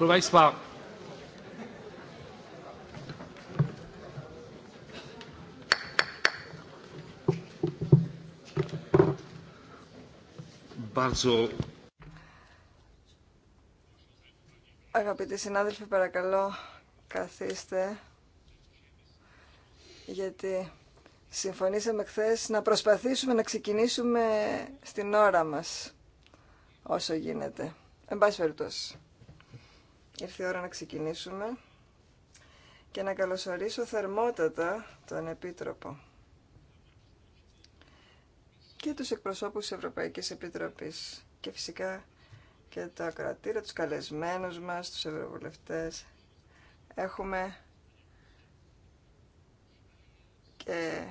Αγαπητοί συνάδελφοι, παρακαλώ καθίστε γιατί συμφωνήσαμε χθε να προσπαθήσουμε να ξεκινήσουμε στην ώρα μας όσο γίνεται. Εν πάση περιπτώσει. Ήρθε η ώρα να ξεκινήσουμε και να καλωσορίσω θερμότατα τον Επίτροπο και τους εκπροσώπους της Ευρωπαϊκής Επιτροπής και φυσικά και τα κρατήρα, τους καλεσμένους μας, τους ευρωβουλευτές. Έχουμε και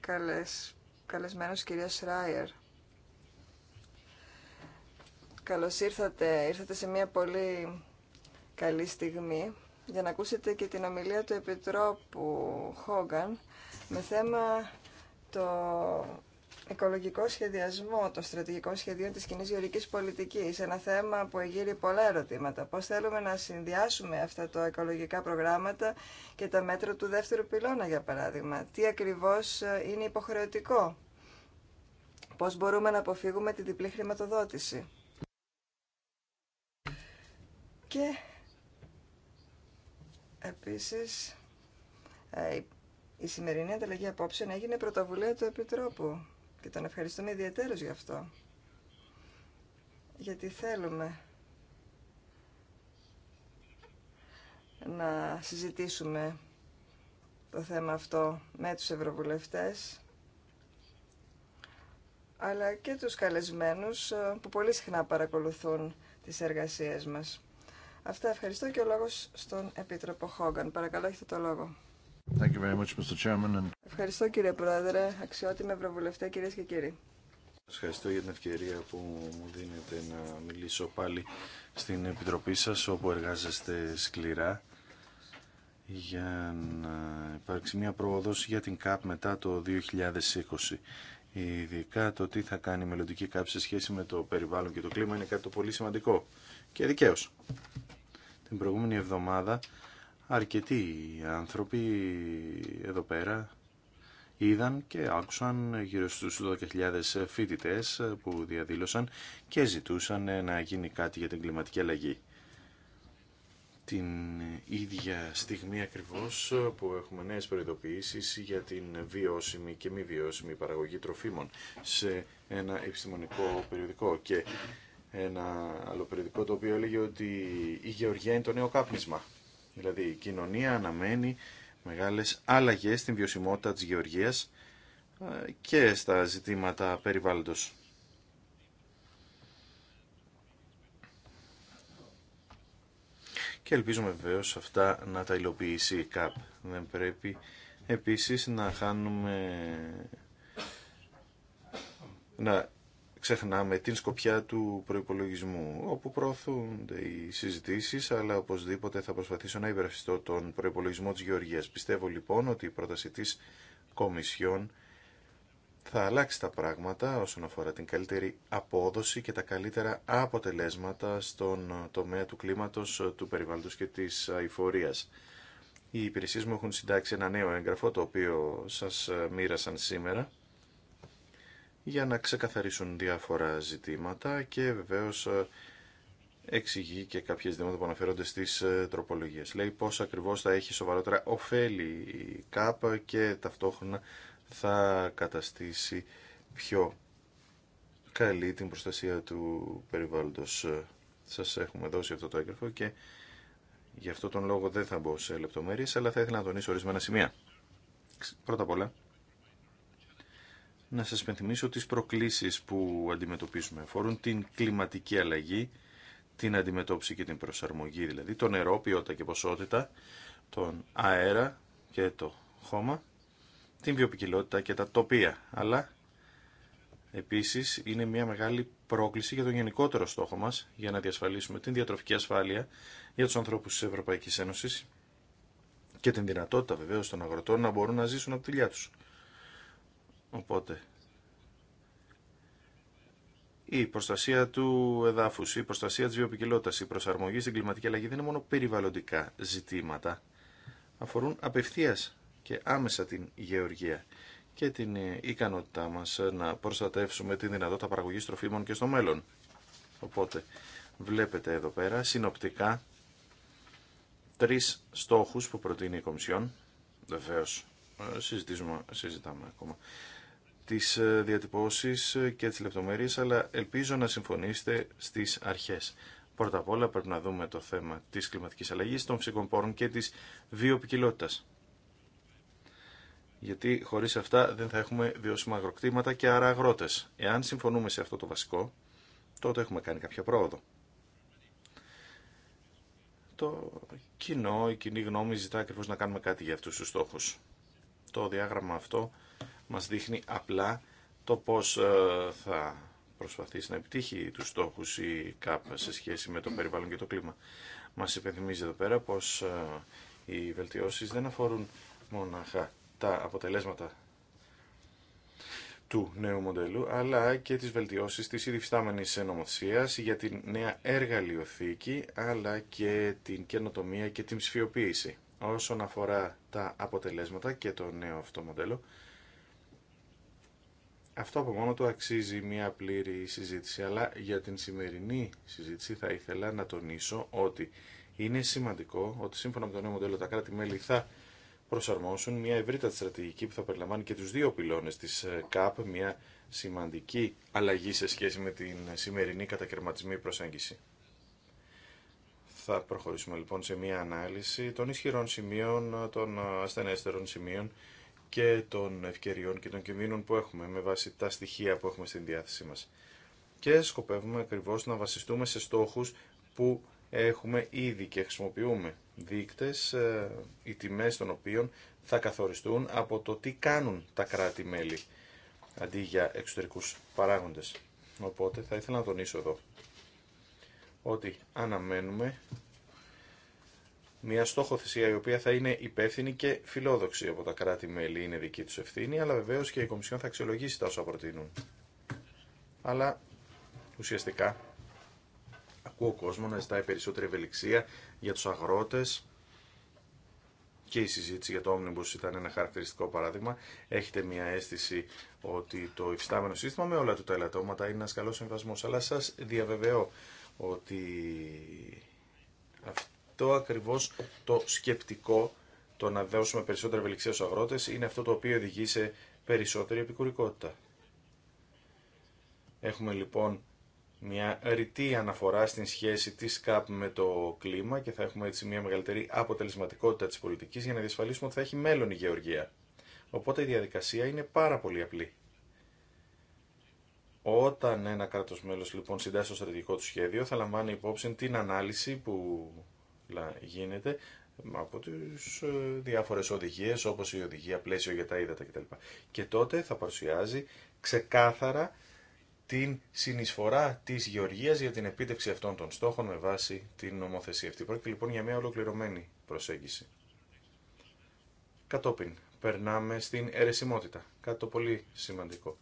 καλεσ... καλεσμένος κυρία Σράιερ. Καλώς ήρθατε. Ήρθατε σε μια πολύ καλή στιγμή για να ακούσετε και την ομιλία του Επιτρόπου Χόγκαν με θέμα το οικολογικό σχεδιασμό των στρατηγικών σχεδίων της κοινή γεωρικής πολιτικής. Ένα θέμα που εγείρει πολλά ερωτήματα. Πώς θέλουμε να συνδυάσουμε αυτά τα οικολογικά προγράμματα και τα μέτρα του δεύτερου πυλώνα, για παράδειγμα. Τι ακριβώς ε, είναι υποχρεωτικό. Πώς μπορούμε να αποφύγουμε τη διπλή χρηματοδότηση. Και Επίσης, ε, η σημερινή ανταλλαγή απόψεων έγινε πρωτοβουλία του Επιτρόπου και τον ευχαριστούμε ιδιαίτερως γι' αυτό. Γιατί θέλουμε να συζητήσουμε το θέμα αυτό με τους ευρωβουλευτές αλλά και τους καλεσμένους ε, που πολύ συχνά παρακολουθούν τις εργασίες μας. Αυτά ευχαριστώ και ο λόγος στον Επίτροπο Χόγκαν. Παρακαλώ, έχετε το λόγο. Thank you very much, Mr. Chairman. Ευχαριστώ κύριε Πρόεδρε, αξιότιμη Ευρωβουλευτέ, κυρίε και κύριοι. Σας ευχαριστώ για την ευκαιρία που μου δίνετε να μιλήσω πάλι στην Επιτροπή σας όπου εργάζεστε σκληρά για να υπάρξει μια πρόοδος για την ΚΑΠ μετά το 2020. Ειδικά το τι θα κάνει η μελλοντική ΚΑΠ σε σχέση με το περιβάλλον και το κλίμα είναι κάτι το πολύ σημαντικό. Και δικαίω. Την προηγούμενη εβδομάδα αρκετοί άνθρωποι εδώ πέρα είδαν και άκουσαν γύρω στους 12.000 φοιτητέ που διαδήλωσαν και ζητούσαν να γίνει κάτι για την κλιματική αλλαγή. Την ίδια στιγμή ακριβώς που έχουμε νέες προειδοποιήσεις για την βιώσιμη και μη βιώσιμη παραγωγή τροφίμων σε ένα επιστημονικό περιοδικό και ένα άλλο περιοδικό το οποίο έλεγε ότι η γεωργία είναι το νέο κάπνισμα. Δηλαδή η κοινωνία αναμένει μεγάλες άλλαγες στην βιωσιμότητα της γεωργίας ε, και στα ζητήματα περιβάλλοντος. Και ελπίζουμε βεβαίως αυτά να τα υλοποιήσει η ΚΑΠ. Δεν πρέπει επίσης να χάνουμε... Να ξεχνάμε την σκοπιά του προϋπολογισμού, όπου προωθούνται οι συζητήσεις, αλλά οπωσδήποτε θα προσπαθήσω να υπερασπιστώ τον προϋπολογισμό της Γεωργίας. Πιστεύω λοιπόν ότι η πρόταση της Κομισιόν θα αλλάξει τα πράγματα όσον αφορά την καλύτερη απόδοση και τα καλύτερα αποτελέσματα στον τομέα του κλίματος, του περιβάλλοντος και της αηφορίας. Οι υπηρεσίες μου έχουν συντάξει ένα νέο έγγραφο, το οποίο σας μοίρασαν σήμερα για να ξεκαθαρίσουν διάφορα ζητήματα και βεβαίως ε, εξηγεί και κάποια ζητήματα που αναφέρονται στις ε, τροπολογίες. Λέει πώς ακριβώς θα έχει σοβαρότερα ωφέλη η ΚΑΠ και ταυτόχρονα θα καταστήσει πιο καλή την προστασία του περιβάλλοντος. Ε, σας έχουμε δώσει αυτό το έγγραφο και γι' αυτό τον λόγο δεν θα μπω σε λεπτομέρειες, αλλά θα ήθελα να τονίσω ορισμένα σημεία. Πρώτα απ' όλα, να σας πενθυμίσω τις προκλήσεις που αντιμετωπίζουμε. Αφορούν την κλιματική αλλαγή, την αντιμετώπιση και την προσαρμογή, δηλαδή το νερό, ποιότητα και ποσότητα, τον αέρα και το χώμα, την βιοπικιλότητα και τα τοπία. Αλλά επίσης είναι μια μεγάλη πρόκληση για τον γενικότερο στόχο μας για να διασφαλίσουμε την διατροφική ασφάλεια για τους ανθρώπους της Ευρωπαϊκής Ένωσης και την δυνατότητα βεβαίως των αγροτών να μπορούν να ζήσουν από τη δουλειά τους. Οπότε, η προστασία του εδάφου ή η προστασία της βιοπικιλότητας, η προσαρμογή στην κλιματική αλλαγή δεν είναι μόνο περιβαλλοντικά ζητήματα. Αφορούν απευθεία και άμεσα την γεωργία και την ε, ικανότητά μας να προστατεύσουμε τη δυνατότητα παραγωγής τροφίμων και στο μέλλον. Οπότε βλέπετε εδώ πέρα συνοπτικά τρει στόχου που προτείνει η Κομισιόν. Βεβαίω ε, συζητάμε ακόμα τις ε, διατυπώσεις και τις λεπτομέρειες, αλλά ελπίζω να συμφωνήσετε στις αρχές. Πρώτα απ' όλα πρέπει να δούμε το θέμα της κλιματικής αλλαγής, των φυσικών πόρων και της βίοποικιλότητας. Γιατί χωρίς αυτά δεν θα έχουμε βιώσιμα αγροκτήματα και άρα αγρότες. Εάν συμφωνούμε σε αυτό το βασικό, τότε έχουμε κάνει κάποια πρόοδο. Το κοινό, η κοινή γνώμη ζητά ακριβώς να κάνουμε κάτι για αυτούς τους στόχους. Το διάγραμμα αυτό μας δείχνει απλά το πώς ε, θα προσπαθήσει να επιτύχει τους στόχους η ΚΑΠ σε σχέση με το περιβάλλον και το κλίμα. Μας υπενθυμίζει εδώ πέρα πως ε, οι βελτιώσεις δεν αφορούν μονάχα τα αποτελέσματα του νέου μοντέλου, αλλά και τις βελτιώσεις της ήδη φυστάμενης για την νέα εργαλειοθήκη, αλλά και την καινοτομία και την ψηφιοποίηση. Όσον αφορά τα αποτελέσματα και το νέο αυτό μοντέλο, αυτό από μόνο του αξίζει μια πλήρη συζήτηση, αλλά για την σημερινή συζήτηση θα ήθελα να τονίσω ότι είναι σημαντικό ότι σύμφωνα με το νέο μοντέλο τα κράτη-μέλη θα προσαρμόσουν μια ευρύτατη στρατηγική που θα περιλαμβάνει και τους δύο πυλώνες της ε, ΚΑΠ, μια σημαντική αλλαγή σε σχέση με την σημερινή κατακαιρματισμή προσέγγιση. Θα προχωρήσουμε λοιπόν σε μια ανάλυση των ισχυρών σημείων, των ε, ασθενέστερων σημείων και των ευκαιριών και των κινδύνων που έχουμε με βάση τα στοιχεία που έχουμε στην διάθεσή μας. Και σκοπεύουμε ακριβώς να βασιστούμε σε στόχους που έχουμε ήδη και χρησιμοποιούμε δείκτες, ε, οι τιμές των οποίων θα καθοριστούν από το τι κάνουν τα κράτη-μέλη αντί για εξωτερικούς παράγοντες. Οπότε θα ήθελα να τονίσω εδώ ότι αναμένουμε μια στόχο θυσία η οποία θα είναι υπεύθυνη και φιλόδοξη από τα κράτη-μέλη είναι δική του ευθύνη, αλλά βεβαίω και η Κομισιόν θα αξιολογήσει τα όσα προτείνουν. Αλλά ουσιαστικά ακούω κόσμο να ζητάει περισσότερη ευελιξία για του αγρότε και η συζήτηση για το Omnibus ήταν ένα χαρακτηριστικό παράδειγμα. Έχετε μια αίσθηση ότι το υφιστάμενο σύστημα με όλα του τα ελαττώματα είναι ένα καλό συμβασμό. αλλά σα διαβεβαιώ ότι το ακριβώ το σκεπτικό, το να δώσουμε περισσότερα ευελιξία στου αγρότες, είναι αυτό το οποίο οδηγεί σε περισσότερη επικουρικότητα. Έχουμε λοιπόν μια ρητή αναφορά στην σχέση τη ΚΑΠ με το κλίμα και θα έχουμε έτσι μια μεγαλύτερη αποτελεσματικότητα τη πολιτική για να διασφαλίσουμε ότι θα έχει μέλλον η γεωργία. Οπότε η διαδικασία είναι πάρα πολύ απλή. Όταν ένα κράτο μέλο λοιπόν συντάσσει το στρατηγικό του σχέδιο θα λαμβάνει υπόψη την ανάλυση που αλλά γίνεται από τις ε, διάφορες οδηγίες όπως η οδηγία πλαίσιο για τα ύδατα κτλ. Και τότε θα παρουσιάζει ξεκάθαρα την συνεισφορά της γεωργίας για την επίτευξη αυτών των στόχων με βάση την νομοθεσία αυτή. Πρόκειται λοιπόν για μια ολοκληρωμένη προσέγγιση. Κατόπιν περνάμε στην αιρεσιμότητα, κάτι το πολύ σημαντικό.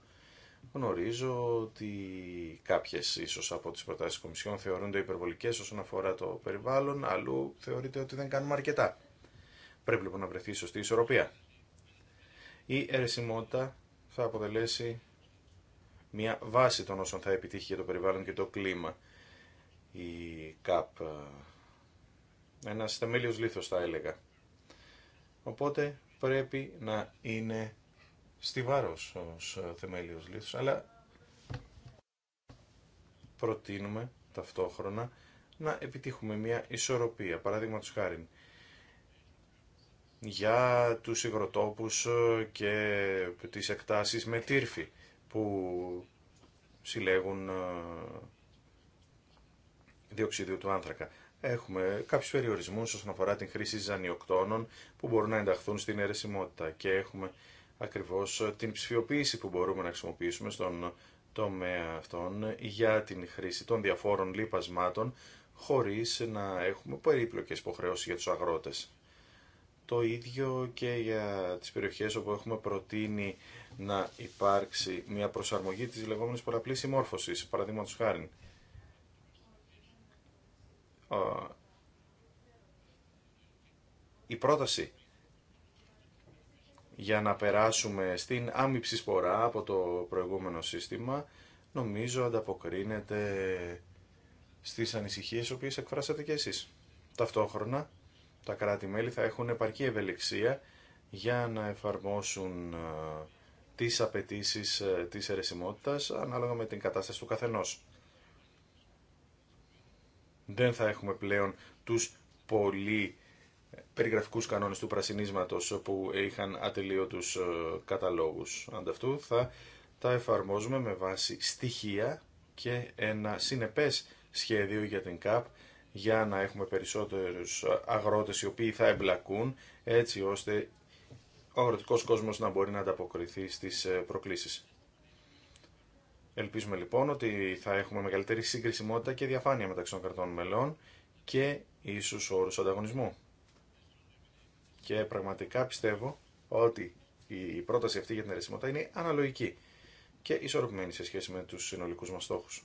Γνωρίζω ότι κάποιες ίσως από τις προτάσεις της Κομισιόν θεωρούνται υπερβολικές όσον αφορά το περιβάλλον, αλλού θεωρείται ότι δεν κάνουμε αρκετά. Πρέπει λοιπόν να βρεθεί η σωστή ισορροπία. Η αιρεσιμότητα θα αποτελέσει μια βάση των όσων θα επιτύχει για το περιβάλλον και το κλίμα η ΚΑΠ. Ε, Ένα θεμέλιος λίθος θα έλεγα. Οπότε πρέπει να είναι στιβάρος ως ε, θεμέλιος λήθος, αλλά προτείνουμε ταυτόχρονα να επιτύχουμε μια ισορροπία, Παράδειγμα του χάρη για τους υγροτόπους ε, και τις εκτάσεις με τύρφη που συλλέγουν ε, διοξίδιο του άνθρακα. Έχουμε κάποιους περιορισμούς όσον αφορά την χρήση ζανιοκτώνων που μπορούν να ενταχθούν στην αιρεσιμότητα και έχουμε ακριβώς ε, την ψηφιοποίηση που μπορούμε να χρησιμοποιήσουμε στον τομέα αυτών για την χρήση των διαφόρων λιπασμάτων χωρίς να έχουμε περίπλοκες υποχρέωσει για τους αγρότες. Το ίδιο και για τις περιοχές όπου έχουμε προτείνει να υπάρξει μια προσαρμογή της λεγόμενης πολλαπλής συμμόρφωσης, παραδείγματος χάρη. Ε, η πρόταση για να περάσουμε στην άμυψη σπορά από το προηγούμενο σύστημα νομίζω ανταποκρίνεται στις ανησυχίες οποίες εκφράσατε και εσείς. Ταυτόχρονα τα κράτη-μέλη θα έχουν επαρκή ευελιξία για να εφαρμόσουν ε, τις απαιτήσει ε, της αιρεσιμότητας ανάλογα με την κατάσταση του καθενός. Δεν θα έχουμε πλέον τους πολύ περιγραφικούς κανόνες του πρασινίσματος που είχαν ατελείωτους ε, καταλόγους. Ανταυτού θα τα εφαρμόζουμε με βάση στοιχεία και ένα συνεπές σχέδιο για την ΚΑΠ για να έχουμε περισσότερους αγρότες οι οποίοι θα εμπλακούν έτσι ώστε ο αγροτικός κόσμος να μπορεί να ανταποκριθεί στις ε, προκλήσεις. Ελπίζουμε λοιπόν ότι θα έχουμε μεγαλύτερη συγκρισιμότητα και διαφάνεια μεταξύ των κρατών μελών και ίσως όρους ανταγωνισμού. Και πραγματικά πιστεύω ότι η πρόταση αυτή για την αριθμότητα είναι αναλογική και ισορροπημένη σε σχέση με τους συνολικούς μας στόχους.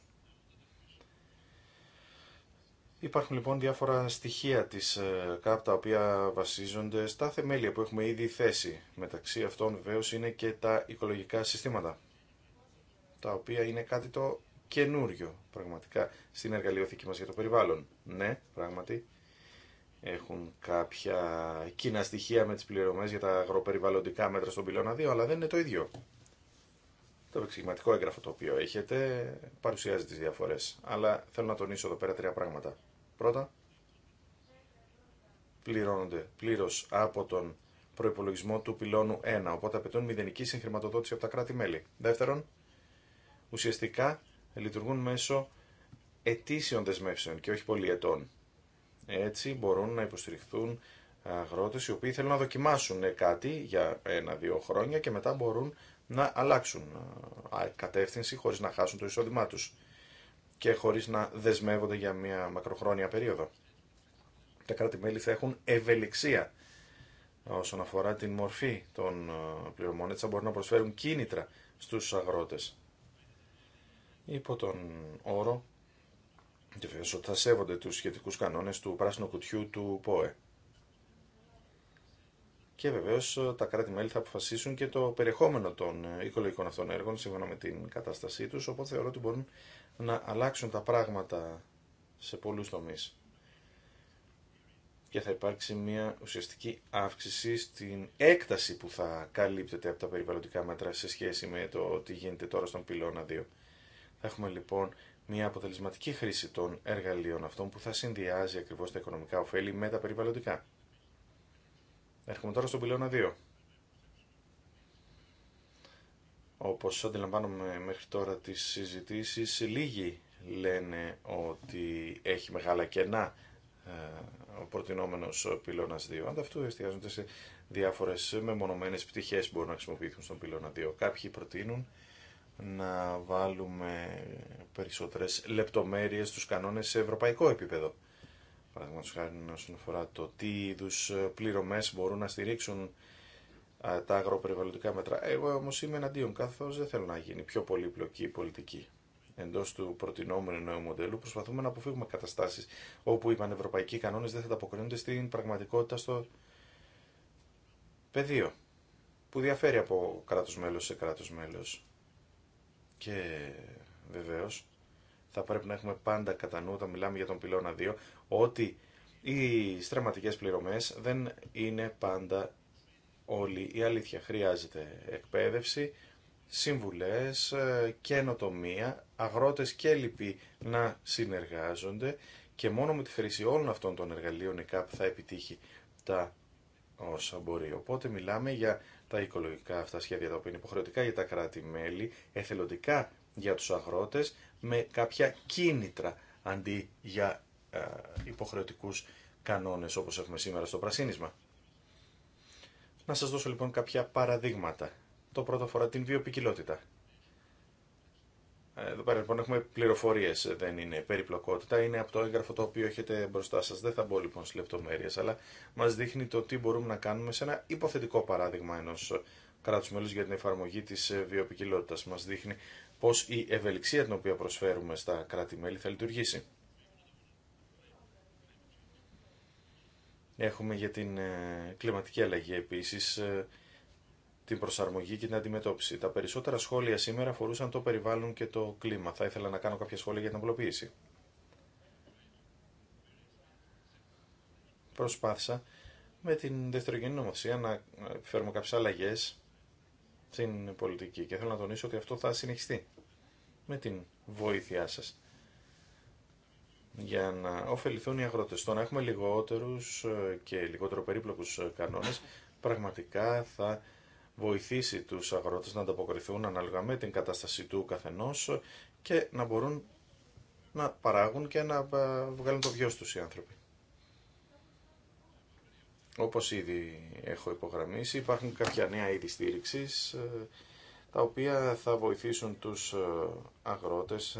Υπάρχουν λοιπόν διάφορα στοιχεία της ε, ΚΑΠ τα οποία βασίζονται στα θεμέλια που έχουμε ήδη θέσει. Μεταξύ αυτών βεβαίω είναι και τα οικολογικά συστήματα, τα οποία είναι κάτι το καινούριο πραγματικά στην εργαλειοθήκη μας για το περιβάλλον. Ναι, πράγματι, έχουν κάποια κοινά στοιχεία με τις πληρωμές για τα αγροπεριβαλλοντικά μέτρα στον πυλώνα 2, αλλά δεν είναι το ίδιο. Το επεξηγηματικό έγγραφο το οποίο έχετε παρουσιάζει τις διαφορές, αλλά θέλω να τονίσω εδώ πέρα τρία πράγματα. Πρώτα, πληρώνονται πλήρως από τον προπολογισμό του πυλώνου 1, οπότε απαιτούν μηδενική συγχρηματοδότηση από τα κράτη-μέλη. Δεύτερον, ουσιαστικά λειτουργούν μέσω ετήσιων δεσμεύσεων και όχι πολυετών. Έτσι μπορούν να υποστηριχθούν αγρότες οι οποίοι θέλουν να δοκιμάσουν κάτι για ένα-δύο χρόνια και μετά μπορούν να αλλάξουν ε, κατεύθυνση χωρίς να χάσουν το εισόδημά τους και χωρίς να δεσμεύονται για μια μακροχρόνια περίοδο. Τα κράτη-μέλη θα έχουν ευελιξία όσον αφορά την μορφή των ε, πληρωμών, έτσι θα μπορούν να προσφέρουν κίνητρα στους αγρότες. Υπό τον όρο και Βεβαίω ότι θα σέβονται του σχετικού κανόνε του πράσινου κουτιού του ΠΟΕ. Και βεβαίω τα κράτη-μέλη θα αποφασίσουν και το περιεχόμενο των οικολογικών αυτών έργων σύμφωνα με την κατάστασή του. Οπότε θεωρώ ότι μπορούν να αλλάξουν τα πράγματα σε πολλού τομεί. Και θα υπάρξει μια ουσιαστική αύξηση στην έκταση που θα καλύπτεται από τα περιβαλλοντικά μέτρα σε σχέση με το τι γίνεται τώρα στον πυλώνα 2. Θα έχουμε λοιπόν μια αποτελεσματική χρήση των εργαλείων αυτών που θα συνδυάζει ακριβώς τα οικονομικά ωφέλη με τα περιβαλλοντικά. Έρχομαι τώρα στον πυλώνα 2. Όπως αντιλαμβάνομαι μέχρι τώρα τις συζητήσεις, λίγοι λένε ότι έχει μεγάλα κενά ε, ο προτινόμενος πυλώνας 2. Ανταυτού εστιάζονται σε διάφορες μεμονωμένες πτυχές που μπορούν να χρησιμοποιηθούν στον πυλώνα 2. Κάποιοι προτείνουν να βάλουμε περισσότερες λεπτομέρειες στους κανόνες σε ευρωπαϊκό επίπεδο. Παραδείγματος χάρη όσον αφορά το τι είδου πληρωμές μπορούν να στηρίξουν τα αγροπεριβαλλοντικά μέτρα. Εγώ όμως είμαι εναντίον, καθώ δεν θέλω να γίνει πιο πολύπλοκη πολιτική. Εντό του προτινόμενου νέου μοντέλου προσπαθούμε να αποφύγουμε καταστάσει όπου οι πανευρωπαϊκοί κανόνε δεν θα τα ανταποκρίνονται στην πραγματικότητα στο πεδίο που διαφέρει από κράτο μέλο σε κράτο μέλο. Και βεβαίω θα πρέπει να έχουμε πάντα κατά νου, όταν μιλάμε για τον πυλώνα 2, ότι οι στραματικές πληρωμές δεν είναι πάντα όλη η αλήθεια. Χρειάζεται εκπαίδευση, συμβουλές, ε, καινοτομία, αγρότες και λοιποί να συνεργάζονται και μόνο με τη χρήση όλων αυτών των εργαλείων η ΚΑΠ θα επιτύχει τα όσα μπορεί. Οπότε μιλάμε για τα οικολογικά αυτά σχέδια τα οποία είναι υποχρεωτικά για τα κράτη-μέλη, εθελοντικά για τους αγρότες, με κάποια κίνητρα αντί για ε, υποχρεωτικούς κανόνες όπως έχουμε σήμερα στο πρασίνισμα. Να σας δώσω λοιπόν κάποια παραδείγματα. Το πρώτο φορά την βιοπικιλότητα. Ε, εδώ πέρα λοιπόν έχουμε πληροφορίε, ε, δεν είναι περιπλοκότητα. Είναι από το έγγραφο το οποίο έχετε μπροστά σα. Δεν θα μπω λοιπόν στι λεπτομέρειε, αλλά μα δείχνει το τι μπορούμε να κάνουμε σε ένα υποθετικό παράδειγμα ενό ε, κράτου μέλου για την εφαρμογή τη βιοπικιλότητα. Μα δείχνει πώ η ευελιξία την οποία προσφέρουμε στα κράτη-μέλη θα λειτουργήσει. Έχουμε για την κλιματική αλλαγή επίσης την προσαρμογή και την αντιμετώπιση. Τα περισσότερα σχόλια σήμερα αφορούσαν το περιβάλλον και το κλίμα. Θα ήθελα να κάνω κάποια σχόλια για την απλοποίηση. Προσπάθησα με την δευτερογενή νομοθεσία να φέρουμε κάποιε αλλαγέ στην πολιτική και θέλω να τονίσω ότι αυτό θα συνεχιστεί με την βοήθειά σας για να ωφεληθούν οι αγρότες. Το να έχουμε λιγότερους ε, και λιγότερο περίπλοκους ε, κανόνες πραγματικά θα βοηθήσει τους αγρότες να ανταποκριθούν ανάλογα με την κατάσταση του καθενός και να μπορούν να παράγουν και να ε, βγάλουν το βιό τους οι άνθρωποι. Όπως ήδη έχω υπογραμμίσει, υπάρχουν κάποια νέα είδη στήριξη, ε, τα οποία θα βοηθήσουν τους ε, αγρότες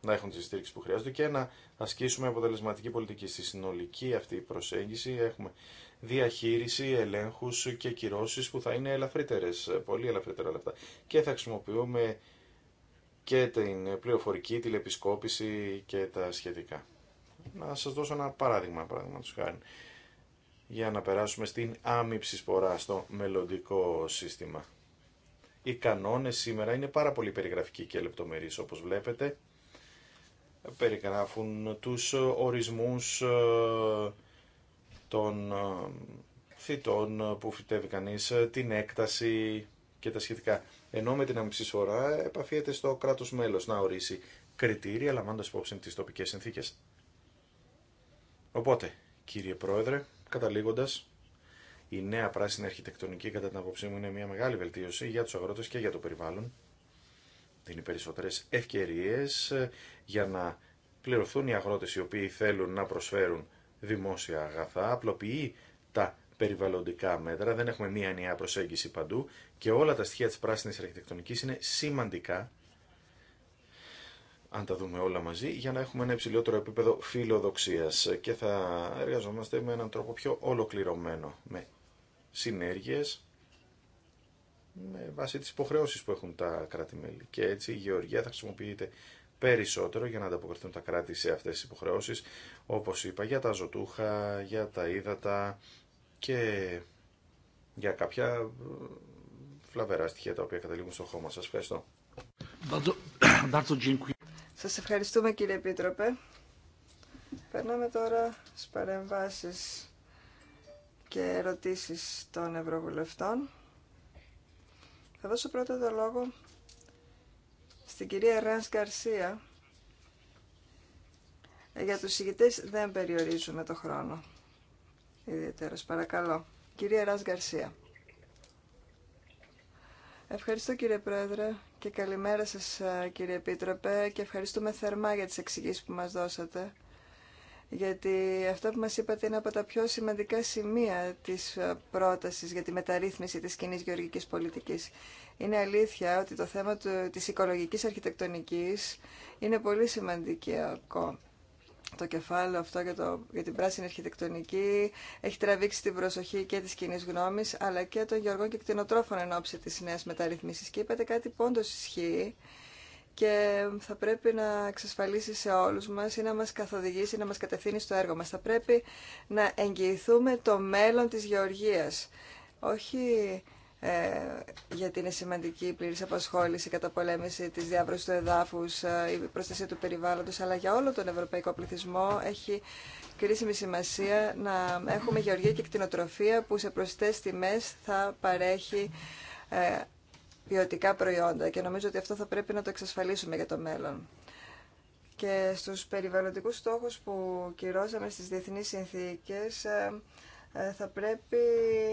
να έχουν τις στήριξη που χρειάζονται και να ασκήσουμε αποτελεσματική πολιτική. Στη συνολική αυτή προσέγγιση έχουμε διαχείριση, ελέγχους και κυρώσεις που θα είναι ελαφρύτερες, πολύ ελαφρύτερα λεπτά Και θα χρησιμοποιούμε και την πληροφορική, τηλεπισκόπηση και τα σχετικά. Να σας δώσω ένα παράδειγμα, παράδειγμα τους χάρη, για να περάσουμε στην άμυψη σπορά στο μελλοντικό σύστημα. Οι κανόνες σήμερα είναι πάρα πολύ περιγραφικοί και λεπτομερείς όπως βλέπετε. Περιγράφουν τους ορισμούς ε, των φυτών ε, ε, που φυτεύει κανείς, ε, την έκταση και τα σχετικά. Ενώ με την σφορά επαφίεται στο κράτος μέλος να ορίσει κριτήρια λαμβάνοντας υπόψη τις τοπικές συνθήκες. Οπότε, κύριε Πρόεδρε, καταλήγοντας, η νέα πράσινη αρχιτεκτονική κατά την απόψή μου είναι μια μεγάλη βελτίωση για τους αγρότες και για το περιβάλλον. Δίνει περισσότερες ευκαιρίες για να πληρωθούν οι αγρότες οι οποίοι θέλουν να προσφέρουν δημόσια αγαθά, απλοποιεί τα περιβαλλοντικά μέτρα, δεν έχουμε μία ενιαία προσέγγιση παντού και όλα τα στοιχεία της πράσινης αρχιτεκτονικής είναι σημαντικά αν τα δούμε όλα μαζί, για να έχουμε ένα υψηλότερο επίπεδο φιλοδοξίας και θα εργαζόμαστε με έναν τρόπο πιο ολοκληρωμένο, με συνέργειες, με βάση τις υποχρεώσεις που έχουν τα κράτη-μέλη. Και έτσι η γεωργία θα χρησιμοποιείται περισσότερο για να ανταποκριθούν τα κράτη σε αυτές τις υποχρεώσεις, όπως είπα, για τα ζωτούχα, για τα ύδατα και για κάποια ε, φλαβερά στοιχεία τα οποία καταλήγουν στο χώμα. Σας ευχαριστώ. Σας ευχαριστούμε κύριε Επίτροπε. Περνάμε τώρα στις παρεμβάσεις και ερωτήσεις των Ευρωβουλευτών. Θα δώσω πρώτα το λόγο στην κυρία Ράνς Γκαρσία, ε, για τους ηγητές δεν περιορίζουμε το χρόνο. Ιδιαίτερα, παρακαλώ. Κυρία Ράνς Γκαρσία. Ευχαριστώ κύριε Πρόεδρε και καλημέρα σας ε, κύριε Επίτροπε και ευχαριστούμε θερμά για τις εξηγήσεις που μας δώσατε γιατί αυτό που μας είπατε είναι από τα πιο σημαντικά σημεία της πρότασης για τη μεταρρύθμιση της κοινή γεωργικής πολιτικής. Είναι αλήθεια ότι το θέμα του, της οικολογικής αρχιτεκτονικής είναι πολύ σημαντικό. Το κεφάλαιο αυτό για, το, για την πράσινη αρχιτεκτονική έχει τραβήξει την προσοχή και της κοινή γνώμης αλλά και των γεωργών και κτηνοτρόφων εν ώψη της νέας μεταρρυθμίσης και είπατε κάτι που όντως ισχύει και θα πρέπει να εξασφαλίσει σε όλους μας ή να μας καθοδηγήσει, να μας κατευθύνει στο έργο μας. Θα πρέπει να εγγυηθούμε το μέλλον της γεωργίας. Όχι ε, γιατί είναι σημαντική η πλήρης απασχόληση, η καταπολέμηση της διάβρωσης του εδάφους, ε, η προστασία του περιβάλλοντος, αλλά για όλο τον ευρωπαϊκό πληθυσμό έχει κρίσιμη σημασία να έχουμε γεωργία και κτηνοτροφία που σε προσιτές τιμές θα παρέχει ε, ποιοτικά προϊόντα και νομίζω ότι αυτό θα πρέπει να το εξασφαλίσουμε για το μέλλον. Και στους περιβαλλοντικούς στόχους που κυρώσαμε στις διεθνείς συνθήκες ε, ε, θα πρέπει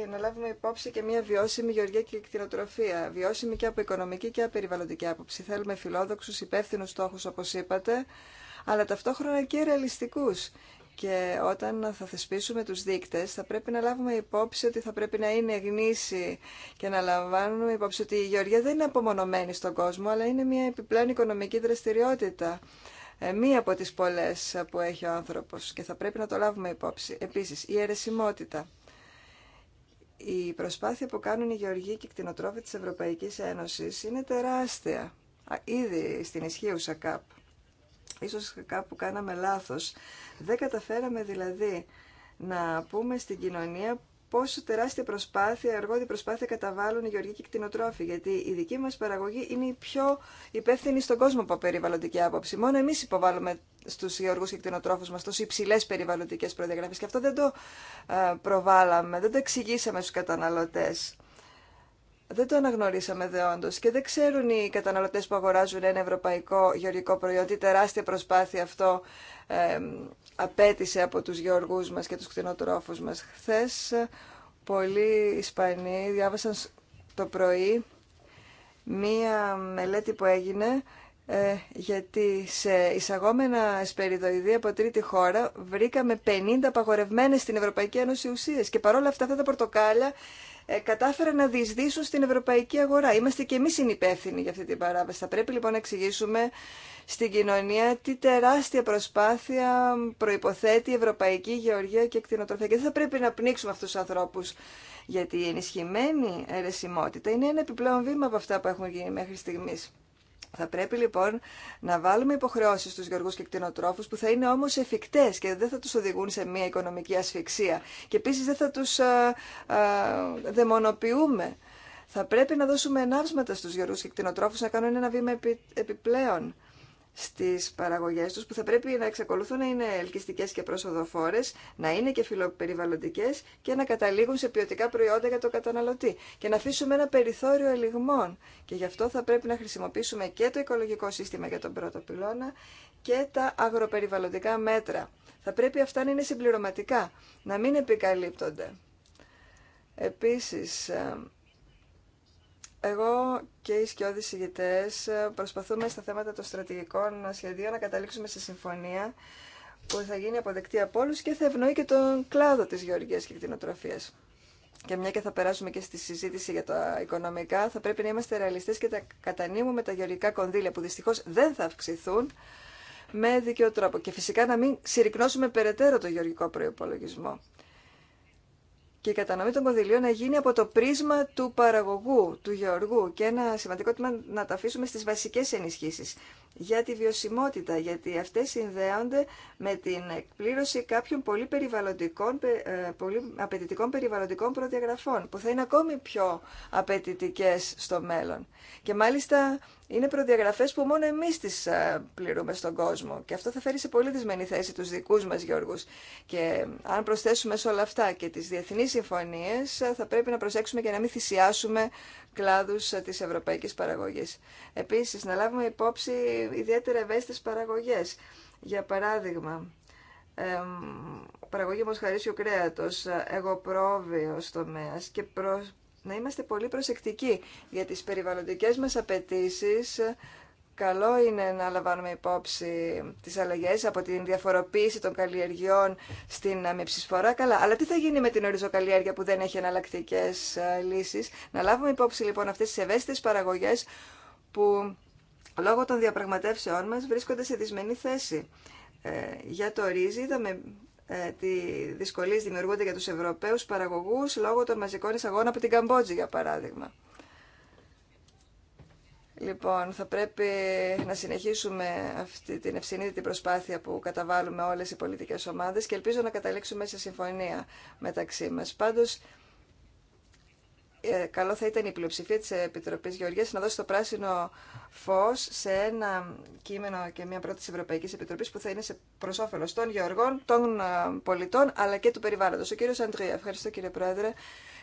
να λάβουμε υπόψη και μια βιώσιμη γεωργία και κτηνοτροφία. Βιώσιμη και από οικονομική και από περιβαλλοντική άποψη. Θέλουμε φιλόδοξους, υπεύθυνους στόχους όπως είπατε, αλλά ταυτόχρονα και ρεαλιστικούς και όταν θα θεσπίσουμε τους δείκτες θα πρέπει να λάβουμε υπόψη ότι θα πρέπει να είναι γνήσιοι και να λαμβάνουμε υπόψη ότι η γεωργία δεν είναι απομονωμένη στον κόσμο αλλά είναι μια επιπλέον οικονομική δραστηριότητα. Ε, μία από τις πολλές που έχει ο άνθρωπος και θα πρέπει να το λάβουμε υπόψη. Επίσης, η αιρεσιμότητα. Η προσπάθεια που κάνουν οι γεωργοί και οι κτηνοτρόφοι της Ευρωπαϊκής Ένωσης είναι τεράστια. Ήδη στην ισχύουσα ΚΑΠ. Ίσως κάπου κάναμε λάθος. Δεν καταφέραμε δηλαδή να πούμε στην κοινωνία πόσο τεράστια προσπάθεια, εργόδη προσπάθεια καταβάλουν οι γεωργοί και οι κτηνοτρόφοι. Γιατί η δική μα παραγωγή είναι η πιο υπεύθυνη στον κόσμο από περιβαλλοντική άποψη. Μόνο εμεί υποβάλλουμε στου γεωργού και κτηνοτρόφου μα τόσο υψηλέ περιβαλλοντικέ προδιαγραφέ. Και αυτό δεν το ε, προβάλαμε, δεν το εξηγήσαμε στου καταναλωτέ δεν το αναγνωρίσαμε δεόντως και δεν ξέρουν οι καταναλωτές που αγοράζουν ένα ευρωπαϊκό γεωργικό προϊόν τι τεράστια προσπάθεια αυτό ε, απέτησε από τους γεωργούς μας και τους κτηνοτρόφους μας. Χθες πολλοί Ισπανοί διάβασαν το πρωί μία μελέτη που έγινε ε, γιατί σε εισαγόμενα εσπεριδοειδή από τρίτη χώρα βρήκαμε 50 απαγορευμένες στην Ευρωπαϊκή Ένωση ουσίες και παρόλα αυτά τα πορτοκάλια ε, κατάφεραν να διεισδύσουν στην ευρωπαϊκή αγορά. Είμαστε και εμείς συνυπεύθυνοι για αυτή την παράβαση. Θα πρέπει λοιπόν να εξηγήσουμε στην κοινωνία τι τεράστια προσπάθεια προϋποθέτει η ευρωπαϊκή γεωργία και εκτινοτροφία. Και δεν θα πρέπει να πνίξουμε αυτούς τους ανθρώπους, γιατί η ενισχυμένη αιρεσιμότητα είναι ένα επιπλέον βήμα από αυτά που έχουν γίνει μέχρι στιγμής. Θα πρέπει λοιπόν να βάλουμε υποχρεώσει στους γεωργούς και κτηνοτρόφου που θα είναι όμως εφικτές και δεν θα τους οδηγούν σε μια οικονομική ασφυξία. Και επίση δεν θα τους ε, ε, δαιμονοποιούμε. Θα πρέπει να δώσουμε ενάψματα στους γεωργούς και κτηνοτρόφου να κάνουν ένα βήμα επιπλέον στις παραγωγές τους που θα πρέπει να εξακολουθούν να είναι ελκυστικές και προσοδοφόρες, να είναι και φιλοπεριβαλλοντικές και να καταλήγουν σε ποιοτικά προϊόντα για τον καταναλωτή και να αφήσουμε ένα περιθώριο ελιγμών. Και γι' αυτό θα πρέπει να χρησιμοποιήσουμε και το οικολογικό σύστημα για τον πρώτο πυλώνα και τα αγροπεριβαλλοντικά μέτρα. Θα πρέπει αυτά να είναι συμπληρωματικά, να μην επικαλύπτονται. Επίσης, ε, εγώ και οι σκιώδεις ηγητές ε, προσπαθούμε στα θέματα των στρατηγικών σχεδίων να καταλήξουμε σε συμφωνία που θα γίνει αποδεκτή από όλου και θα ευνοεί και τον κλάδο της γεωργίας και κτηνοτροφίας. Και μια και θα περάσουμε και στη συζήτηση για τα οικονομικά, θα πρέπει να είμαστε ρεαλιστές και να κατανείμουμε τα γεωργικά κονδύλια που δυστυχώς δεν θα αυξηθούν με δίκαιο τρόπο. Και φυσικά να μην συρρυκνώσουμε περαιτέρω το γεωργικό προϋπολογισμό και η κατανομή των κονδυλίων να γίνει από το πρίσμα του παραγωγού, του γεωργού και ένα σημαντικό τμήμα να τα αφήσουμε στις βασικές ενισχύσεις για τη βιωσιμότητα, γιατί αυτές συνδέονται με την εκπλήρωση κάποιων πολύ, περιβαλλοντικών, ε, πολύ απαιτητικών περιβαλλοντικών προδιαγραφών, που θα είναι ακόμη πιο απαιτητικές στο μέλλον. Και μάλιστα είναι προδιαγραφές που μόνο εμείς τις ε, πληρούμε στον κόσμο και αυτό θα φέρει σε πολύ δυσμενή θέση τους δικούς μας Γιώργους. Και ε, αν προσθέσουμε σε όλα αυτά και τις διεθνείς συμφωνίες, θα πρέπει να προσέξουμε και να μην θυσιάσουμε κλάδους ε, της ευρωπαϊκής παραγωγής. Επίσης, να λάβουμε υπόψη ιδιαίτερα ευαίσθητες παραγωγές. Για παράδειγμα, παραγωγή μοσχαρίσιου κρέατος, ε, εγωπρόβιος τομέας και προ... να είμαστε πολύ προσεκτικοί για τις περιβαλλοντικές μας απαιτήσει ε, Καλό είναι να λαμβάνουμε υπόψη τις αλλαγές από την διαφοροποίηση των καλλιεργειών στην αμυψησφορά. Ε, καλά, αλλά τι θα γίνει με την οριζοκαλλιέργεια που δεν έχει εναλλακτικέ ε, λύσεις. Να λάβουμε υπόψη λοιπόν αυτές τις ευαίσθητες παραγωγές που λόγω των διαπραγματεύσεών μας βρίσκονται σε δυσμενή θέση. Ε, για το ρύζι είδαμε ε, τι δυσκολίες δημιουργούνται για τους Ευρωπαίους παραγωγούς λόγω των μαζικών εισαγών από την Καμπότζη για παράδειγμα. Λοιπόν, θα πρέπει να συνεχίσουμε αυτή την ευσυνείδητη προσπάθεια που καταβάλουμε όλες οι πολιτικές ομάδες και ελπίζω να καταλήξουμε σε συμφωνία μεταξύ μας. Πάντως, ε, καλό θα ήταν η πλειοψηφία της Επιτροπής Γεωργίας να δώσει το πράσινο φως σε ένα κείμενο και μια πρώτη Ευρωπαϊκή Επιτροπής που θα είναι σε προσόφελος των Γεωργών, των ε, πολιτών αλλά και του περιβάλλοντος. Ο κύριος Αντρία, ευχαριστώ κύριε Πρόεδρε.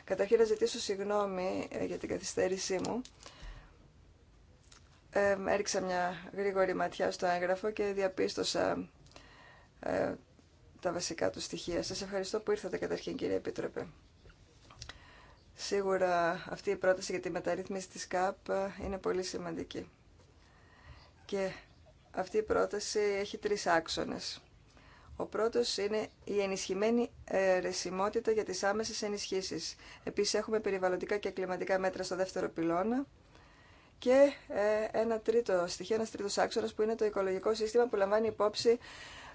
Καταρχήν να ζητήσω συγγνώμη ε, για την καθυστέρησή μου έριξα μια γρήγορη ματιά στο έγγραφο και διαπίστωσα ε, τα βασικά του στοιχεία. Σας ευχαριστώ που ήρθατε καταρχήν κύριε Επίτροπε. Σίγουρα αυτή η πρόταση για τη μεταρρύθμιση της ΚΑΠ ε, είναι πολύ σημαντική. Και αυτή η πρόταση έχει τρεις άξονες. Ο πρώτος είναι η ενισχυμένη ρεσιμότητα για τις άμεσες ενισχύσεις. Επίσης έχουμε περιβαλλοντικά και κλιματικά μέτρα στο δεύτερο πυλώνα και ε, ένα τρίτο στοιχείο, ένα τρίτο άξονα που είναι το οικολογικό σύστημα που λαμβάνει υπόψη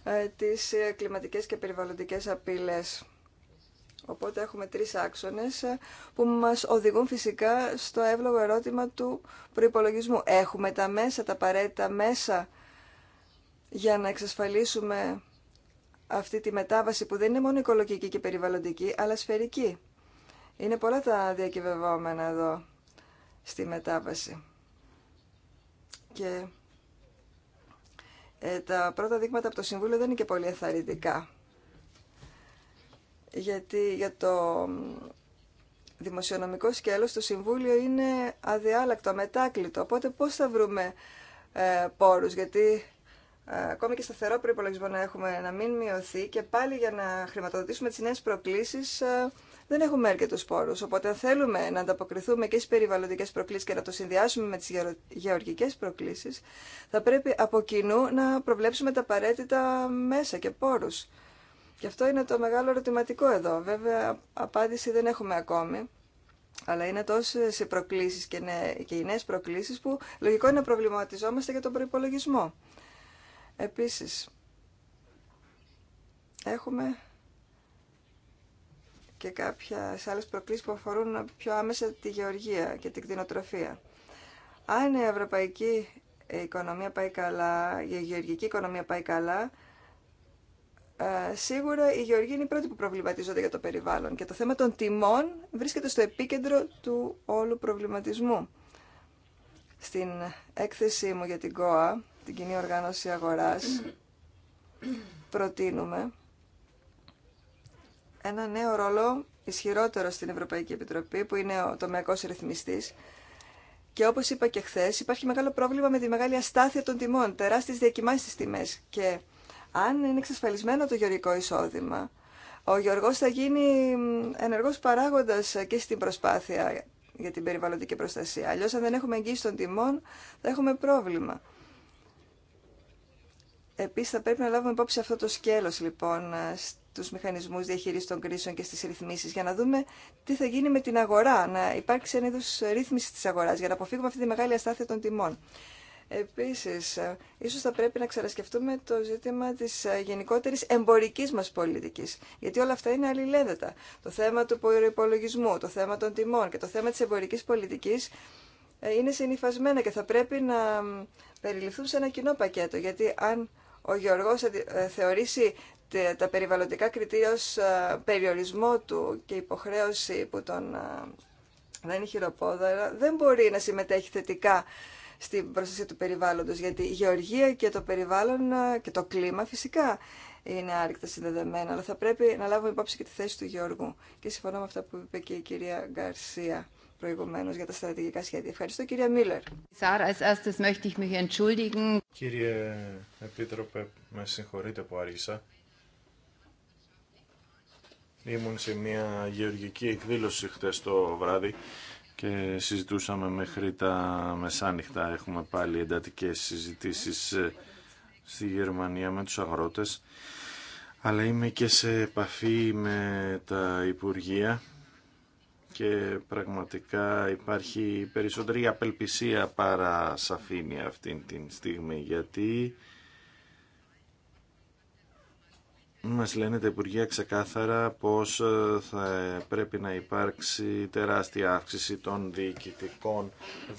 ε, τις ε, κλιματικές και περιβαλλοντικές απειλές. Οπότε έχουμε τρεις άξονες που μας οδηγούν φυσικά στο εύλογο ερώτημα του προϋπολογισμού. Έχουμε τα μέσα, τα απαραίτητα μέσα για να εξασφαλίσουμε αυτή τη μετάβαση που δεν είναι μόνο οικολογική και περιβαλλοντική, αλλά σφαιρική. Είναι πολλά τα διακυβευόμενα εδώ στη μετάβαση. Και ε, τα πρώτα δείγματα από το Συμβούλιο δεν είναι και πολύ εθαρρυντικά. Γιατί για το δημοσιονομικό σκέλος το Συμβούλιο είναι αδιάλακτο, αμετάκλητο. Οπότε πώς θα βρούμε ε, πόρους, γιατί ε, ακόμη και σταθερό προϋπολογισμό να έχουμε να μην μειωθεί και πάλι για να χρηματοδοτήσουμε τις νέες προκλήσεις ε, δεν έχουμε αρκετού πόρου. Οπότε, αν θέλουμε να ανταποκριθούμε και στι περιβαλλοντικέ προκλήσει και να το συνδυάσουμε με τι γεωργικέ προκλήσει, θα πρέπει από κοινού να προβλέψουμε τα απαραίτητα μέσα και πόρου. Και αυτό είναι το μεγάλο ερωτηματικό εδώ. Βέβαια, απάντηση δεν έχουμε ακόμη. Αλλά είναι τόσε οι προκλήσει και, και οι νέε προκλήσει που λογικό είναι να προβληματιζόμαστε για τον προπολογισμό. Επίση, έχουμε και σε άλλες προκλήσεις που αφορούν πιο άμεσα τη γεωργία και την κτηνοτροφία. Αν η ευρωπαϊκή οικονομία πάει καλά, η γεωργική οικονομία πάει καλά, ε, σίγουρα η γεωργία είναι η πρώτη που προβληματίζονται για το περιβάλλον και το θέμα των τιμών βρίσκεται στο επίκεντρο του όλου προβληματισμού. Στην έκθεσή μου για την ΚΟΑ, την Κοινή Οργάνωση Αγοράς, προτείνουμε ένα νέο ρόλο ισχυρότερο στην Ευρωπαϊκή Επιτροπή, που είναι ο τομεακό ρυθμιστή. Και όπω είπα και χθε, υπάρχει μεγάλο πρόβλημα με τη μεγάλη αστάθεια των τιμών, τεράστιες διακοιμάσει στι τιμέ. Και αν είναι εξασφαλισμένο το γεωργικό εισόδημα, ο Γεωργό θα γίνει ενεργό παράγοντα και στην προσπάθεια για την περιβαλλοντική προστασία. Αλλιώ αν δεν έχουμε εγγύηση των τιμών θα έχουμε πρόβλημα. Επίση θα πρέπει να λάβουμε υπόψη αυτό το σκέλο λοιπόν τους μηχανισμούς διαχείρισης των κρίσεων και στις ρυθμίσεις για να δούμε τι θα γίνει με την αγορά, να υπάρξει ένα είδους ρύθμιση της αγοράς για να αποφύγουμε αυτή τη μεγάλη αστάθεια των τιμών. Επίσης, ίσως θα πρέπει να ξανασκεφτούμε το ζήτημα της γενικότερης εμπορικής μας πολιτικής, γιατί όλα αυτά είναι αλληλένδετα. Το θέμα του υπολογισμού, το θέμα των τιμών και το θέμα της εμπορικής πολιτικής ε, είναι συνειφασμένα και θα πρέπει να περιληφθούν σε ένα κοινό πακέτο, γιατί αν ο Γεωργός ε, θεωρήσει τα περιβαλλοντικά κριτήρια ως ε, περιορισμό του και υποχρέωση που τον ε, δεν είναι χειροπόδαρα, δεν μπορεί να συμμετέχει θετικά στην προστασία του περιβάλλοντος, γιατί η γεωργία και το περιβάλλον ε, και το κλίμα φυσικά είναι άρρηκτα συνδεδεμένα, αλλά θα πρέπει να λάβουμε υπόψη και τη θέση του Γιώργου Και συμφωνώ με αυτά που είπε και η κυρία Γκαρσία προηγουμένως για τα στρατηγικά σχέδια. Ευχαριστώ κυρία Μίλλερ. Κύριε Επίτροπε, με συγχωρείτε που άργησα. Ήμουν σε μια γεωργική εκδήλωση χτες το βράδυ και συζητούσαμε μέχρι τα μεσάνυχτα. Έχουμε πάλι εντατικές συζητήσεις ε, στη Γερμανία με τους αγρότες. Αλλά είμαι και σε επαφή με τα Υπουργεία και πραγματικά υπάρχει περισσότερη απελπισία παρά σαφήνεια αυτή τη στιγμή γιατί Μας λένε τα Υπουργεία ξεκάθαρα πως ε, θα πρέπει να υπάρξει τεράστια αύξηση των διοικητικών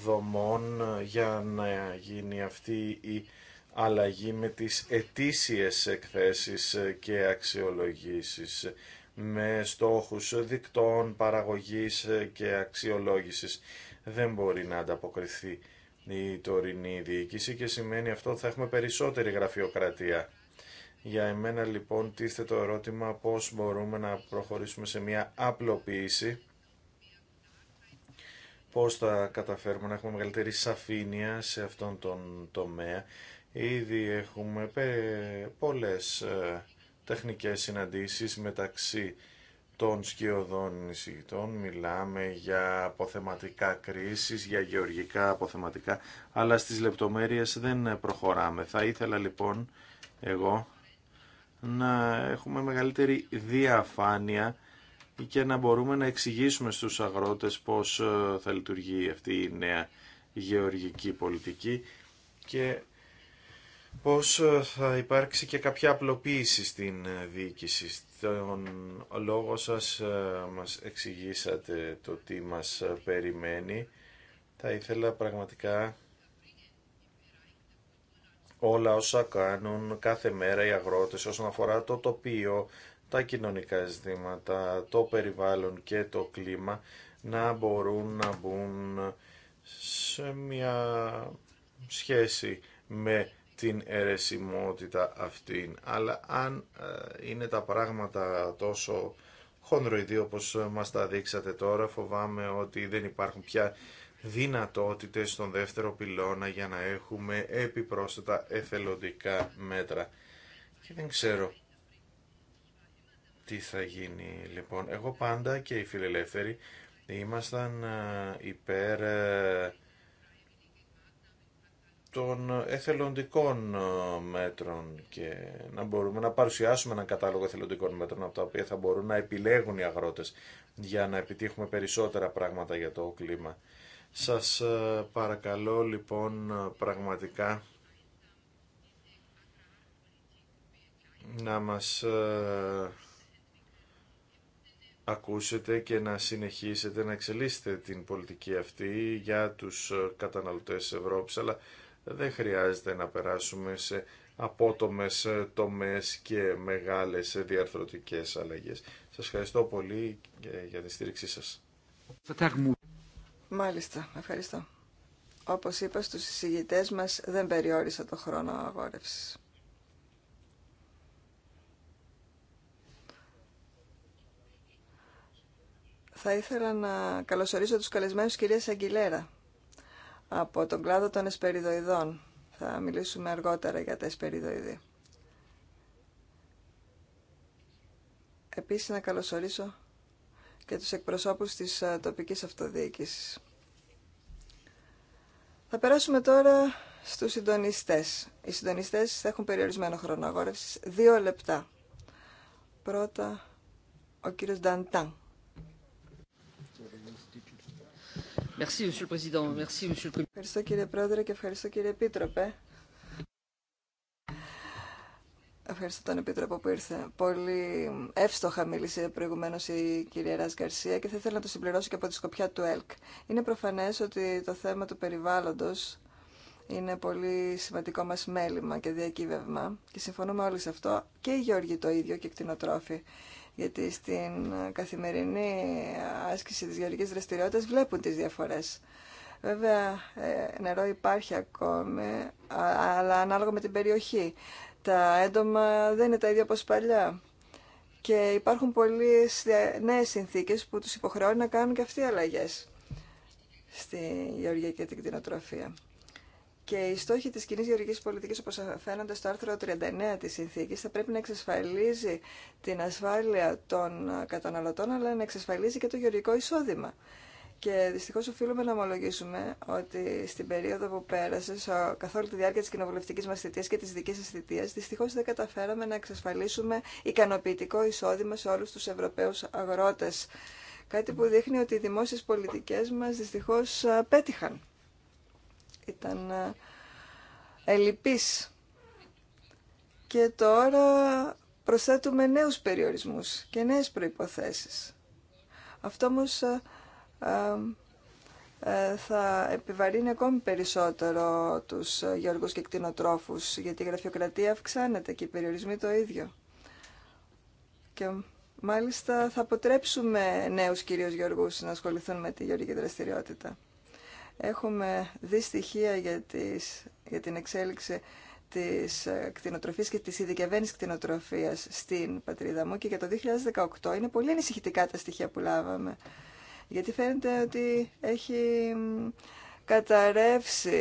δομών ε, για να γίνει αυτή η αλλαγή με τις ετήσιες εκθέσεις ε, και αξιολογήσεις με στόχους δικτών, παραγωγής και αξιολόγησης. Δεν μπορεί να ανταποκριθεί η τωρινή διοίκηση και σημαίνει αυτό θα έχουμε περισσότερη γραφειοκρατία. Για εμένα λοιπόν τίθεται το ερώτημα πώς μπορούμε να προχωρήσουμε σε μια απλοποίηση, πώς θα καταφέρουμε να έχουμε μεγαλύτερη σαφήνεια σε αυτόν τον τομέα. Ήδη έχουμε πολλές ε, τεχνικές συναντήσεις μεταξύ των σκιωδών εισηγητών. Μιλάμε για αποθεματικά κρίσεις, για γεωργικά αποθεματικά, αλλά στις λεπτομέρειες δεν προχωράμε. Θα ήθελα λοιπόν εγώ να έχουμε μεγαλύτερη διαφάνεια και να μπορούμε να εξηγήσουμε στους αγρότες πώς ε, θα λειτουργεί αυτή η νέα γεωργική πολιτική και πώς ε, θα υπάρξει και κάποια απλοποίηση στην ε, διοίκηση. Στον λόγο σας μας εξηγήσατε το τι μας περιμένει. Θα ήθελα πραγματικά όλα όσα κάνουν κάθε μέρα οι αγρότες όσον αφορά το τοπίο, τα κοινωνικά ζητήματα, το περιβάλλον και το κλίμα να μπορούν να μπουν σε μια σχέση με την αιρεσιμότητα αυτήν. Αλλά αν ε, είναι τα πράγματα τόσο χονδροειδή όπως μας τα δείξατε τώρα, φοβάμαι ότι δεν υπάρχουν πια δυνατότητες στον δεύτερο πυλώνα για να έχουμε επιπρόσθετα εθελοντικά μέτρα. Και δεν ξέρω τι θα γίνει λοιπόν. Εγώ πάντα και οι φιλελεύθεροι ήμασταν ε, υπέρ ε, των εθελοντικών ε, μέτρων και να μπορούμε να παρουσιάσουμε έναν κατάλογο εθελοντικών μέτρων από τα οποία θα μπορούν να επιλέγουν οι αγρότες για να επιτύχουμε περισσότερα πράγματα για το κλίμα. Σας ε, παρακαλώ λοιπόν ε, πραγματικά να μας ε, ακούσετε και να συνεχίσετε να εξελίσσετε την πολιτική αυτή για τους καταναλωτές Ευρώπης, αλλά δεν χρειάζεται να περάσουμε σε απότομες τομές και μεγάλες διαρθρωτικές αλλαγές. Σας ευχαριστώ πολύ για τη στήριξή σας. Μάλιστα, ευχαριστώ. Όπως είπα στους εισηγητές μας δεν περιόρισα το χρόνο αγόρευσης. Θα ήθελα να καλωσορίσω τους καλεσμένους κυρίες Αγγιλέρα από τον κλάδο των εσπεριδοειδών. Θα μιλήσουμε αργότερα για τα εσπεριδοειδή. Επίσης να καλωσορίσω και τους εκπροσώπους της ε, τοπικής αυτοδιοίκησης. Θα περάσουμε τώρα στους συντονιστές. Οι συντονιστές θα έχουν περιορισμένο χρόνο αγόρευσης, δύο λεπτά. Πρώτα, ο κύριος Νταντάν. Ευχαριστώ κύριε Πρόεδρε και ευχαριστώ κύριε Επίτροπε Ευχαριστώ τον Επίτροπο που ήρθε. Πολύ εύστοχα μίλησε προηγουμένω η κυρία Ράζ Γκαρσία και θα ήθελα να το συμπληρώσω και από τη σκοπιά του ΕΛΚ. Είναι προφανέ ότι το θέμα του περιβάλλοντο είναι πολύ σημαντικό μα μέλημα και διακύβευμα και συμφωνούμε όλοι σε αυτό και οι Γεώργοι το ίδιο και οι κτηνοτρόφοι. Γιατί στην καθημερινή άσκηση τη γεωργική δραστηριότητα βλέπουν τι διαφορέ. Βέβαια, ε, νερό υπάρχει ακόμη, αλλά ανάλογα με την περιοχή τα έντομα δεν είναι τα ίδια όπως παλιά. Και υπάρχουν πολλές νέες συνθήκες που τους υποχρεώνει να κάνουν και αυτοί αλλαγές στη γεωργική και την κτηνοτροφία. Και οι στόχοι της κοινή γεωργικής πολιτικής, όπως φαίνονται στο άρθρο 39 της συνθήκης, θα πρέπει να εξασφαλίζει την ασφάλεια των καταναλωτών, αλλά να εξασφαλίζει και το γεωργικό εισόδημα. Και δυστυχώ οφείλουμε να ομολογήσουμε ότι στην περίοδο που πέρασε, καθ' όλη τη διάρκεια τη κοινοβουλευτικής μα θητεία και τη δική σας θητεία, δυστυχώς δεν καταφέραμε να εξασφαλίσουμε ικανοποιητικό εισόδημα σε όλους τους Ευρωπαίους αγρότε. Κάτι που δείχνει ότι οι δημόσιες πολιτικές μας δυστυχώς ε, πέτυχαν. Ήταν ε, ελλειπή. Και τώρα προσθέτουμε νέους περιορισμούς και νέες προϋποθέσεις. Αυτό ε, ε, θα επιβαρύνει ακόμη περισσότερο τους γεωργούς και κτηνοτρόφους, γιατί η γραφειοκρατία αυξάνεται και οι περιορισμοί το ίδιο. Και μάλιστα θα αποτρέψουμε νέους κυρίως γεωργούς να ασχοληθούν με τη γεωργική δραστηριότητα. Έχουμε δει στοιχεία για, τις, για την εξέλιξη της ε, κτηνοτροφής και της ειδικευμένης κτηνοτροφίας στην πατρίδα μου και για το 2018 είναι πολύ ανησυχητικά τα στοιχεία που λάβαμε γιατί φαίνεται ότι έχει καταρρεύσει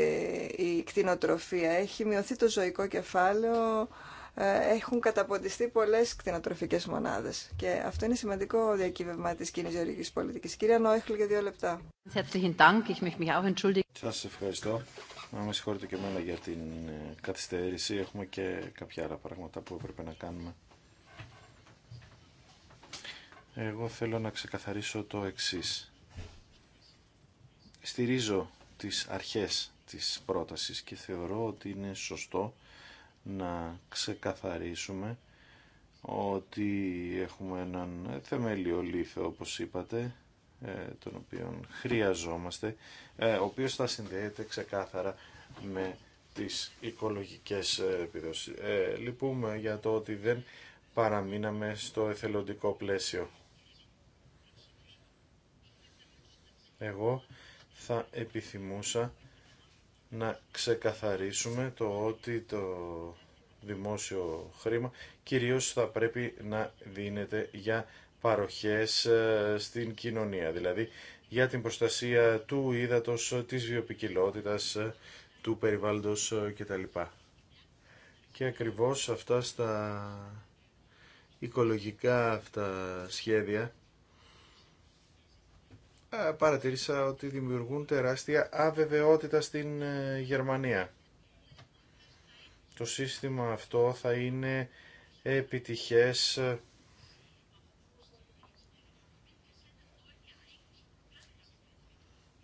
η κτηνοτροφία, έχει μειωθεί το ζωικό κεφάλαιο, ε, έχουν καταποντιστεί πολλές κτηνοτροφικές μονάδες. Και αυτό είναι σημαντικό διακύβευμα της κοινής γεωργικής πολιτικής. Κυρία Νόιχλ, για δύο λεπτά. Σας ευχαριστώ. Να με συγχωρείτε και εμένα για την ε, καθυστέρηση. Έχουμε και κάποια άλλα πράγματα που έπρεπε να κάνουμε. Εγώ θέλω να ξεκαθαρίσω το εξής. Στηρίζω τις αρχές της πρότασης και θεωρώ ότι είναι σωστό να ξεκαθαρίσουμε ότι έχουμε έναν θεμέλιο λίθο όπως είπατε ε, τον οποίο χρειαζόμαστε ε, ο οποίος θα συνδέεται ξεκάθαρα με τις οικολογικές ε, επιδόσεις. λυπούμε για το ότι δεν παραμείναμε στο εθελοντικό πλαίσιο Εγώ θα επιθυμούσα να ξεκαθαρίσουμε το ότι το δημόσιο χρήμα κυρίως θα πρέπει να δίνεται για παροχές ε, στην κοινωνία, δηλαδή για την προστασία του ύδατος, ε, της βιοπικιλότητας, ε, του περιβάλλοντος κτλ. Και ακριβώς αυτά στα οικολογικά αυτά σχέδια ε, παρατηρήσα ότι δημιουργούν τεράστια αβεβαιότητα στην ε, Γερμανία. Το σύστημα αυτό θα είναι επιτυχές ε,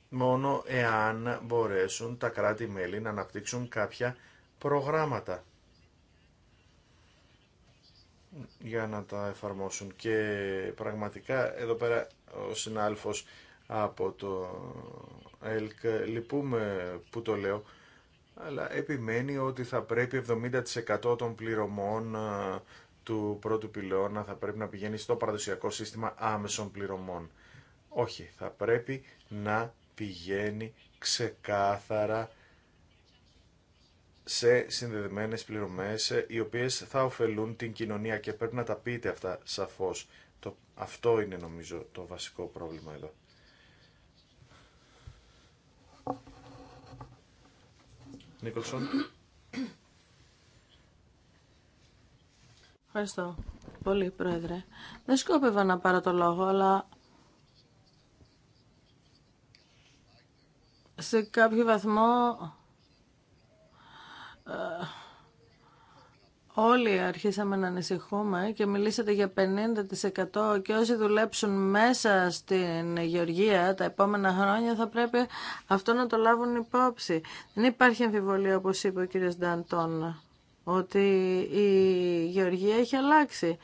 μόνο εάν μπορέσουν τα κράτη-μέλη να αναπτύξουν κάποια προγράμματα για να τα εφαρμόσουν και πραγματικά εδώ πέρα ο συνάλφος από το ΕΛΚ, λυπούμε που το λέω, αλλά επιμένει ότι θα πρέπει 70% των πληρωμών του πρώτου πυλώνα θα πρέπει να πηγαίνει στο παραδοσιακό σύστημα άμεσων πληρωμών. Όχι, θα πρέπει να πηγαίνει ξεκάθαρα σε συνδεδεμένες πληρωμές ε, οι οποίες θα ωφελούν την κοινωνία και πρέπει να τα πείτε αυτά σαφώς. αυτό είναι νομίζω το βασικό πρόβλημα εδώ. Νίκολσον. Ευχαριστώ πολύ, Πρόεδρε. Δεν σκόπευα να πάρω το λόγο, αλλά σε κάποιο βαθμό ε, Όλοι αρχίσαμε να ανησυχούμε και μιλήσατε για 50% και όσοι δουλέψουν μέσα στην γεωργία τα επόμενα χρόνια θα πρέπει αυτό να το λάβουν υπόψη. Δεν υπάρχει αμφιβολία όπως είπε ο κύριος Νταντών ότι η γεωργία έχει αλλάξει.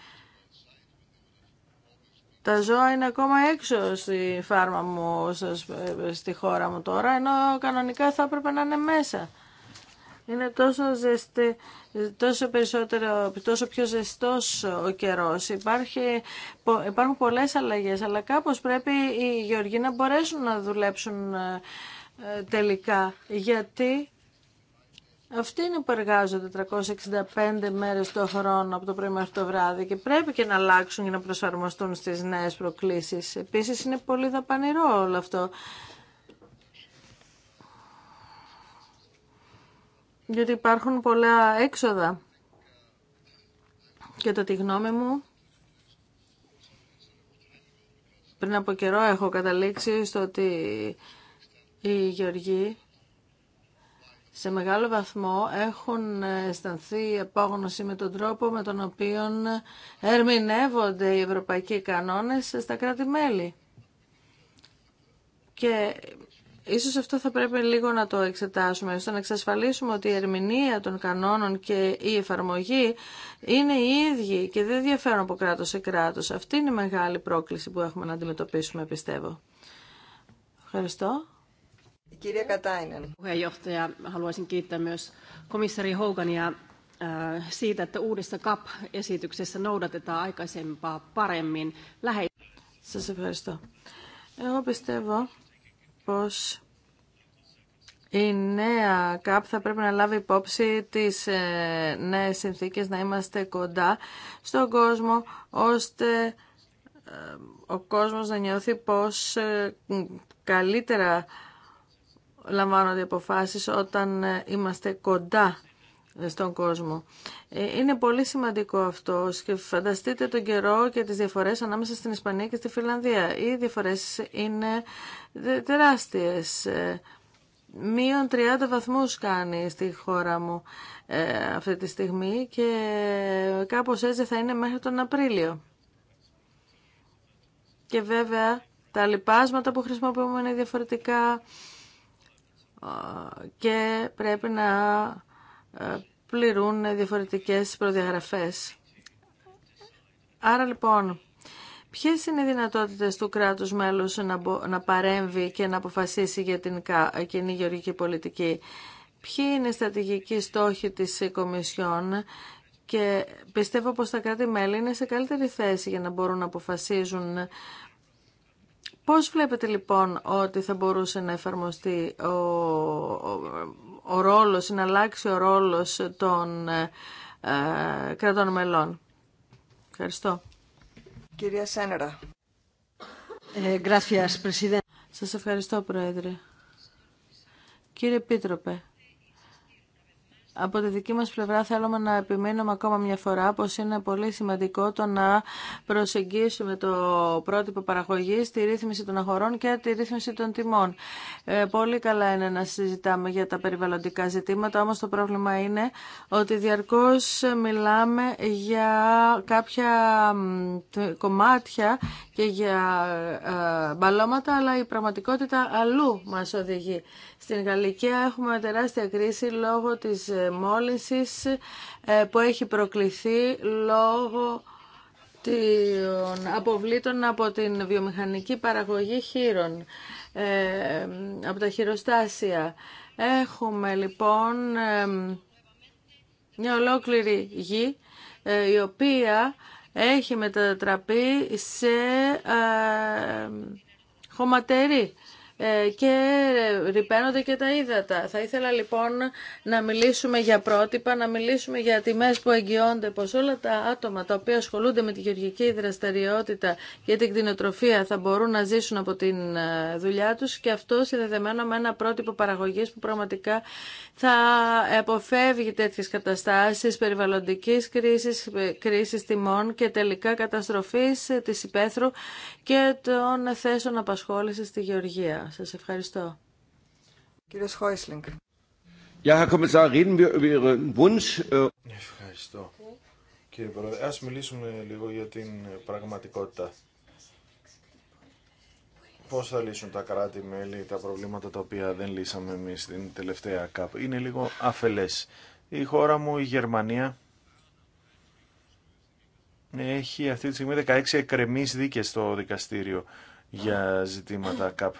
Τα ζώα είναι ακόμα έξω στη φάρμα μου, στη χώρα μου τώρα, ενώ κανονικά θα έπρεπε να είναι μέσα είναι τόσο, τόσο, περισσότερο, τόσο πιο ζεστός ο καιρός. Υπάρχει, υπάρχουν πολλές αλλαγές, αλλά κάπως πρέπει οι γεωργοί να μπορέσουν να δουλέψουν ε, ε, τελικά, γιατί αυτοί είναι που εργάζονται 365 μέρες το χρόνο από το πρωί μέχρι το βράδυ και πρέπει και να αλλάξουν και να προσαρμοστούν στις νέες προκλήσεις. Επίσης είναι πολύ δαπανηρό όλο αυτό. γιατί υπάρχουν πολλά έξοδα. Και το τη γνώμη μου, πριν από καιρό έχω καταλήξει στο ότι οι Γεωργοί σε μεγάλο βαθμό έχουν αισθανθεί απόγνωση με τον τρόπο με τον οποίο ερμηνεύονται οι ευρωπαϊκοί κανόνες στα κράτη-μέλη. Και Ίσως αυτό θα πρέπει λίγο να το εξετάσουμε, ώστε να εξασφαλίσουμε ότι η ερμηνεία των κανόνων και η εφαρμογή είναι οι ίδιοι και δεν διαφέρουν από κράτος σε κράτος. Αυτή είναι η μεγάλη πρόκληση που έχουμε να αντιμετωπίσουμε, πιστεύω. Ευχαριστώ. κυρία Κατάινεν. Äh, siitä, että uudessa CAP-esityksessä Σας ευχαριστώ. Εγώ πιστεύω πως η νέα ΚΑΠ θα πρέπει να λάβει υπόψη τις ε, νέες συνθήκες να είμαστε κοντά στον κόσμο ώστε ε, ο κόσμος να νιώθει πως ε, καλύτερα λαμβάνονται αποφάσεις όταν είμαστε κοντά στον κόσμο. Ε, είναι πολύ σημαντικό αυτό και φανταστείτε τον καιρό και τις διαφορές ανάμεσα στην Ισπανία και στη Φιλανδία. Οι διαφορές είναι τεράστιες. Ε, μείον 30 βαθμούς κάνει στη χώρα μου ε, αυτή τη στιγμή και κάπως έτσι θα είναι μέχρι τον Απρίλιο. Και βέβαια τα λοιπάσματα που χρησιμοποιούμε είναι διαφορετικά και πρέπει να ε, πληρούν διαφορετικές προδιαγραφές. Άρα λοιπόν, ποιες είναι οι δυνατότητες του κράτους μέλους να παρέμβει και να αποφασίσει για την κοινή γεωργική πολιτική. Ποιοι είναι οι στρατηγικοί στόχοι της Κομισιόν και πιστεύω πως τα κράτη-μέλη είναι σε καλύτερη θέση για να μπορούν να αποφασίζουν Πώς βλέπετε λοιπόν ότι θα μπορούσε να εφαρμοστεί ο, ο ρόλος, να αλλάξει ο ρόλος των ε, ε, κρατών μελών. Ευχαριστώ. Κυρία Σένερα. Ε, Σας ευχαριστώ, Πρόεδρε. Κύριε Πίτροπε, από τη δική μας πλευρά θέλουμε να επιμείνουμε ακόμα μια φορά πως είναι πολύ σημαντικό το να προσεγγίσουμε το πρότυπο παραγωγής, τη ρύθμιση των αγορών και τη ρύθμιση των τιμών. Ε, πολύ καλά είναι να συζητάμε για τα περιβαλλοντικά ζητήματα, όμως το πρόβλημα είναι ότι διαρκώς μιλάμε για κάποια κομμάτια και για ε, μπαλώματα, αλλά η πραγματικότητα αλλού μας οδηγεί. Στην Γαλλικία έχουμε τεράστια κρίση λόγω της ε, μόλυνσης ε, που έχει προκληθεί λόγω των αποβλήτων από την βιομηχανική παραγωγή χείρων, ε, από τα χειροστάσια. Έχουμε λοιπόν ε, μια ολόκληρη γη η οποία έχει μετατραπεί σε χωματερή ε, και ρηπαίνονται και τα ύδατα. Θα ήθελα λοιπόν να μιλήσουμε για πρότυπα, να μιλήσουμε για τιμές που εγγυώνται πως όλα τα άτομα τα οποία ασχολούνται με τη γεωργική δραστηριότητα και την κτηνοτροφία θα μπορούν να ζήσουν από την ε, δουλειά τους και αυτό συνδεδεμένο με ένα πρότυπο παραγωγής που πραγματικά θα αποφεύγει τέτοιες καταστάσεις περιβαλλοντικής κρίσης, ε, κρίσης τιμών και τελικά καταστροφής της υπαίθρου και των θέσεων απασχόλησης στη γεωργία. Σας ευχαριστώ. Κύριος Χόισλινγκ. Äh, ευχαριστώ. Κύριε Πρόεδρε, ας μιλήσουμε λίγο για την πραγματικότητα. Πώς θα λύσουν τα κράτη-μέλη τα προβλήματα τα οποία δεν λύσαμε εμείς στην τελευταία ΚΑΠ. Είναι λίγο αφελές. Η χώρα μου, η Γερμανία, έχει αυτή τη στιγμή 16 εκκρεμείς δίκες στο δικαστήριο για ζητήματα ΚΑΠ.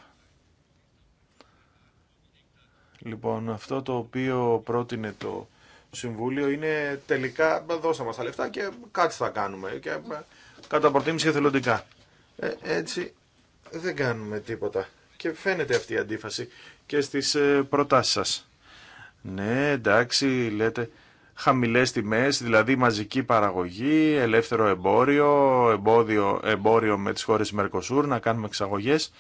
Λοιπόν, αυτό το οποίο πρότεινε το Συμβούλιο είναι τελικά Δώσα μας τα λεφτά και κάτι θα κάνουμε και κατά προτίμηση εθελοντικά. Ε, έτσι δεν κάνουμε τίποτα και φαίνεται αυτή η αντίφαση και στις ε, προτάσεις σας. Ναι, εντάξει, λέτε χαμηλές τιμές, δηλαδή μαζική παραγωγή, ελεύθερο εμπόριο, εμπόδιο, εμπόριο με τις χώρες Μερκοσούρ, να κάνουμε εξαγωγές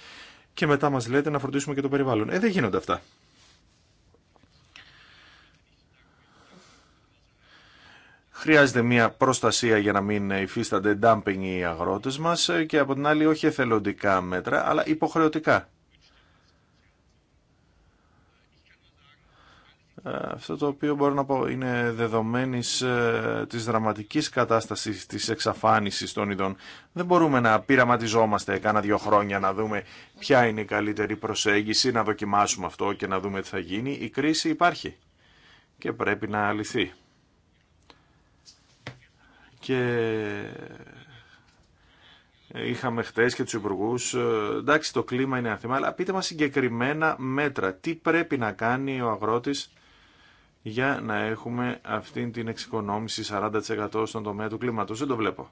και μετά μας λέτε να φροντίσουμε και το περιβάλλον. Ε, δεν γίνονται αυτά. Χρειάζεται μια προστασία για να μην υφίστανται dumping οι αγρότες μας και από την άλλη όχι εθελοντικά μέτρα, αλλά υποχρεωτικά. Αυτό το οποίο μπορώ να πω είναι δεδομένη ε, της δραματικής κατάστασης της εξαφάνισης των ειδών. Δεν μπορούμε να πειραματιζόμαστε κάνα δύο χρόνια να δούμε ποια είναι η καλύτερη προσέγγιση, να δοκιμάσουμε αυτό και να δούμε τι θα γίνει. Η κρίση υπάρχει και πρέπει να λυθεί και είχαμε χτες και τους υπουργού. Ε, εντάξει το κλίμα είναι άφημα αλλά πείτε μας συγκεκριμένα μέτρα. Τι πρέπει να κάνει ο αγρότης για να έχουμε αυτή την εξοικονόμηση 40% στον τομέα του κλίματος. Δεν το βλέπω.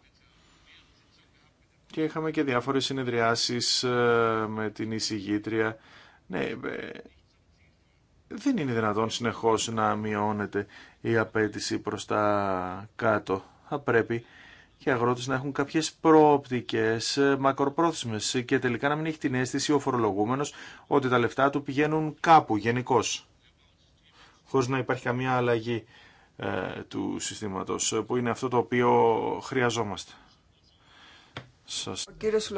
Και είχαμε και διάφορες συνεδριάσεις ε, με την εισηγήτρια. Ναι, ε, δεν είναι δυνατόν συνεχώς να μειώνεται η απέτηση προς τα κάτω θα πρέπει και οι αγρότες να έχουν κάποιες προοπτικές ε, μακροπρόθεσμες ε, και τελικά να μην έχει την αίσθηση ο φορολογούμενος ότι τα λεφτά του πηγαίνουν κάπου γενικώ. χωρίς να υπάρχει καμία αλλαγή ε, του συστήματος που είναι αυτό το οποίο χρειαζόμαστε. Σας... Ο κύριος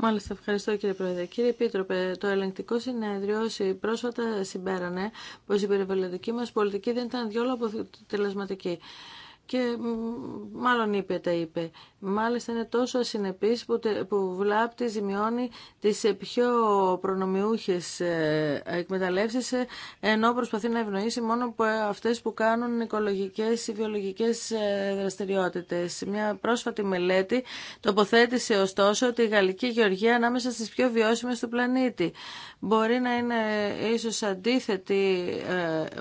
Μάλιστα, ευχαριστώ κύριε Πρόεδρε. Κύριε Επίτροπε, το ελεγκτικό συνέδριο πρόσφατα συμπέρανε πω η περιβαλλοντική μα πολιτική δεν ήταν διόλου αποτελεσματική και μάλλον είπε τα είπε. Μάλιστα είναι τόσο ασυνεπής που, που βλάπτει, ζημιώνει τις ε, πιο προνομιούχες ε, εκμεταλλεύσεις ε, ενώ προσπαθεί να ευνοήσει μόνο που αυτές που κάνουν οικολογικές ή βιολογικές δραστηριότητες. Μια πρόσφατη μελέτη τοποθέτησε ωστόσο ότι η γαλλική γεωργία ανάμεσα στις πιο βιώσιμες του πλανήτη μπορεί να είναι ίσως αντίθετη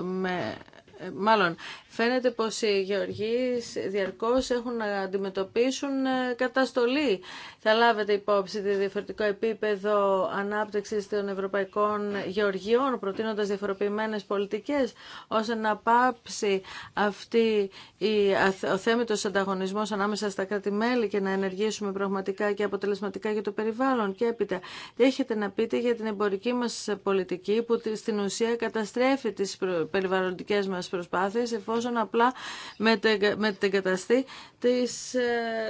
με μάλλον Φαίνεται πως οι γεωργοί διαρκώς έχουν να αντιμετωπίσουν ε, καταστολή. Θα λάβετε υπόψη το διαφορετικό επίπεδο ανάπτυξης των ευρωπαϊκών γεωργιών, προτείνοντας διαφοροποιημένες πολιτικές, ώστε να πάψει αυτή η, ο θέμητος ανταγωνισμός ανάμεσα στα κράτη-μέλη και να ενεργήσουμε πραγματικά και αποτελεσματικά για το περιβάλλον. Και έπειτα, έχετε να πείτε για την εμπορική μας πολιτική, που στην ουσία καταστρέφει τις περιβαλλοντικές μας προσπάθειες, απλά μετεγκαταστεί τις, ε,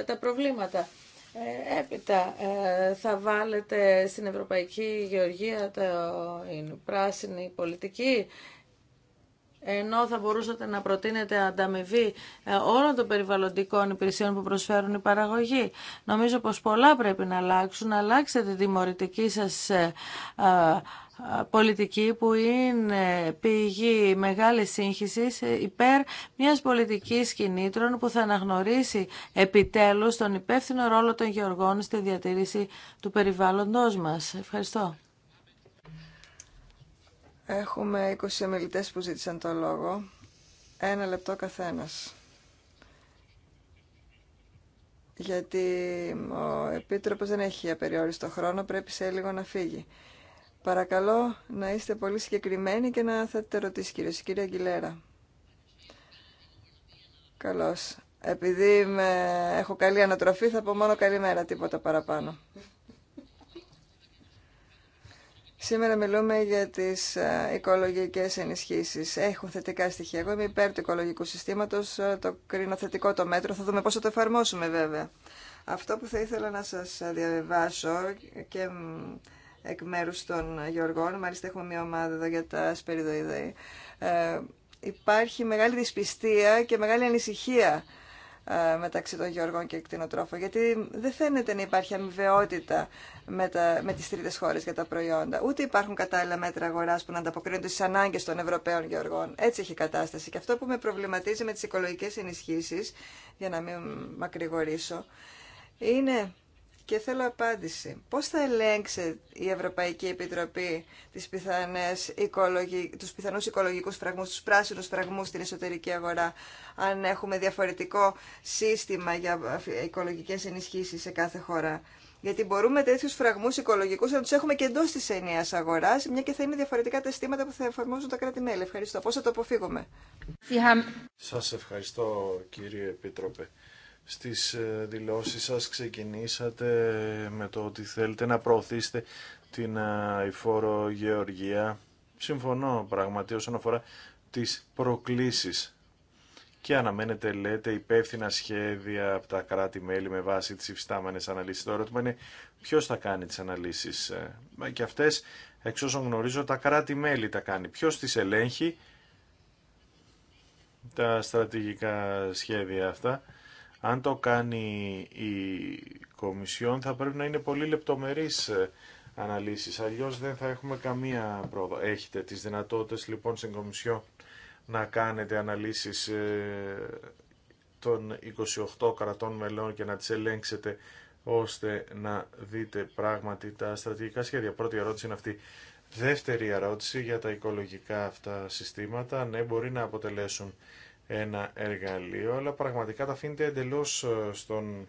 τα προβλήματα. Ε, έπειτα ε, θα βάλετε στην Ευρωπαϊκή Γεωργία την πράσινη πολιτική ενώ θα μπορούσατε να προτείνετε ανταμοιβή όλων των περιβαλλοντικών υπηρεσιών που προσφέρουν οι παραγωγοί. Νομίζω πως πολλά πρέπει να αλλάξουν. Αλλάξετε τη μορητική σας πολιτική που είναι πηγή μεγάλη σύγχυση υπέρ μιας πολιτικής κινήτρων που θα αναγνωρίσει επιτέλους τον υπεύθυνο ρόλο των γεωργών στη διατήρηση του περιβάλλοντος μας. Ευχαριστώ. Έχουμε 20 ομιλητέ που ζήτησαν το λόγο. Ένα λεπτό καθένας. Γιατί ο Επίτροπος δεν έχει απεριόριστο χρόνο, πρέπει σε λίγο να φύγει. Παρακαλώ να είστε πολύ συγκεκριμένοι και να θέτετε ερωτήσει, κύριε. Κύριε Αγγιλέρα. Καλώς. Επειδή με... έχω καλή ανατροφή θα πω μόνο καλημέρα, τίποτα παραπάνω. Σήμερα μιλούμε για τις ε, οικολογικές ενισχύσεις. Έχουν θετικά στοιχεία. Εγώ είμαι υπέρ του οικολογικού συστήματος, ε, το θετικό το μέτρο. Θα δούμε πώς θα το εφαρμόσουμε βέβαια. Αυτό που θα ήθελα να σας ε, διαβεβάσω και εκ μέρου των γεωργών, μάλιστα έχουμε μια ομάδα εδώ για τα σπεριδοειδή, ε, υπάρχει μεγάλη δυσπιστία και μεγάλη ανησυχία ε, μεταξύ των γεωργών και εκτινοτρόφων, γιατί δεν φαίνεται να υπάρχει αμοιβαιότητα με, τα, με τις τρίτες χώρες για τα προϊόντα. Ούτε υπάρχουν κατάλληλα μέτρα αγοράς που να ανταποκρίνονται στις ανάγκες των Ευρωπαίων γεωργών. Έτσι έχει η κατάσταση. Και αυτό που με προβληματίζει με τις οικολογικές ενισχύσει για να μην μακρηγορήσω, είναι και θέλω απάντηση. Πώς θα ελέγξει η Ευρωπαϊκή Επιτροπή τις πιθανές οικολογι... τους πιθανούς οικολογικούς φραγμούς, τους πράσινους φραγμούς στην εσωτερική αγορά, αν έχουμε διαφορετικό σύστημα για οικολογικές ενισχύσεις σε κάθε χώρα. Γιατί μπορούμε τέτοιου φραγμού οικολογικού να του έχουμε και εντό τη ενιαία αγορά, μια και θα είναι διαφορετικά τα αισθήματα που θα εφαρμόζουν τα κράτη-μέλη. Ευχαριστώ. Πώ θα το αποφύγουμε. Σα ευχαριστώ, κύριε Επίτροπε στις ε, δηλώσεις σας ξεκινήσατε με το ότι θέλετε να προωθήσετε την Ιφόρο ε, γεωργία. Συμφωνώ πραγματικά όσον αφορά τις προκλήσεις και αναμένετε, λέτε, υπεύθυνα σχέδια από τα κράτη-μέλη με βάση τις υφιστάμενες αναλύσεις. Το ερώτημα είναι ποιος θα κάνει τις αναλύσεις. Ε. Και αυτές, εξ όσων γνωρίζω, τα κράτη-μέλη τα κάνει. Ποιος τις ελέγχει τα στρατηγικά σχέδια αυτά αν το κάνει η Κομισιόν θα πρέπει να είναι πολύ λεπτομερής ε, αναλύσεις, αλλιώς δεν θα έχουμε καμία πρόοδο. Έχετε τις δυνατότητες λοιπόν στην Κομισιόν να κάνετε αναλύσεις ε, των 28 κρατών μελών και να τις ελέγξετε ώστε να δείτε πράγματι τα στρατηγικά σχέδια. Πρώτη ερώτηση είναι αυτή. Δεύτερη ερώτηση για τα οικολογικά αυτά συστήματα. Ναι, μπορεί να αποτελέσουν ένα εργαλείο, αλλά πραγματικά τα αφήνεται εντελώς ε, στον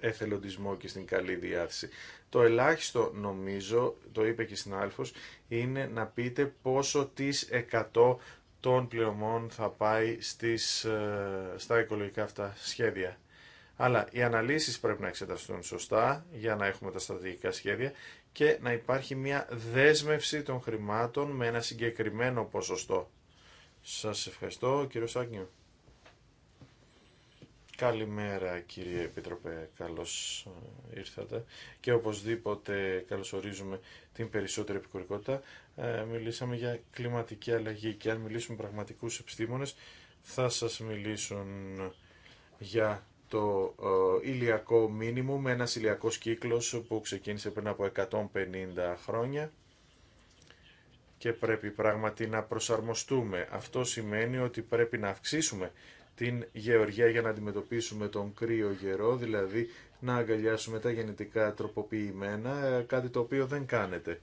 εθελοντισμό και στην καλή διάθεση. Το ελάχιστο νομίζω, το είπε και στην Άλφος, είναι να πείτε πόσο τις 100 των πληρωμών θα πάει στις, ε, στα οικολογικά αυτά σχέδια. Αλλά οι αναλύσεις πρέπει να εξεταστούν σωστά για να έχουμε τα στρατηγικά σχέδια και να υπάρχει μια δέσμευση των χρημάτων με ένα συγκεκριμένο ποσοστό σας ευχαριστώ κύριο Σάγκη. Καλημέρα κύριε Επίτροπε, καλώς ε, ήρθατε και οπωσδήποτε καλωσορίζουμε την περισσότερη επικουρικότητα. Ε, μιλήσαμε για κλιματική αλλαγή και αν μιλήσουμε πραγματικούς επιστήμονες θα σας μιλήσουν για το ε, ηλιακό μήνυμο με ένας ηλιακός κύκλος που ξεκίνησε πριν από 150 χρόνια και πρέπει πράγματι να προσαρμοστούμε. Αυτό σημαίνει ότι πρέπει να αυξήσουμε την γεωργία για να αντιμετωπίσουμε τον κρύο γερό, δηλαδή να αγκαλιάσουμε τα γεννητικά τροποποιημένα, ε, κάτι το οποίο δεν κάνετε.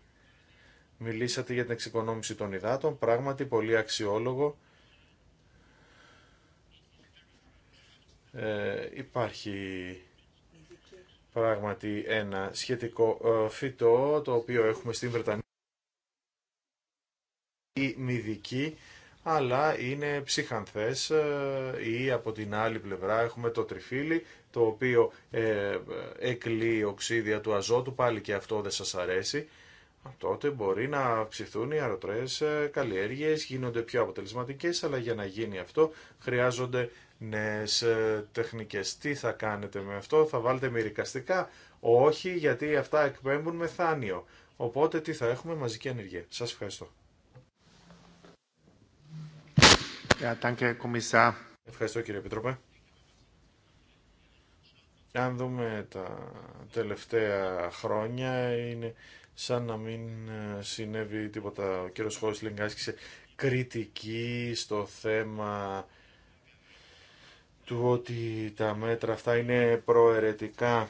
Μιλήσατε για την εξοικονόμηση των υδάτων, πράγματι πολύ αξιόλογο. Ε, υπάρχει πράγματι ένα σχετικό ε, φυτό το οποίο έχουμε στην Βρετανία ή μυδική, αλλά είναι ψυχανθές ε, ή από την άλλη πλευρά έχουμε το τριφύλι, το οποίο ε, εκλεί οξύδια του αζότου, πάλι και αυτό δεν σας αρέσει, τότε μπορεί να αυξηθούν οι αρωτρές ε, καλλιέργειες, γίνονται πιο αποτελεσματικές, αλλά για να γίνει αυτό χρειάζονται νέες ε, τεχνικές. Τι θα κάνετε με αυτό, θα βάλετε μυρικαστικά, όχι γιατί αυτά εκπέμπουν μεθάνιο. Οπότε τι θα έχουμε μαζική ανεργία. Σας ευχαριστώ. Ευχαριστώ κύριε Επιτροπέ. Αν δούμε τα τελευταία χρόνια είναι σαν να μην ε, συνέβη τίποτα. Ο κύριος Χόισλινγκ άσκησε κριτική στο θέμα του ότι τα μέτρα αυτά είναι προαιρετικά.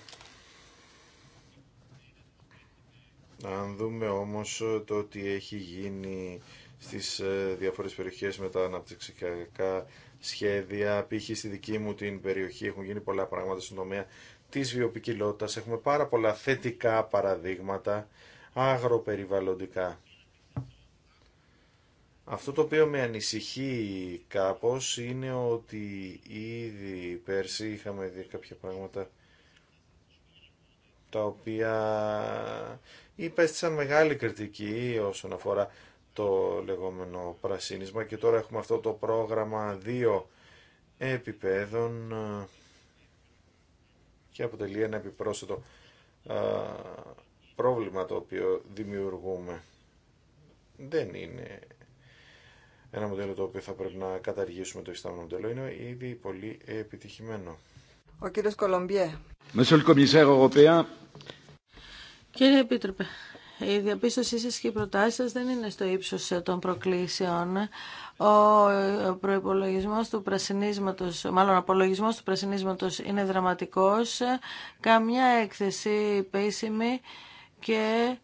Αν δούμε όμως το ότι έχει γίνει στις ε, διαφορές περιοχές με τα αναπτυξιακά σχέδια. Π.χ. στη δική μου την περιοχή έχουν γίνει πολλά πράγματα στον τομέα της βιοποικιλότητας Έχουμε πάρα πολλά θετικά παραδείγματα αγροπεριβαλλοντικά. Αυτό το οποίο με ανησυχεί κάπως είναι ότι ήδη πέρσι είχαμε δει κάποια πράγματα τα οποία υπέστησαν μεγάλη κριτική όσον αφορά το λεγόμενο πρασίνισμα και τώρα έχουμε αυτό το πρόγραμμα δύο επιπέδων ε, και αποτελεί ένα επιπρόσθετο ε, πρόβλημα το οποίο δημιουργούμε. Δεν είναι ένα μοντέλο το οποίο θα πρέπει να καταργήσουμε το ιστάμενο μοντέλο. Είναι ήδη πολύ επιτυχημένο. Ο κύριος Κολομπιέ. Κύριε Επίτροπε, η διαπίστωσή σας και οι προτάσεις σας δεν είναι στο ύψος των προκλήσεων. Ο προϋπολογισμός του πρασινίσματος, μάλλον ο απολογισμός του πρασινίσματος είναι δραματικός. Καμιά έκθεση επίσημη και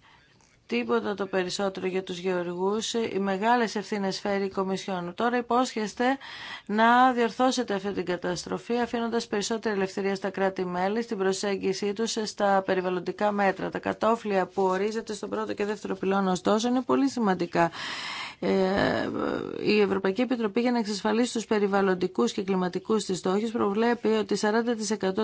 τίποτα το περισσότερο για τους γεωργούς. Οι μεγάλες ευθύνες φέρει η Κομισιόν. Τώρα υπόσχεστε να διορθώσετε αυτή την καταστροφή αφήνοντας περισσότερη ελευθερία στα κράτη-μέλη στην προσέγγιση τους στα περιβαλλοντικά μέτρα. Τα κατόφλια που ορίζεται στον πρώτο και δεύτερο πυλώνα ωστόσο είναι πολύ σημαντικά ε, η Ευρωπαϊκή Επιτροπή για να εξασφαλίσει του περιβαλλοντικού και κλιματικού τη στόχους προβλέπει ότι 40%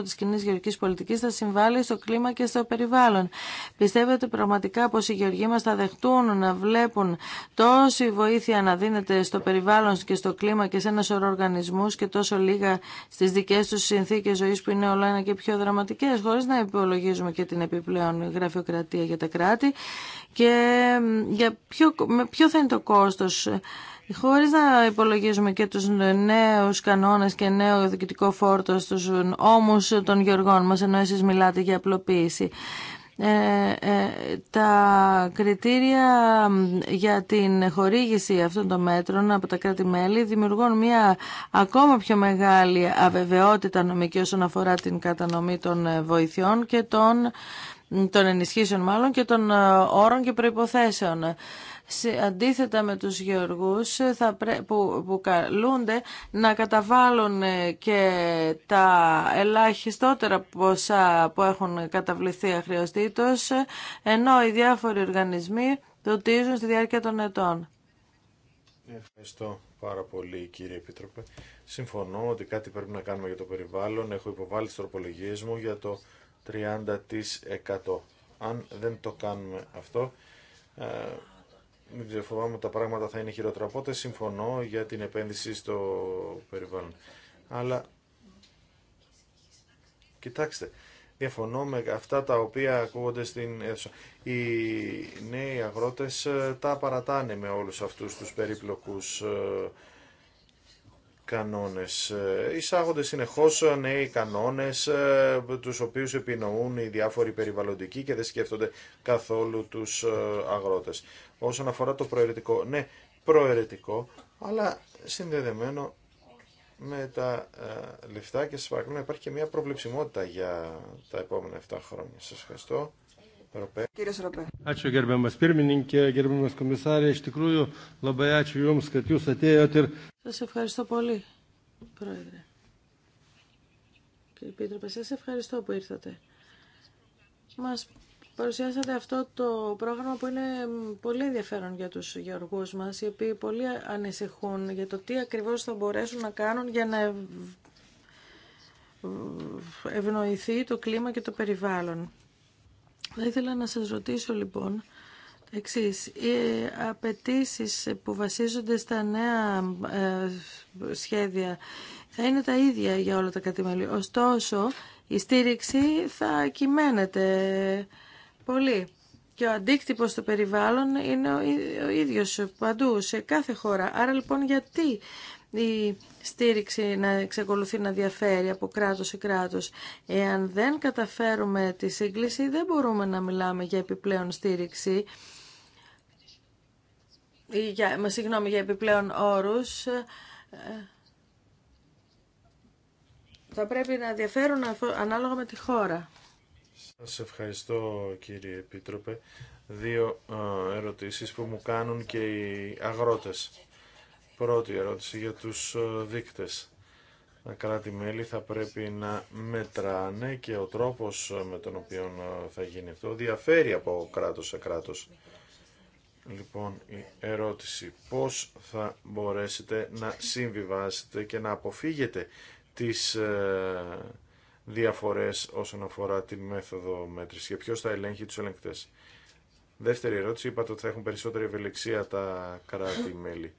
τη κοινή γεωργικής πολιτική θα συμβάλλει στο κλίμα και στο περιβάλλον. Πιστεύετε πραγματικά πώ οι γεωργοί μα θα δεχτούν να βλέπουν τόση βοήθεια να δίνεται στο περιβάλλον και στο κλίμα και σε ένα σωρό οργανισμούς και τόσο λίγα στι δικέ του συνθήκε ζωή που είναι όλο ένα και πιο δραματικέ, χωρί να υπολογίζουμε και την επιπλέον γραφειοκρατία για τα κράτη και για ποιο, με ποιο θα είναι το κόστος χωρίς να υπολογίζουμε και τους νέους κανόνες και νέο διοικητικό φόρτο στους όμους των γεωργών μας, ενώ εσείς μιλάτε για απλοποίηση. Ε, ε, τα κριτήρια για την χορήγηση αυτών των μέτρων από τα κράτη-μέλη δημιουργούν μια ακόμα πιο μεγάλη αβεβαιότητα νομική όσον αφορά την κατανομή των βοηθειών και των, των ενισχύσεων μάλλον και των όρων και προϋποθέσεων αντίθετα με τους γεωργούς ε, θα που, καλούνται να καταβάλουν ε, και τα ελάχιστότερα ποσά που έχουν καταβληθεί αχρεωστήτως, ε, ενώ οι διάφοροι οργανισμοί δοτίζουν στη διάρκεια των ετών. Ευχαριστώ πάρα πολύ κύριε Επίτροπε. Συμφωνώ ότι κάτι πρέπει να κάνουμε για το περιβάλλον. Έχω υποβάλει τις τροπολογίες μου για το 30%. Αν δεν το κάνουμε αυτό, δεν φοβάμαι ότι τα πράγματα θα είναι χειρότερα. Οπότε συμφωνώ για την επένδυση στο περιβάλλον. Αλλά κοιτάξτε, διαφωνώ με αυτά τα οποία ακούγονται στην αίθουσα. Οι νέοι αγρότες ε, τα παρατάνε με όλους αυτούς τους περίπλοκους ε, κανόνες. Ε, εισάγονται συνεχώς νέοι κανόνες, τους οποίους επινοούν οι διάφοροι περιβαλλοντικοί και δεν σκέφτονται καθόλου τους αγρότες όσον αφορά το προαιρετικό. Ναι, προαιρετικό, αλλά συνδεδεμένο με τα ε, λεφτά και σας παρακαλώ να υπάρχει και μια προβλεψιμότητα για τα επόμενα 7 χρόνια. Σας ευχαριστώ. Κύριε Ροπέ. Ačiū gerbiamas pirmininkė, gerbiamas komisarė, iš tikrųjų labai ačiū Jums, kad Jūs atėjote ir... Σας ευχαριστώ πολύ, Πρόεδρε. Κύριε Πίτροπε, σας ευχαριστώ που ήρθατε. Μας παρουσιάσατε αυτό το πρόγραμμα που είναι πολύ ενδιαφέρον για τους γεωργούς μας, οι οποίοι πολύ ανησυχούν για το τι ακριβώς θα μπορέσουν να κάνουν για να ευνοηθεί το κλίμα και το περιβάλλον. Θα ήθελα να σας ρωτήσω λοιπόν εξής. Οι απαιτήσει που βασίζονται στα νέα ε, σχέδια θα είναι τα ίδια για όλα τα κατημέλη. Ωστόσο, η στήριξη θα κυμαίνεται πολύ. Και ο αντίκτυπο του περιβάλλον είναι ο ίδιος παντού, σε κάθε χώρα. Άρα λοιπόν γιατί η στήριξη να εξακολουθεί να διαφέρει από κράτος σε κράτος. Εάν δεν καταφέρουμε τη σύγκληση δεν μπορούμε να μιλάμε για επιπλέον στήριξη ή για, συγγνώμη, για επιπλέον όρους. Ε, θα πρέπει να διαφέρουν ανάλογα με τη χώρα. Σας ευχαριστώ κύριε Επίτροπε. Δύο ε, ερωτήσεις που μου κάνουν και οι αγρότες. Πρώτη ερώτηση για τους ε, δείκτες. Τα κράτη-μέλη θα πρέπει να μετράνε και ο τρόπος ε, με τον οποίο θα γίνει αυτό διαφέρει από κράτος σε κράτος. Λοιπόν, η ερώτηση πώς θα μπορέσετε να συμβιβάσετε και να αποφύγετε τις διαφορές όσον αφορά τη μέθοδο μέτρηση και ποιος θα ελέγχει τους ελεγκτές. Δεύτερη ερώτηση, είπατε ότι θα έχουν περισσότερη ευελιξία τα κράτη-μέλη.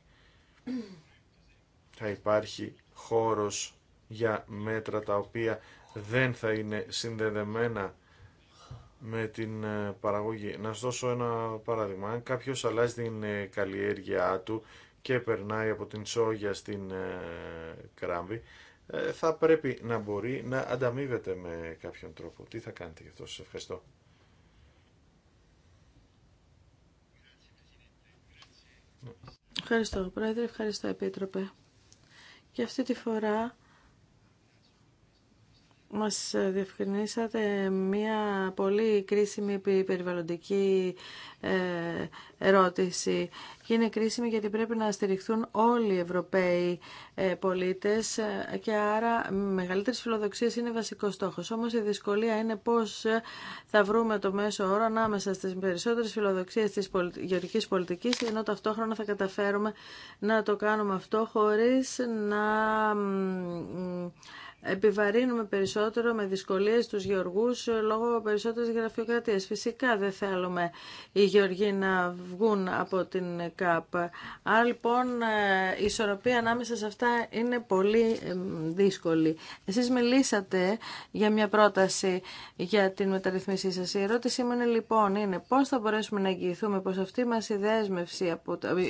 Θα υπάρχει χώρος για μέτρα τα οποία δεν θα είναι συνδεδεμένα με την ε, παραγωγή. Να σας δώσω ένα παράδειγμα. Αν κάποιος αλλάζει την ε, καλλιέργειά του και περνάει από την σόγια στην κράμβη, ε, ε, θα πρέπει να μπορεί να ανταμείβεται με κάποιον τρόπο. Τι θα κάνετε γι' αυτό, σας ευχαριστώ. Ευχαριστώ, Πρόεδρε, ευχαριστώ, Επίτροπε. Και αυτή τη φορά μας διευκρινίσατε μία πολύ κρίσιμη περιβαλλοντική ε, ερώτηση και είναι κρίσιμη γιατί πρέπει να στηριχθούν όλοι οι Ευρωπαίοι ε, πολίτες ε, και άρα μεγαλύτερες φιλοδοξίες είναι βασικός στόχος. Όμως η δυσκολία είναι πώς θα βρούμε το μέσο όρο ανάμεσα στις περισσότερες φιλοδοξίες της γεωργικής πολιτικής ενώ ταυτόχρονα θα καταφέρουμε να το κάνουμε αυτό χωρίς να επιβαρύνουμε περισσότερο με δυσκολίες τους γεωργούς λόγω περισσότερης γραφειοκρατίας. Φυσικά δεν θέλουμε οι γεωργοί να βγουν από την ΚΑΠ. Άρα λοιπόν ε, η ισορροπία ανάμεσα σε αυτά είναι πολύ ε, δύσκολη. Εσείς μιλήσατε για μια πρόταση για την μεταρρυθμίσή σας. Η ερώτησή μου είναι λοιπόν είναι πώς θα μπορέσουμε να εγγυηθούμε πως αυτή μας η δέσμευση,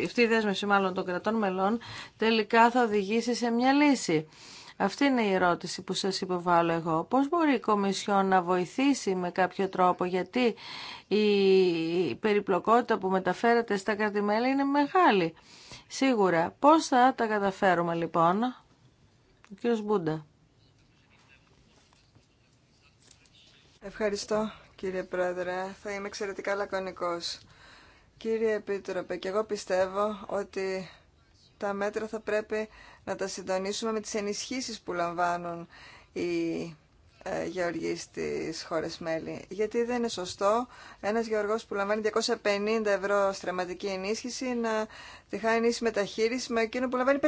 αυτή η δέσμευση μάλλον των κρατών μελών τελικά θα οδηγήσει σε μια λύση. Αυτή είναι η ερώτηση που σας υποβάλλω εγώ. Πώς μπορεί η Κομισιόν να βοηθήσει με κάποιο τρόπο, γιατί η περιπλοκότητα που μεταφέρεται στα κρατημέλη είναι μεγάλη. Σίγουρα. Πώς θα τα καταφέρουμε λοιπόν. Ο κύριος Μπούντα. Ευχαριστώ κύριε Πρόεδρε. Θα είμαι εξαιρετικά λακωνικός. Κύριε Επίτροπε, και εγώ πιστεύω ότι τα μέτρα θα πρέπει να τα συντονίσουμε με τις ενισχύσεις που λαμβάνουν οι ε, γεωργοί στις χώρες μέλη. Γιατί δεν είναι σωστό ένας γεωργός που λαμβάνει 250 ευρώ στραματική ενίσχυση να τη χάνει ίση μεταχείριση με εκείνο που λαμβάνει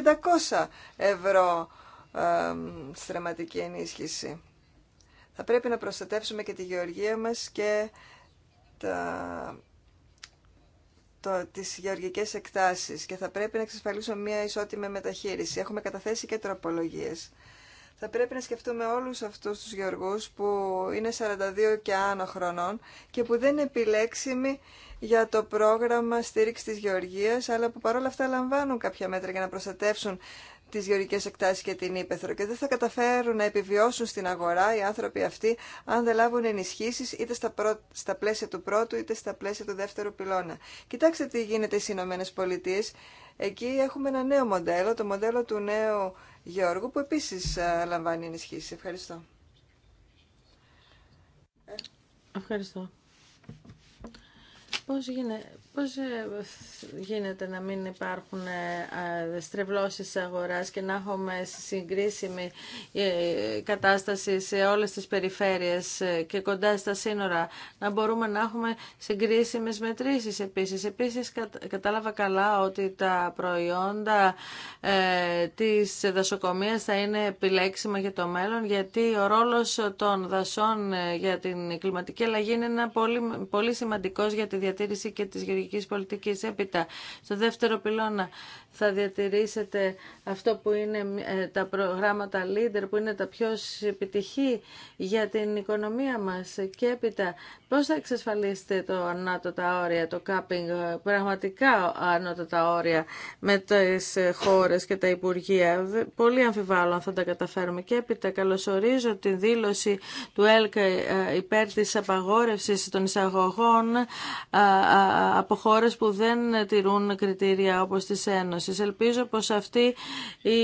500 ευρώ ε, στραματική ενίσχυση. Θα πρέπει να προστατεύσουμε και τη γεωργία μας και τα το, τις γεωργικές εκτάσεις και θα πρέπει να εξασφαλίσω μια ισότιμη μεταχείριση. Έχουμε καταθέσει και τροπολογίες. Θα πρέπει να σκεφτούμε όλους αυτούς τους γεωργούς που είναι 42 και άνω χρονών και που δεν είναι επιλέξιμοι για το πρόγραμμα στήριξη της γεωργίας, αλλά που παρόλα αυτά λαμβάνουν κάποια μέτρα για να προστατεύσουν τις γεωργικές εκτάσεις και την ύπεθρο και δεν θα καταφέρουν να επιβιώσουν στην αγορά οι άνθρωποι αυτοί αν δεν λάβουν ενισχύσεις είτε στα, στα πλαίσια του πρώτου είτε στα πλαίσια του δεύτερου πυλώνα. Κοιτάξτε τι γίνεται στις Ηνωμένε Πολιτείε. Εκεί έχουμε ένα νέο μοντέλο, το μοντέλο του νέου Γεώργου που επίσης λαμβάνει ενισχύσεις. Ευχαριστώ. Ευχαριστώ. Πώς γίνεται, Πώς ε, γίνεται να μην υπάρχουν ε, ε, στρεβλώσεις αγοράς και να έχουμε συγκρίσιμη κατάσταση σε όλες τις περιφέρειες και κοντά στα σύνορα, να μπορούμε να έχουμε συγκρίσιμες μετρήσεις επίσης. Επίσης κατάλαβα καλά ότι τα προϊόντα της δασοκομείας θα είναι επιλέξιμα για το μέλλον, γιατί ο ρόλος των δασών για την κλιματική αλλαγή είναι πολύ, πολύ σημαντικός για τη διατήρηση και τη γεωργικής πολιτικής. Έπειτα, στο δεύτερο πυλώνα θα διατηρήσετε αυτό που είναι ε, τα προγράμματα leader, που είναι τα πιο επιτυχή για την οικονομία μας και έπειτα πώς θα εξασφαλίσετε το ανάτοτα όρια, το κάπινγκ, πραγματικά ανάτοτα όρια με τις χώρες και τα Υπουργεία. Πολύ αμφιβάλλω αν θα τα καταφέρουμε και έπειτα καλωσορίζω τη δήλωση του ΕΛΚ ε, υπέρ της απαγόρευσης των εισαγωγών ε, από χώρες που δεν τηρούν κριτήρια όπως της Ένωσης. Ελπίζω πως αυτή η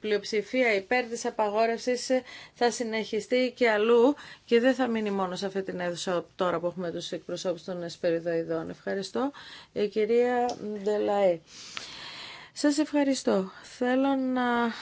πλειοψηφία υπέρ της απαγόρευσης θα συνεχιστεί και αλλού και δεν θα μείνει μόνο σε αυτή την αίθουσα τώρα που έχουμε τους εκπροσώπους των εσπεριδοειδών. Ευχαριστώ. Η ε, κυρία Ντελαέ. Σας ευχαριστώ. Θέλω να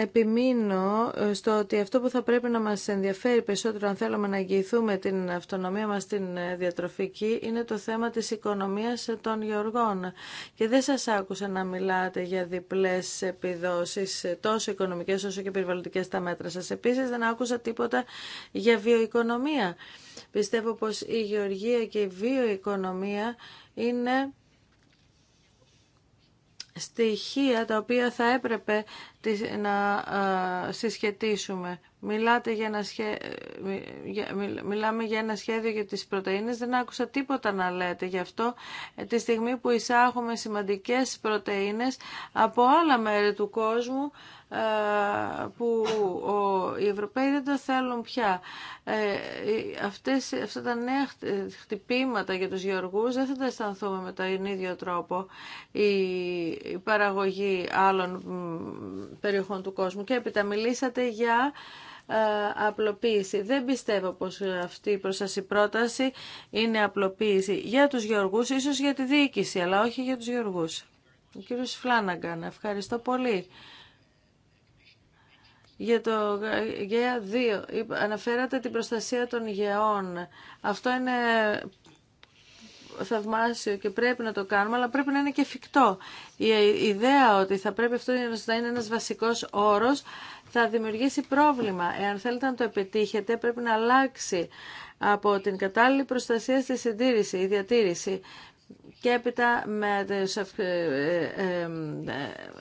επιμείνω ε, στο ότι αυτό που θα πρέπει να μας ενδιαφέρει περισσότερο αν θέλουμε να αγγιηθούμε την αυτονομία μας στην ε, διατροφική είναι το θέμα της οικονομίας των γεωργών. Και δεν σας άκουσα να μιλάτε για διπλές επιδόσεις ε, τόσο οικονομικές όσο και περιβαλλοντικές στα μέτρα σας. Επίσης δεν άκουσα τίποτα για βιοοικονομία. Πιστεύω πως η γεωργία και η βιοοικονομία είναι στοιχεία τα οποία θα έπρεπε να συσχετίσουμε. Μιλάτε για ένα σχέ... Μιλάμε για ένα σχέδιο για τις πρωτεΐνες, δεν άκουσα τίποτα να λέτε γι' αυτό ε, τη στιγμή που εισάγουμε σημαντικές πρωτεΐνες από άλλα μέρη του κόσμου ε, που οι Ευρωπαίοι δεν το θέλουν πια. Ε, αυτές, αυτά τα νέα χτυπήματα για τους γεωργούς δεν θα τα αισθανθούμε με τον ίδιο τρόπο η, παραγωγή άλλων περιοχών του κόσμου. Και έπειτα μιλήσατε για ε, απλοποίηση. Δεν πιστεύω πως αυτή η προσασή πρόταση είναι απλοποίηση για τους γεωργούς, ίσως για τη διοίκηση, αλλά όχι για τους γεωργούς. Ο κύριος ευχαριστώ πολύ. Για το ΓΕΑ 2 αναφέρατε την προστασία των γεών. Αυτό είναι θαυμάσιο και πρέπει να το κάνουμε, αλλά πρέπει να είναι και εφικτό. Η ε, ιδέα ότι θα πρέπει αυτό να είναι ένας βασικός όρος θα δημιουργήσει πρόβλημα. Εάν θέλετε να το επιτύχετε, πρέπει να αλλάξει από την κατάλληλη προστασία στη συντήρηση, η διατήρηση και έπειτα με ε, ε, ε,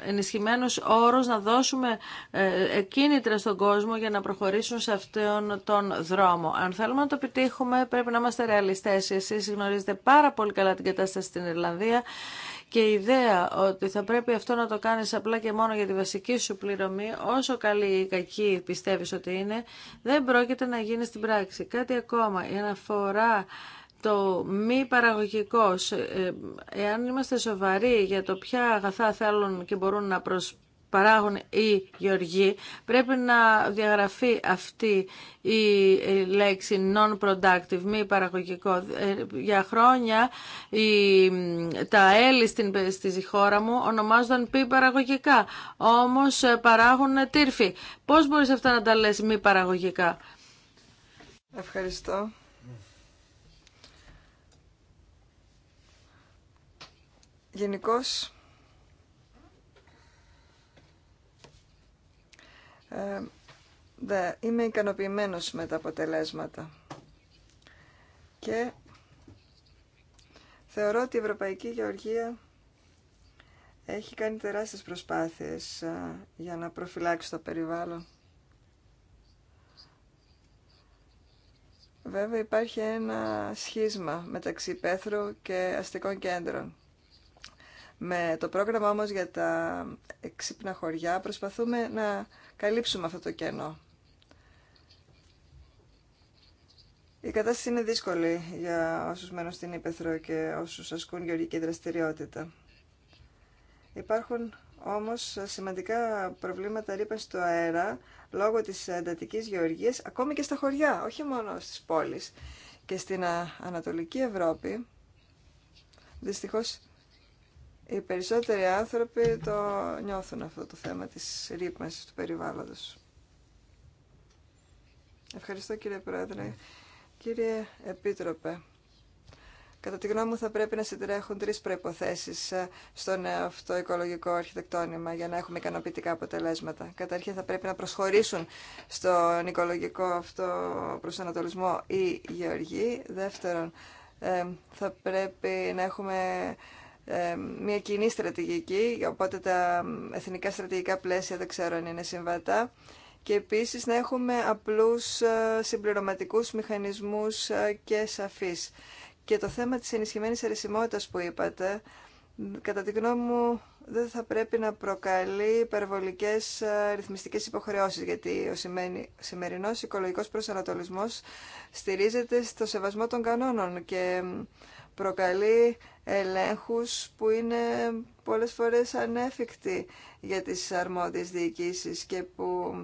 ενισχυμένους όρους να δώσουμε κίνητρα στον κόσμο για να προχωρήσουν σε αυτόν τον δρόμο. Αν θέλουμε να το επιτύχουμε πρέπει να είμαστε ρεαλιστές. Εσείς γνωρίζετε πάρα πολύ καλά την κατάσταση στην Ιρλανδία και η ιδέα ότι θα πρέπει αυτό να το κάνεις απλά και μόνο για τη βασική σου πληρωμή, όσο καλή ή κακή πιστεύεις ότι είναι, δεν πρόκειται να γίνει στην πράξη. Κάτι ακόμα, η αναφορά το μη παραγωγικό. Ε, εάν είμαστε σοβαροί για το ποια αγαθά θέλουν και μπορούν να προσπαράγουν παράγουν οι γεωργοί, πρέπει να διαγραφεί αυτή η ε, λέξη non-productive, μη παραγωγικό. Ε, για χρόνια η, τα έλη στην, στη χώρα μου ονομάζονταν μη παραγωγικά, όμως παράγουν τύρφη. Πώς μπορείς αυτά να τα λες μη παραγωγικά. Ευχαριστώ. Γενικώ. Ε, είμαι ικανοποιημένος με τα αποτελέσματα και θεωρώ ότι η Ευρωπαϊκή Γεωργία έχει κάνει τεράστιες προσπάθειες ε, για να προφυλάξει το περιβάλλον. Βέβαια υπάρχει ένα σχίσμα μεταξύ πέθρου και αστικών κέντρων. Με το πρόγραμμα όμως για τα εξύπνα χωριά προσπαθούμε να καλύψουμε αυτό το κενό. Η κατάσταση είναι δύσκολη για όσους μένουν στην Ήπεθρο και όσους ασκούν γεωργική δραστηριότητα. Υπάρχουν όμως σημαντικά προβλήματα ρήπανση του αέρα λόγω της εντατικής γεωργίας, ακόμη και στα χωριά, όχι μόνο στις πόλεις. Και στην Ανατολική Ευρώπη, δυστυχώς, οι περισσότεροι άνθρωποι το νιώθουν αυτό το θέμα της ρύπανσης του περιβάλλοντος. Ευχαριστώ κύριε Πρόεδρε. Κύριε Επίτροπε, κατά τη γνώμη μου θα πρέπει να συντρέχουν τρεις προϋποθέσεις ε, στο αυτό οικολογικό αρχιτεκτόνημα για να έχουμε ικανοποιητικά αποτελέσματα. Καταρχήν θα πρέπει να προσχωρήσουν στον οικολογικό αυτό προσανατολισμό ή γεωργή. Δεύτερον, ε, θα πρέπει να έχουμε ε, μια κοινή στρατηγική, οπότε τα εθνικά στρατηγικά πλαίσια δεν ξέρω αν είναι συμβατά και επίσης να έχουμε απλούς ε, συμπληρωματικούς μηχανισμούς ε, και σαφείς. Και το θέμα της ενισχυμένης αρισιμότητας που είπατε, κατά τη γνώμη μου δεν θα πρέπει να προκαλεί υπερβολικές ρυθμιστικές υποχρεώσεις, γιατί ο σημερινός οικολογικός προσανατολισμός στηρίζεται στο σεβασμό των κανόνων και προκαλεί ελέγχους που είναι πολλές φορές ανέφικτοι για τις αρμόδιες διοικήσεις και που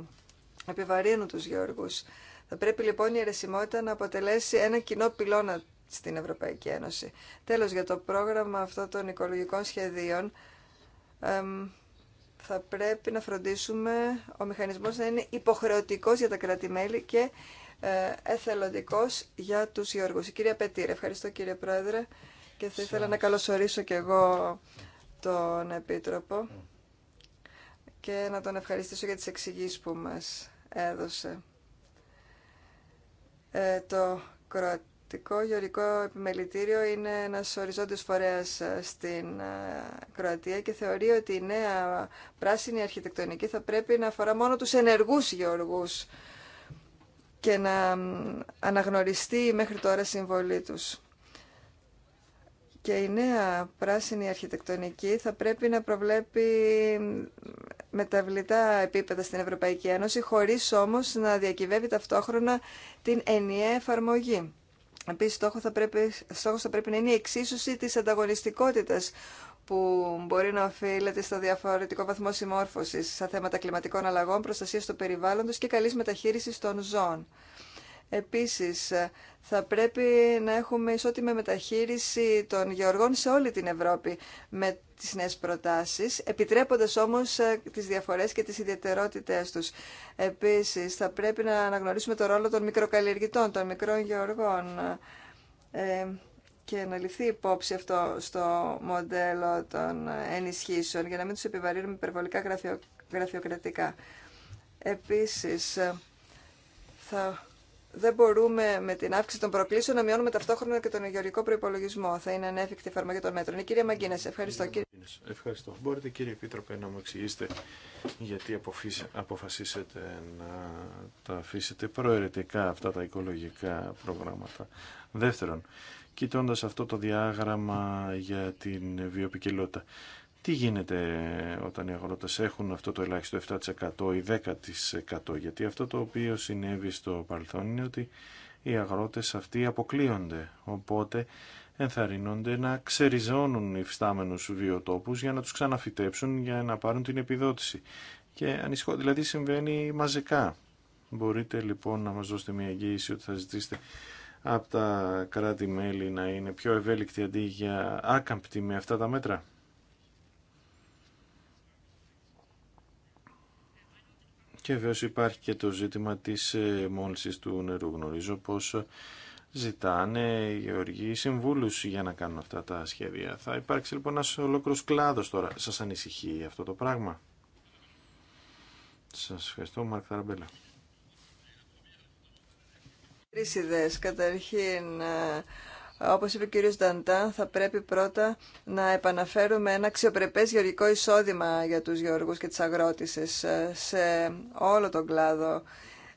επιβαρύνουν τους γεωργούς. Θα πρέπει λοιπόν η αιρεσιμότητα να αποτελέσει ένα κοινό πυλώνα στην Ευρωπαϊκή Ένωση. Τέλος, για το πρόγραμμα αυτό των οικολογικών σχεδίων, θα πρέπει να φροντίσουμε ο μηχανισμός να είναι υποχρεωτικός για τα κρατη και ε, εθελοντικός για τους Γιώργους. Η κυρία Πετήρ, ευχαριστώ κύριε Πρόεδρε και θα ήθελα να καλωσορίσω και εγώ τον Επίτροπο και να τον ευχαριστήσω για τις εξηγήσεις που μας έδωσε. Ε, το Κροατικό γεωργικό Επιμελητήριο είναι ένας οριζόντιος φορέας ε, στην Κροατία και θεωρεί ότι η νέα πράσινη αρχιτεκτονική θα πρέπει να αφορά μόνο τους ενεργούς γεωργούς και να αναγνωριστεί μέχρι τώρα συμβολή τους. Και η νέα πράσινη αρχιτεκτονική θα πρέπει να προβλέπει μεταβλητά επίπεδα στην Ευρωπαϊκή Ένωση, χωρίς όμως να διακυβεύει ταυτόχρονα την ενιαία εφαρμογή. Επίσης, στόχος θα πρέπει, στόχος θα πρέπει να είναι η εξίσωση της ανταγωνιστικότητας που μπορεί να οφείλεται στο διαφορετικό βαθμό συμμόρφωση στα θέματα κλιματικών αλλαγών, προστασία του περιβάλλοντο και καλή μεταχείριση των ζώων. Επίση, θα πρέπει να έχουμε ισότιμη μεταχείριση των γεωργών σε όλη την Ευρώπη με τι νέε προτάσει, επιτρέποντα όμω ε, τι διαφορέ και τι ιδιαιτερότητέ του. Επίση, θα πρέπει να αναγνωρίσουμε το ρόλο των μικροκαλλιεργητών, των μικρών γεωργών ε, και να ληφθεί υπόψη αυτό στο μοντέλο των ενισχύσεων για να μην τους επιβαρύνουμε υπερβολικά γραφειο, γραφειοκρατικά. Επίσης, ε, θα, δεν μπορούμε με την αύξηση των προκλήσεων να μειώνουμε ταυτόχρονα και τον υγειοργικό προπολογισμό. Θα είναι ανέφικτη εφαρμογή των μέτρων. Η κυρία Μαγκίνες, ευχαριστώ. Κύριε... Ευχαριστώ. Μπορείτε κύριε Επίτροπε να μου εξηγήσετε γιατί αποφασίσετε να τα αφήσετε προαιρετικά αυτά τα οικολογικά προγράμματα. Δεύτερον, κοιτώντας αυτό το διάγραμμα για την βιοπικιλότητα. Τι γίνεται όταν οι αγρότες έχουν αυτό το ελάχιστο 7% ή 10% γιατί αυτό το οποίο συνέβη στο παρελθόν είναι ότι οι αγρότες αυτοί αποκλείονται οπότε ενθαρρύνονται να ξεριζώνουν υφιστάμενους βιοτόπους για να τους ξαναφυτέψουν για να πάρουν την επιδότηση και ανησυχώ, δηλαδή συμβαίνει μαζικά. Μπορείτε λοιπόν να μας δώσετε μια εγγύηση ότι θα ζητήσετε από τα κράτη-μέλη να είναι πιο ευέλικτοι αντί για άκαμπτοι με αυτά τα μέτρα. Και βέβαια υπάρχει και το ζήτημα της ε, μόλυνσης του νερού. Γνωρίζω πως ζητάνε οι γεωργοί συμβούλους για να κάνουν αυτά τα σχέδια. Θα υπάρξει λοιπόν ένας ολόκληρος κλάδος τώρα. Σας ανησυχεί αυτό το πράγμα. Σας ευχαριστώ Μαρκ Θαραμπέλα. Τρεις Καταρχήν, ε, όπως είπε ο κύριος Νταντάν, θα πρέπει πρώτα να επαναφέρουμε ένα αξιοπρεπές γεωργικό εισόδημα για τους γεωργούς και τις αγρότησες ε, σε όλο τον κλάδο.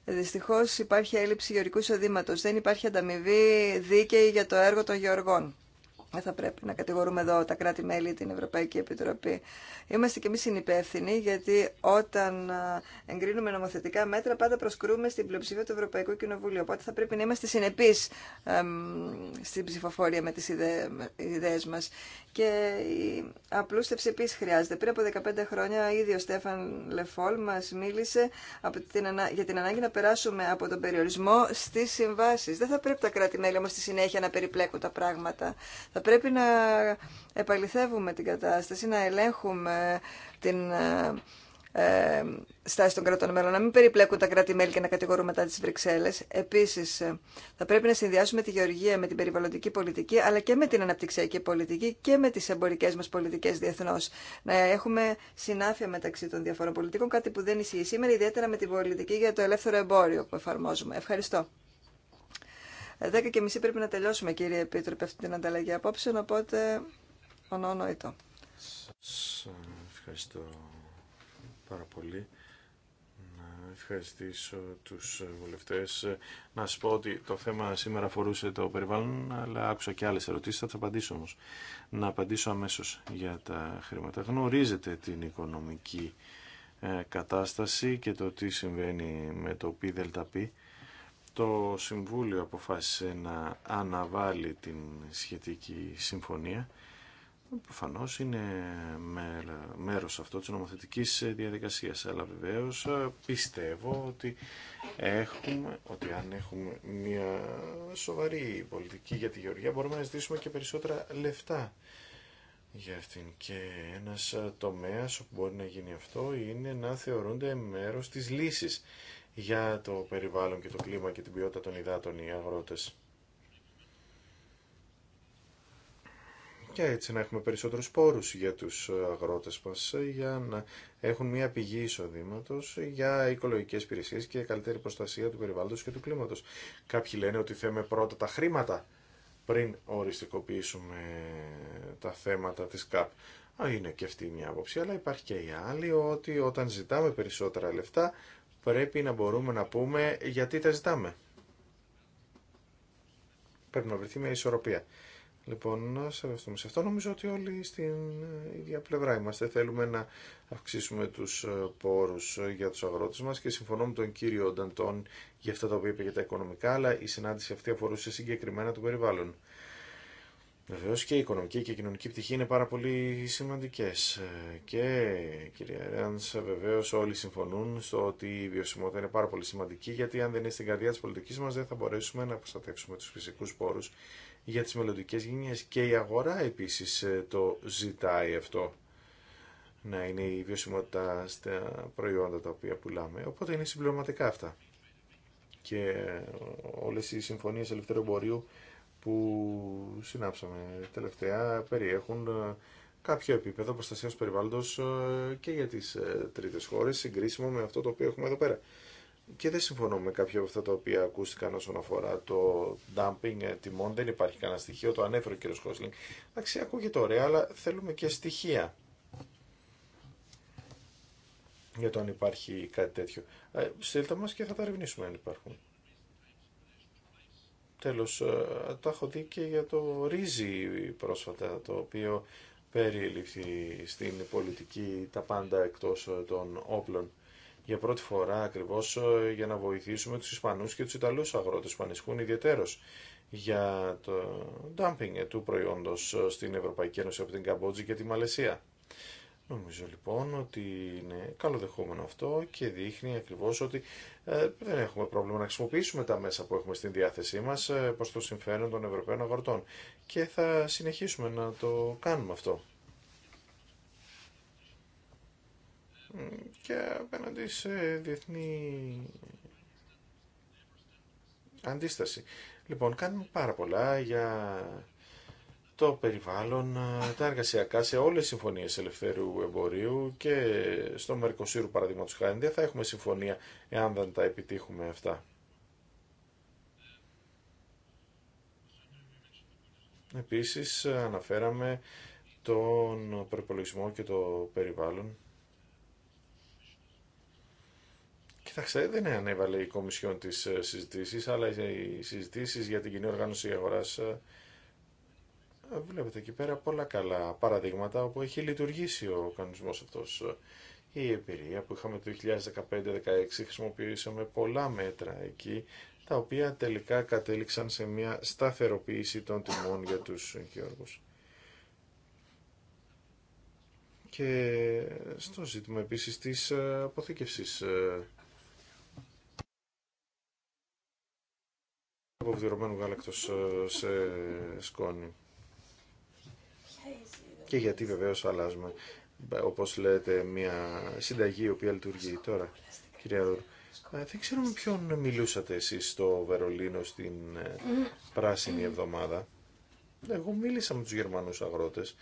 Δυστυχώς υπάρχει έλλειψη γεωργικού εισοδήματος. Δεν υπάρχει ανταμοιβή δίκαιη για το έργο των γεωργών. Δεν θα πρέπει να κατηγορούμε εδώ τα κράτη-μέλη, την Ευρωπαϊκή Επιτροπή. Είμαστε και εμεί συνυπεύθυνοι, γιατί όταν ε, εγκρίνουμε νομοθετικά μέτρα, πάντα προσκρούμε στην πλειοψηφία του Ευρωπαϊκού Κοινοβουλίου. Οπότε θα πρέπει να είμαστε συνεπεί στην ψηφοφορία με τι ιδέε μα. Και η απλούστευση επίση χρειάζεται. Πριν από 15 χρόνια, ήδη ο Στέφαν Λεφόλ μα μίλησε για την ανάγκη να περάσουμε από τον περιορισμό στι συμβάσει. Δεν θα πρέπει τα κράτη-μέλη όμω στη συνέχεια να περιπλέκουν τα πράγματα. Θα πρέπει να επαληθεύουμε την κατάσταση, να ελέγχουμε την ε, ε στάση των κρατών μέλων, να μην περιπλέκουν τα κράτη-μέλη και να κατηγορούμε μετά τι Βρυξέλλες. Επίση, θα πρέπει να συνδυάσουμε τη γεωργία με την περιβαλλοντική πολιτική, αλλά και με την αναπτυξιακή πολιτική και με τι εμπορικέ μα πολιτικέ διεθνώ. Να έχουμε συνάφεια μεταξύ των διαφορών πολιτικών, κάτι που δεν ισχύει σήμερα, ιδιαίτερα με την πολιτική για το ελεύθερο εμπόριο που εφαρμόζουμε. Ευχαριστώ. 10 και μισή πρέπει να τελειώσουμε κύριε Επίτροπε αυτή την ανταλλαγή απόψεων, οπότε ονονοητό. Σας ευχαριστώ πάρα πολύ. Να ευχαριστήσω τους βουλευτές. Να σας πω ότι το θέμα σήμερα αφορούσε το περιβάλλον, αλλά άκουσα και άλλες ερωτήσεις, θα τις απαντήσω όμως. Να απαντήσω αμέσως για τα χρήματα. Γνωρίζετε την οικονομική ε, κατάσταση και το τι συμβαίνει με το ΠΔΠ το Συμβούλιο αποφάσισε να αναβάλει την σχετική συμφωνία. προφανώς είναι μέρος αυτό της νομοθετικής διαδικασίας, αλλά βεβαίως ε, πιστεύω ότι, έχουμε, ότι αν έχουμε μια σοβαρή πολιτική για τη Γεωργία μπορούμε να ζητήσουμε και περισσότερα λεφτά για αυτήν. Και ένας τομέας που μπορεί να γίνει αυτό είναι να θεωρούνται μέρο της λύσης για το περιβάλλον και το κλίμα και την ποιότητα των υδάτων οι αγρότες. Και έτσι να έχουμε περισσότερους πόρους για τους αγρότες μας, για να έχουν μια πηγή εισοδήματος για οικολογικές υπηρεσίε και καλύτερη προστασία του περιβάλλοντος και του κλίματος. Κάποιοι λένε ότι θέμε πρώτα τα χρήματα πριν οριστικοποιήσουμε τα θέματα της ΚΑΠ. Είναι και αυτή μια άποψη, αλλά υπάρχει και η άλλη ότι όταν ζητάμε περισσότερα λεφτά πρέπει να μπορούμε να πούμε γιατί τα ζητάμε. Πρέπει να βρεθεί μια ισορροπία. Λοιπόν, να σεβαστούμε σε αυτό. Νομίζω ότι όλοι στην ίδια πλευρά είμαστε. Θέλουμε να αυξήσουμε τους ε, πόρους ε, για τους αγρότες μας και συμφωνώ με τον κύριο Νταντών για αυτά τα οποία είπε για τα οικονομικά, αλλά η συνάντηση αυτή αφορούσε συγκεκριμένα το περιβάλλον. Βεβαίω και η οικονομική και η κοινωνική πτυχή είναι πάρα πολύ σημαντικέ. Ε, και κυρία Ρέαν, βεβαίω όλοι συμφωνούν στο ότι η βιωσιμότητα είναι πάρα πολύ σημαντική, γιατί αν δεν είναι στην καρδιά τη πολιτική μα, δεν θα μπορέσουμε να προστατεύσουμε του φυσικού πόρου για τι μελλοντικέ γενιέ. Και η αγορά επίση ε, το ζητάει αυτό. Να είναι η βιωσιμότητα στα προϊόντα τα οποία πουλάμε. Οπότε είναι συμπληρωματικά αυτά. Και ε, όλε οι συμφωνίε ελευθερου που συνάψαμε τελευταία περιέχουν ε, κάποιο επίπεδο προστασίας περιβάλλοντος ε, και για τις ε, τρίτες χώρες συγκρίσιμο με αυτό το οποίο έχουμε εδώ πέρα. Και δεν συμφωνώ με κάποια από αυτά τα οποία ακούστηκαν όσον αφορά το dumping τιμών. Δεν υπάρχει κανένα στοιχείο, το ανέφερε ο κ. Χόσλινγκ. Εντάξει, ακούγεται ωραία, αλλά θέλουμε και στοιχεία για το αν υπάρχει κάτι τέτοιο. Ε, στείλτε μας και θα τα ερευνήσουμε αν υπάρχουν. Τέλος, ε, το έχω δει και για το ρύζι πρόσφατα, το οποίο περιληφθεί στην πολιτική τα πάντα εκτός ε, των όπλων. Για πρώτη φορά ακριβώς ε, για να βοηθήσουμε τους Ισπανούς και τους Ιταλούς αγρότες που ανησυχούν ιδιαίτερως για το dumping του προϊόντος στην Ευρωπαϊκή Ένωση από την Καμπότζη και τη Μαλαισία. Νομίζω λοιπόν ότι είναι καλοδεχόμενο αυτό και δείχνει ακριβώς ότι ε, δεν έχουμε πρόβλημα να χρησιμοποιήσουμε τα μέσα που έχουμε στην διάθεσή μας ε, προς το συμφέρον των Ευρωπαίων αγορτών και θα συνεχίσουμε να το κάνουμε αυτό. Και απέναντι σε διεθνή αντίσταση. Λοιπόν, κάνουμε πάρα πολλά για το περιβάλλον, ε, τα εργασιακά σε όλες τις συμφωνίες ελευθέρου εμπορίου και στο Μερκοσύρου παραδείγματος χάρη δεν θα έχουμε συμφωνία εάν δεν τα επιτύχουμε αυτά. Επίσης αναφέραμε τον προπολογισμό και το περιβάλλον. Κοιτάξτε, δεν ανέβαλε η Κομισιόν τις ε, συζητήσεις, αλλά οι συζητήσεις για την κοινή οργάνωση αγοράς ε, βλέπετε εκεί πέρα πολλά καλά παραδείγματα όπου έχει λειτουργήσει ο κανονισμός αυτός. Η εμπειρία που είχαμε το 2015-2016 χρησιμοποιήσαμε πολλά μέτρα εκεί, τα οποία τελικά κατέληξαν σε μια σταθεροποίηση των τιμών για τους Γεώργους. Και στο ζήτημα επίσης της ε, αποθήκευσης ε, αποβιδωρωμένου γάλακτος ε, σε σκόνη και γιατί βεβαίω αλλάζουμε, όπως λέτε, μια συνταγή η οποία λειτουργεί τώρα, κυρία Ρουρ. Ε, δεν ξέρω με ποιον μιλούσατε εσείς στο Βερολίνο στην ε, Πράσινη Εβδομάδα. Εγώ μίλησα με τους Γερμανούς αγρότες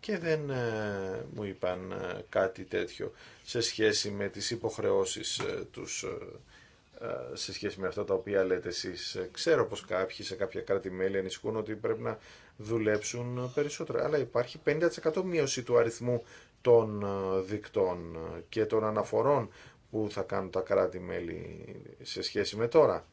και δεν ε, μου είπαν κάτι τέτοιο σε σχέση με τις υποχρεώσεις τους σε σχέση με αυτά τα οποία λέτε εσείς. Ξέρω πως κάποιοι σε κάποια κράτη-μέλη ανησυχούν ότι πρέπει να δουλέψουν περισσότερο. Αλλά υπάρχει 50% μείωση του αριθμού των ε, δικτών και των αναφορών που θα κάνουν τα κράτη-μέλη σε σχέση με τώρα.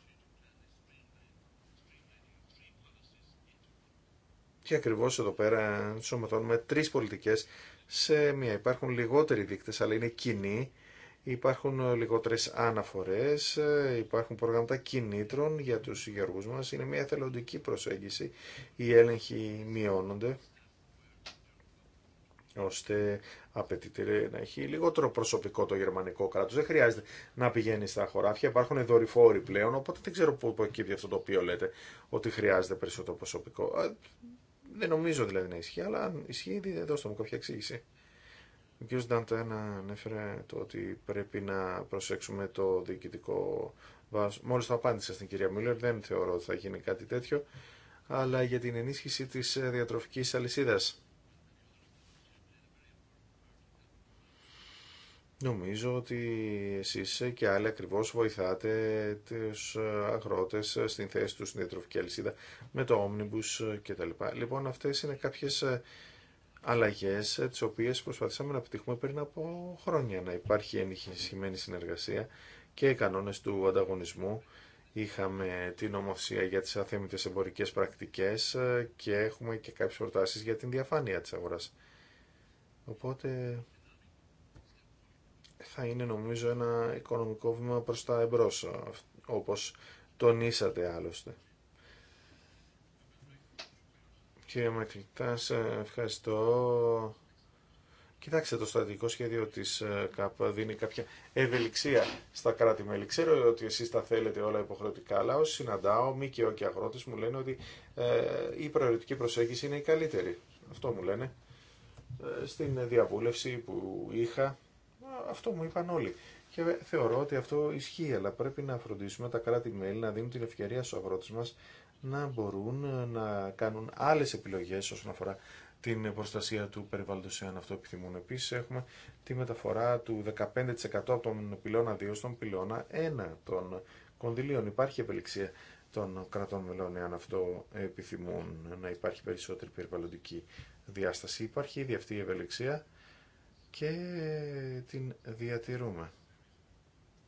Και ακριβώς εδώ πέρα ενσωματώνουμε τρεις πολιτικές σε μία. Υπάρχουν λιγότεροι δείκτες, αλλά είναι κοινοί Υπάρχουν ε, λιγότερες αναφορές, ε, υπάρχουν προγράμματα κινήτρων για τους γεωργούς μας. Είναι μια εθελοντική προσέγγιση. Οι έλεγχοι μειώνονται ώστε απαιτείται να έχει λιγότερο προσωπικό το γερμανικό κράτο. Δεν χρειάζεται να πηγαίνει στα χωράφια. Υπάρχουν δορυφόροι πλέον, οπότε δεν ξέρω πού εκεί αυτό το οποίο λέτε ότι χρειάζεται περισσότερο προσωπικό. Ε, δεν νομίζω δηλαδή να ισχύει, αλλά αν ισχύει, δώστε μου κάποια εξήγηση. Ο κ. Νταντένα ανέφερε το ότι πρέπει να προσέξουμε το διοικητικό βάρος. Μόλις το απάντησα στην κυρία Μίλλερ, δεν θεωρώ ότι θα γίνει κάτι τέτοιο, αλλά για την ενίσχυση της ε, διατροφικής αλυσίδας. Νομίζω ότι εσείς ε, και άλλοι ακριβώς βοηθάτε τους ε, αγρότες στην θέση τους στην διατροφική αλυσίδα με το Omnibus κτλ. Λοιπόν, αυτές είναι κάποιες Αλλαγέ ε, τις οποίες προσπαθήσαμε να πετύχουμε πριν από χρόνια. Να υπάρχει ενισχυμένη συνεργασία και οι κανόνε του ανταγωνισμού. Είχαμε την νομοθεσία για τις αθέμητε εμπορικές πρακτικές ε, και έχουμε και κάποιες προτάσει για την διαφάνεια της αγοράς. Οπότε θα είναι νομίζω ένα οικονομικό βήμα προς τα εμπρός, ε, όπως τονίσατε άλλωστε. Κύριε Μακλητά, ευχαριστώ. Κοιτάξτε, το στρατηγικό σχέδιο της ε, ΚΑΠ δίνει κάποια ευελιξία στα κράτη-μέλη. Ξέρω ότι εσεί τα θέλετε όλα υποχρεωτικά, αλλά όσοι συναντάω, μη και όχι αγρότε, μου λένε ότι ε, η προαιρετική προσέγγιση είναι η καλύτερη. Αυτό μου λένε. Ε, στην διαβούλευση που είχα, αυτό μου είπαν όλοι. Και θεωρώ ότι αυτό ισχύει, αλλά πρέπει να φροντίσουμε τα κράτη-μέλη να δίνουν την ευκαιρία στου αγρότε μα να μπορούν ε, να κάνουν άλλες επιλογές όσον αφορά την προστασία του περιβάλλοντος εάν αυτό επιθυμούν. Επίσης έχουμε τη μεταφορά του 15% από τον πυλώνα 2 στον πυλώνα 1 των κονδυλίων. Υπάρχει ευελιξία των κρατών μελών εάν αυτό επιθυμούν να υπάρχει περισσότερη περιβαλλοντική διάσταση. Υπάρχει ήδη αυτή η ευελιξία και την διατηρούμε.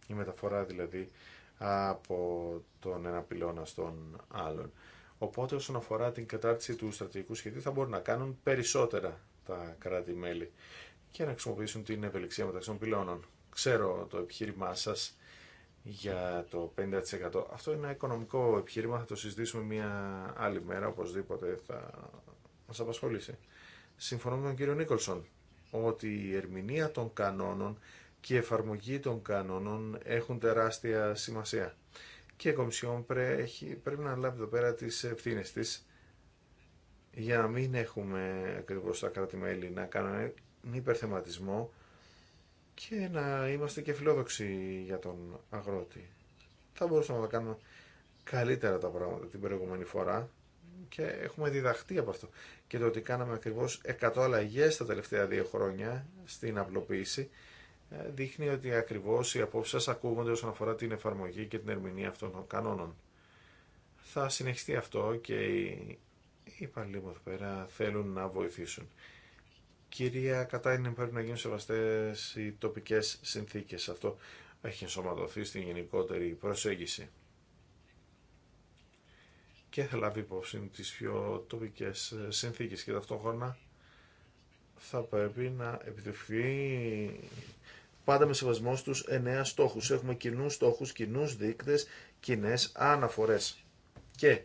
Η μεταφορά δηλαδή από τον ένα πυλώνα στον άλλον. Οπότε όσον αφορά την κατάρτιση του στρατηγικού σχεδίου θα μπορούν να κάνουν περισσότερα τα κράτη-μέλη και να χρησιμοποιήσουν την ευελιξία μεταξύ των πυλώνων. Ξέρω το επιχείρημά σας για το 50%. Αυτό είναι ένα οικονομικό επιχείρημα, θα το συζητήσουμε μια άλλη μέρα, οπωσδήποτε θα μας απασχολήσει. Συμφωνώ με τον κύριο Νίκολσον ότι η ερμηνεία των κανόνων και η εφαρμογή των κανόνων έχουν τεράστια σημασία. Και η Κομισιόν πρέπει να λάβει εδώ πέρα τις ευθύνε τη για να μην έχουμε ακριβώ τα κράτη-μέλη να κάνουν υπερθεματισμό και να είμαστε και φιλόδοξοι για τον αγρότη. Θα μπορούσαμε να κάνουμε καλύτερα τα πράγματα την προηγούμενη φορά και έχουμε διδαχτεί από αυτό. Και το ότι κάναμε ακριβώς 100 αλλαγές τα τελευταία δύο χρόνια στην απλοποίηση ε, δείχνει ότι ακριβώς οι απόψει σας ακούγονται όσον αφορά την εφαρμογή και την ερμηνεία αυτών των κανόνων. Θα συνεχιστεί αυτό και οι υπαλλήλοι εδώ πέρα θέλουν να βοηθήσουν. Κυρία Κατάινεν, πρέπει να γίνουν σεβαστε οι τοπικέ συνθήκε. Αυτό έχει ενσωματωθεί στην γενικότερη προσέγγιση και θα λάβει υπόψη τις πιο τοπικέ συνθήκε και ταυτόχρονα θα πρέπει να επιτευχθεί πάντα με σεβασμό στου εννέα στόχους. Έχουμε κοινού στόχου, κοινού δείκτες, κοινέ αναφορέ. Και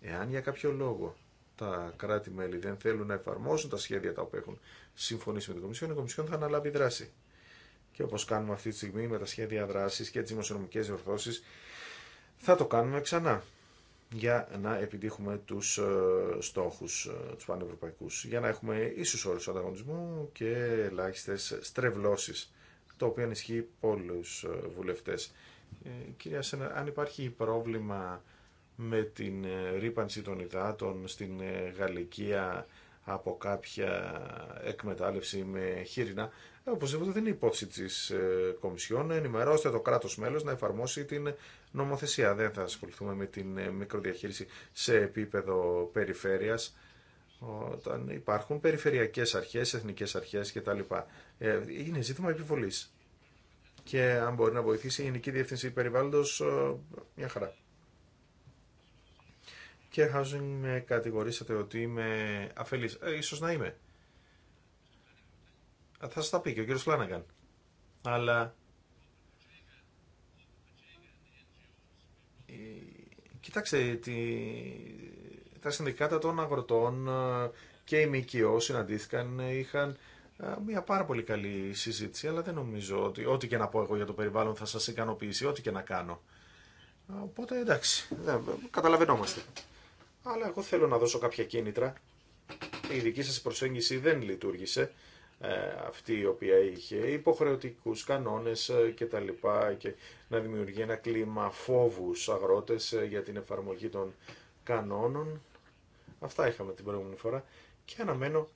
εάν για κάποιο λόγο τα κράτη-μέλη δεν θέλουν να εφαρμόσουν τα σχέδια τα οποία έχουν συμφωνήσει με την Κομισιόν, η Κομισιόν θα αναλάβει δράση. Και όπω κάνουμε αυτή τη στιγμή με τα σχέδια δράση και τι δημοσιονομικές διορθώσει, θα το κάνουμε ξανά για να επιτύχουμε τους ε, στόχους ε, τους πανευρωπαϊκούς, για να έχουμε ίσους όρους ανταγωνισμού και ελάχιστες στρεβλώσεις το οποίο ανισχύει πολλούς ε, βουλευτές. Ε, κυρία Σένα, αν υπάρχει πρόβλημα με την ε, ρήπανση των υδάτων στην Γαλλικία από κάποια εκμετάλλευση με χείρινα, οπωσδήποτε δεν είναι υπόψη της Κομισιόν. Ενημερώστε το κράτος μέλος να εφαρμόσει την νομοθεσία. Δεν θα ασχοληθούμε με την μικροδιαχείριση σε επίπεδο περιφέρειας όταν υπάρχουν περιφερειακές αρχές, εθνικές αρχές και τα λοιπά Είναι ζήτημα επιβολής. Και αν μπορεί να βοηθήσει η Γενική Διεύθυνση Περιβάλλοντος, ε, μια χαρά. Και Housing με κατηγορήσατε ότι είμαι αφελής. Ε, ίσως να είμαι. Ε, θα σας τα πει και ο κύριος Λάναγκαν Αλλά... Κοιτάξτε, τη τα συνδικάτα των αγροτών ε, και οι ΜΚΟ συναντήθηκαν, είχαν ε, μια πάρα πολύ καλή συζήτηση, αλλά δεν νομίζω ότι ό,τι και να πω εγώ για το περιβάλλον θα σας ικανοποιήσει, ό,τι και να κάνω. Οπότε εντάξει, ε, καταλαβαίνόμαστε. Αλλά εγώ θέλω να δώσω κάποια κίνητρα. Η δική σας προσέγγιση δεν λειτουργήσε αυτή η οποία είχε υποχρεωτικούς κανόνες και τα λοιπά και να δημιουργεί ένα κλίμα φόβου αγρότες για την εφαρμογή των κανόνων Αυτά είχαμε την προηγούμενη φορά και αναμένω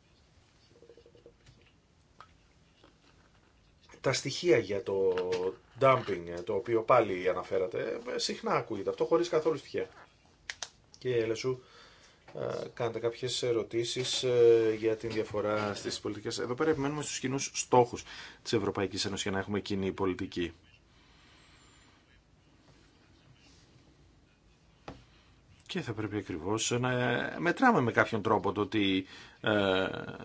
τα στοιχεία για το dumping, το οποίο πάλι αναφέρατε, συχνά ακούγεται αυτό χωρίς καθόλου στοιχεία. Και Ελεσού, κάντε κάποιες ερωτήσεις ε, για την διαφορά στις πολιτικές. Εδώ πέρα επιμένουμε στους κοινούς στόχους της Ευρωπαϊκής Ένωσης για να έχουμε κοινή πολιτική. Και θα πρέπει ακριβώς να μετράμε με κάποιον τρόπο το τι ε,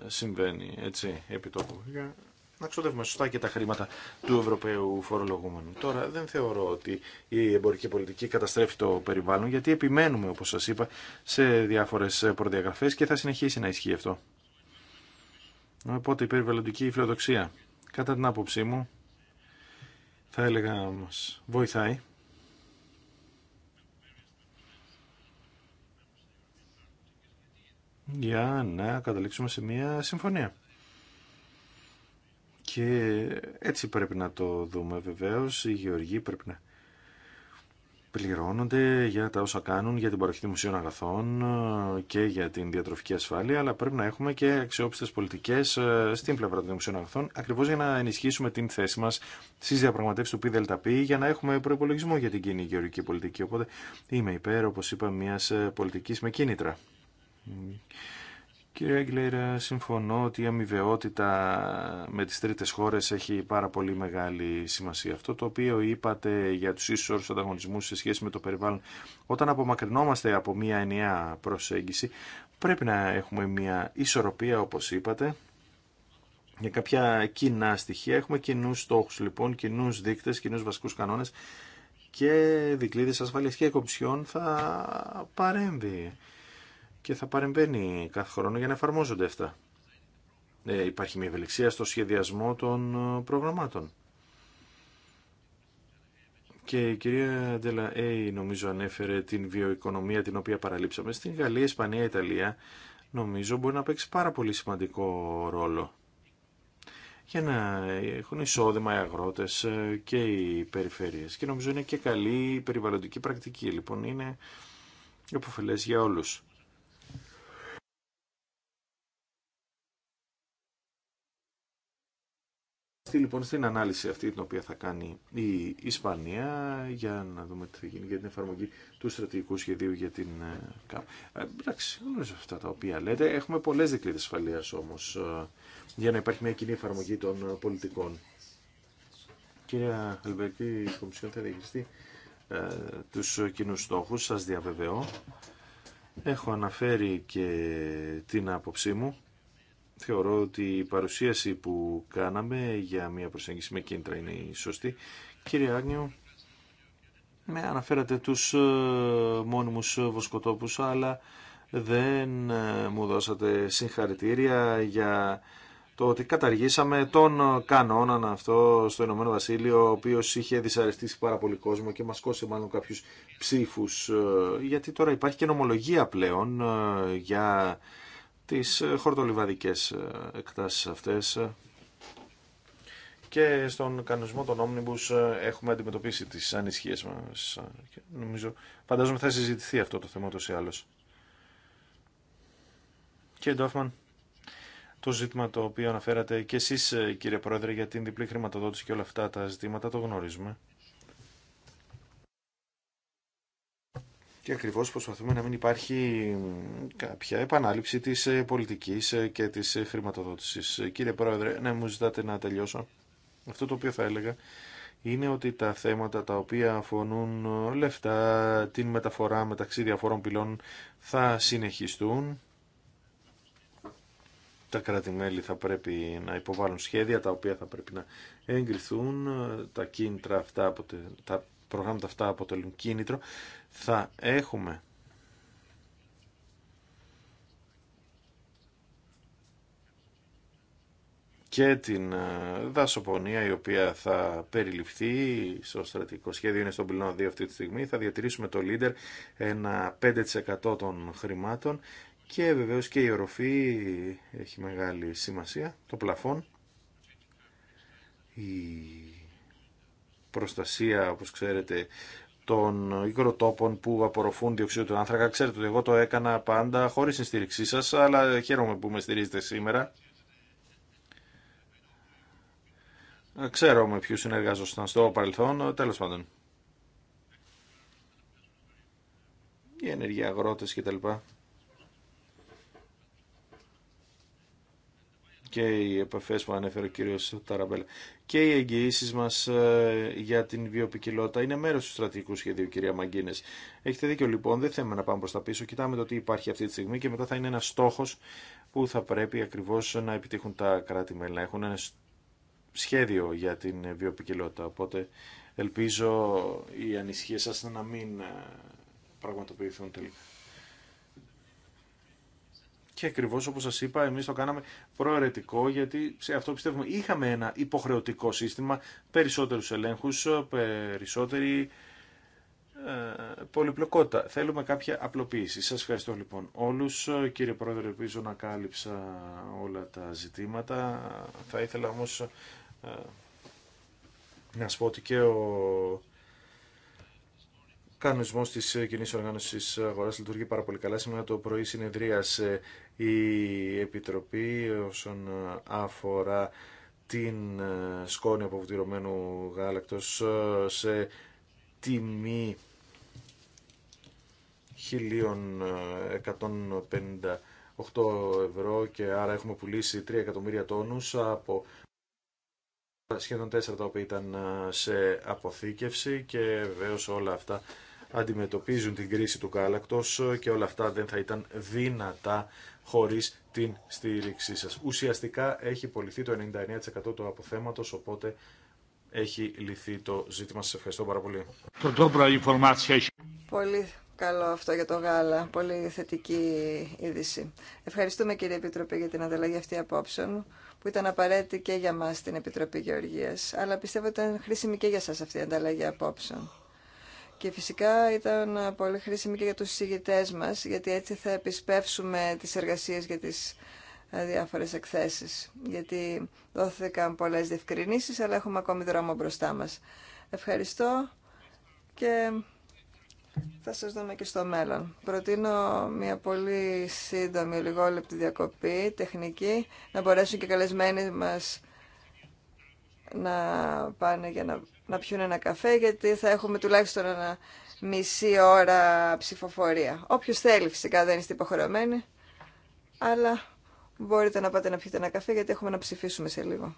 συμβαίνει έτσι, επί τόπου. Για να ξοδεύουμε σωστά και τα χρήματα του Ευρωπαίου φορολογούμενου. Τώρα δεν θεωρώ ότι η εμπορική πολιτική καταστρέφει το περιβάλλον γιατί επιμένουμε όπως σας είπα σε διάφορες προδιαγραφές και θα συνεχίσει να ισχύει αυτό. Οπότε η περιβαλλοντική φιλοδοξία κατά την άποψή μου θα έλεγα μας βοηθάει για να καταλήξουμε σε μια συμφωνία. Και έτσι πρέπει να το δούμε βεβαίως. Οι γεωργοί πρέπει να πληρώνονται για τα όσα κάνουν, για την παροχή δημοσίων αγαθών και για την διατροφική ασφάλεια, αλλά πρέπει να έχουμε και αξιόπιστες πολιτικές ε, στην πλευρά των δημοσίων αγαθών, ακριβώς για να ενισχύσουμε την θέση μας στις διαπραγματεύσεις του ΠΔΠ, για να έχουμε προπολογισμό για την κοινή γεωργική πολιτική. Οπότε είμαι υπέρ, όπως είπα, μιας ε, πολιτικής με κίνητρα. Κύριε Έγκλερ, συμφωνώ ότι η αμοιβαιότητα με τις τρίτες χώρες έχει πάρα πολύ μεγάλη σημασία. Αυτό το οποίο είπατε για τους ίσους όρους ανταγωνισμού σε σχέση με το περιβάλλον, όταν απομακρυνόμαστε από μια ενιαία προσέγγιση, πρέπει να έχουμε μια ισορροπία, όπως είπατε, για κάποια κοινά στοιχεία. Έχουμε κοινούς στόχους, λοιπόν, κοινούς δείκτες, κοινούς βασικούς κανόνες και δικλείδες ασφαλείας και κομψιών θα παρέμβει και θα παρεμβαίνει κάθε χρόνο για να εφαρμόζονται αυτά. Ε, υπάρχει μια ευελιξία στο σχεδιασμό των ε, προγραμμάτων. Και η κυρία Ντελα νομίζω ανέφερε την βιοοικονομία την οποία παραλείψαμε. Στην Γαλλία, Ισπανία, Ιταλία νομίζω μπορεί να παίξει πάρα πολύ σημαντικό ρόλο για να έχουν εισόδημα οι αγρότες ε, και οι περιφέρειες. Και νομίζω είναι και καλή περιβαλλοντική πρακτική. Λοιπόν, είναι υποφελές για όλους. λοιπόν στην ανάλυση αυτή την οποία θα κάνει η Ισπανία για να δούμε τι θα γίνει για την εφαρμογή του στρατηγικού σχεδίου για την ε, ΚΑΠ. Ε, εντάξει, γνωρίζω αυτά τα οποία λέτε. Έχουμε πολλές δικλείδες ασφαλεία όμως ε, για να υπάρχει μια κοινή εφαρμογή των πολιτικών. Κυρία Αλβερτή, η Κομισιόν θα διαχειριστεί ε, τους κοινούς στόχους, σας διαβεβαιώ. Έχω αναφέρει και την άποψή μου θεωρώ ότι η παρουσίαση που κάναμε για μια προσέγγιση με κίνητρα είναι η σωστή. Κύριε Άγνιο, με αναφέρατε τους ε, μόνιμους βοσκοτόπους, αλλά δεν ε, μου δώσατε συγχαρητήρια για το ότι καταργήσαμε τον κανόνα αυτό στο Ηνωμένο Βασίλειο, ο οποίος είχε δυσαρεστήσει πάρα πολύ κόσμο και μας κόσε μάλλον κάποιους ψήφους, ε, γιατί τώρα υπάρχει και νομολογία πλέον για τις ε, χορτολιβαδικές ε, εκτάσεις αυτές και στον κανονισμό των Omnibus ε, έχουμε αντιμετωπίσει τις ανησυχίες μας και νομίζω φαντάζομαι θα συζητηθεί αυτό το θέμα τόσο ή άλλως. Και, Ντόφμαν, το ζήτημα το οποίο αναφέρατε και εσείς κύριε Πρόεδρε για την διπλή χρηματοδότηση και όλα αυτά τα ζητήματα το γνωρίζουμε. και ακριβώς προσπαθούμε να μην υπάρχει κάποια επανάληψη της ε, πολιτικής ε, και της ε, χρηματοδότησης. Κύριε Πρόεδρε, να μου ζητάτε να τελειώσω. Αυτό το οποίο θα έλεγα είναι ότι τα θέματα τα οποία αφωνούν λεφτά, την μεταφορά μεταξύ διαφόρων πυλών θα συνεχιστούν. Τα κράτη-μέλη θα πρέπει να υποβάλουν σχέδια τα οποία θα πρέπει να εγκριθούν. Τα κίνητρα αυτά, τα προγράμματα αυτά αποτελούν κίνητρο, θα έχουμε και την ε, δασοπονία η οποία θα περιληφθεί στο στρατηγικό σχέδιο, είναι στον πυλώνα 2 αυτή τη στιγμή, θα διατηρήσουμε το leader ένα 5% των χρημάτων και βεβαίως και η οροφή έχει μεγάλη σημασία, το πλαφόν, η προστασία, όπως ξέρετε, των υγροτόπων που απορροφούν διοξείδιο του άνθρακα. Ξέρετε ότι εγώ το έκανα πάντα χωρίς την στήριξή σας, αλλά χαίρομαι που με στηρίζετε σήμερα. Ξέρω με ποιους συνεργάζονταν στο παρελθόν, τέλος πάντων. Οι ενεργοί αγρότες κτλ. και οι επαφές που ανέφερε ο κύριος Ταραμπέλα και οι εγγυήσει μας ε, για την βιοπικιλότητα είναι μέρος του στρατηγικού σχεδίου κυρία Μαγκίνες. Έχετε δίκιο λοιπόν, δεν θέλουμε να πάμε προς τα πίσω, κοιτάμε το τι υπάρχει αυτή τη στιγμή και μετά θα είναι ένα στόχος που θα πρέπει ακριβώς να επιτύχουν τα κράτη-μέλη, να έχουν ένα σχέδιο για την βιοπικιλότητα. Οπότε ελπίζω οι ανησυχίες σας να μην ε, πραγματοποιηθούν τελικά και ακριβώ όπως σας είπα εμείς το κάναμε προαιρετικό γιατί σε αυτό πιστεύουμε είχαμε ένα υποχρεωτικό σύστημα, περισσότερου ελέγχου, περισσότερη ε, πολυπλοκότητα. Θέλουμε κάποια απλοποίηση. Σας ευχαριστώ λοιπόν όλους. Κύριε Πρόεδρε, ελπίζω να κάλυψα όλα τα ζητήματα. Θα ήθελα όμως ε, να σου πω ότι και ο κανονισμό τη ε, κοινή οργάνωση αγορά λειτουργεί πάρα πολύ καλά. Σήμερα το πρωί συνεδρίασε η Επιτροπή όσον ε, αφορά την ε, σκόνη από βουτυρωμένου γάλακτος σε τιμή 1.158 ευρώ και άρα έχουμε πουλήσει 3 εκατομμύρια τόνους από σχεδόν 4 τα οποία ήταν σε αποθήκευση και βεβαίω όλα αυτά αντιμετωπίζουν την κρίση του κάλακτος και όλα αυτά δεν θα ήταν δυνατά χωρίς την στήριξή σας. Ουσιαστικά έχει πολιθεί το 99% του αποθέματος, οπότε έχει λυθεί το ζήτημα. Σας ευχαριστώ πάρα πολύ. Πολύ καλό αυτό για το γάλα. Πολύ θετική είδηση. Ευχαριστούμε κύριε Επιτροπή για την ανταλλαγή αυτή απόψεων που ήταν απαραίτητη και για μας την Επιτροπή Γεωργίας. Αλλά πιστεύω ότι ήταν χρήσιμη και για σας αυτή η ανταλλαγή απόψεων. Και φυσικά ήταν πολύ χρήσιμη και για τους συζητητές μας, γιατί έτσι θα επισπεύσουμε τις εργασίες για τις ε, διάφορες εκθέσεις. Γιατί δόθηκαν πολλές διευκρινήσεις, αλλά έχουμε ακόμη δρόμο μπροστά μας. Ευχαριστώ και θα σας δούμε και στο μέλλον. Προτείνω μια πολύ σύντομη, λιγόλεπτη διακοπή, τεχνική, να μπορέσουν και οι καλεσμένοι μας να πάνε για να να πιούν ένα καφέ γιατί θα έχουμε τουλάχιστον ένα μισή ώρα ψηφοφορία. Όποιο θέλει φυσικά δεν είστε υποχρεωμένοι, αλλά μπορείτε να πάτε να πιείτε ένα καφέ γιατί έχουμε να ψηφίσουμε σε λίγο.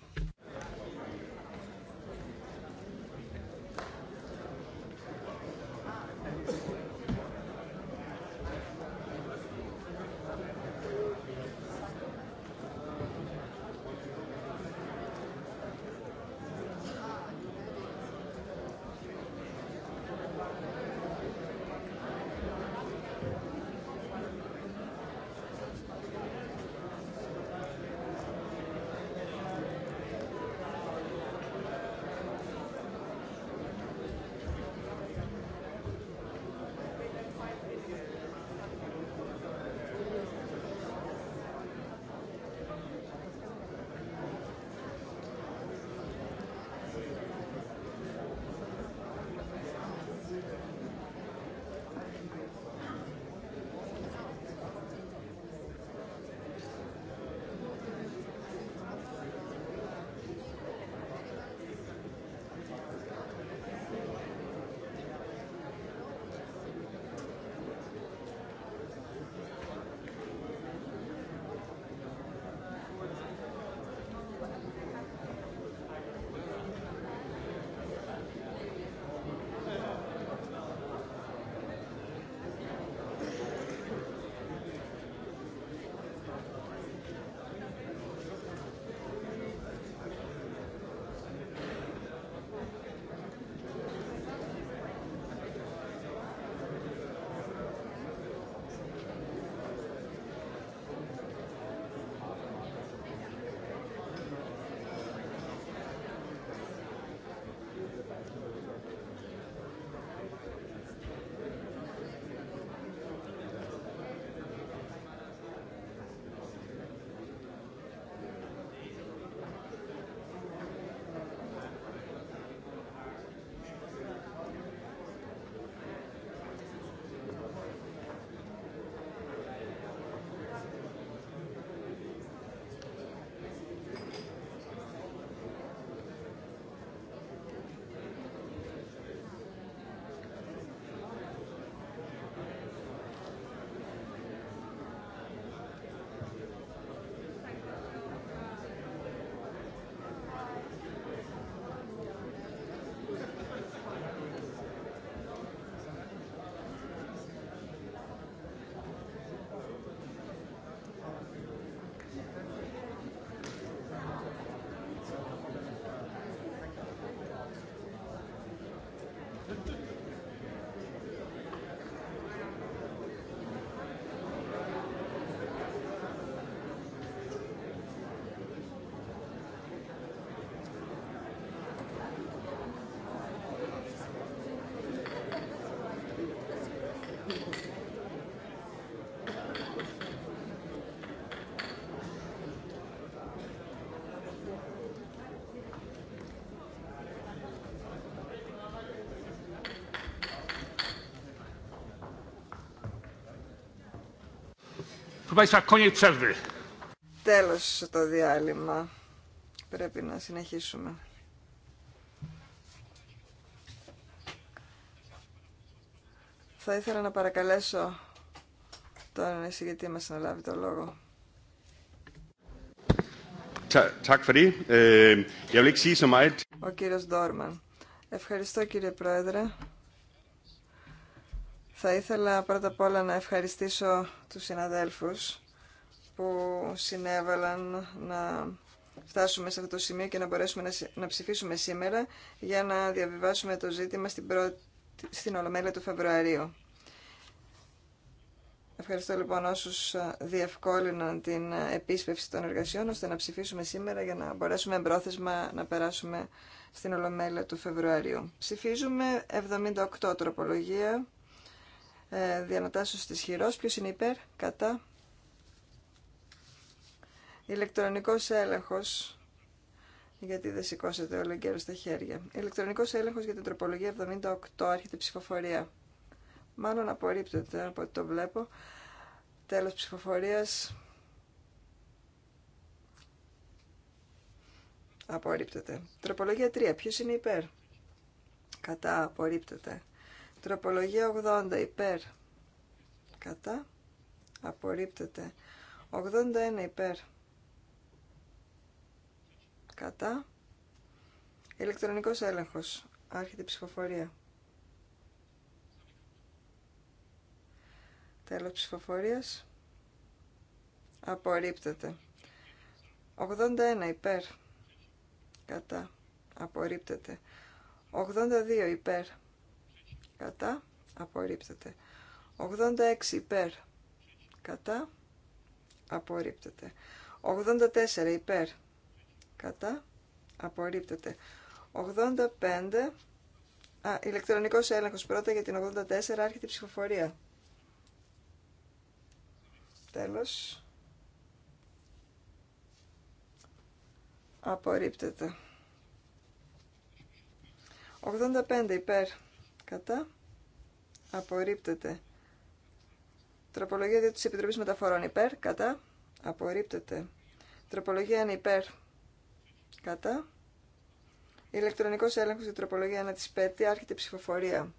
Δεν το Τέλος το διάλειμμα. Πρέπει να συνεχίσουμε. Θα ήθελα να παρακαλέσω τον εισηγητή μας να λάβει το λόγο. Ε, Ο κύριος Ντόρμαν. Ευχαριστώ κύριε Πρόεδρε. Θα ήθελα πρώτα απ' όλα να ευχαριστήσω τους συναδέλφους που συνέβαλαν να φτάσουμε σε αυτό το σημείο και να μπορέσουμε να ψηφίσουμε σήμερα για να διαβιβάσουμε το ζήτημα στην, Ολομέλεια του Φεβρουαρίου. Ευχαριστώ λοιπόν όσους ε, διευκόλυναν την ε, επίσπευση των εργασιών ώστε να ψηφίσουμε σήμερα για να μπορέσουμε εμπρόθεσμα να περάσουμε στην Ολομέλεια του Φεβρουαρίου. Ψηφίζουμε 78 τροπολογία ε, διανοτάσεως της χειρός. Ποιος είναι υπέρ, κατά. Ηλεκτρονικός έλεγχος, γιατί δεν σηκώσετε όλο καιρό στα χέρια. Ηλεκτρονικός έλεγχος για την τροπολογία 78, άρχεται ψηφοφορία. Μάλλον απορρίπτεται από ό,τι το βλέπω. Τέλος ψηφοφορίας. Απορρίπτεται. Τροπολογία 3. Ποιος είναι υπέρ. Κατά απορρίπτεται. Τροπολογία 80 υπέρ. Κατά. Απορρίπτεται. 81 υπέρ. Κατά. Ηλεκτρονικός έλεγχος. Άρχεται η ψηφοφορία. Τέλος ψηφοφορίας. Απορρίπτεται. 81 υπέρ. Κατά. Απορρίπτεται. 82 υπέρ κατά απορρίπτεται 86 υπέρ κατά απορρίπτεται 84 υπέρ κατά απορρίπτεται 85 α, ηλεκτρονικός έλεγχος πρώτα για την 84 άρχεται η ψηφοφορία τέλος απορρίπτεται 85 υπέρ κατά απορρίπτεται. Τροπολογία 2 της Επιτροπής Μεταφορών υπέρ, κατά απορρίπτεται. Τροπολογία 1 υπέρ, κατά. Ηλεκτρονικός έλεγχος για τροπολογία 1 της 5, άρχεται η ψηφοφορία.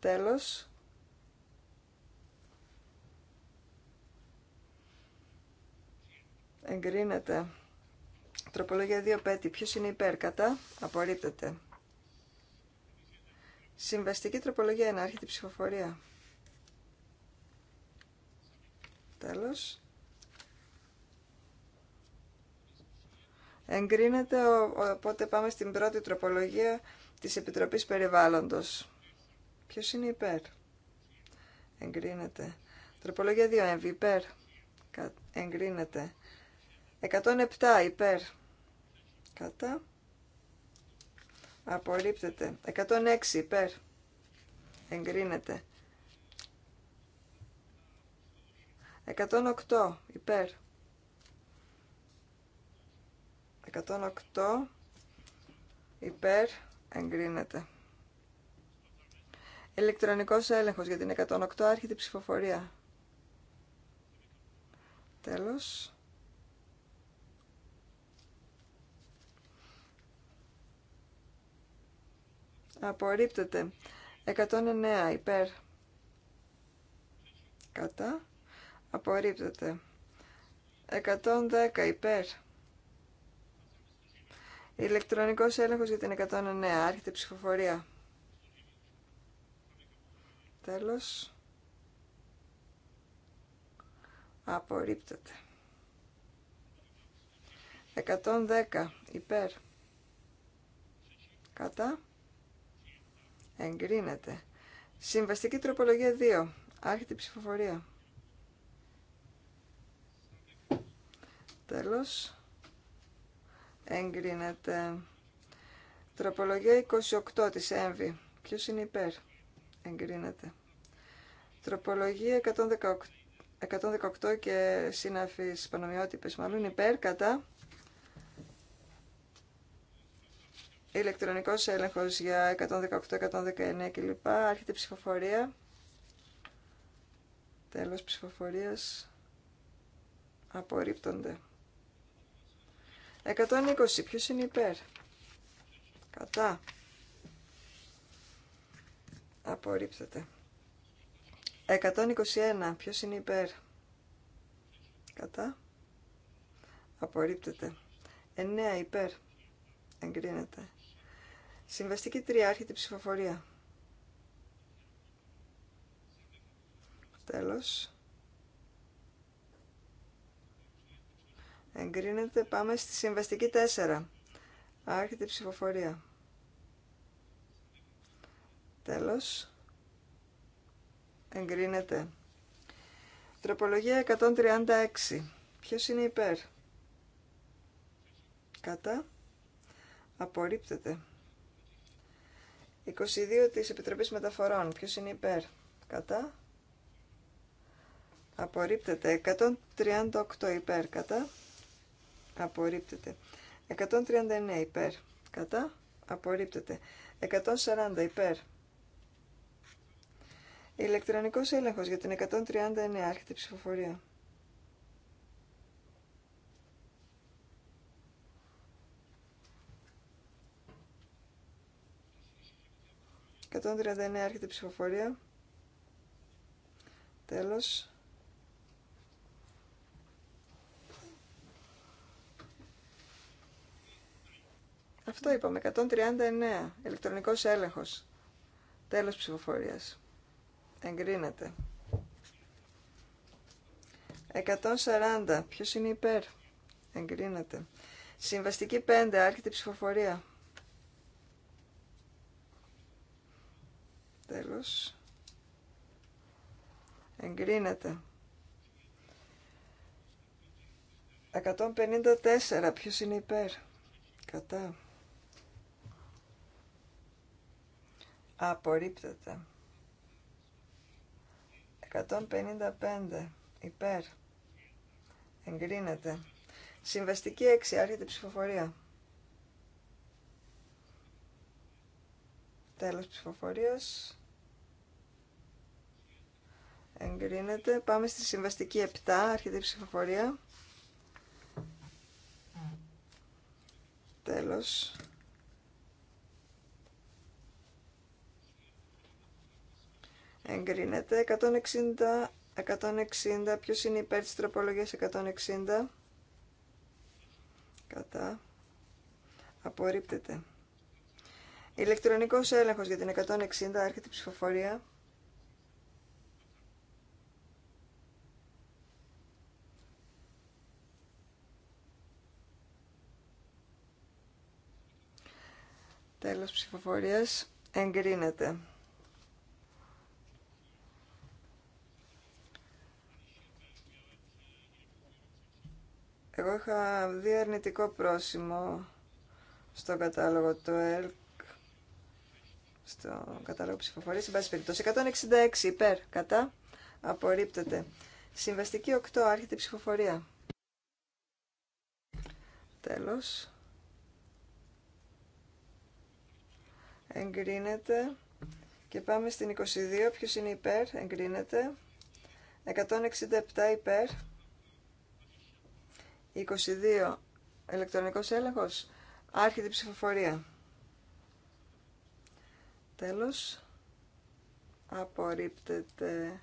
Τέλος. Εγκρίνεται. Τροπολογία 2 ΠΕΤΗ. Ποιος είναι υπέρ, κατά, απορρίπτεται. Συμβαστική τροπολογία 1. αρχιτή η ψηφοφορία. Τέλος. Εγκρίνεται, οπότε πάμε στην πρώτη τροπολογία της Επιτροπής Περιβάλλοντος. Ποιος είναι υπέρ. Εγκρίνεται. Τροπολογία 2. Εμβ υπέρ. Εγκρίνεται. 107 υπέρ. Κατά. Απορρίπτεται. 106 υπέρ. Εγκρίνεται. 108 υπέρ. 108 υπέρ. Εγκρίνεται. Ηλεκτρονικός έλεγχος για την 108 άρχιτη ψηφοφορία. Τέλος. Απορρίπτεται. 109 υπέρ. Κατά. Απορρίπτεται. 110 υπέρ. Ηλεκτρονικός έλεγχος για την 109. Άρχεται η ψηφοφορία. Τέλος. Απορρίπτεται. 110 υπέρ. Κατά. Εγκρίνεται. Συμβαστική τροπολογία 2. Άρχεται η ψηφοφορία. Τέλος. Εγκρίνεται. Τροπολογία 28 της ΕΜΒΗ. Ποιος είναι υπέρ. Εγκρίνεται. Τροπολογία 118, 118 και σύναφης πανομοιότυπες. Μάλλον υπέρ κατά Ηλεκτρονικός έλεγχος για 118, 119 κλπ. Άρχεται η ψηφοφορία. Τέλος ψηφοφορίας. Απορρίπτονται. 120. Ποιος είναι υπέρ. Κατά. Απορρίπτεται. 121. Ποιος είναι υπέρ. Κατά. Απορρίπτεται. 9 υπέρ. Εγκρίνεται. Συμβαστική 3. Άρχεται ψηφοφορία. Τέλος. Εγκρίνεται. Πάμε στη συμβαστική 4. Άρχεται η ψηφοφορία. Τέλος. Εγκρίνεται. Τροπολογία 136. Ποιος είναι υπέρ. Κατά. Απορρίπτεται. 22 της Επιτροπής Μεταφορών. Ποιος είναι υπέρ. Κατά. Απορρίπτεται. 138 υπέρ. Κατά. Απορρίπτεται. 139 υπέρ. Κατά. Απορρίπτεται. 140 υπέρ. Ηλεκτρονικός έλεγχος για την 139 άρχεται ψηφοφορία. 139 έρχεται η ψηφοφορία. Τέλος. Αυτό είπαμε, 139, ηλεκτρονικός έλεγχος. Τέλος ψηφοφορίας. Εγκρίνεται. 140, ποιος είναι υπέρ. Εγκρίνεται. Συμβαστική 5, άρχεται η ψηφοφορία. Τέλος. Εγκρίνεται. 154. Ποιος είναι υπέρ. Κατά. Απορρίπτεται. 155. Υπέρ. Εγκρίνεται. Συμβαστική 6. Άρχεται η ψηφοφορία. Τέλος ψηφοφορίας. Εγκρίνεται. Πάμε στη συμβαστική 7, αρχιτεί ψηφοφορία. Τέλος. Εγκρίνεται. 160, 160. Ποιος είναι υπέρ της τροπολογίας 160. Κατά. Απορρίπτεται. Ηλεκτρονικός έλεγχος για την 160 έρχεται η ψηφοφορία. Τέλος ψηφοφορίας. Εγκρίνεται. Εγώ είχα δει αρνητικό πρόσημο στο κατάλογο του ΕΛΚ στο κατάλογο ψηφοφορία. Εν πάση 166 υπέρ, κατά, απορρίπτεται. Συμβαστική 8, άρχεται η ψηφοφορία. Τέλος. Εγκρίνεται. Και πάμε στην 22, ποιος είναι υπέρ, εγκρίνεται. 167 υπέρ. 22, ηλεκτρονικός έλεγχος, άρχεται η ψηφοφορία. Τέλος. Απορρίπτεται.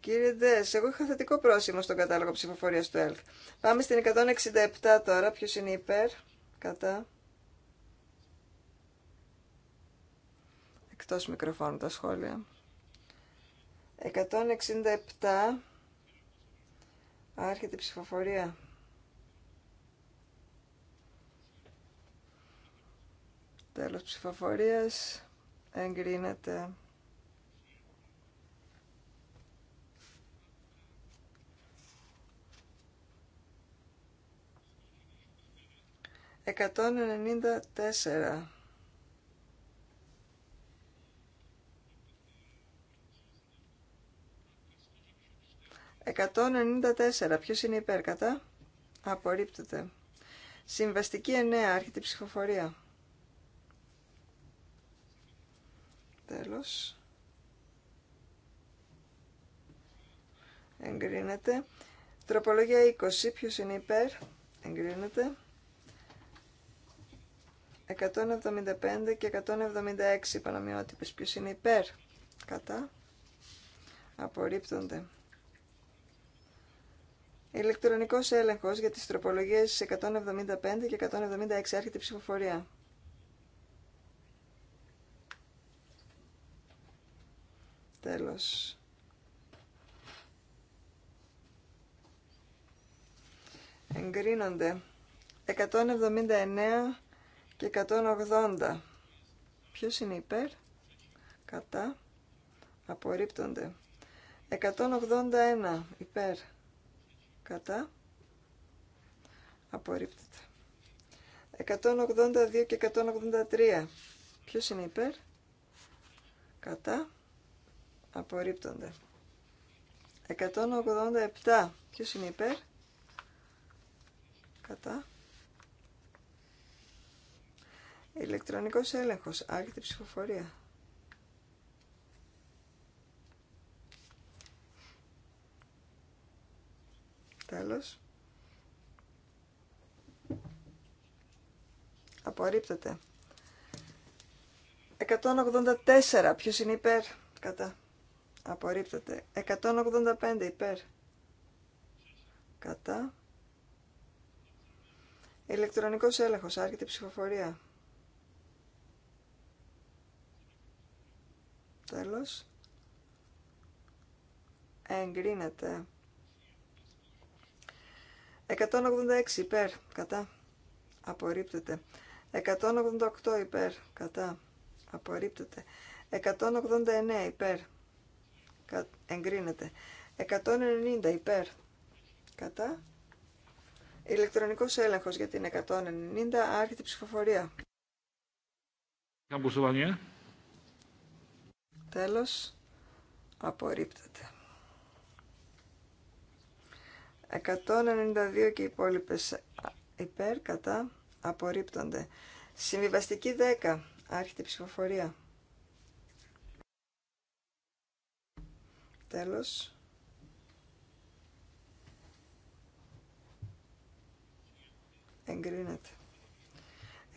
Κύριε Ντες, εγώ είχα θετικό πρόσημο στον κατάλογο ψηφοφορίας του ΕΛΚ. Πάμε στην 167 τώρα. Ποιος είναι υπέρ. Κατά. Εκτός μικροφώνου τα σχόλια. 167 Άρχεται η ψηφοφορία. Τέλος ψηφοφορίας. Εγκρίνεται. Εκατόν ενενήντα τέσσερα. 194. Ποιος είναι υπέρ κατά. Απορρίπτεται. Συμβαστική 9. Άρχεται η ψηφοφορία. Τέλος. Εγκρίνεται. Τροπολογία 20. Ποιος είναι υπέρ. Εγκρίνεται. 175 και 176 πανομοιότυπες. Ποιος είναι υπέρ. Κατά. Απορρίπτονται. Ηλεκτρονικός έλεγχος για τις τροπολογίες 175 και 176. Άρχεται η ψηφοφορία. Τέλος. Εγκρίνονται 179 και 180. Ποιο είναι υπέρ, κατά, απορρίπτονται. 181 υπέρ, κατά απορρίπτεται 182 και 183 ποιος είναι υπέρ κατά απορρίπτονται 187 ποιος είναι υπέρ κατά ηλεκτρονικός έλεγχος άρχεται ψηφοφορία Τέλος. Απορρίπτεται. 184. Ποιος είναι υπέρ. Κατά. Απορρίπτεται. 185 υπέρ. Κατά. Ηλεκτρονικός έλεγχος. Άρχεται η ψηφοφορία. Τέλος. Εγκρίνεται. 186 υπέρ, κατά, απορρίπτεται. 188 υπέρ, κατά, απορρίπτεται. 189 υπέρ, κα, εγκρίνεται. 190 υπέρ, κατά. Ηλεκτρονικός έλεγχος για την 190, άρχεται ψηφοφορία. Τέλος, απορρίπτεται. 192 και οι υπόλοιπε υπέρ, κατά, απορρίπτονται. Συμβιβαστική 10, άρχεται η ψηφοφορία. Τέλος. Εγκρίνεται.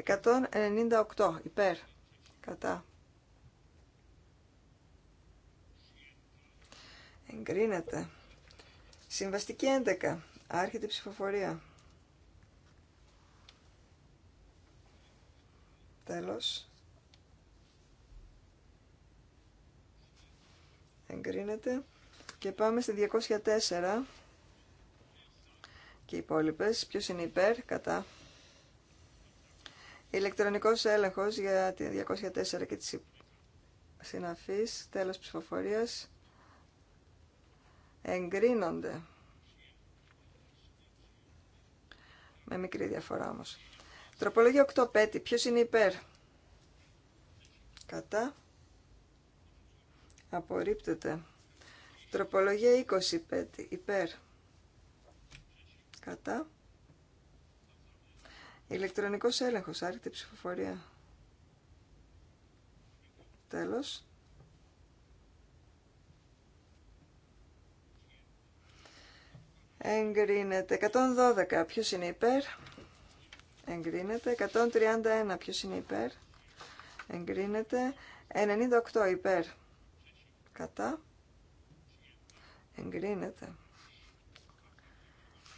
198 υπέρ, κατά. Εγκρίνεται. Συμβαστική 11. Άρχεται η ψηφοφορία. Τέλος. Εγκρίνεται. Και πάμε στη 204. Και οι υπόλοιπες. Ποιος είναι υπέρ, κατά. Ηλεκτρονικός έλεγχος για τη 204 και τις συναφείς. Τέλος ψηφοφορίας εγκρίνονται. Με μικρή διαφορά όμως. Τροπολογία 8 πέτη. Ποιος είναι υπέρ. Κατά. Απορρίπτεται. Τροπολογία 20 πέτη. Υπέρ. Κατά. Ηλεκτρονικός έλεγχος. Άρχεται ψηφοφορία. Τέλος. Εγκρίνεται. 112. Ποιος είναι υπέρ. Εγκρίνεται. 131. Ποιος είναι υπέρ. Εγκρίνεται. 98 υπέρ. Κατά. Εγκρίνεται.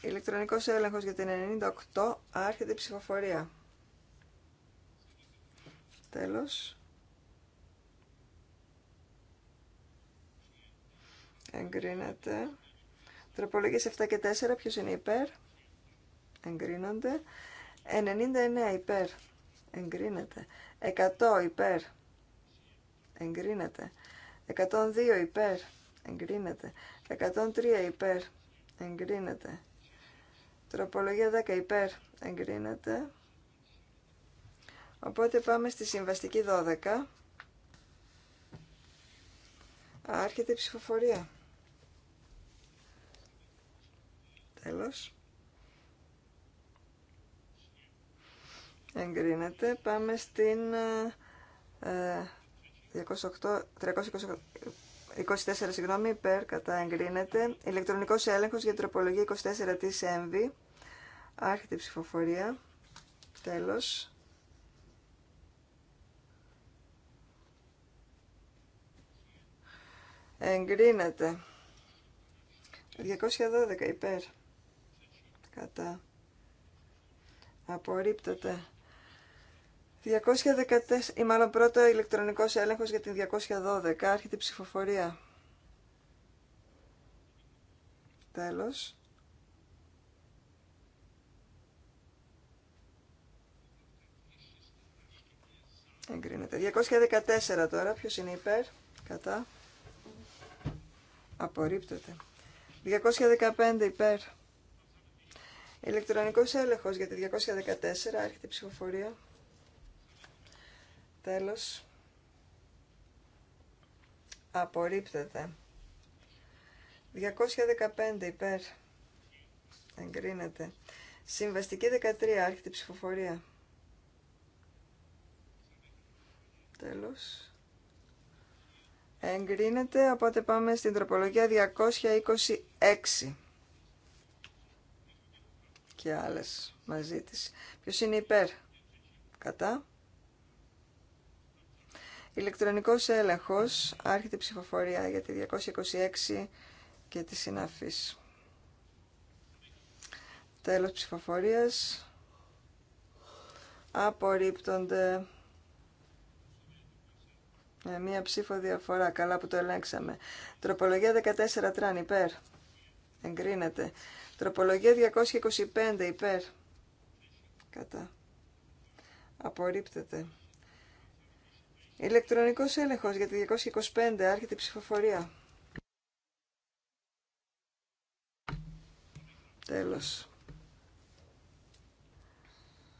Ηλεκτρονικός έλεγχος για την 98. Άρχεται η ψηφοφορία. Τέλος. Εγκρίνεται. Τροπολογίε 7 και 4, ποιο είναι υπέρ, εγκρίνονται. 99 υπέρ, εγκρίνεται. 100 υπέρ, εγκρίνεται. 102 υπέρ, εγκρίνεται. 103 υπέρ, εγκρίνεται. Τροπολογία 10 υπέρ, εγκρίνεται. Οπότε πάμε στη συμβαστική 12. Άρχεται η ψηφοφορία. Τέλος. Εγκρίνεται. Πάμε στην 208, ε, ε, ε, συγγνώμη, υπέρ κατά εγκρίνεται. Ηλεκτρονικός έλεγχος για τροπολογία 24 της ΕΜΒΗ. Άρχεται η ψηφοφορία. Τέλος. Εγκρίνεται. 212 υπέρ κατά απορρίπτεται 214 ή μάλλον πρώτο ηλεκτρονικός έλεγχος για την 212 άρχεται η ψηφοφορία τέλος εγκρίνεται 214 τώρα ποιος είναι υπέρ κατά απορρίπτεται 215 υπέρ Ηλεκτρονικός έλεγχος για τη 214, άρχεται ψηφοφορία. Τέλος. Απορρίπτεται. 215 υπέρ. Εγκρίνεται. Συμβαστική 13, άρχεται η ψηφοφορία. Τέλος. Εγκρίνεται, οπότε πάμε στην τροπολογία 226 και άλλες μαζί της. Ποιος είναι υπέρ. Κατά. Ηλεκτρονικός έλεγχος. Άρχεται ψηφοφορία για τη 226 και τη συνάφης. Τέλος ψηφοφορίας. Απορρίπτονται ε, μία ψήφο διαφορά. Καλά που το ελέγξαμε. Τροπολογία 14 τραν υπέρ. Εγκρίνεται. Τροπολογία 225 υπέρ. Κατά. Απορρίπτεται. Ηλεκτρονικός έλεγχος για τη 225. Άρχεται η ψηφοφορία. Τέλος.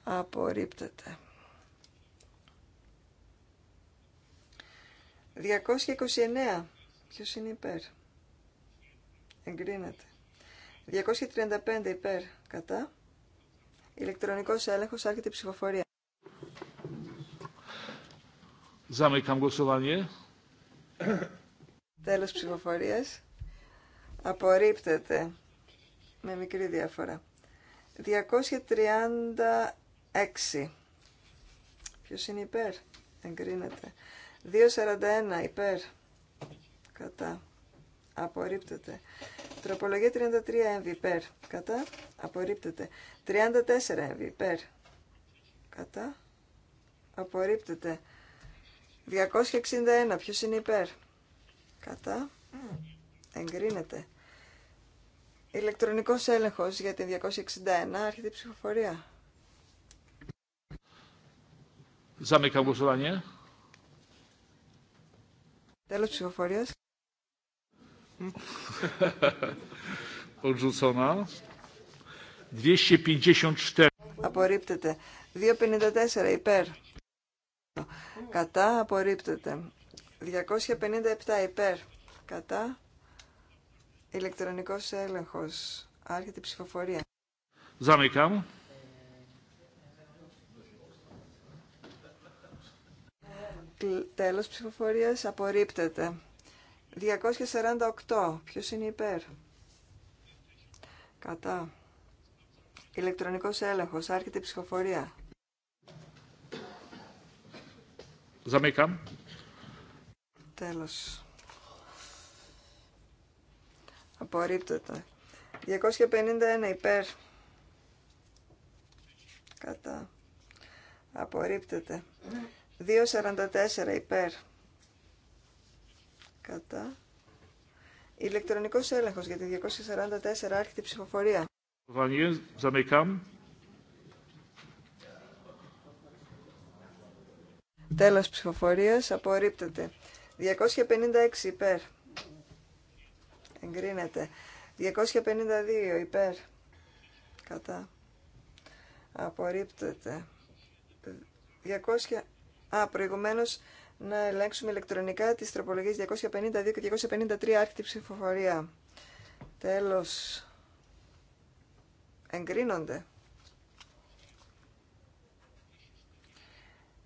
Απορρίπτεται. 229. Ποιος είναι υπέρ. Εγκρίνεται. 235 υπέρ κατά. Ηλεκτρονικός έλεγχος άρχεται η ψηφοφορία. Zamykam głosowanie. Τέλος ψηφοφορίας. Απορρίπτεται με μικρή διαφορά. 236. Ποιος είναι υπέρ. Εγκρίνεται. 241 υπέρ. Κατά απορρίπτεται. Τροπολογία 33 έμβη υπέρ, κατά, απορρίπτεται. 34 έμβη υπέρ, κατά, απορρίπτεται. 261, ποιος είναι υπέρ, κατά, εγκρίνεται. Ηλεκτρονικός έλεγχος για την 261, άρχεται η ψηφοφορία. Zamykam głosowanie. Τέλος ψηφοφορίας. 254. Απορρίπτεται. 254 υπέρ. Κατά απορρίπτεται. 257 υπέρ. Κατά ηλεκτρονικός έλεγχος. Άρχεται η ψηφοφορία. μου. Τέλος ψηφοφορίας απορρίπτεται. 248. Ποιος είναι υπέρ. Κατά. Ηλεκτρονικός έλεγχος. Άρχεται η ψηφοφορία. Ζαμίκα. Τέλος. Απορρίπτεται. 251 υπέρ. Κατά. Απορρίπτεται. 244 υπέρ. Κατά. Ηλεκτρονικός έλεγχος για τη 244 άρχιτη ψηφοφορία. Τέλος ψηφοφορίας. Απορρίπτεται. 256 υπέρ. Εγκρίνεται. 252 υπέρ. Κατά. Απορρίπτεται. 200... Α, προηγουμένως να ελέγξουμε ηλεκτρονικά τις τροπολογίες 252 και 253 άρχιτη ψηφοφορία. Τέλος. Εγκρίνονται.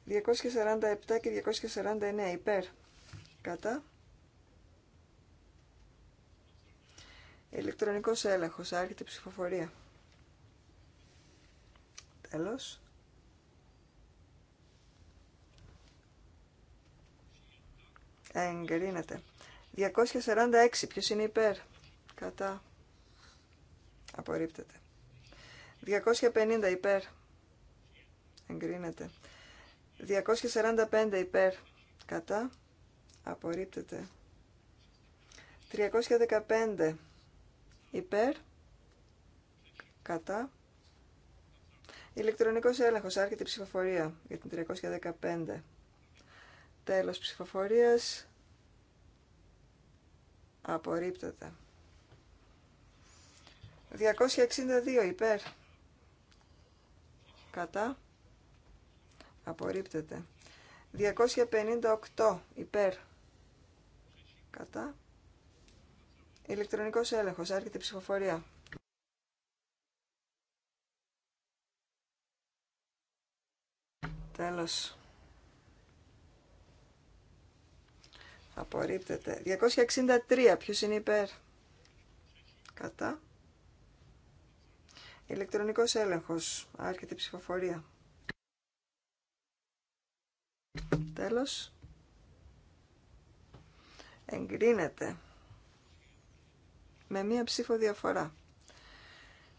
247 και 249 υπέρ. Κατά. Ηλεκτρονικός έλεγχος, άρχιτη ψηφοφορία. Τέλος. εγκρίνεται. 246, ποιος είναι υπέρ, κατά, απορρίπτεται. 250 υπέρ, εγκρίνεται. 245 υπέρ, κατά, απορρίπτεται. 315 υπέρ, κατά, ηλεκτρονικός έλεγχος, άρχεται ψηφοφορία για την 315. Τέλος ψηφοφορίας. Απορρίπτεται. 262 υπέρ. Κατά. Απορρίπτεται. 258 υπέρ. Κατά. Ηλεκτρονικός έλεγχος. Άρχεται ψηφοφορία. Τέλος. Απορρίπτεται. 263. Ποιος είναι υπέρ. Κατά. Ηλεκτρονικός έλεγχος. Άρχεται η ψηφοφορία. Τέλος. Εγκρίνεται. Με μία ψήφο διαφορά.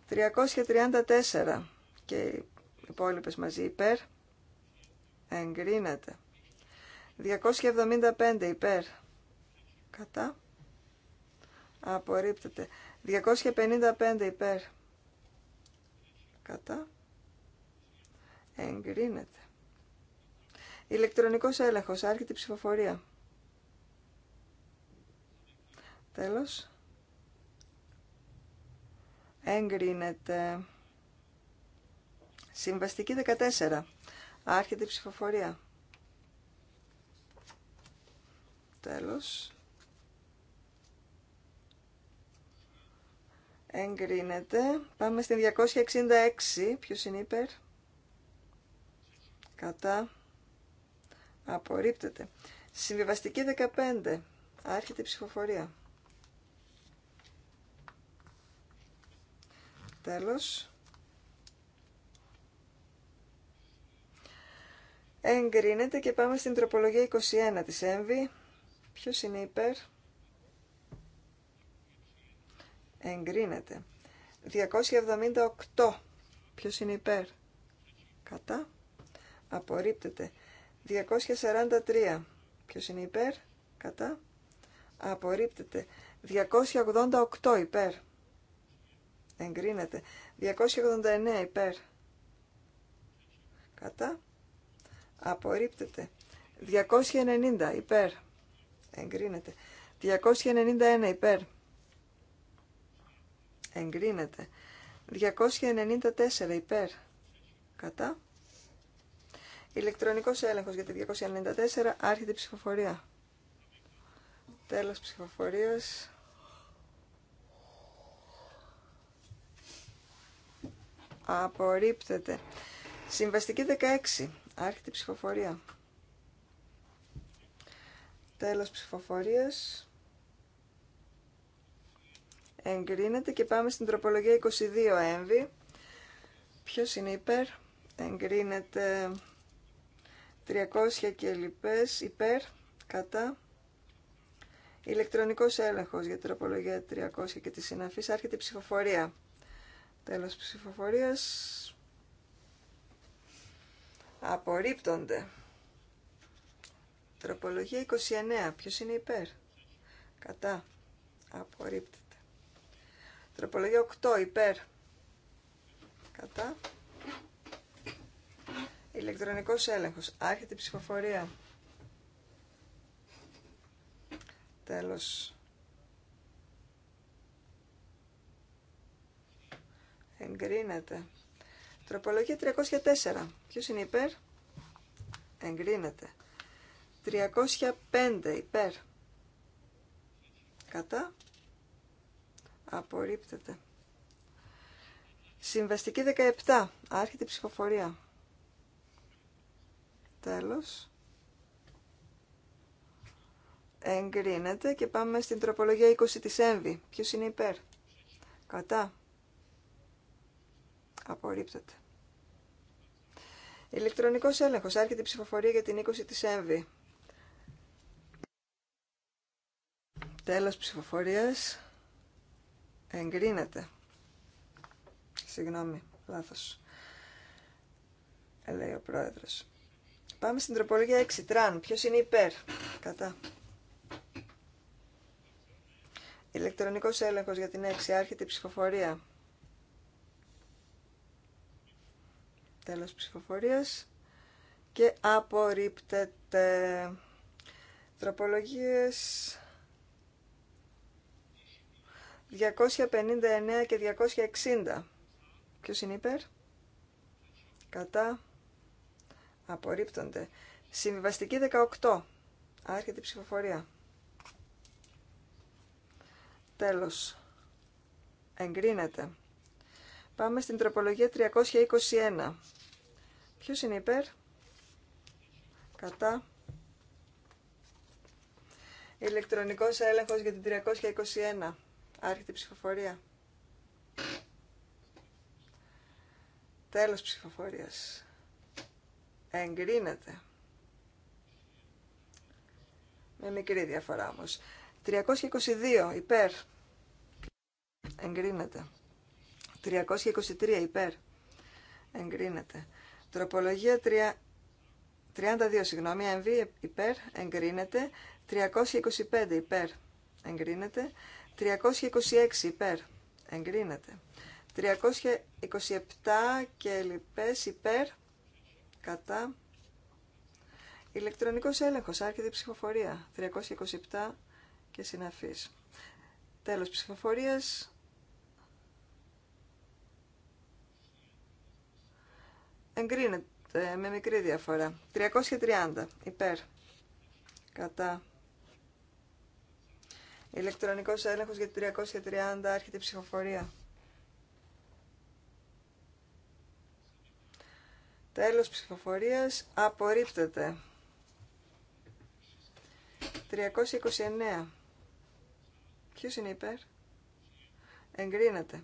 334 και οι υπόλοιπες μαζί υπέρ. Εγκρίνεται. 275 υπέρ. Κατά. Απορρίπτεται. 255 υπέρ. Κατά. Εγκρίνεται. Ηλεκτρονικός έλεγχος. Άρχεται η ψηφοφορία. Τέλος. Εγκρίνεται. Συμβαστική 14. Άρχεται η ψηφοφορία. Τέλος. Εγκρίνεται. Πάμε στην 266. Ποιος είναι υπέρ. Κατά. Απορρίπτεται. Συμβιβαστική 15. Άρχεται η ψηφοφορία. Τέλος. Εγκρίνεται και πάμε στην τροπολογία 21 της ΕΜΒΗ. Ποιο είναι υπέρ. Εγκρίνεται. 278. Ποιο είναι υπέρ. Κατά. Απορρίπτεται. 243. Ποιο είναι υπέρ. Κατά. Απορρίπτεται. 288 υπέρ. Εγκρίνεται. 289 υπέρ. Κατά. Απορρίπτεται. 290 υπέρ. Εγκρίνεται. 291 υπέρ. Εγκρίνεται. 294 υπέρ. Κατά. Ηλεκτρονικός έλεγχος για τη 294. Άρχεται η ψηφοφορία. Τέλος ψηφοφορίας. Απορρίπτεται. Συμβαστική 16. Άρχεται η ψηφοφορία. Τέλος ψηφοφορίας. Εγκρίνεται και πάμε στην τροπολογία 22 έμβη. Ποιος είναι υπέρ. Εγκρίνεται 300 και λοιπές υπέρ κατά. Ηλεκτρονικός έλεγχος για τροπολογία 300 και τη συναφής. Άρχεται η ψηφοφορία. Τέλος ψηφοφορίας. Απορρίπτονται. Τροπολογία 29. Ποιος είναι υπέρ. Κατά. Απορρίπτεται. Τροπολογία 8. Υπέρ. Κατά. Ηλεκτρονικός έλεγχος. Άρχεται η ψηφοφορία. Τέλος. Εγκρίνεται. Τροπολογία 304. Ποιος είναι υπέρ. Εγκρίνεται. 305 υπέρ. Κατά. Απορρίπτεται. Συμβαστική 17. Άρχεται η ψηφοφορία. Τέλος. Εγκρίνεται και πάμε στην τροπολογία 20 της έμβη. Ποιος είναι υπέρ. Κατά. Απορρίπτεται. Ηλεκτρονικός έλεγχος. Άρχεται η ψηφοφορία για την 20 της έμβη. Τέλος ψηφοφορίας. Εγκρίνεται. Συγγνώμη, λάθος. Ε, λέει ο πρόεδρος. Πάμε στην τροπολογία 6. Τραν. Ποιος είναι υπέρ. Κατά. Ηλεκτρονικός έλεγχος για την 6. Άρχεται η ψηφοφορία. Τέλος ψηφοφορίας. Και απορρίπτεται. Τροπολογίες 259 και 260. Ποιος είναι υπέρ? Κατά. Απορρίπτονται. Συμβιβαστική 18. Άρχεται η ψηφοφορία. Τέλος. Εγκρίνεται. Πάμε στην τροπολογία 321. Ποιος είναι υπέρ? Κατά. Ηλεκτρονικός έλεγχος για την 321. Άρχεται η ψηφοφορία. Τέλος ψηφοφορίας. Εγκρίνεται. Με μικρή διαφορά όμω. 322 υπέρ. Εγκρίνεται. 323 υπέρ. Εγκρίνεται. Τροπολογία 3... 32, συγγνώμη, υπέρ, εγκρίνεται. 325 υπέρ, εγκρίνεται. 326 υπέρ. Εγκρίνεται. 327 και λοιπές υπέρ. Κατά. Ηλεκτρονικός έλεγχος. Άρχεται η ψηφοφορία. 327 και συναφής. Τέλος ψηφοφορίας. Εγκρίνεται με μικρή διαφορά. 330 υπέρ. Κατά. Ηλεκτρονικό έλεγχο για την 330 άρχεται η ψηφοφορία. Τέλος ψηφοφορίας απορρίπτεται. 329. Ποιος είναι υπέρ? Εγκρίνεται.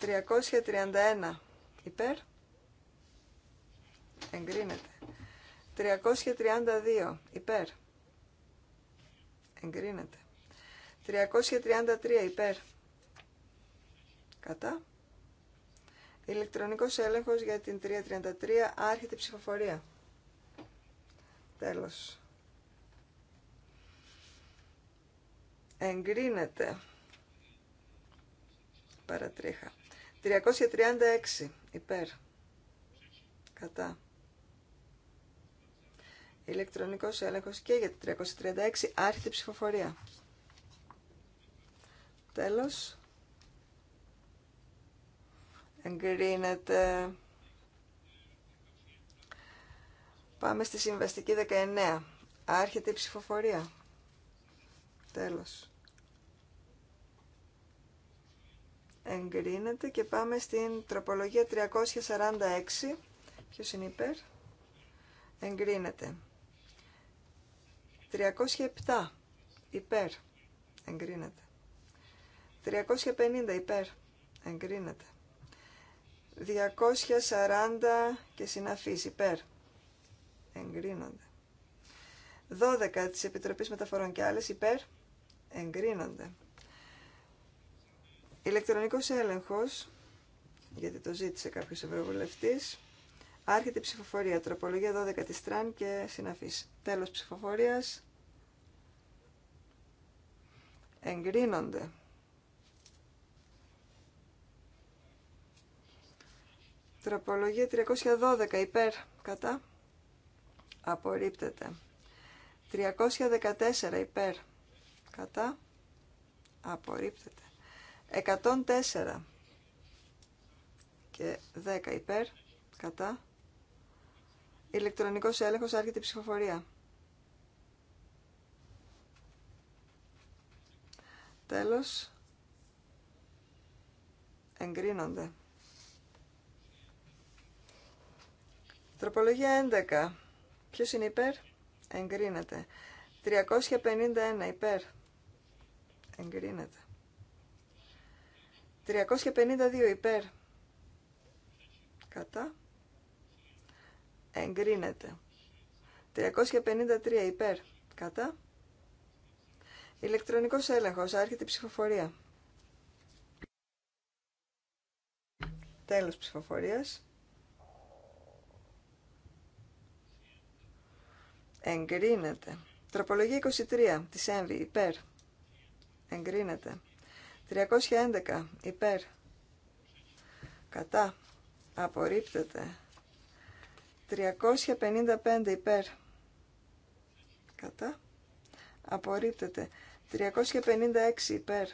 331. Υπέρ? Εγκρίνεται. 332. Υπέρ? Εγκρίνεται. 333 υπέρ. Κατά. Ηλεκτρονικός έλεγχος για την 333 άρχεται ψηφοφορία. Τέλος. Εγκρίνεται. Παρατρίχα. 336 υπέρ. Κατά. Ηλεκτρονικός έλεγχος και για την 336 άρχεται ψηφοφορία. Τέλος. Εγκρίνεται. Πάμε στη συμβαστική 19. Άρχεται η ψηφοφορία. Τέλος. Εγκρίνεται και πάμε στην τροπολογία 346. Ποιος είναι υπέρ. Εγκρίνεται. 307. Υπέρ. Εγκρίνεται. 350 υπέρ. Εγκρίνεται. 240 και συναφής υπέρ. Εγκρίνονται. 12 της Επιτροπής Μεταφορών και άλλες υπέρ. Εγκρίνονται. Ηλεκτρονικός έλεγχος, γιατί το ζήτησε κάποιος ευρωβουλευτής, άρχεται η ψηφοφορία, τροπολογία 12 της Τραν και συναφής. Τέλος ψηφοφορίας. Εγκρίνονται. Τροπολογία 312 υπέρ κατά απορρίπτεται. 314 υπέρ κατά απορρίπτεται. 104 και 10 υπέρ κατά ηλεκτρονικός έλεγχος άρχεται η ψηφοφορία. Τέλος εγκρίνονται. Τροπολογία 11. Ποιος είναι υπέρ? Εγκρίνεται. 351 υπέρ. Εγκρίνεται. 352 υπέρ. Κατά. Εγκρίνεται. 353 υπέρ. Κατά. Ηλεκτρονικός έλεγχος. Άρχεται η ψηφοφορία. Τέλος ψηφοφορίας. Εγκρίνεται. Τροπολογία 23 της ΕΜΒΗ. Υπέρ. Εγκρίνεται. 311. Υπέρ. Κατά. Απορρίπτεται. 355. Υπέρ. Κατά. Απορρίπτεται. 356. Υπέρ.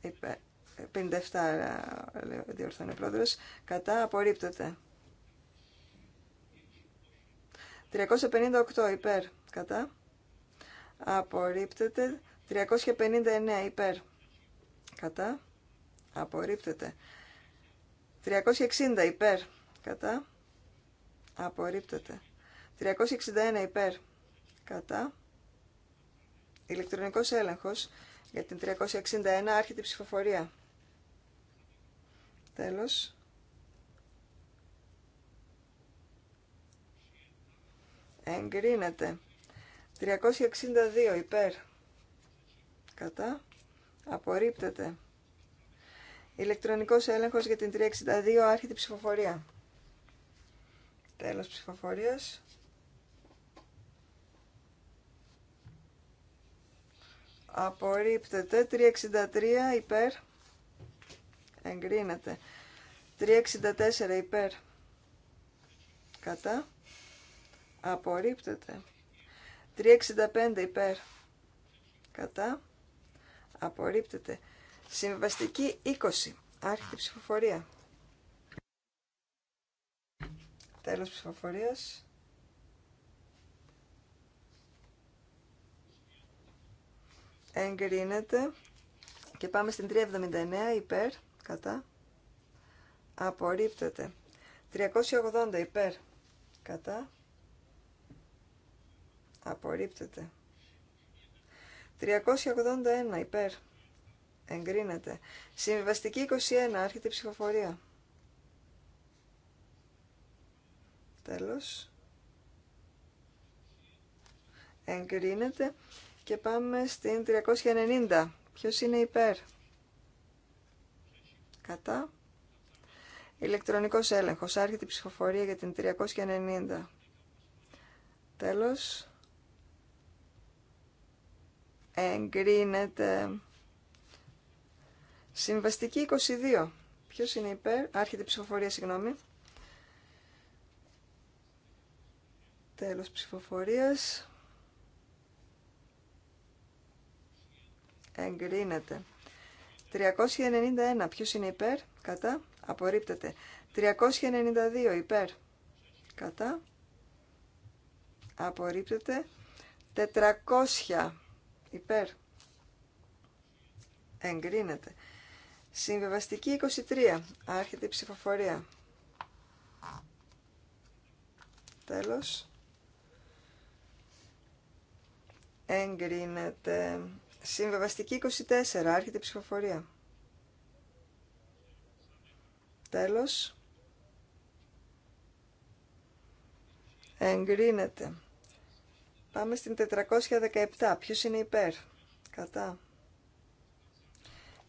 Υπέρ. 57 διορθώνει ο Κατά. Απορρίπτεται. 358 υπέρ κατά απορρίπτεται 359 υπέρ κατά απορρίπτεται 360 υπέρ κατά απορρίπτεται 361 υπέρ κατά ηλεκτρονικός έλεγχος για την 361 άρχεται η ψηφοφορία τέλος εγκρίνεται. 362 υπέρ. Κατά. Απορρίπτεται. Ηλεκτρονικός έλεγχος για την 362 άρχιτη ψηφοφορία. Τέλος ψηφοφορίας. Απορρίπτεται. 363 υπέρ. Εγκρίνεται. 364 υπέρ. Κατά απορρίπτεται. 365 υπέρ κατά απορρίπτεται. Συμβαστική 20 άρχιτη ψηφοφορία. Τέλος ψηφοφορίας. Εγκρίνεται και πάμε στην 379 υπέρ κατά απορρίπτεται. 380 υπέρ κατά Απορρίπτεται. 381 υπέρ. Εγκρίνεται. Συμβιβαστική 21. Άρχεται η ψηφοφορία. Τέλος. Εγκρίνεται. Και πάμε στην 390. Ποιος είναι υπέρ. Κατά. Ηλεκτρονικός έλεγχος. Άρχεται η ψηφοφορία για την 390. Τέλος εγκρίνεται. Συμβαστική 22. Ποιος είναι υπέρ, άρχεται η ψηφοφορία, συγγνώμη. Τέλος ψηφοφορίας. Εγκρίνεται. 391. Ποιος είναι υπέρ, κατά, απορρίπτεται. 392 υπέρ, κατά, απορρίπτεται. 400 υπέρ εγκρίνεται Συμβεβαστική 23 άρχεται η ψηφοφορία τέλος εγκρίνεται Συμβεβαστική 24 άρχεται η ψηφοφορία τέλος εγκρίνεται Πάμε στην 417. Ποιος είναι υπέρ. Κατά.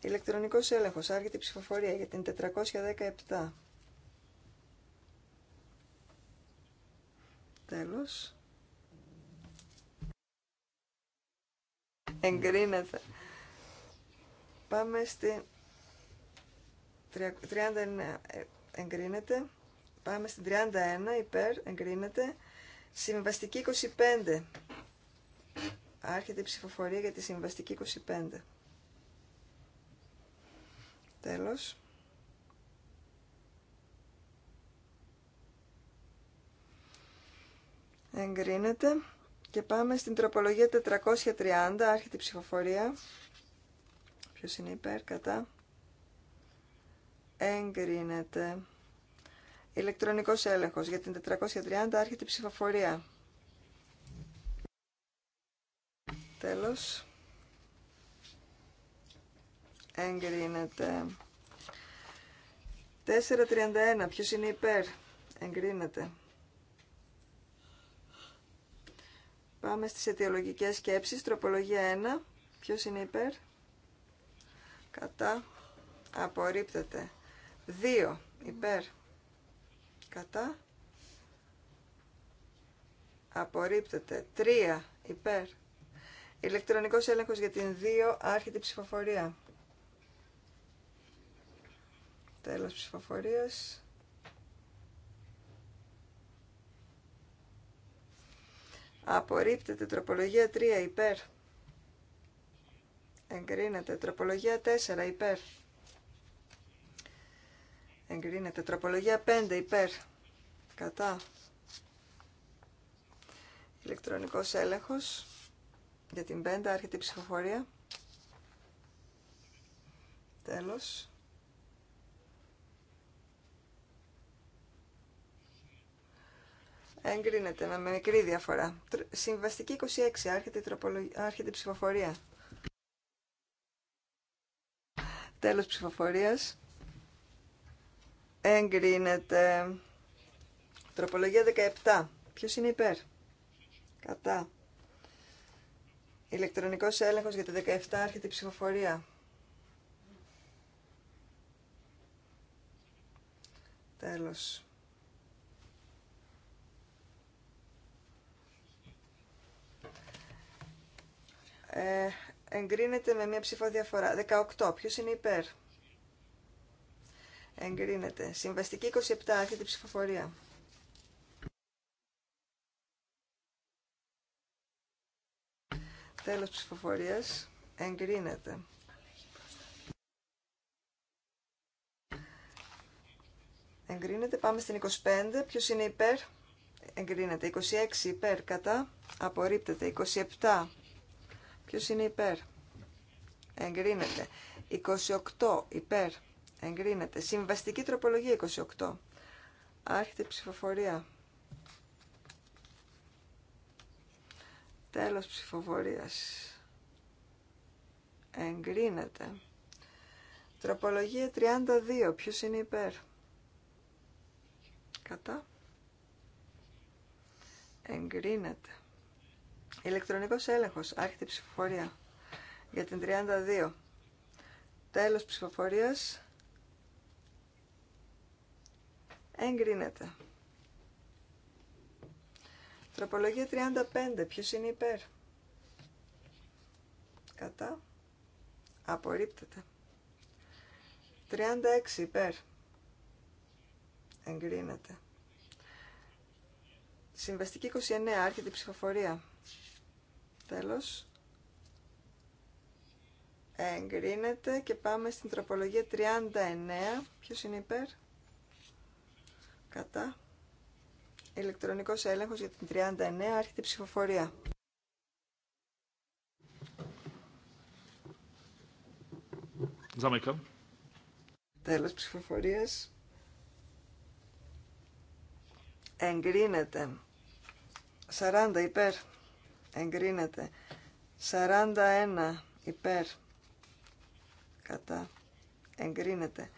Ηλεκτρονικός έλεγχος. Άρχεται ψηφοφορία για την 417. Τέλος. Εγκρίνεται. Πάμε στην 39. Ε, εγκρίνεται. Πάμε στην 31. Υπέρ. Εγκρίνεται. Συμβαστική 25. Άρχεται η ψηφοφορία για τη συμβαστική 25. Τέλος. Εγκρίνεται. Και πάμε στην τροπολογία 430. Άρχεται η ψηφοφορία. Ποιος είναι υπέρ, κατά. Εγκρίνεται. Ηλεκτρονικός έλεγχος για την 430 άρχεται η ψηφοφορία. Τέλος. Εγκρίνεται. 431. Ποιος είναι υπέρ. Εγκρίνεται. Πάμε στις αιτιολογικές σκέψεις. Τροπολογία 1. Ποιος είναι υπέρ. Κατά. Απορρίπτεται. 2. Υπέρ κατά απορρίπτεται 3 υπέρ ηλεκτρονικός έλεγχος για την 2 άρχεται ψηφοφορία τέλος ψηφοφορίας απορρίπτεται τροπολογία 3 υπέρ εγκρίνεται τροπολογία 4 υπέρ Εγκρίνεται. Τροπολογία 5 υπέρ. Κατά. Ηλεκτρονικός έλεγχος. Για την 5 άρχεται η ψηφοφορία. Τέλος. Εγκρίνεται με μικρή διαφορά. Συμβαστική 26. Άρχεται η, ψηφοφορία. άρχεται η ψηφοφορία. Τέλος ψηφοφορίας εγκρίνεται. Τροπολογία 17. Ποιος είναι υπέρ. Κατά. Ηλεκτρονικός έλεγχος για τα 17 άρχεται η ψηφοφορία. Τέλος. Ε, εγκρίνεται με μία ψηφοδιαφορά. διαφορά. 18. Ποιος είναι υπέρ. Εγκρίνεται. Συμβαστική 27. Άρχεται η ψηφοφορία. Τέλος ψηφοφορίας. Εγκρίνεται. Εγκρίνεται. Πάμε στην 25. Ποιος είναι υπέρ. Εγκρίνεται. 26 υπέρ κατά. Απορρίπτεται. 27. Ποιος είναι υπέρ. Εγκρίνεται. 28 υπέρ Εγκρίνεται. Συμβαστική τροπολογία 28. Άρχεται ψηφοφορία. Τέλος ψηφοφορίας. Εγκρίνεται. Τροπολογία 32. Ποιος είναι υπέρ. Κατά. Εγκρίνεται. Ηλεκτρονικός έλεγχος. Άρχεται ψηφοφορία. Για την 32. Τέλος ψηφοφορίας. Εγκρίνεται. Τροπολογία 35. Ποιος είναι υπέρ. Κατά. Απορρίπτεται. 36 υπέρ. Εγκρίνεται. Συμβαστική 29. Άρχεται η ψηφοφορία. Τέλος. Εγκρίνεται και πάμε στην τροπολογία 39. Ποιος είναι υπέρ κατά. Ηλεκτρονικός έλεγχος για την 39 άρχεται ψηφοφορία. Τέλο Τέλος Εγκρίνεται. 40 υπέρ. Εγκρίνεται. 41 υπέρ. Κατά. Εγκρίνεται.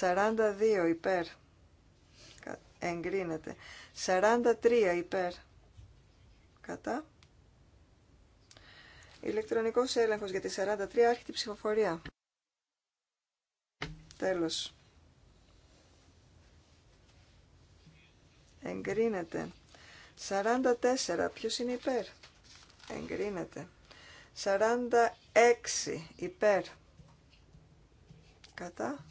42 υπέρ εγκρίνεται. 43 υπέρ κατά. Ηλεκτρονικός έλεγχος για τη 43 άρχιτη ψηφοφορία. Τέλος. Εγκρίνεται. 44. Ποιος είναι υπέρ. Εγκρίνεται. 46. Υπέρ. Κατά.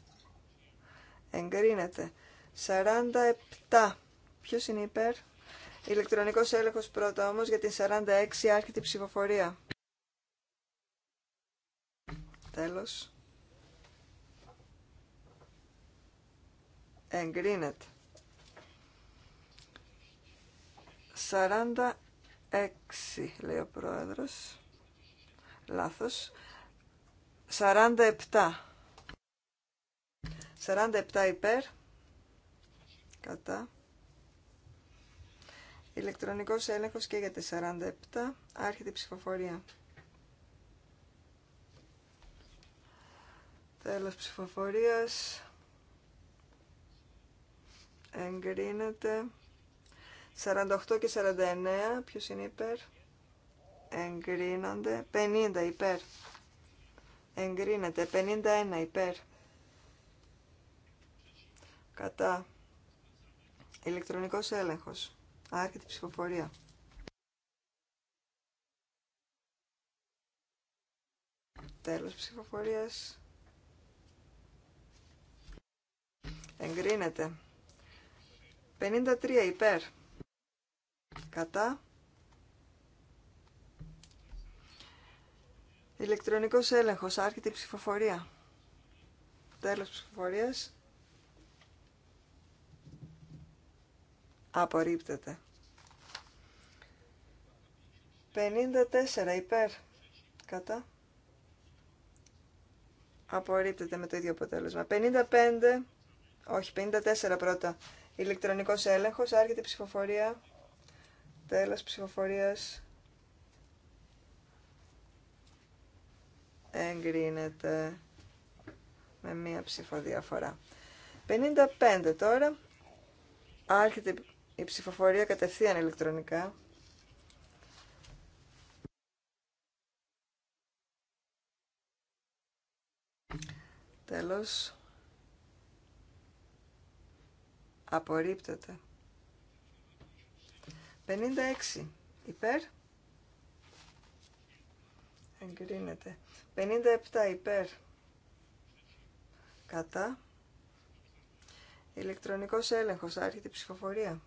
Εγκρίνεται. 47. Ποιος είναι υπέρ? Ηλεκτρονικός έλεγχος πρώτα όμως για την 46 άρχιτη ψηφοφορία. Τέλος. Εγκρίνεται. 46 λέει ο πρόεδρος. Λάθος. 47. 47 υπέρ κατά. Ηλεκτρονικός έλεγχος και για 47. Άρχεται η ψηφοφορία. Τέλος ψηφοφορίας. Εγκρίνεται. 48 και 49. Ποιος είναι υπέρ. Εγκρίνονται. 50 υπέρ. Εγκρίνεται. 51 υπέρ. Κατά. Ηλεκτρονικός έλεγχος. Άρχεται ψηφοφορία. Τέλος ψηφοφορίας. Εγκρίνεται. 53 υπέρ. Κατά. Ηλεκτρονικός έλεγχος. Άρχεται ψηφοφορία. Τέλος ψηφοφορίας. Απορρίπτεται. 54 υπέρ. Κατά. Απορρίπτεται με το ίδιο αποτέλεσμα. 55, όχι 54 πρώτα. Ηλεκτρονικός έλεγχος, άρχεται η ψηφοφορία. Τέλος ψηφοφορίας. Εγκρίνεται με μία ψηφοδιαφορά. 55 τώρα. Άρχεται η ψηφοφορία κατευθείαν ηλεκτρονικά. Τέλος. Απορρίπτεται. 56. Υπέρ. Εγκρίνεται. 57. Υπέρ. Κατά. Ηλεκτρονικός έλεγχος. Άρχεται η ψηφοφορία.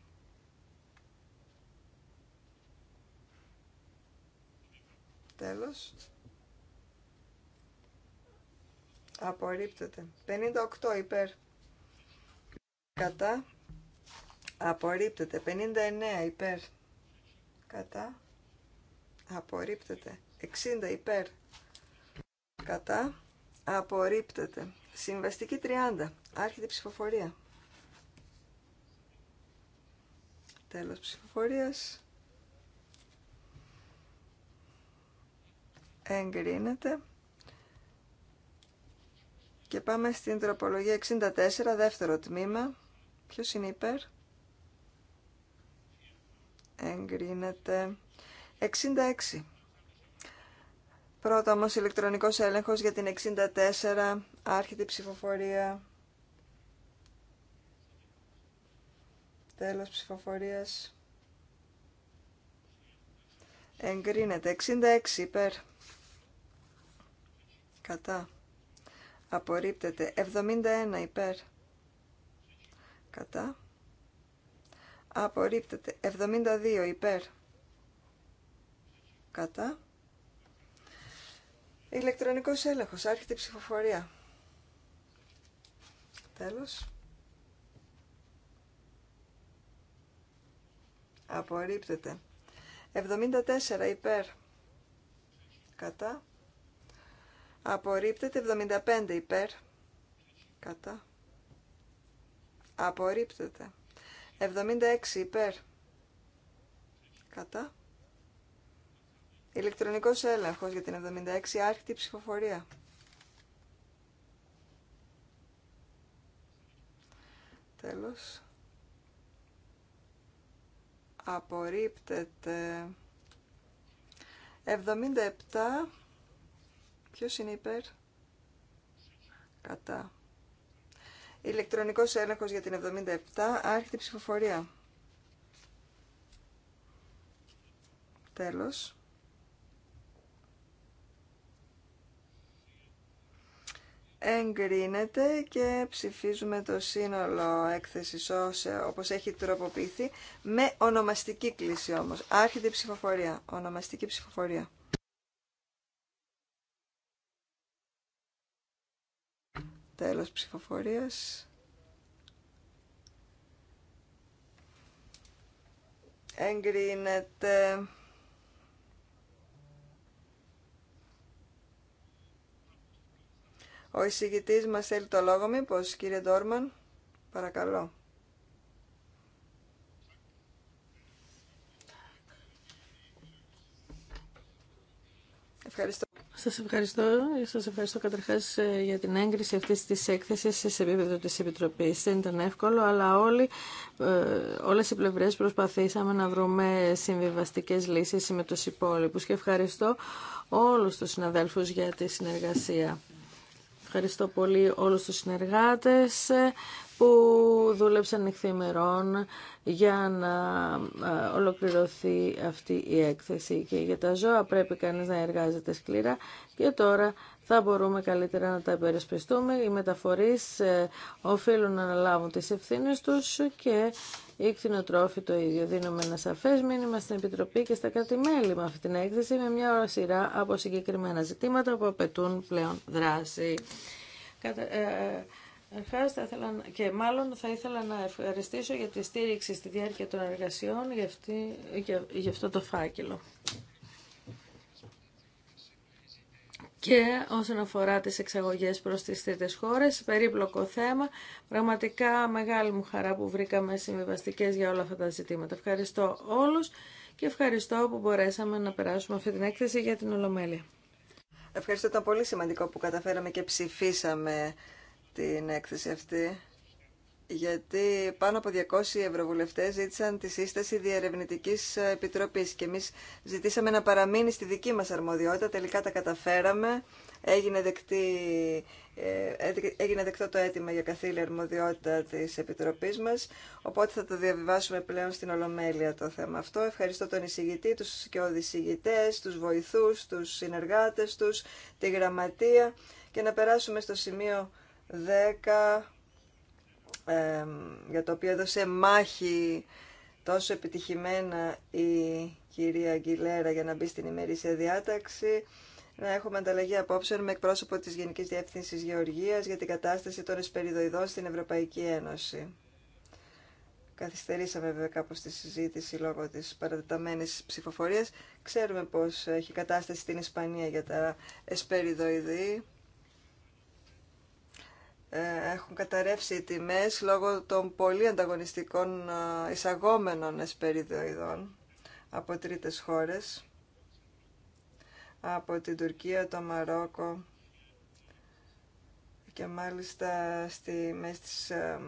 Τέλος. Απορρίπτεται. 58 υπέρ. Κατά. Απορρίπτεται. 59 υπέρ. Κατά. Απορρίπτεται. 60 υπέρ. Κατά. Απορρίπτεται. Συμβαστική 30. Άρχεται ψηφοφορία. Τέλος ψηφοφορίας. εγκρίνεται. Και πάμε στην τροπολογία 64, δεύτερο τμήμα. Ποιος είναι υπέρ? Εγκρίνεται. 66. Πρώτο όμως ηλεκτρονικός έλεγχος για την 64, άρχεται ψηφοφορία. Τέλος ψηφοφορίας. Εγκρίνεται. 66 υπέρ κατά απορρίπτεται 71 υπέρ κατά απορρίπτεται 72 υπέρ κατά ηλεκτρονικός έλεγχος άρχεται η ψηφοφορία τέλος απορρίπτεται 74 υπέρ κατά Απορρίπτεται 75 υπέρ. Κατά. Απορρίπτεται. 76 υπέρ. Κατά. Ηλεκτρονικός έλεγχος για την 76 άρχιτη ψηφοφορία. Τέλος. Απορρίπτεται. 77 Ποιος είναι υπέρ? Κατά. Ηλεκτρονικός έλεγχος για την 77. Άρχεται η ψηφοφορία. Τέλος. Εγκρίνεται και ψηφίζουμε το σύνολο έκθεσης όπως έχει τροποποιηθεί με ονομαστική κλίση όμως. Άρχεται η ψηφοφορία. Ονομαστική ψηφοφορία. Τέλος ψηφοφορίας. Εγκρίνεται. Ο εισηγητής μας θέλει το λόγο μήπως, κύριε Ντόρμαν. Παρακαλώ. Ευχαριστώ. Σας ευχαριστώ. Σας ευχαριστώ καταρχάς ε, για την έγκριση αυτής της έκθεσης σε επίπεδο της Επιτροπής. Δεν ήταν εύκολο, αλλά όλοι, ε, όλες οι πλευρέ προσπαθήσαμε να βρούμε συμβιβαστικές λύσεις με του υπόλοιπου Και ευχαριστώ όλους τους συναδέλφους για τη συνεργασία. Ευχαριστώ πολύ όλους τους συνεργάτες που δούλεψαν νυχθημερών για να ε, ολοκληρωθεί αυτή η έκθεση και για τα ζώα πρέπει κανείς να εργάζεται σκληρά και τώρα θα μπορούμε καλύτερα να τα υπερασπιστούμε. Οι μεταφορείς ε, οφείλουν να αναλάβουν τις ευθύνες τους και οι κτηνοτρόφοι το ίδιο. Δίνουμε ένα σαφέ μήνυμα στην Επιτροπή και στα κράτη-μέλη με αυτή την έκθεση με μια ώρα σειρά από συγκεκριμένα ζητήματα που απαιτούν πλέον δράση. Ε, Ευχαριστώ θα ήθελα, και μάλλον θα ήθελα να ευχαριστήσω για τη στήριξη στη διάρκεια των εργασιών για, αυτή, για, για αυτό το φάκελο. Και όσον αφορά τις εξαγωγές προς τις τρίτες χώρες, περίπλοκο θέμα, πραγματικά μεγάλη μου χαρά που βρήκαμε συμβιβαστικές για όλα αυτά τα ζητήματα. Ευχαριστώ όλους και ευχαριστώ που μπορέσαμε να περάσουμε αυτή την έκθεση για την Ολομέλεια. Ευχαριστώ, ήταν πολύ σημαντικό που καταφέραμε και ψηφίσαμε την έκθεση αυτή, γιατί πάνω από 200 ευρωβουλευτές ζήτησαν τη σύσταση διερευνητικής επιτροπής και εμείς ζητήσαμε να παραμείνει στη δική μας αρμοδιότητα, τελικά τα καταφέραμε, έγινε, δεκτή, ε, έγινε δεκτό το αίτημα για καθήλια αρμοδιότητα της Επιτροπής μας, οπότε θα το διαβιβάσουμε πλέον στην Ολομέλεια το θέμα αυτό. Ευχαριστώ τον εισηγητή, τους και οδησηγητές, τους βοηθούς, τους συνεργάτες τους, τη γραμματεία και να περάσουμε στο σημείο 10 για το οποίο έδωσε μάχη τόσο επιτυχημένα η κυρία Αγγιλέρα για να μπει στην ημερήσια διάταξη. Να έχουμε ανταλλαγή απόψεων με εκπρόσωπο της Γενικής Διεύθυνσης Γεωργίας για την κατάσταση των εσπεριδοειδών στην Ευρωπαϊκή Ένωση. Καθυστερήσαμε βέβαια κάπως τη συζήτηση λόγω της παρατεταμένης ψηφοφορίας. Ξέρουμε πώς έχει κατάσταση στην Ισπανία για τα εσπεριδοειδή. Ε, έχουν καταρρεύσει οι τιμές λόγω των πολύ ανταγωνιστικών ε, εισαγόμενων εσπεριδοειδών από τρίτες χώρες, από την Τουρκία, το Μαρόκο και μάλιστα στη μέση της ε,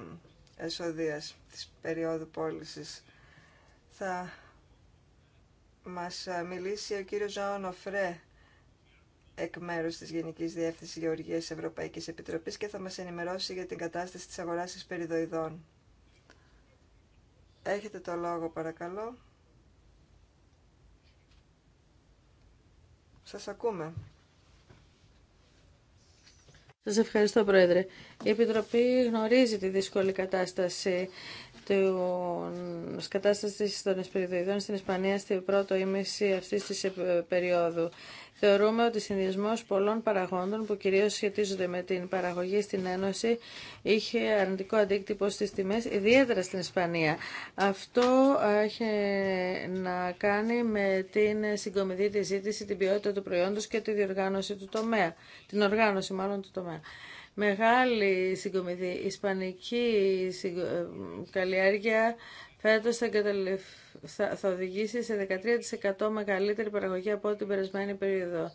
εσοδείας της περίοδου πώλησης. Θα μας μιλήσει ο κύριος Ζαόνο Φρέ εκ μέρους της Γενικής Διεύθυνσης Γεωργίας Ευρωπαϊκής Επιτροπής και θα μας ενημερώσει για την κατάσταση της αγοράς περιδοειδών. Έχετε το λόγο παρακαλώ. Σας ακούμε. Σας ευχαριστώ Πρόεδρε. Η Επιτροπή γνωρίζει τη δύσκολη κατάσταση της κατάστασης των εσπεριδοειδών στην Ισπανία στην πρώτο ήμιση αυτής της περίοδου. Θεωρούμε ότι συνδυασμό πολλών παραγόντων που κυρίω σχετίζονται με την παραγωγή στην Ένωση είχε αρνητικό αντίκτυπο στι τιμέ, ιδιαίτερα στην Ισπανία. Αυτό έχει να κάνει με την συγκομιδή τη ζήτηση, την ποιότητα του προϊόντος και τη διοργάνωση του τομέα. Την οργάνωση μάλλον του τομέα μεγάλη συγκομιδή. Ισπανική ε, καλλιέργεια φέτος θα οδηγήσει σε 13% μεγαλύτερη παραγωγή από την περασμένη περίοδο.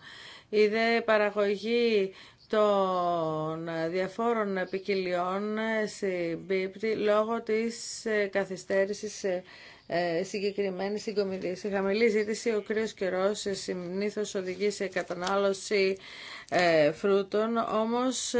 Η δε παραγωγή των διαφόρων ποικιλιών συμπίπτει λόγω της ε, καθυστέρησης ε, ε, συγκεκριμένη συγκομιδή. Σε χαμηλή ζήτηση, ο κρύος καιρός συνήθω οδηγεί σε κατανάλωση φρούτων, όμως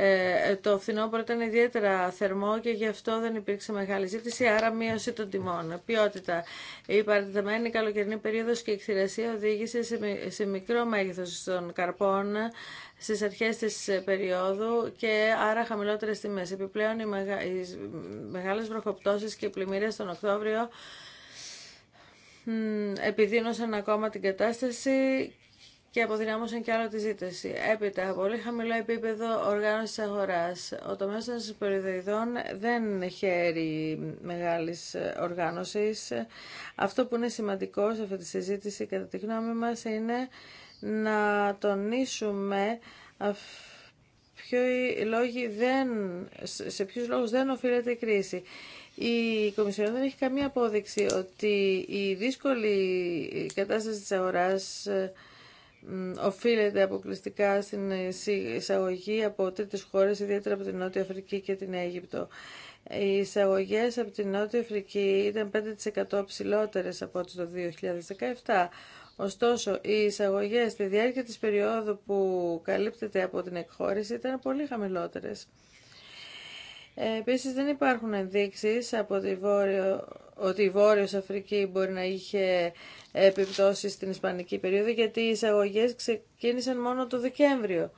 ε, το φθινόπωρο ήταν ιδιαίτερα θερμό και γι' αυτό δεν υπήρξε μεγάλη ζήτηση, άρα μείωση των τιμών. Ποιότητα. Η παρατηρημένη καλοκαιρινή περίοδο και η εκθυρασία οδήγησε σε μικρό μέγεθο των καρπών στι αρχέ τη περίοδου και άρα χαμηλότερε τιμέ. Επιπλέον, οι μεγάλε βροχοπτώσει και πλημμύρε τον Οκτώβριο επιδίνωσαν ακόμα την κατάσταση και αποδυνάμωσαν και άλλο τη ζήτηση. Έπειτα, πολύ χαμηλό επίπεδο οργάνωση αγορά. Ο τομέα των δεν χαίρει μεγάλη οργάνωση. Αυτό που είναι σημαντικό σε αυτή τη συζήτηση, κατά τη γνώμη μα, είναι να τονίσουμε λόγοι δεν, σε ποιου λόγους δεν οφείλεται η κρίση. Η Κομισιόν δεν έχει καμία απόδειξη ότι η δύσκολη κατάσταση της αγοράς οφείλεται αποκλειστικά στην εισαγωγή από τρίτες χώρες, ιδιαίτερα από την Νότια Αφρική και την Αίγυπτο. Οι εισαγωγέ από την Νότια Αφρική ήταν 5% ψηλότερε από ό,τι το 2017. Ωστόσο, οι εισαγωγέ στη διάρκεια της περίοδου που καλύπτεται από την εκχώρηση ήταν πολύ χαμηλότερες. Ε, επίσης δεν υπάρχουν ενδείξεις από ότι η Βόρειος Αφρική μπορεί να είχε ε, επιπτώσεις στην Ισπανική περίοδο γιατί οι εισαγωγές ξεκίνησαν μόνο το Δεκέμβριο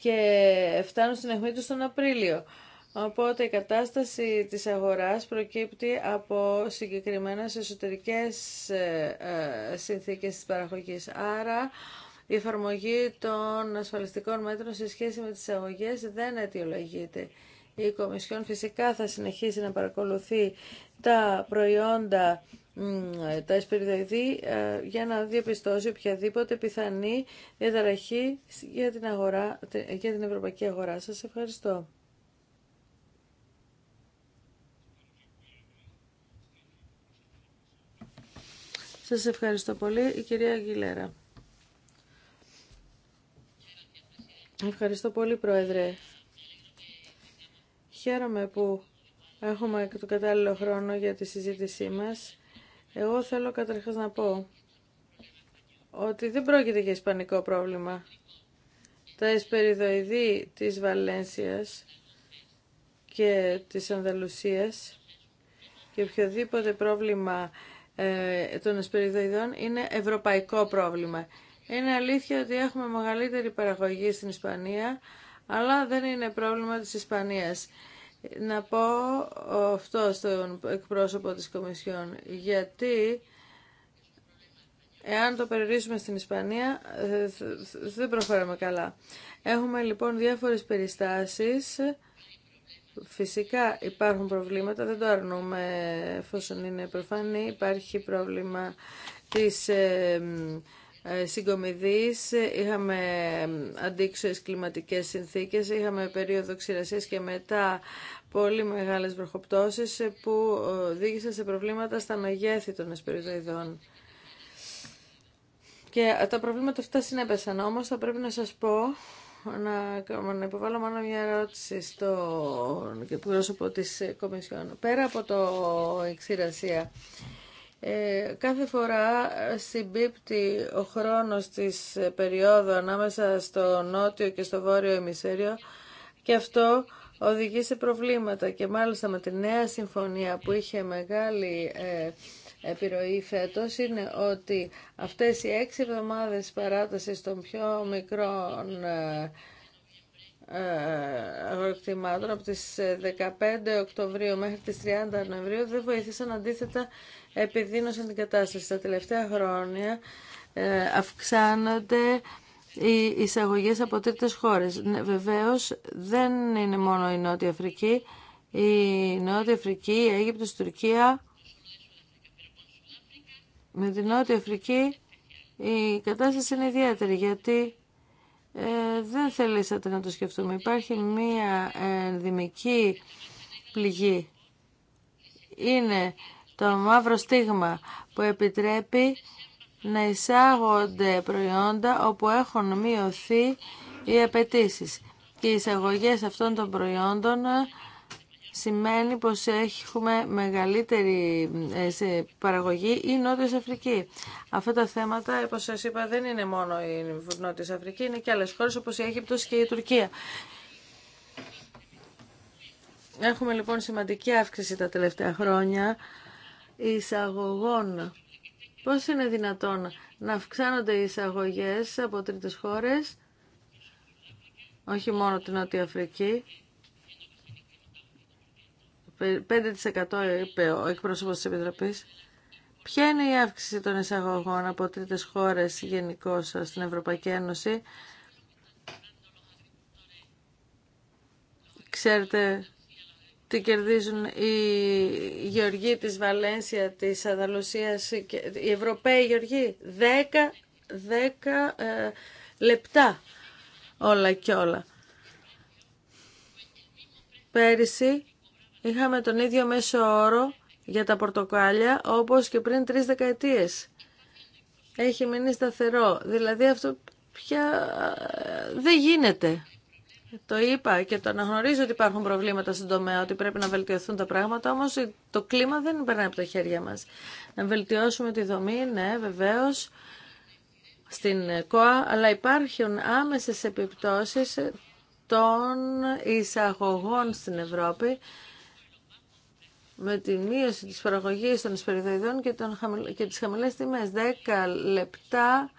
και φτάνουν στην αιχμή τους τον Απρίλιο. Οπότε η κατάσταση της αγοράς προκύπτει από συγκεκριμένες εσωτερικές ε, συνθήκες της παραγωγής. Άρα η εφαρμογή των ασφαλιστικών μέτρων σε σχέση με τις αγωγές δεν αιτιολογείται. Η Κομισιόν φυσικά θα συνεχίσει να παρακολουθεί τα προϊόντα τα εσπεριδοειδή ε, για να διαπιστώσει οποιαδήποτε πιθανή διαταραχή για την, αγορά, για την ευρωπαϊκή αγορά. Σας ευχαριστώ. Σας ευχαριστώ πολύ. Η κυρία Αγγιλέρα. Ευχαριστώ πολύ, Πρόεδρε. Χαίρομαι που έχουμε τον κατάλληλο χρόνο για τη συζήτησή μας. Εγώ θέλω καταρχάς να πω ότι δεν πρόκειται για ισπανικό πρόβλημα. Τα εσπεριδοειδή της Βαλένσιας και της Ανδαλουσίας και οποιοδήποτε πρόβλημα ε, των εσπεριδοειδών είναι ευρωπαϊκό πρόβλημα. Είναι αλήθεια ότι έχουμε μεγαλύτερη παραγωγή στην Ισπανία, αλλά δεν είναι πρόβλημα της Ισπανίας να πω αυτό στον εκπρόσωπο της Κομισιόν, γιατί εάν το περιορίσουμε στην Ισπανία δεν προχωράμε καλά. Έχουμε λοιπόν διάφορες περιστάσεις, φυσικά υπάρχουν προβλήματα, δεν το αρνούμε εφόσον είναι προφανή, υπάρχει πρόβλημα της ε, ε, συγκομιδής, είχαμε αντίξωες κλιματικές συνθήκες, είχαμε περίοδο ξηρασίας και μετά πολύ μεγάλες βροχοπτώσεις ε, που ε, οδήγησαν σε προβλήματα στα μεγέθη των εσπεριδοειδών Και τα προβλήματα αυτά συνέπεσαν, όμως θα πρέπει να σας πω να, να υποβάλω μόνο μια ερώτηση στον πρόσωπο της Κομισιόν. Πέρα από το εξηρασία, ε, κάθε φορά ε, συμπίπτει ο χρόνος της ε, περίοδου ανάμεσα στο νότιο και στο βόρειο ημισέριο και αυτό οδηγεί σε προβλήματα και μάλιστα με τη νέα συμφωνία που είχε μεγάλη ε, επιρροή φέτος είναι ότι αυτές οι έξι εβδομάδες παράτασης των πιο μικρών ε, αγροκτημάτων από τις 15 Οκτωβρίου μέχρι τις 30 Νοεμβρίου δεν βοήθησαν αντίθετα επιδείνωσαν την κατάσταση. Τα τελευταία χρόνια ε, αυξάνονται οι εισαγωγές από τρίτες χώρες. Ναι, βεβαίως δεν είναι μόνο η Νότια Αφρική. Η Νότια Αφρική, η Αίγυπτος, η Τουρκία. Με την Νότια Αφρική η κατάσταση είναι ιδιαίτερη γιατί ε, δεν θελήσατε να το σκεφτούμε. Υπάρχει μία ενδυμική πληγή. Είναι το μαύρο στίγμα που επιτρέπει να εισάγονται προϊόντα όπου έχουν μειωθεί οι απαιτήσει. Και οι εισαγωγέ αυτών των προϊόντων σημαίνει πως έχουμε μεγαλύτερη ε, παραγωγή η Νότια Αφρική. Αυτά τα θέματα, όπως σας είπα, δεν είναι μόνο η Νότια Αφρική, είναι και άλλες χώρες όπως η Αίγυπτος και η Τουρκία. Έχουμε λοιπόν σημαντική αύξηση τα τελευταία χρόνια εισαγωγών. Πώς είναι δυνατόν να αυξάνονται οι εισαγωγές από τρίτες χώρες, όχι μόνο την Νότια Αφρική, 5% είπε ο εκπρόσωπος της Επιτροπής. Ποια είναι η αύξηση των εισαγωγών από τρίτες χώρες γενικώ στην Ευρωπαϊκή Ένωση. Ξέρετε τι κερδίζουν οι γεωργοί της Βαλένσια, της Αδαλουσίας, οι Ευρωπαίοι γεωργοί. Δέκα, δέκα ε, λεπτά όλα και όλα. Πέρυσι είχαμε τον ίδιο μέσο όρο για τα πορτοκάλια όπως και πριν τρεις δεκαετίες. Έχει μείνει σταθερό. Δηλαδή αυτό πια ε, δεν γίνεται. Το είπα και το αναγνωρίζω ότι υπάρχουν προβλήματα στον τομέα, ότι πρέπει να βελτιωθούν τα πράγματα, όμω το κλίμα δεν περνάει από τα χέρια μα. Να βελτιώσουμε τη δομή, ναι, βεβαίω, στην ΚΟΑ, αλλά υπάρχουν άμεσε επιπτώσει των εισαγωγών στην Ευρώπη με τη μείωση της παραγωγής των εσπεριδοειδών και, των χαμηλ... και τις χαμηλές τιμές. 10 λεπτά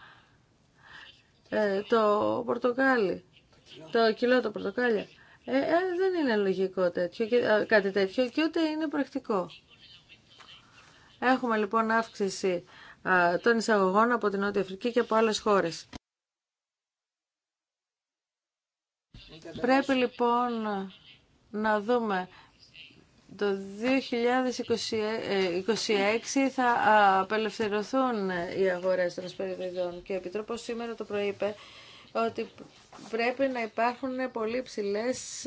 ε, το πορτοκάλι. Το κιλό, το πορτοκάλια. Ε, ε, δεν είναι λογικό τέτοιο, κάτι τέτοιο και ούτε είναι πρακτικό. Έχουμε λοιπόν αύξηση των εισαγωγών από την Νότια Αφρική και από άλλες χώρες. Πρέπει λοιπόν να δούμε το 2026 ε, θα απελευθερωθούν οι αγορές των σπεριδιδών και ο Επιτρόπος σήμερα το προείπε ότι πρέπει να υπάρχουν πολύ ψηλές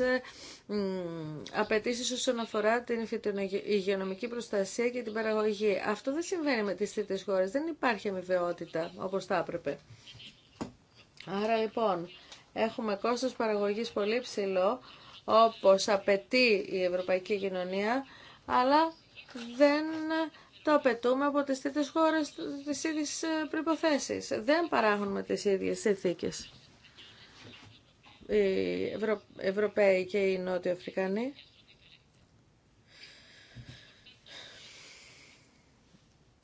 απαιτήσει όσον αφορά την υγειονομική προστασία και την παραγωγή. Αυτό δεν συμβαίνει με τις τρίτε χώρε. Δεν υπάρχει αμοιβαιότητα όπως θα έπρεπε. Άρα λοιπόν, έχουμε κόστος παραγωγής πολύ ψηλό, όπως απαιτεί η ευρωπαϊκή κοινωνία, αλλά δεν το απαιτούμε από τις τρίτες χώρες τις ίδιες ε, προϋποθέσεις. Δεν παράγουμε τις ίδιες οι Ευρωπαίοι και οι Νότιο Αφρικανοί.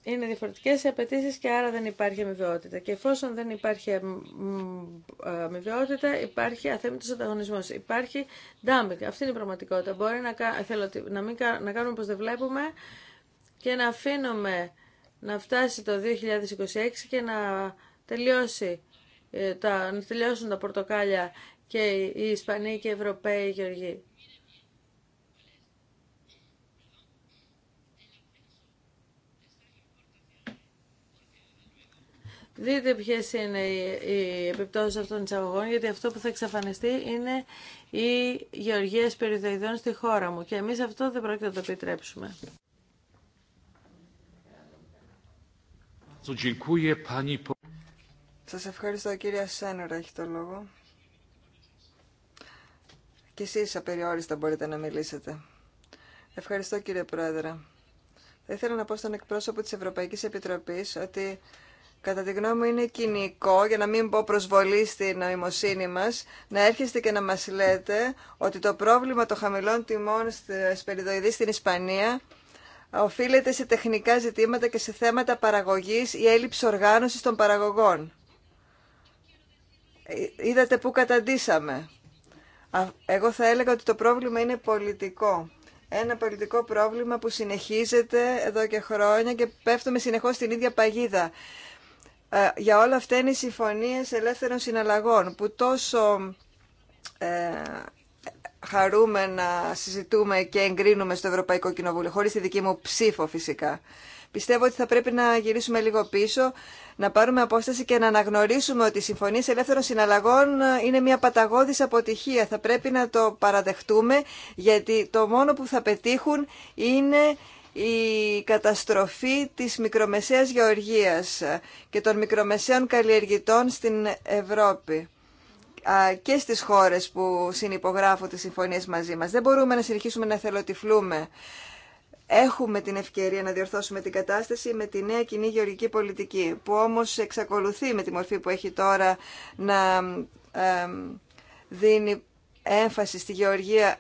Είναι διαφορετικές οι απαιτήσει και άρα δεν υπάρχει αμοιβαιότητα. Και εφόσον δεν υπάρχει αμοιβαιότητα, υπάρχει αθέμητος ανταγωνισμός. Υπάρχει dumping. Αυτή είναι η πραγματικότητα. Μπορεί να, θέλω, να, μην, να κάνουμε όπως δεν βλέπουμε και να αφήνουμε να φτάσει το 2026 και να τελειώσει ε, τα, να τελειώσουν τα πορτοκάλια και οι Ισπανοί και οι Ευρωπαίοι Γεωργοί. Δείτε ποιε είναι οι επιπτώσει αυτών των εισαγωγών, γιατί αυτό που θα εξαφανιστεί είναι οι γεωργίε περιοδοειδών στη χώρα μου. Και εμεί αυτό δεν πρόκειται να το επιτρέψουμε. Σα ευχαριστώ, κυρία Σένερ έχει το λόγο. Και εσείς απεριόριστα μπορείτε να μιλήσετε. Ευχαριστώ κύριε Πρόεδρε. Θα ήθελα να πω στον εκπρόσωπο της Ευρωπαϊκής Επιτροπής ότι κατά τη γνώμη μου είναι κοινικό, για να μην πω προσβολή στη νοημοσύνη μας, να έρχεστε και να μας λέτε ότι το πρόβλημα των χαμηλών τιμών σπεριδοειδής στην Ισπανία οφείλεται σε τεχνικά ζητήματα και σε θέματα παραγωγής ή έλλειψη οργάνωσης των παραγωγών. Ε, είδατε πού καταντήσαμε. Εγώ θα έλεγα ότι το πρόβλημα είναι πολιτικό. Ένα πολιτικό πρόβλημα που συνεχίζεται εδώ και χρόνια και πέφτουμε συνεχώς στην ίδια παγίδα. Ε, για όλα αυτά είναι οι συμφωνίες ελεύθερων συναλλαγών που τόσο ε, χαρούμε να συζητούμε και εγκρίνουμε στο Ευρωπαϊκό Κοινοβούλιο, χωρίς τη δική μου ψήφο φυσικά. Πιστεύω ότι θα πρέπει να γυρίσουμε λίγο πίσω, να πάρουμε απόσταση και να αναγνωρίσουμε ότι η Συμφωνία Ελεύθερων Συναλλαγών είναι μια παταγώδης αποτυχία. Θα πρέπει να το παραδεχτούμε, γιατί το μόνο που θα πετύχουν είναι η καταστροφή της μικρομεσαίας γεωργίας και των μικρομεσαίων καλλιεργητών στην Ευρώπη και στις χώρες που συνυπογράφουν τις συμφωνίες μαζί μας. Δεν μπορούμε να συνεχίσουμε να θελοτυφλούμε έχουμε την ευκαιρία να διορθώσουμε την κατάσταση με τη νέα κοινή γεωργική πολιτική, που όμως εξακολουθεί με τη μορφή που έχει τώρα να δίνει έμφαση στη γεωργία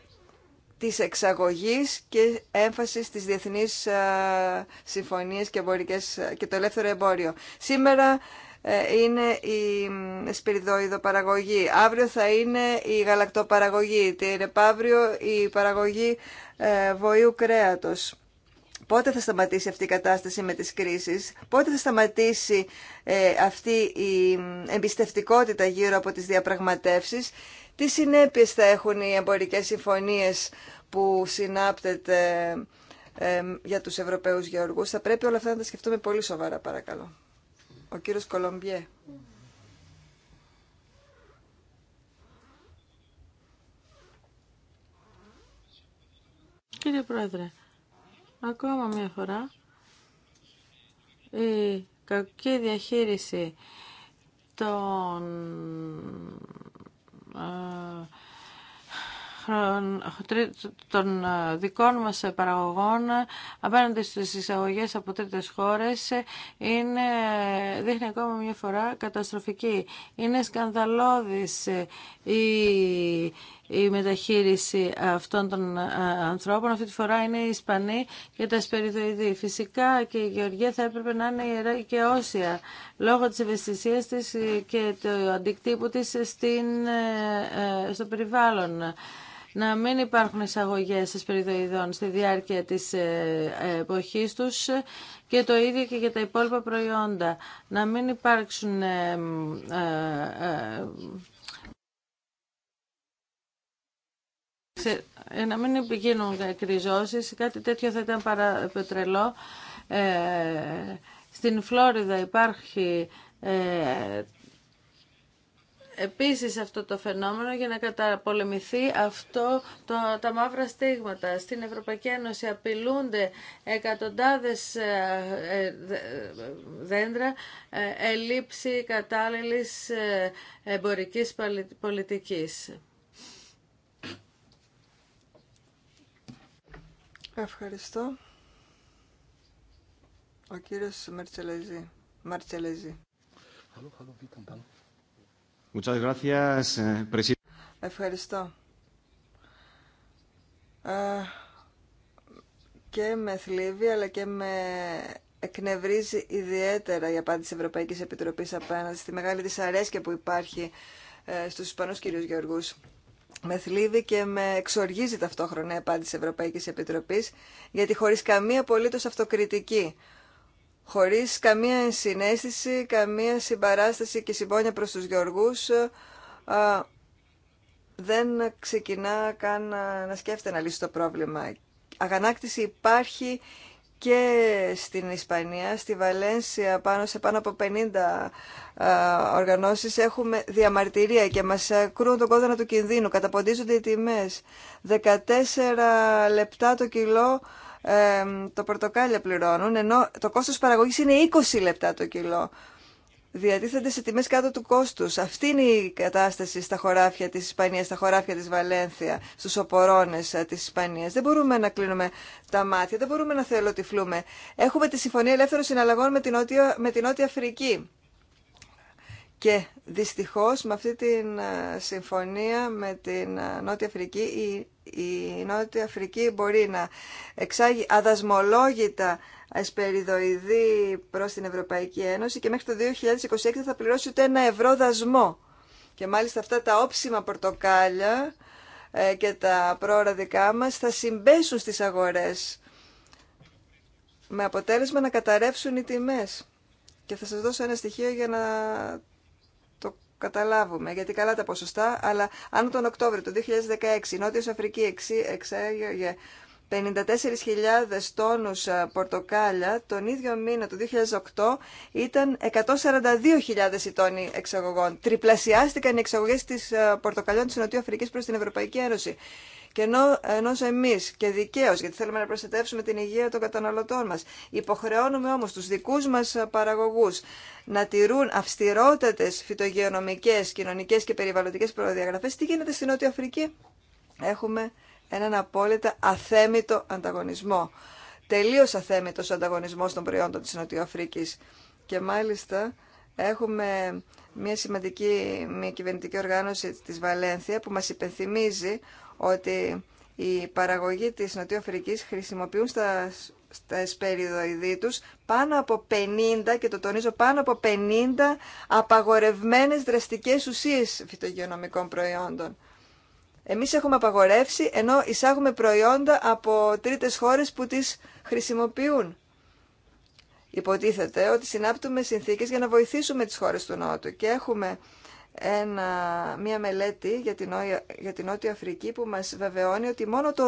της εξαγωγής και έμφαση στις διεθνείς ε, συμφωνίες και, εμπορικές, και το ελεύθερο εμπόριο. Σήμερα ε, είναι η παραγωγή, αύριο θα είναι η γαλακτοπαραγωγή, την επαύριο η παραγωγή ε, βοήου κρέατος. Πότε θα σταματήσει αυτή η κατάσταση με τις κρίσεις, πότε θα σταματήσει ε, αυτή η εμπιστευτικότητα γύρω από τις διαπραγματεύσεις, τι συνέπειες θα έχουν οι εμπορικές συμφωνίες που συνάπτεται ε, για τους Ευρωπαίους γεωργούς. Θα πρέπει όλα αυτά να τα σκεφτούμε πολύ σοβαρά, παρακαλώ. Ο κύριος Κολομπιέ. Κύριε Πρόεδρε, Ακόμα μια φορά η κακή διαχείριση των ε, των ε, δικών μας παραγωγών απέναντι στις εισαγωγές από τρίτες χώρες είναι, δείχνει ακόμα μια φορά καταστροφική. Είναι σκανδαλώδης η η μεταχείριση αυτών των ε, ανθρώπων. Αυτή τη φορά είναι οι Ισπανοί και τα σπεριδοειδή. Φυσικά και η Γεωργία θα έπρεπε να είναι και όσια λόγω της ευαισθησίας της και του αντικτύπου της στην, ε, ε, στο περιβάλλον να μην υπάρχουν εισαγωγές σπεριδοειδών στη διάρκεια της εποχής τους και το ίδιο και για τα υπόλοιπα προϊόντα. Να μην υπάρξουν Ε, να μην γίνουν κρυζώσει, κάτι τέτοιο θα ήταν παραπετρελό. Ε, στην Φλόριδα υπάρχει ε, επίσης αυτό το φαινόμενο για να καταπολεμηθεί αυτό το, τα μαύρα στίγματα. Στην Ευρωπαϊκή Ένωση απειλούνται εκατοντάδες ε, δέντρα ε, ελήψη κατάλληλης εμπορικής πολιτικής. Ευχαριστώ. Ο κύριος Μαρτσελεζή. Μαρτσελεζή. Eh, Ευχαριστώ. Και με θλίβει αλλά και με εκνευρίζει ιδιαίτερα η απάντηση της Ευρωπαϊκής Επιτροπής απέναντι στη μεγάλη δυσαρέσκεια που υπάρχει ε, στους Ισπανούς κυρίους Γεωργούς με θλίβει και με εξοργίζει ταυτόχρονα η απάντηση Ευρωπαϊκής Επιτροπής, γιατί χωρίς καμία απολύτω αυτοκριτική, χωρίς καμία συνέστηση, καμία συμπαράσταση και συμπόνια προ τους Γεωργούς, ε, δεν ξεκινά καν να σκέφτεται να λύσει το πρόβλημα. Αγανάκτηση υπάρχει και στην Ισπανία, στη Βαλένσια, πάνω σε πάνω από 50 οργανώσεις έχουμε διαμαρτυρία και μας ακρούν τον κόδωνα του κινδύνου, καταποντίζονται οι τιμές. 14 λεπτά το κιλό το πορτοκάλια πληρώνουν, ενώ το κόστος παραγωγής είναι 20 λεπτά το κιλό διατίθενται σε τιμές κάτω του κόστους. Αυτή είναι η κατάσταση στα χωράφια της Ισπανίας, στα χωράφια της Βαλένθια, στους οπορώνες ε, της Ισπανίας. Δεν μπορούμε να κλείνουμε τα μάτια, δεν μπορούμε να φλούμε. Έχουμε τη Συμφωνία Ελεύθερων Συναλλαγών με την Νότια, με την Αφρική. Και δυστυχώς με αυτή τη ε, συμφωνία με την ε, Νότια Αφρική η η Νότια Αφρική μπορεί να εξάγει αδασμολόγητα εσπεριδοειδή προς την Ευρωπαϊκή Ένωση και μέχρι το 2026 θα πληρώσει ούτε ένα ευρώ δασμό. Και μάλιστα αυτά τα όψιμα πορτοκάλια ε, και τα πρόωρα δικά μας θα συμπέσουν στις αγορές με αποτέλεσμα να καταρρεύσουν οι τιμές. Και θα σας δώσω ένα στοιχείο για να καταλάβουμε, γιατί καλά τα ποσοστά, αλλά αν τον Οκτώβριο του 2016 η Νότιος Αφρική εξέγεγε 54.000 τόνους ε, πορτοκάλια, τον ίδιο μήνα του 2008 ήταν 142.000 οι τόνοι εξαγωγών. Τριπλασιάστηκαν οι εξαγωγές της ε, πορτοκαλιών της Νοτιού Αφρικής προς την Ευρωπαϊκή Ένωση. Και ενώ, ενώ εμείς και δικαίω, γιατί θέλουμε να προστατεύσουμε την υγεία των καταναλωτών μα. υποχρεώνουμε όμω του δικού μα παραγωγού να τηρούν αυστηρότατε φυτογεωνομικές, κοινωνικέ και περιβαλλοντικέ προδιαγραφέ, τι γίνεται στην Νότια Αφρική. Έχουμε έναν απόλυτα αθέμητο ανταγωνισμό. Τελείω αθέμητο ανταγωνισμό ανταγωνισμός των προϊόντων της Αφρική. Και μάλιστα έχουμε μια σημαντική μια κυβερνητική οργάνωση της Βαλένθια που μας υπενθυμίζει ότι οι παραγωγοί της Νοτιοαφρικής χρησιμοποιούν στα, στα εσπεριδοειδή τους πάνω από 50, και το τονίζω, πάνω από 50 απαγορευμένες δραστικές ουσίες φυτογειονομικών προϊόντων. Εμείς έχουμε απαγορεύσει, ενώ εισάγουμε προϊόντα από τρίτες χώρες που τις χρησιμοποιούν. Υποτίθεται ότι συνάπτουμε συνθήκες για να βοηθήσουμε τις χώρες του Νότου και έχουμε ένα, μια μελέτη για την, για Νότια Αφρική που μας βεβαιώνει ότι μόνο το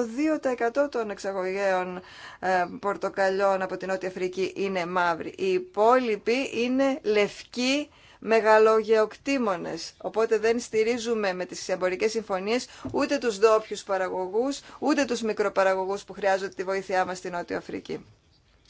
2% των εξαγωγέων ε, πορτοκαλιών από την Νότια Αφρική είναι μαύροι. Οι υπόλοιποι είναι λευκοί μεγαλογεοκτήμονες. Οπότε δεν στηρίζουμε με τις εμπορικές συμφωνίες ούτε τους ντόπιου παραγωγούς, ούτε τους μικροπαραγωγούς που χρειάζονται τη βοήθειά μας στην Νότια Αφρική.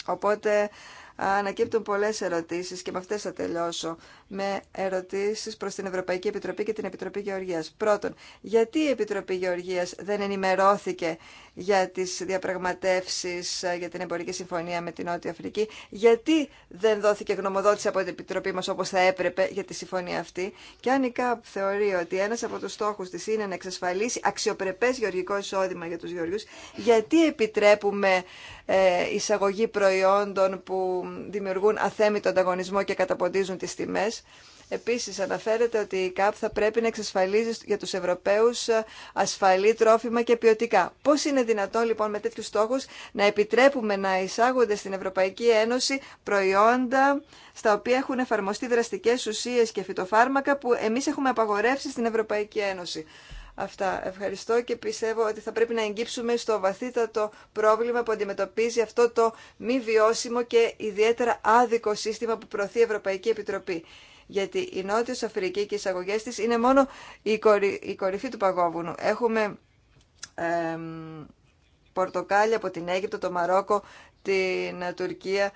Οπότε ανακύπτουν πολλές ερωτήσεις και με αυτές θα τελειώσω με ερωτήσει προ την Ευρωπαϊκή Επιτροπή και την Επιτροπή Γεωργίας. Πρώτον, γιατί η Επιτροπή Γεωργίας δεν ενημερώθηκε για τι διαπραγματεύσει ε, για την εμπορική συμφωνία με την Νότια Αφρική, γιατί δεν δόθηκε γνωμοδότηση από την Επιτροπή μα όπω θα έπρεπε για τη συμφωνία αυτή και αν η ΚΑΠ θεωρεί ότι ένα από του στόχου τη είναι να εξασφαλίσει αξιοπρεπέ γεωργικό εισόδημα για του γεωργιούς, γιατί επιτρέπουμε ε, εισαγωγή προϊόντων που δημιουργούν αθέμητο ανταγωνισμό και καταποντίζουν τις τιμές Επίση, Επίσης αναφέρεται ότι η ΚΑΠ θα πρέπει να εξασφαλίζει για τους Ευρωπαίους ε, ασφαλή τρόφιμα και ποιοτικά. Πώς είναι δυνατόν λοιπόν με τέτοιους στόχους να επιτρέπουμε να εισάγονται στην Ευρωπαϊκή Ένωση προϊόντα στα οποία έχουν εφαρμοστεί δραστικές ουσίες και φυτοφάρμακα που εμείς έχουμε απαγορεύσει στην Ευρωπαϊκή Ένωση αυτά. Ευχαριστώ και πιστεύω ότι θα πρέπει να εγγύψουμε στο βαθύτατο πρόβλημα που αντιμετωπίζει αυτό το μη βιώσιμο και ιδιαίτερα άδικο σύστημα που προωθεί η Ευρωπαϊκή Επιτροπή. Γιατί η Νότιος Αφρική και οι εισαγωγές της είναι μόνο η, κορυφή του παγόβουνου. Έχουμε πορτοκάλια από την Αίγυπτο, το Μαρόκο, την Τουρκία.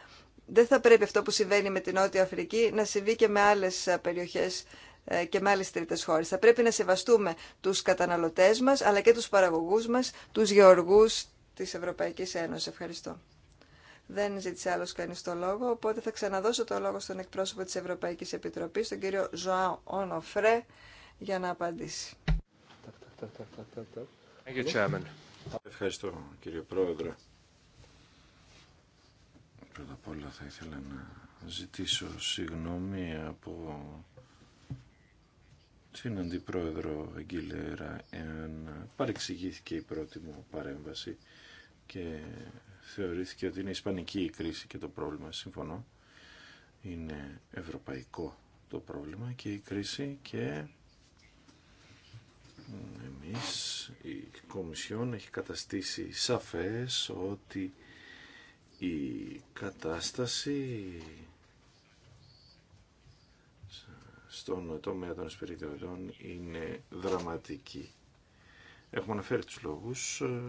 Δεν θα πρέπει αυτό που συμβαίνει με την Νότια Αφρική να συμβεί και με άλλες περιοχές ε, και με άλλε τρίτε χώρε. Θα πρέπει να σεβαστούμε του καταναλωτέ μα, αλλά και του παραγωγού μα, του γεωργού τη Ευρωπαϊκή Ένωση. Ευχαριστώ. Δεν ζήτησε άλλο κανεί το λόγο, οπότε θα ξαναδώσω το λόγο στον εκπρόσωπο τη Ευρωπαϊκή Επιτροπή, τον κύριο Ζωάν Ονοφρέ, για να απαντήσει. Ευχαριστώ, κύριε Πρόεδρε. Πρώτα απ' όλα θα ήθελα να ζητήσω συγγνώμη από στην Αντιπρόεδρο Αγγίλερα εάν παρεξηγήθηκε η πρώτη μου παρέμβαση και θεωρήθηκε ότι είναι ισπανική η κρίση και το πρόβλημα. Συμφωνώ. Είναι ευρωπαϊκό το πρόβλημα και η κρίση και εμείς η Κομισιόν έχει καταστήσει σαφές ότι η κατάσταση Το τομέα των εσπεριδοειδών είναι δραματική. Έχουμε αναφέρει τους λόγους ε,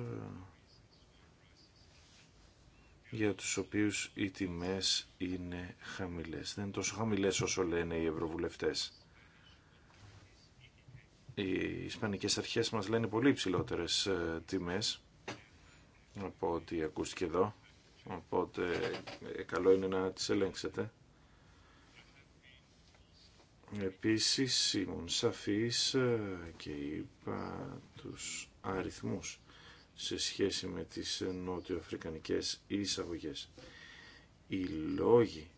για τους οποίους οι τιμές είναι χαμηλές. Δεν είναι τόσο χαμηλές όσο λένε οι ευρωβουλευτές. Οι ισπανικές αρχές μας λένε πολύ υψηλότερες ε, τιμές από ό,τι ακούστηκε εδώ. Οπότε ε, καλό είναι να τις ελέγξετε. Επίσης ήμουν σαφής ε, και είπα τους αριθμούς σε σχέση με τις νότιο-αφρικανικές εισαγωγές. Οι λόγοι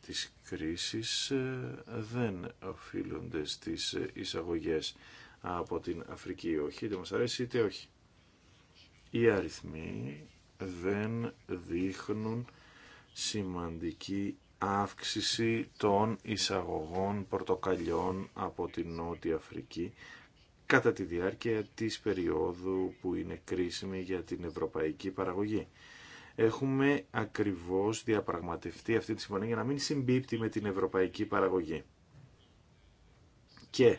της κρίσης ε, δεν οφείλονται στις εισαγωγές από την Αφρική. Όχι, είτε μας αρέσει είτε όχι. Οι αριθμοί δεν δείχνουν σημαντική αύξηση των εισαγωγών πορτοκαλιών από την Νότια Αφρική κατά τη διάρκεια της περίοδου που είναι κρίσιμη για την ευρωπαϊκή παραγωγή. Έχουμε ακριβώς διαπραγματευτεί αυτή τη συμφωνία για να μην συμπίπτει με την ευρωπαϊκή παραγωγή. Και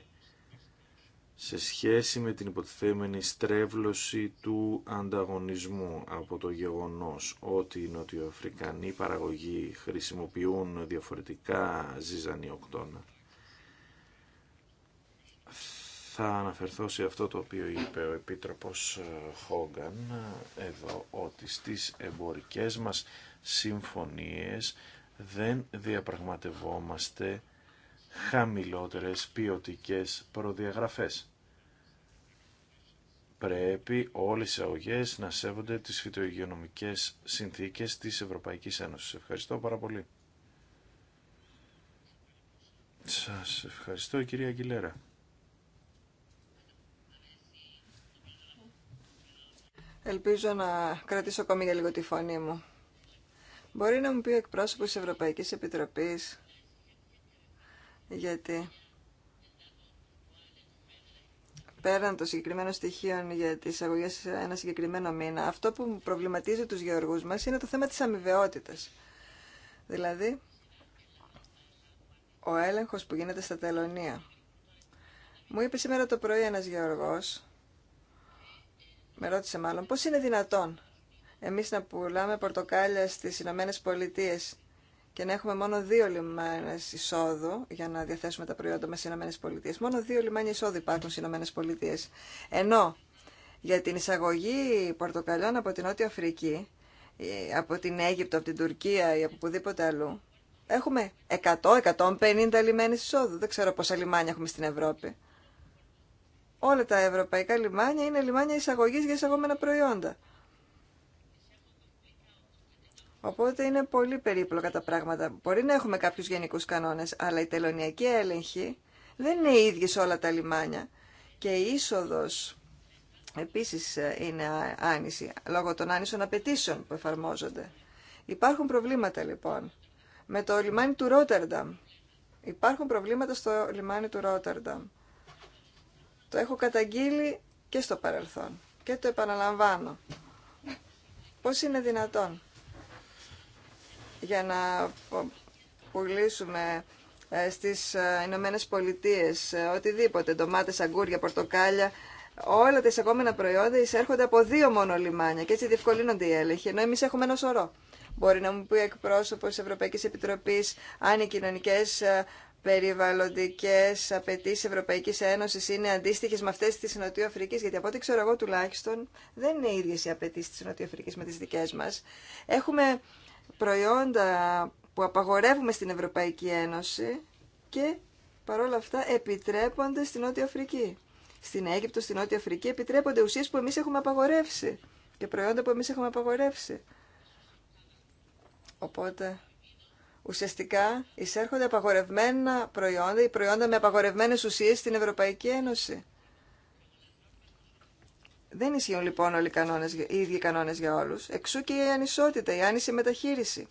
σε σχέση με την υποτιθέμενη στρέβλωση του ανταγωνισμού από το γεγονός ότι οι νοτιοαφρικανοί παραγωγοί χρησιμοποιούν διαφορετικά οκτώνα, Θα αναφερθώ σε αυτό το οποίο είπε ο Επίτροπος ε, Χόγκαν εδώ ότι στις εμπορικές μας συμφωνίες δεν διαπραγματευόμαστε χαμηλότερες ποιοτικές προδιαγραφές. Πρέπει όλες οι αγωγές να σέβονται τις φυτοϊγειονομικές συνθήκες της Ευρωπαϊκής Ένωσης. Ευχαριστώ πάρα πολύ. Σας ευχαριστώ κυρία Αγγιλέρα. Ελπίζω να κρατήσω ακόμη για λίγο τη φωνή μου. Μπορεί να μου πει ο εκπρόσωπος της Ευρωπαϊκής Επιτροπής γιατί πέραν των συγκεκριμένων στοιχείων για τι αγωγές σε ένα συγκεκριμένο μήνα, αυτό που προβληματίζει τους γεωργού μας είναι το θέμα της αμοιβαιότητα. Δηλαδή, ο έλεγχο που γίνεται στα τελωνία. Μου είπε σήμερα το πρωί ένα γεωργό, με ρώτησε μάλλον, πώς είναι δυνατόν εμείς να πουλάμε πορτοκάλια στι Ηνωμένε Πολιτείε και να έχουμε μόνο δύο λιμάνια εισόδου για να διαθέσουμε τα προϊόντα μα στι ΗΠΑ. Μόνο δύο λιμάνια εισόδου υπάρχουν στι ΗΠΑ. Ενώ για την εισαγωγή πορτοκαλιών από την Νότια Αφρική, ε, από την Αίγυπτο, από την Τουρκία ή από οπουδήποτε αλλού, έχουμε 100-150 λιμένες εισόδου. Δεν ξέρω πόσα λιμάνια έχουμε στην Ευρώπη. Όλα τα ευρωπαϊκά λιμάνια είναι λιμάνια εισαγωγής για εισαγόμενα προϊόντα. Οπότε είναι πολύ περίπλοκα τα πράγματα. Μπορεί να έχουμε κάποιους γενικούς κανόνες, αλλά η τελωνιακή έλεγχη δεν είναι ίδια σε όλα τα λιμάνια. Και η είσοδος επίσης ε, είναι άνηση, λόγω των άνησων απαιτήσεων που εφαρμόζονται. Υπάρχουν προβλήματα λοιπόν. Με το λιμάνι του Ρότερνταμ. Υπάρχουν προβλήματα στο λιμάνι του Ρότερνταμ. Το έχω καταγγείλει και στο παρελθόν. Και το επαναλαμβάνω. Πώς είναι δυνατόν για να πουλήσουμε ε, στις ε, Ηνωμένε Πολιτείε, ε, οτιδήποτε, ντομάτες, αγκούρια, πορτοκάλια, όλα τα εισαγόμενα προϊόντα εισέρχονται από δύο μόνο λιμάνια και έτσι διευκολύνονται οι έλεγχοι, ενώ εμείς έχουμε ένα σωρό. Μπορεί να μου πει εκπρόσωπο τη Ευρωπαϊκή Επιτροπή αν οι κοινωνικέ περιβαλλοντικέ απαιτήσει Ευρωπαϊκή Ένωση είναι αντίστοιχε με αυτέ τη Νοτιοαφρική, γιατί από ό,τι ξέρω εγώ τουλάχιστον δεν είναι ίδιε οι απαιτήσει τη Νοτιοαφρική με τι δικέ μα. Έχουμε προϊόντα που απαγορεύουμε στην Ευρωπαϊκή Ένωση και παρόλα αυτά επιτρέπονται στην Νότια Αφρική. Στην Αίγυπτο, στην Νότια Αφρική επιτρέπονται ουσίες που εμείς έχουμε απαγορεύσει και προϊόντα που εμείς έχουμε απαγορεύσει. Οπότε ουσιαστικά εισέρχονται απαγορευμένα προϊόντα ή προϊόντα με απαγορευμένες ουσίες στην Ευρωπαϊκή Ένωση. Δεν ισχύουν λοιπόν όλοι οι, κανόνες, οι ίδιοι κανόνε για όλου. Εξού και η ανισότητα, η άνηση μεταχείριση.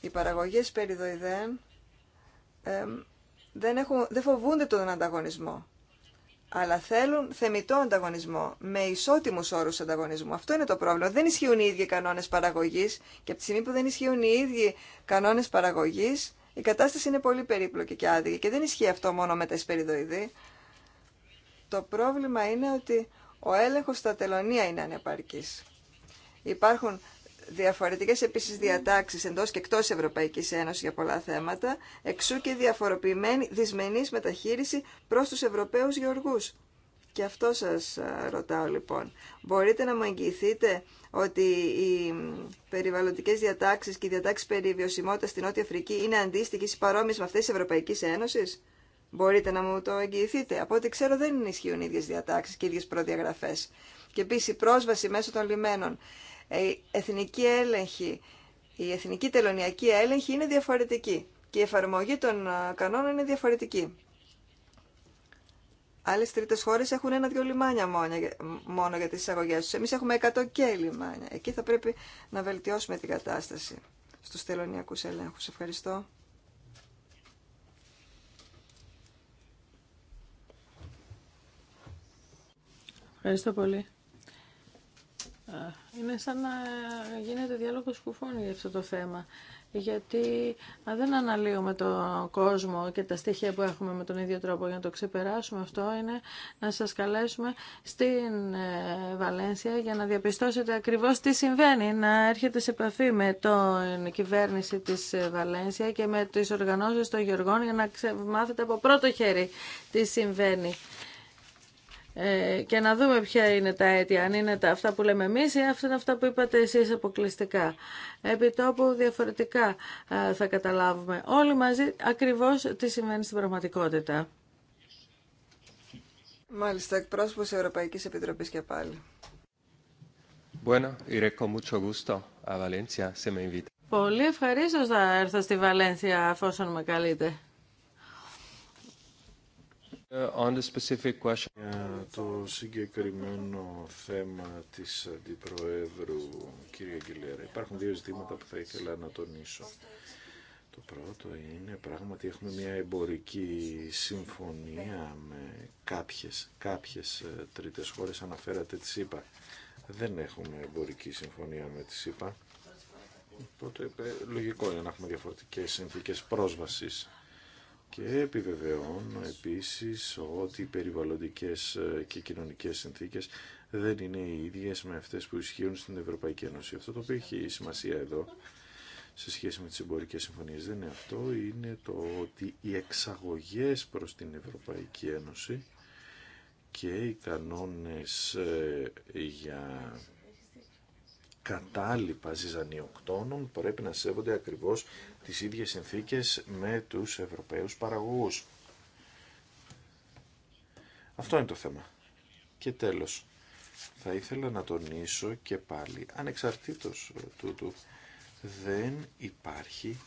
Οι παραγωγές περιδοειδέν δεν, έχουν, δεν φοβούνται τον ανταγωνισμό. Αλλά θέλουν θεμητό ανταγωνισμό, με ισότιμου όρου ανταγωνισμού. Αυτό είναι το πρόβλημα. Δεν ισχύουν οι ίδιοι κανόνε παραγωγή και από τη στιγμή που δεν ισχύουν οι ίδιοι κανόνε παραγωγή, η κατάσταση είναι πολύ περίπλοκη και άδικη. Και δεν ισχύει αυτό μόνο με τα εσπεριδοειδή. Το πρόβλημα είναι ότι ο έλεγχος στα τελωνία είναι ανεπαρκής. Υπάρχουν διαφορετικές επίσης διατάξεις εντός και εκτός Ευρωπαϊκής Ένωσης για πολλά θέματα, εξού και διαφοροποιημένη δυσμενής μεταχείριση προς τους Ευρωπαίους γεωργούς. Και αυτό σας ρωτάω λοιπόν. Μπορείτε να μου εγγυηθείτε ότι οι περιβαλλοντικές διατάξεις και οι διατάξεις περί στην Νότια Αφρική είναι αντίστοιχες ή παρόμοιες με αυτές της Ευρωπαϊκής Ένωσης. Μπορείτε να μου το εγγυηθείτε. Από ό,τι ξέρω δεν ισχύουν οι ίδιες διατάξεις και οι ίδιες προδιαγραφές. Και επίση, η πρόσβαση μέσω των λιμένων, ε, η εθνική έλεγχη, η εθνική τελωνιακή έλεγχη είναι διαφορετική και η εφαρμογή των ε, κανόνων είναι διαφορετική. Άλλε τρίτε χώρε έχουν ένα-δυο λιμάνια μόνο για τι εισαγωγέ του. Εμεί έχουμε 100 και λιμάνια. Εκεί θα πρέπει να βελτιώσουμε την κατάσταση στου τελωνιακού ελέγχου. Ευχαριστώ. Ευχαριστώ πολύ. Ε, είναι σαν να γίνεται διάλογος κουφών για αυτό το θέμα. Γιατί αν δεν αναλύουμε τον κόσμο και τα στοιχεία που έχουμε με τον ίδιο τρόπο για να το ξεπεράσουμε αυτό είναι να σας καλέσουμε στην ε, Βαλένσια για να διαπιστώσετε ακριβώς τι συμβαίνει. Να έρχεται σε επαφή με την κυβέρνηση της ε, Βαλένσια και με τις οργανώσεις των Γεωργών για να μάθετε από πρώτο χέρι τι συμβαίνει. Ε, και να δούμε ποια είναι τα αίτια, αν είναι τα, αυτά που λέμε εμείς ή αυτά είναι αυτά που είπατε εσείς αποκλειστικά. Επί τόπου διαφορετικά ε, θα καταλάβουμε όλοι μαζί ακριβώς τι συμβαίνει στην πραγματικότητα. Μάλιστα, εκπρόσωπος Ευρωπαϊκής Επιτροπής και πάλι. Πολύ ευχαρίστω θα έρθω στη Βαλένθια, αφόσον με καλείτε. Ε, Για το συγκεκριμένο θέμα της Αντιπροέδρου, κύριε Αγγιλέρα, υπάρχουν δύο ζητήματα που θα ήθελα να τονίσω. Το πρώτο είναι πράγματι έχουμε μια εμπορική συμφωνία με κάποιες, κάποιες ε, τρίτες χώρες, αναφέρατε τις ΣΥΠΑ. Δεν έχουμε εμπορική συμφωνία με τις ΣΥΠΑ. Οπότε ε, λογικό είναι να έχουμε διαφορετικές συνθήκες πρόσβασης και επιβεβαιώνω επίσης ότι οι περιβαλλοντικές και κοινωνικές συνθήκες δεν είναι οι ίδιες με αυτές που ισχύουν στην Ευρωπαϊκή Ένωση. Αυτό το οποίο έχει σημασία εδώ σε σχέση με τις εμπορικές συμφωνίες δεν είναι αυτό, είναι το ότι οι εξαγωγές προς την Ευρωπαϊκή Ένωση και οι κανόνες ε, για κατάλοιπα ζυζανιοκτώνων πρέπει να σέβονται ακριβώς τις ίδιες συνθήκες με τους Ευρωπαίους παραγωγούς. Αυτό είναι το θέμα. Και τέλος, θα ήθελα να τονίσω και πάλι, ανεξαρτήτως ε, του, δεν υπάρχει,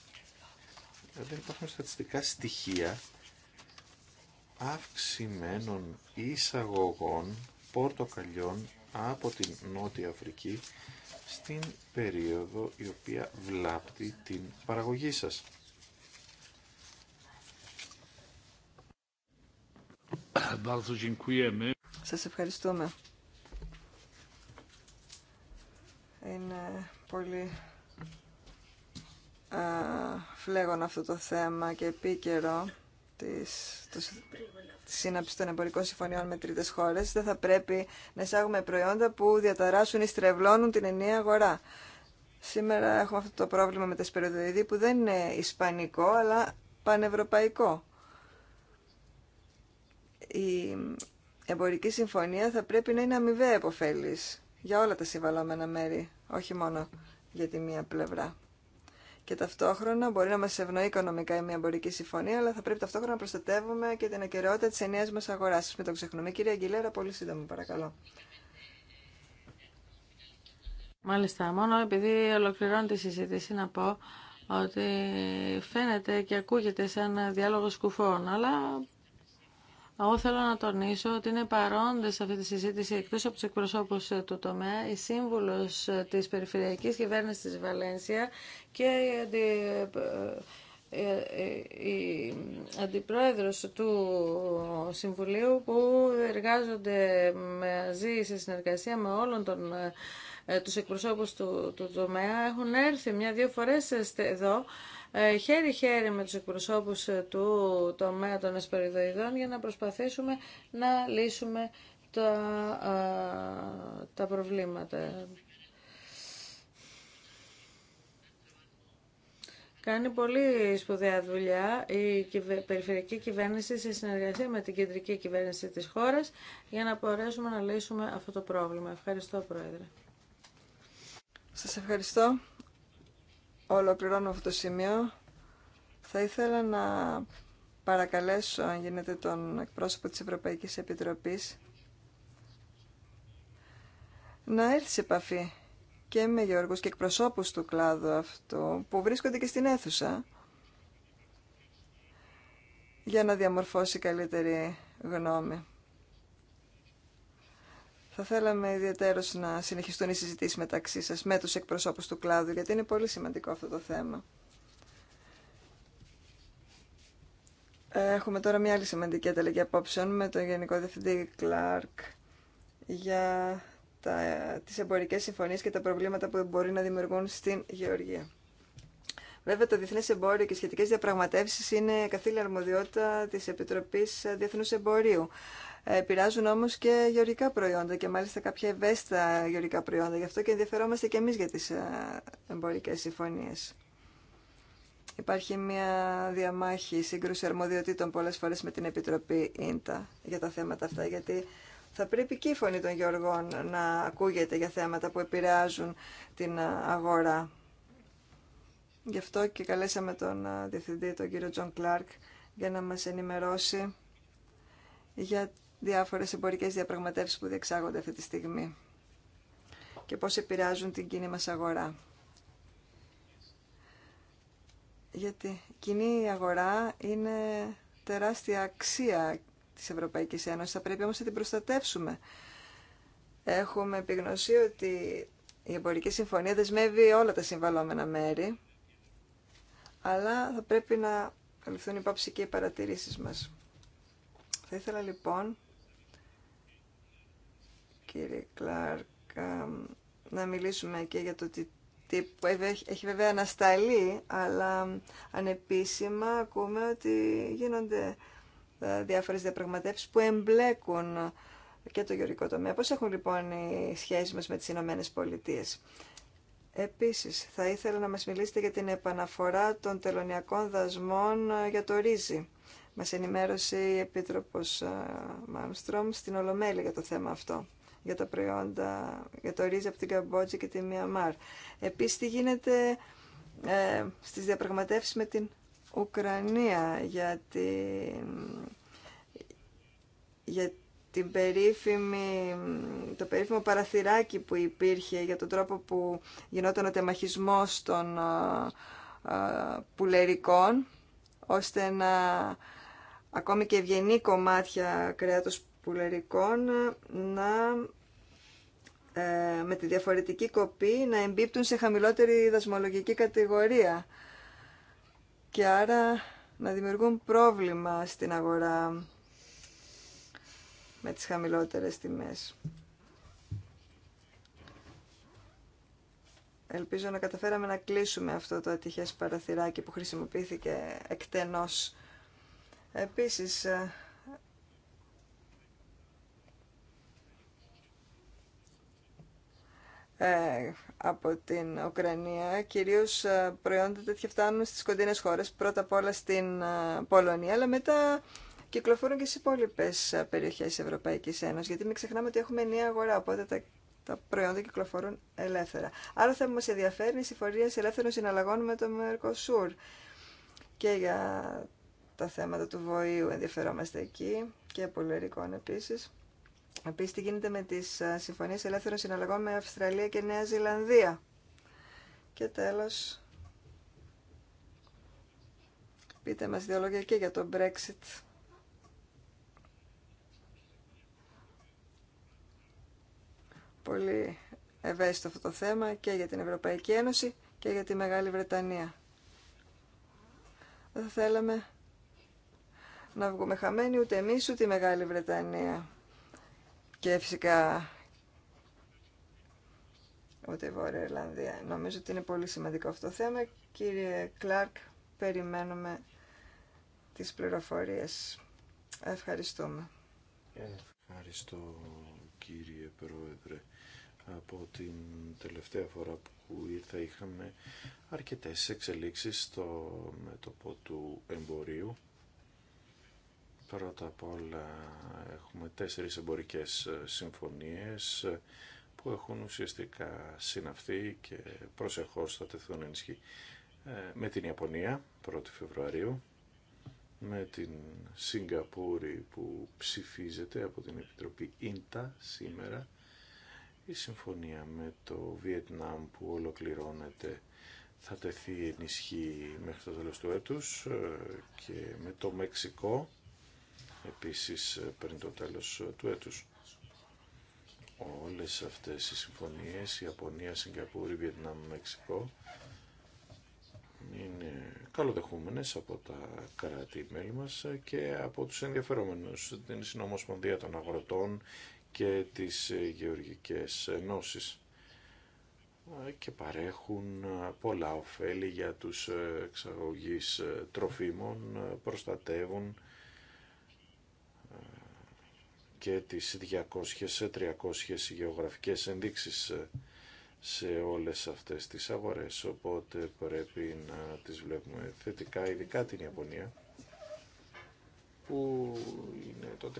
δεν υπάρχουν στατιστικά στοιχεία αυξημένων εισαγωγών πορτοκαλιών από την Νότια Αφρική στην περίοδο η οποία βλάπτει την παραγωγή σας. Σας ευχαριστούμε. Είναι πολύ φλέγον αυτό το θέμα και επίκαιρο της, τη σύναψη των εμπορικών συμφωνιών με τρίτες χώρες, δεν θα πρέπει να εισάγουμε προϊόντα που διαταράσσουν ή στρεβλώνουν την ενιαία αγορά. Σήμερα έχουμε αυτό το πρόβλημα με τα σπεριδοειδή που δεν είναι ισπανικό αλλά πανευρωπαϊκό. Η εμπορική συμφωνία θα πρέπει να είναι αμοιβαία επωφέλης για όλα τα συμβαλόμενα μέρη, όχι μόνο για τη μία πλευρά και ταυτόχρονα μπορεί να μας ευνοεί οικονομικά η μια εμπορική συμφωνία, αλλά θα πρέπει ταυτόχρονα να προστατεύουμε και την ακαιρεότητα τη ενιαίας μας αγοράς. Μην το ξεχνούμε. Κυρία Αγγιλέρα, πολύ σύντομα παρακαλώ. Μάλιστα, μόνο επειδή ολοκληρώνω τη συζήτηση να πω ότι φαίνεται και ακούγεται σαν διάλογο σκουφών, αλλά εγώ θέλω να τονίσω ότι είναι παρόντε σε αυτή τη συζήτηση εκτό από του εκπροσώπου ε, του τομέα, η σύμβουλο ε, τη Περιφερειακή Κυβέρνηση τη Βαλένσια και η, αντι... Ε, αντιπρόεδρος του Συμβουλίου που εργάζονται μαζί σε συνεργασία με όλων των τους εκπροσώπους του, του τομέα έχουν έρθει μια-δύο φορές εδώ ε, χέρι-χέρι με τους εκπροσώπους ε, του τομέα των εσπεριδοειδών για να προσπαθήσουμε να λύσουμε τα, τα προβλήματα. Κάνει πολύ σπουδαία δουλειά η περιφερειακή κυβέρνηση σε συνεργασία με την κεντρική κυβέρνηση της χώρας για να μπορέσουμε να λύσουμε αυτό το πρόβλημα. Ευχαριστώ, Πρόεδρε. Σας ευχαριστώ ολοκληρώνω αυτό το σημείο, θα ήθελα να παρακαλέσω, αν γίνεται, τον εκπρόσωπο της Ευρωπαϊκής Επιτροπής να έρθει σε επαφή και με Γιώργους και εκπροσώπους του κλάδου αυτού που βρίσκονται και στην αίθουσα για να διαμορφώσει καλύτερη γνώμη. Θα θέλαμε ιδιαίτερως να συνεχιστούν οι συζητήσεις μεταξύ σας με τους εκπροσώπους του κλάδου, γιατί είναι πολύ σημαντικό αυτό το θέμα. Έχουμε τώρα μια άλλη σημαντική ανταλλαγή απόψεων με τον Γενικό Διευθυντή Κλάρκ για τα, τις εμπορικές συμφωνίες και τα προβλήματα που μπορεί να δημιουργούν στην Γεωργία. Βέβαια, το διεθνές εμπόριο και σχετικές διαπραγματεύσεις είναι καθήλια αρμοδιότητα της Επιτροπής Διεθνούς Εμπορίου. Ε, επηρεάζουν όμως και γεωργικά προϊόντα και μάλιστα κάποια ευαίσθητα γεωργικά προϊόντα. Γι' αυτό και ενδιαφερόμαστε και εμείς για τις ε, εμπορικές συμφωνίε. Υπάρχει μια διαμάχη σύγκρουση αρμοδιοτήτων πολλές φορές με την Επιτροπή ΙΝΤΑ για τα θέματα αυτά, γιατί θα πρέπει και η φωνή των γεωργών να ακούγεται για θέματα που επηρεάζουν την ε, αγορά. Γι' αυτό και καλέσαμε τον Διευθυντή, τον κύριο Τζον Κλάρκ, για να μας ενημερώσει για διάφορες εμπορικές διαπραγματεύσεις που διεξάγονται αυτή τη στιγμή και πώς επηρεάζουν την κοινή μας αγορά. Γιατί η κοινή αγορά είναι τεράστια αξία της Ευρωπαϊκής Ένωσης. Θα πρέπει όμως να την προστατεύσουμε. Έχουμε επιγνωσεί ότι η εμπορική συμφωνία δεσμεύει όλα τα συμβαλόμενα μέρη, αλλά θα πρέπει να ληφθούν υπόψη και οι παρατηρήσεις μας. Θα ήθελα λοιπόν κύριε Κλάρκ, να μιλήσουμε και για το τι που έχει βέβαια ανασταλεί, αλλά ανεπίσημα ακούμε ότι γίνονται διάφορες διαπραγματεύσεις που εμπλέκουν και το γεωργικό τομέα. Πώς έχουν λοιπόν οι σχέσεις μας με τις Ηνωμένε Πολιτείε. Επίσης, θα ήθελα να μας μιλήσετε για την επαναφορά των τελωνιακών δασμών για το ρύζι. Μας ενημέρωσε η Επίτροπος Μάνστρομ στην Ολομέλη για το θέμα αυτό για τα προϊόντα, για το ρύζι από την Καμπότζη και τη Μιαμάρ. Επίσης, τι γίνεται ε, στις διαπραγματεύσεις με την Ουκρανία για για την περίφημη, το περίφημο παραθυράκι που υπήρχε για τον τρόπο που γινόταν ο τεμαχισμός των ε, ε, πουλερικών, ώστε να ακόμη και ευγενή κομμάτια κρέατος πουλερικών να ε, με τη διαφορετική κοπή να εμπίπτουν σε χαμηλότερη δασμολογική κατηγορία και άρα να δημιουργούν πρόβλημα στην αγορά με τις χαμηλότερες τιμές. Ελπίζω να καταφέραμε να κλείσουμε αυτό το ατυχές παραθυράκι που χρησιμοποιήθηκε εκτενώς. Επίσης, ε, Ε, από την Ουκρανία. Κυρίως ε, προϊόντα τέτοια φτάνουν στις κοντινές χώρες, πρώτα απ' όλα στην ε, Πολωνία, αλλά μετά κυκλοφορούν και στις υπόλοιπε περιοχές της Ευρωπαϊκής Ένωσης, γιατί μην ξεχνάμε ότι έχουμε νέα αγορά, οπότε τα, τα προϊόντα κυκλοφορούν ελεύθερα. Άρα θα μας ενδιαφέρει η σε ελεύθερων συναλλαγών με το Mercosur και για τα θέματα του βοήου ενδιαφερόμαστε εκεί και πολυερικών επίσης. Επίσης, τι γίνεται με τις συμφωνίες ελεύθερων συναλλαγών με Αυστραλία και Νέα Ζηλανδία. Και τέλος, πείτε μας δύο λόγια και για το Brexit. Πολύ ευαίσθητο αυτό το θέμα και για την Ευρωπαϊκή Ένωση και για τη Μεγάλη Βρετανία. Δεν θα θέλαμε να βγούμε χαμένοι ούτε εμείς ούτε η Μεγάλη Βρετανία και φυσικά ούτε η Βόρεια Ιρλανδία. Νομίζω ότι είναι πολύ σημαντικό αυτό το θέμα. Κύριε Κλάρκ, περιμένουμε τις πληροφορίες. Ευχαριστούμε. Ευχαριστώ κύριε Πρόεδρε. Από την τελευταία φορά που ήρθα είχαμε αρκετές εξελίξεις στο μέτωπο του εμπορίου Πρώτα απ' όλα έχουμε τέσσερις εμπορικές ε, συμφωνίες ε, που έχουν ουσιαστικά συναυθεί και προσεχώς θα τεθούν ενισχύ. Ε, με την Ιαπωνία, 1η Φεβρουαρίου, με την Σιγκαπούρη που ψηφίζεται από την Επιτροπή Ίντα σήμερα, η συμφωνία με το Βιετνάμ που ολοκληρώνεται θα τεθεί ενισχύ μέχρι το τέλος του έτους και με το Μεξικό επίσης ε, πριν το τέλος ε, του έτους. Όλες αυτές οι συμφωνίες, η Ιαπωνία, Σιγκαπούρη, Βιετνάμ, Μεξικό, είναι καλοδεχούμενες από τα κράτη-μέλη μας και από τους ενδιαφερόμενους, την Συνομοσπονδία των Αγροτών και τις ε, Γεωργικές Ενώσεις και παρέχουν πολλά ωφέλη για τους εξαγωγείς τροφίμων, προστατεύουν και τις 200-300 γεωγραφικές ενδείξεις ε, σε όλες αυτές τις αγορές, οπότε πρέπει να τις βλέπουμε θετικά, ειδικά την Ιαπωνία, που είναι το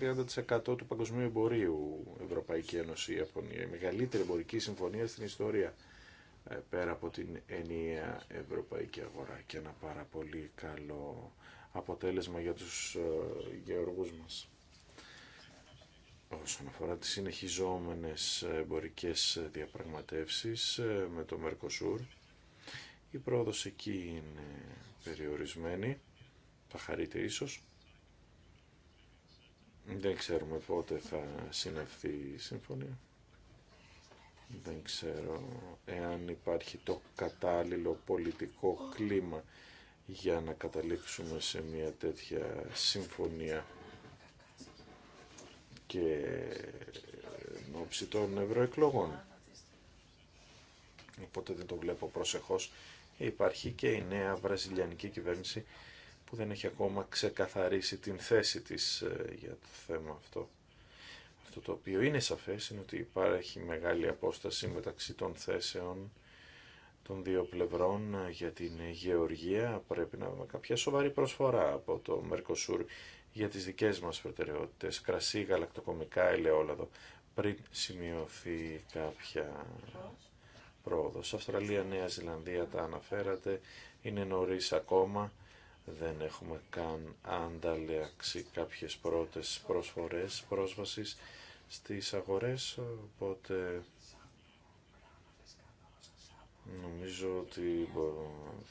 30% του παγκοσμίου εμπορίου Ευρωπαϊκή Ένωση Ιαπωνία, η μεγαλύτερη εμπορική συμφωνία στην ιστορία ε, πέρα από την ενιαία ευρωπαϊκή αγορά και ένα πάρα πολύ καλό αποτέλεσμα για τους ε, γεωργούς μας όσον αφορά τις συνεχιζόμενες εμπορικές διαπραγματεύσεις ε, με το Mercosur. Η πρόοδος εκεί είναι περιορισμένη, θα χαρείτε ίσως. Δεν ξέρουμε πότε θα συνεχθεί η συμφωνία. Δεν ξέρω εάν υπάρχει το κατάλληλο πολιτικό κλίμα για να καταλήξουμε σε μια τέτοια συμφωνία και εν των ευρωεκλογών. Οπότε δεν το βλέπω προσεχώς. Υπάρχει και η νέα βραζιλιανική κυβέρνηση που δεν έχει ακόμα ξεκαθαρίσει την θέση της ε, για το θέμα αυτό. Αυτό το οποίο είναι σαφές είναι ότι υπάρχει μεγάλη απόσταση μεταξύ των θέσεων των δύο πλευρών ε, για την γεωργία. Πρέπει να έχουμε κάποια σοβαρή προσφορά από το Μερκοσούρ για τις δικές μας προτεραιότητες, κρασί, γαλακτοκομικά, ελαιόλαδο, πριν σημειωθεί κάποια πρόοδος. Αυστραλία, Νέα Ζηλανδία τα αναφέρατε, είναι νωρίς ακόμα, δεν έχουμε καν ανταλλαξή κάποιες πρώτες προσφορές πρόσβασης στις αγορές, οπότε νομίζω ότι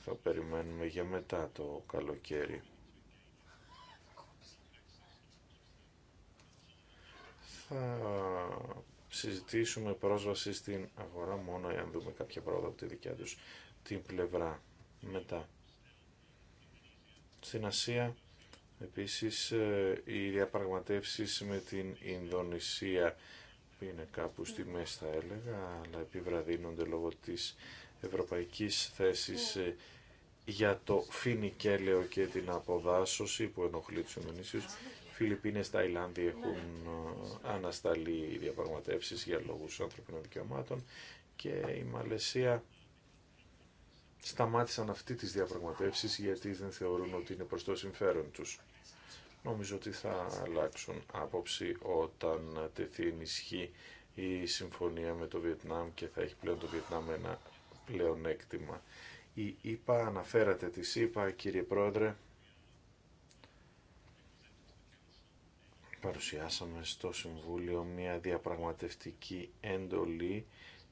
θα περιμένουμε για μετά το καλοκαίρι. θα συζητήσουμε πρόσβαση στην αγορά μόνο εάν δούμε κάποια πρόοδο από τη δικιά τους την πλευρά μετά. Στην Ασία επίσης ε, οι διαπραγματεύσεις με την Ινδονησία είναι κάπου στη μέση θα έλεγα αλλά επιβραδύνονται λόγω της ευρωπαϊκής θέσης ε, για το φινικέλαιο και την αποδάσωση που ενοχλεί τους Ινδονησίους Φιλιππίνες, Ταϊλάνδη έχουν ε, ανασταλεί διαπραγματεύσεις για λόγους ανθρωπινών δικαιωμάτων και η Μαλαισία σταμάτησαν αυτή τις διαπραγματεύσεις γιατί δεν θεωρούν ότι είναι προς το συμφέρον τους. Νομίζω ότι θα αλλάξουν άποψη όταν τεθεί ενισχύ η συμφωνία με το Βιετνάμ και θα έχει πλέον το Βιετνάμ ένα πλεονέκτημα. Η ΕΠΑ, αναφέρατε τη ΕΠΑ κύριε Πρόεδρε, παρουσιάσαμε στο Συμβούλιο μια διαπραγματευτική έντολη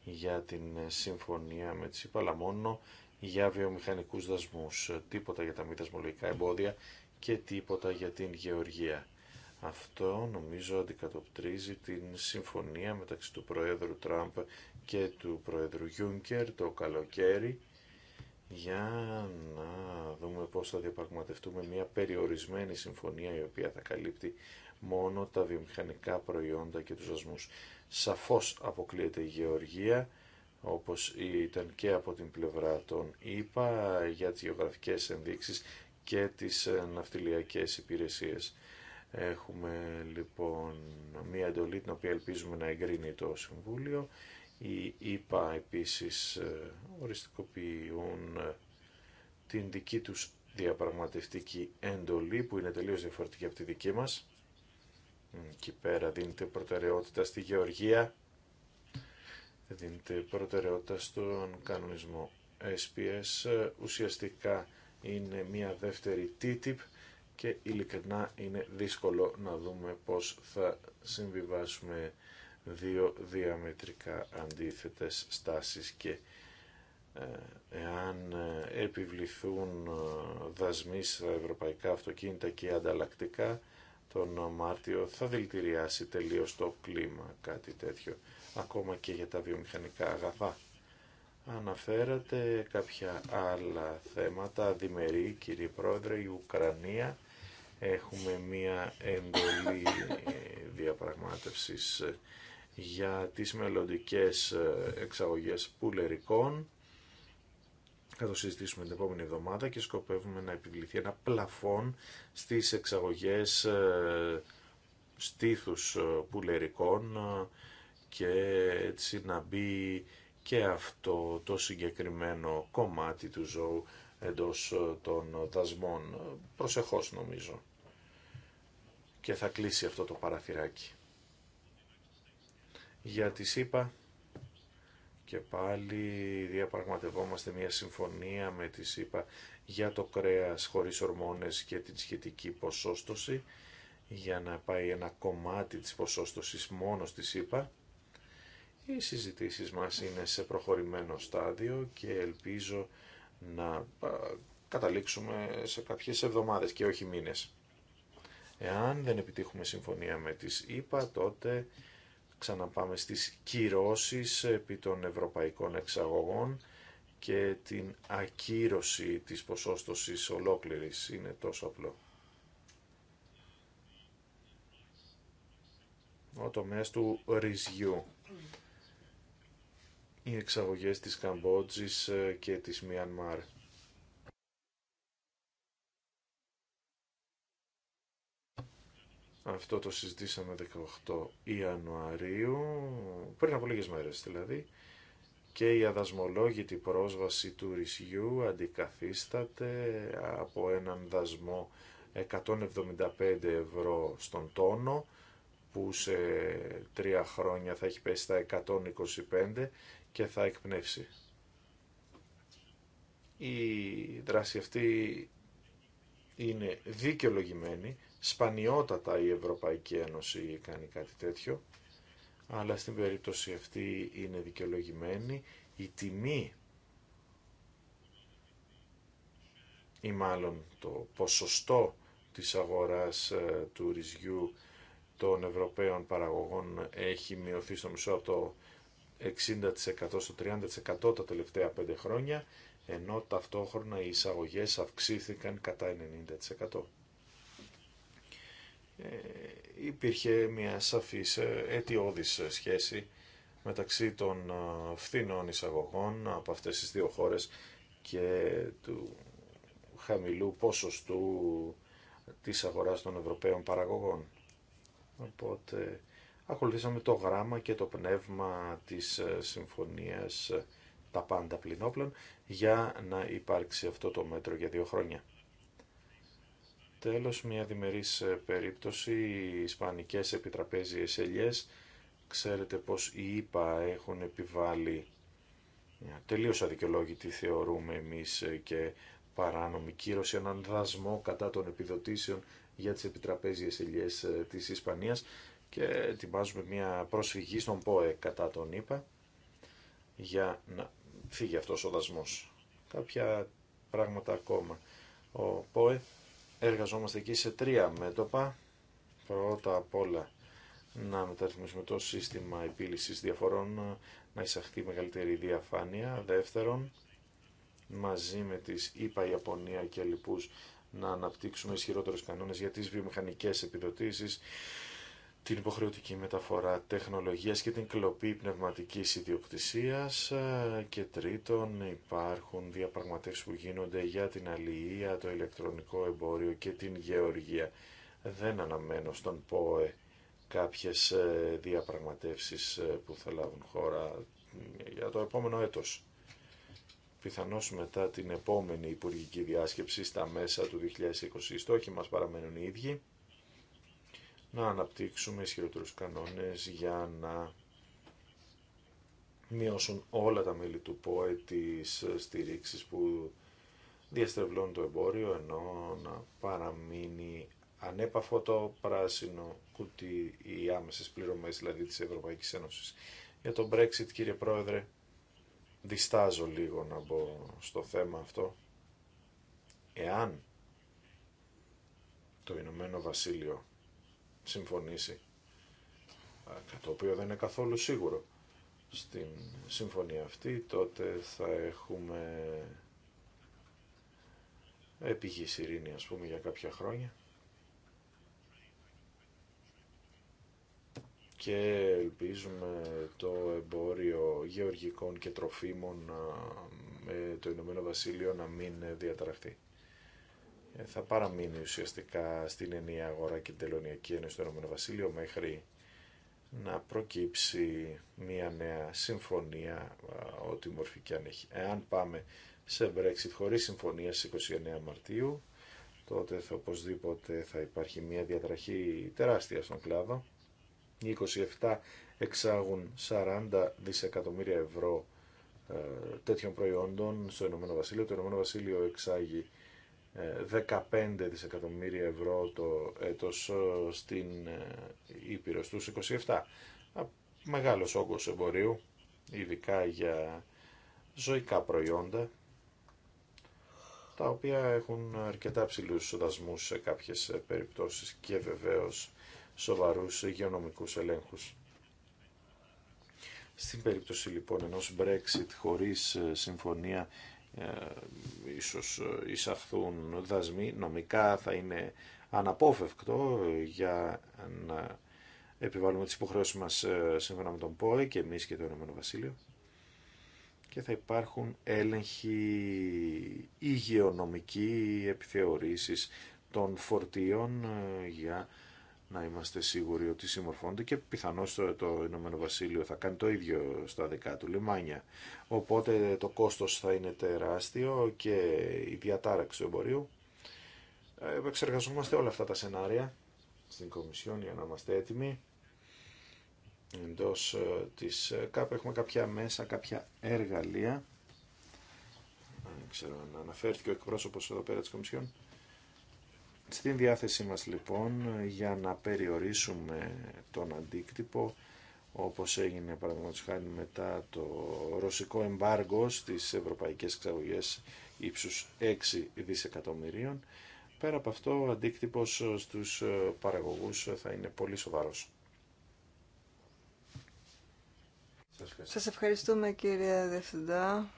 για την συμφωνία με τις παλαμόνο μόνο για βιομηχανικούς δασμούς, τίποτα για τα μη δασμολογικά εμπόδια και τίποτα για την γεωργία. Αυτό νομίζω αντικατοπτρίζει την συμφωνία μεταξύ του Προέδρου Τραμπ και του Προέδρου Γιούνκερ το καλοκαίρι για να δούμε πώς θα διαπραγματευτούμε μια περιορισμένη συμφωνία η οποία θα καλύπτει μόνο τα βιομηχανικά προϊόντα και τους δασμούς. Σαφώς αποκλείεται η γεωργία, όπως ήταν και από την πλευρά των ΙΠΑ, για τις γεωγραφικές ενδείξεις και τις ε, ναυτιλιακές υπηρεσίες. Έχουμε λοιπόν μία εντολή την οποία ελπίζουμε να εγκρίνει το Συμβούλιο. Οι ΙΠΑ επίσης ε, οριστικοποιούν ε, την δική τους διαπραγματευτική εντολή που είναι τελείως διαφορετική από τη δική μας Εκεί πέρα δίνεται προτεραιότητα στη γεωργία, δίνεται προτεραιότητα στον κανονισμό SPS. Ουσιαστικά είναι μια δεύτερη TTIP και ειλικρινά είναι δύσκολο να δούμε πώς θα συμβιβάσουμε δύο διαμετρικά αντίθετες στάσεις και ε, εάν ε, επιβληθούν ε, δασμοί στα ευρωπαϊκά αυτοκίνητα και ανταλλακτικά τον Μάρτιο θα δηλητηριάσει τελείως το κλίμα, κάτι τέτοιο, ακόμα και για τα βιομηχανικά αγαθά. Αναφέρατε κάποια άλλα θέματα, διμερή κύριε Πρόεδρε, η Ουκρανία, έχουμε μία εντολή διαπραγμάτευσης για τις μελλοντικές εξαγωγές πουλερικών θα το συζητήσουμε την επόμενη εβδομάδα και σκοπεύουμε να επιβληθεί ένα πλαφόν στις εξαγωγές ε, στήθους ε, πουλερικών ε, και έτσι να μπει και αυτό το συγκεκριμένο κομμάτι του ζώου εντός των δασμών. Προσεχώς νομίζω. Και θα κλείσει αυτό το παραθυράκι. Για τη είπα και πάλι διαπραγματευόμαστε μια συμφωνία με τη ΣΥΠΑ για το κρέας χωρίς ορμόνες και την σχετική ποσόστοση για να πάει ένα κομμάτι της ποσόστοσης μόνο στη ΣΥΠΑ. Οι συζητήσεις μας είναι σε προχωρημένο στάδιο και ελπίζω να καταλήξουμε σε κάποιες εβδομάδες και όχι μήνες. Εάν δεν επιτύχουμε συμφωνία με τις ΗΠΑ, τότε ξαναπάμε στις κυρώσεις επί των ευρωπαϊκών εξαγωγών και την ακύρωση της ποσόστοσης ολόκληρης. Είναι τόσο απλό. Ο τομέας του ρυζιού. Οι εξαγωγές της Καμπότζης και της Μιανμάρ. Αυτό το συζητήσαμε 18 Ιανουαρίου, πριν από λίγες μέρες δηλαδή, και η αδασμολόγητη πρόσβαση του ρησιού αντικαθίσταται από έναν δασμό 175 ευρώ στον τόνο, που σε τρία χρόνια θα έχει πέσει στα 125 και θα εκπνεύσει. Η δράση αυτή είναι δικαιολογημένη Σπανιότατα η Ευρωπαϊκή Ένωση κάνει κάτι τέτοιο, αλλά στην περίπτωση αυτή είναι δικαιολογημένη. Η τιμή ή μάλλον το ποσοστό της αγοράς ε, του ρυζιού των Ευρωπαίων παραγωγών έχει μειωθεί στο μισό από το 60% στο 30% τα τελευταία πέντε χρόνια, ενώ ταυτόχρονα οι εισαγωγές αυξήθηκαν κατά 90%. Ε, υπήρχε μια σαφής ε, αιτιώδης ε, σχέση μεταξύ των φθηνών εισαγωγών από αυτές τις δύο χώρες και του χαμηλού ποσοστού της αγοράς των Ευρωπαίων παραγωγών. Οπότε ακολουθήσαμε το γράμμα και το πνεύμα της συμφωνίας τα πάντα πληνόπλων για να υπάρξει αυτό το μέτρο για δύο χρόνια. Τέλος, μια διμερής ε, περίπτωση, οι ισπανικές επιτραπέζιες ελιές, ξέρετε πως οι ΙΠΑ έχουν επιβάλει μια τελείως αδικαιολόγητη θεωρούμε εμείς ε, και παράνομη κύρωση, έναν δασμό κατά των επιδοτήσεων για τις επιτραπέζιες ελιές ε, της Ισπανίας και ετοιμάζουμε μια προσφυγή στον ΠΟΕ κατά τον ΙΠΑ για να φύγει αυτός ο δασμός. Κάποια πράγματα ακόμα. Ο ΠΟΕ Εργαζόμαστε εκεί σε τρία μέτωπα. Πρώτα απ' όλα να μεταρρυθμίσουμε το σύστημα επίλυσης διαφορών, να εισαχθεί μεγαλύτερη διαφάνεια. Δεύτερον, μαζί με τις ΙΠΑ, Ιαπωνία και λοιπούς, να αναπτύξουμε ισχυρότερους κανόνες για τις βιομηχανικές επιδοτήσεις, την υποχρεωτική μεταφορά τεχνολογίας και την κλοπή πνευματικής ιδιοκτησίας ε, και τρίτον υπάρχουν διαπραγματεύσεις που γίνονται για την αλληλεία, το ηλεκτρονικό εμπόριο και την γεωργία. Δεν αναμένω στον ΠΟΕ κάποιες ε, διαπραγματεύσεις ε, που θα λάβουν χώρα για το επόμενο έτος. Πιθανώς μετά την επόμενη Υπουργική Διάσκεψη στα μέσα του 2020 οι στόχοι μας παραμένουν οι ίδιοι να αναπτύξουμε ισχυρότερους κανόνες για να μειώσουν όλα τα μέλη του ΠΟΕ τις στηρίξεις που διαστρεβλώνουν το εμπόριο, ενώ να παραμείνει ανέπαφο το πράσινο κουτί οι άμεσες πληρωμές δηλαδή της Ευρωπαϊκής Ένωσης. Για το Brexit κύριε Πρόεδρε, διστάζω λίγο να μπω στο θέμα αυτό. Εάν το Ηνωμένο Βασίλειο συμφωνήσει, το οποίο δεν είναι καθόλου σίγουρο στην συμφωνία αυτή, τότε θα έχουμε επιγής ειρήνη ας πούμε για κάποια χρόνια και ελπίζουμε το εμπόριο γεωργικών και τροφίμων ε, με το Ηνωμένο Βασίλειο να μην διαταραχθεί. Ε, θα παραμείνει ουσιαστικά στην ενιαία αγορά και την τελωνιακή ένωση στο ΕΒ μέχρι να προκύψει μια νέα συμφωνία ό,τι μορφή και αν έχει. Εάν πάμε σε Brexit χωρίς συμφωνία στις 29 Μαρτίου τότε θα, οπωσδήποτε θα υπάρχει μια διατραχή τεράστια στον κλάδο. Οι 27 εξάγουν 40 δισεκατομμύρια ευρώ ε, τέτοιων προϊόντων στο ΕΒ Το Ηνωμένο εξάγει 15 δισεκατομμύρια ευρώ το έτος ε, στην ε, Ήπειρο στους 27. Μεγάλος όγκος εμπορίου, ειδικά για ζωικά προϊόντα, τα οποία έχουν αρκετά ψηλούς δασμούς σε κάποιες περιπτώσεις και βεβαίως σοβαρούς υγειονομικούς ελέγχους. Στην περίπτωση λοιπόν ενός Brexit χωρίς ε, συμφωνία ε, ίσως ε, εισαχθούν δασμοί νομικά θα είναι αναπόφευκτο για να επιβάλλουμε τις υποχρεώσεις μας ε, σύμφωνα με τον ΠΟΕ και εμείς και το Ηνωμένο Βασίλειο και θα υπάρχουν έλεγχοι υγειονομικοί επιθεωρήσεις των φορτίων για να είμαστε σίγουροι ότι συμμορφώνονται και πιθανώ το, το Ηνωμένο Βασίλειο θα κάνει το ίδιο στα δικά του λιμάνια. Οπότε το κόστος θα είναι τεράστιο και η διατάραξη του εμπορίου. Ε, επεξεργαζόμαστε όλα αυτά τα σενάρια στην Κομισιόν για να είμαστε έτοιμοι. Εντό ε, της ε, ΚΑΠ έχουμε κάποια μέσα, κάποια εργαλεία. Δεν ξέρω αν αναφέρθηκε ο εκπρόσωπο εδώ πέρα τη Κομισιόν. Στην διάθεσή μας λοιπόν για να περιορίσουμε τον αντίκτυπο όπως έγινε παραδείγματος μετά το ρωσικό εμπάργκο στις ευρωπαϊκές εξαγωγές ύψους 6 δισεκατομμυρίων. Πέρα από αυτό ο αντίκτυπος στους παραγωγούς θα είναι πολύ σοβαρός. Σας ευχαριστούμε κύριε Δευθυντά.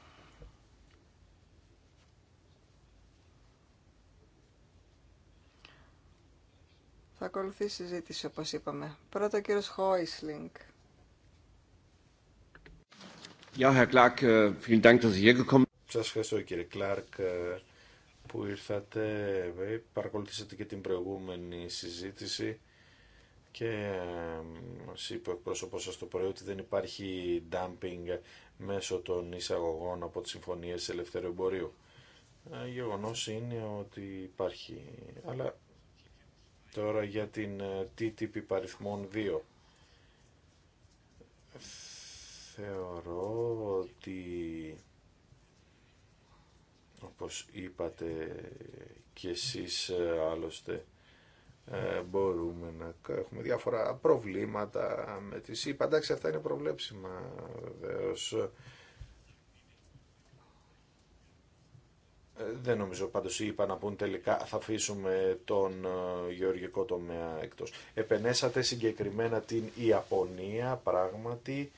Θα ακολουθεί η συζήτηση, όπως είπαμε. Πρώτο, ο κύριος Χόισλινγκ. Äh, σας ευχαριστώ κύριε Κλάρκ ε, που ήρθατε. Ε, παρακολουθήσατε και την προηγούμενη συζήτηση και ε, μας είπε ο εκπρόσωπος σας το πρωί ότι δεν υπάρχει dumping μέσω των εισαγωγών από τις συμφωνίες ελευθερου εμπορίου. Γεγονός είναι ότι υπάρχει, αλλά Τώρα για την ε, TTP παριθμών 2. Θεωρώ ότι όπως είπατε και εσείς ε, άλλωστε ε, μπορούμε να έχουμε διάφορα προβλήματα με τις Εντάξει αυτά είναι προβλέψιμα βεβαίως Δεν νομίζω πάντως είπα να πούν τελικά θα αφήσουμε τον ε, γεωργικό τομέα εκτός. Επενέσατε συγκεκριμένα την Ιαπωνία πράγματι.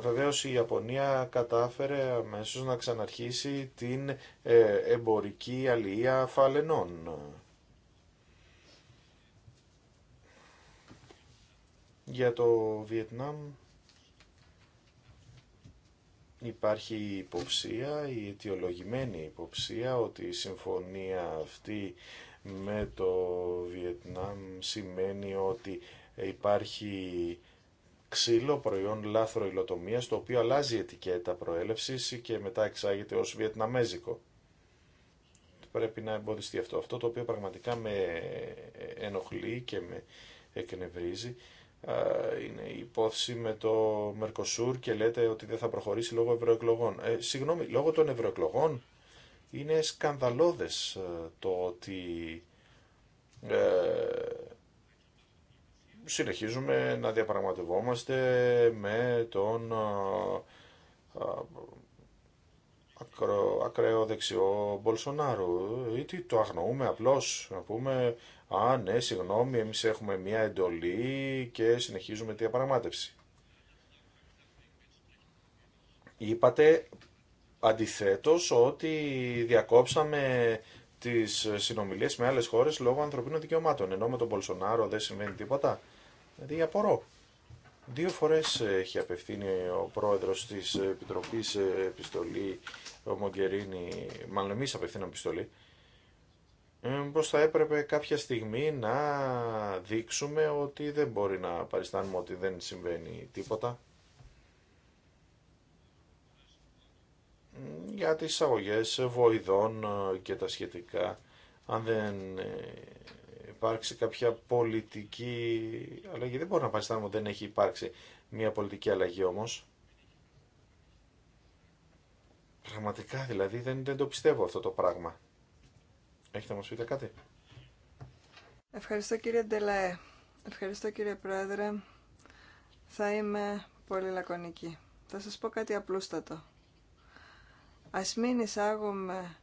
Βεβαίως η Ιαπωνία κατάφερε αμέσως να ξαναρχίσει την ε, εμπορική αλληλεία φαλενών. Για το Βιετνάμ υπάρχει η υποψία, η αιτιολογημένη υποψία ότι η συμφωνία αυτή με το Βιετνάμ σημαίνει ότι υπάρχει ξύλο προϊόν λάθρο υλοτομίας το οποίο αλλάζει η ετικέτα προέλευσης και μετά εξάγεται ως βιετναμέζικο. Πρέπει να εμποδιστεί αυτό. Αυτό το οποίο πραγματικά με ενοχλεί και με εκνευρίζει ε, είναι η υπόθεση με το Μερκοσούρ και λέτε ότι δεν θα προχωρήσει λόγω ευρωεκλογών. Ε, συγγνώμη, λόγω των ευρωεκλογών είναι σκανδαλώδες ε, το ότι ε, συνεχίζουμε να διαπραγματευόμαστε με τον ακραίο δεξιό Μπολσονάρου ή τι το αγνοούμε απλώς να πούμε α ναι συγγνώμη εμείς έχουμε μια εντολή και συνεχίζουμε τη διαπραγμάτευση. Είπατε αντιθέτως ότι διακόψαμε τις συνομιλίες με άλλες χώρες λόγω ανθρωπίνων δικαιωμάτων ενώ με τον Μπολσονάρο δεν συμβαίνει τίποτα. Δηλαδή απορώ. Δύο φορές ε, έχει απευθύνει ο πρόεδρος της Επιτροπής ε, επιστολή, ο Μογκερίνη, μάλλον εμείς απευθύναμε επιστολή, ε, πως θα έπρεπε κάποια στιγμή να δείξουμε ότι δεν μπορεί να παριστάνουμε ότι δεν συμβαίνει τίποτα. Για τις εισαγωγές βοηδών και τα σχετικά, αν δεν υπάρξει κάποια πολιτική αλλαγή. Δεν μπορώ να παριστάνω ότι δεν έχει υπάρξει μια πολιτική αλλαγή όμως. Πραγματικά δηλαδή δεν, δεν το πιστεύω αυτό το πράγμα. Έχετε να μας πείτε κάτι. Ευχαριστώ κύριε Ντελαέ. Ευχαριστώ κύριε Πρόεδρε. Θα είμαι πολύ λακωνική. Θα σας πω κάτι απλούστατο. Ας μην εισάγουμε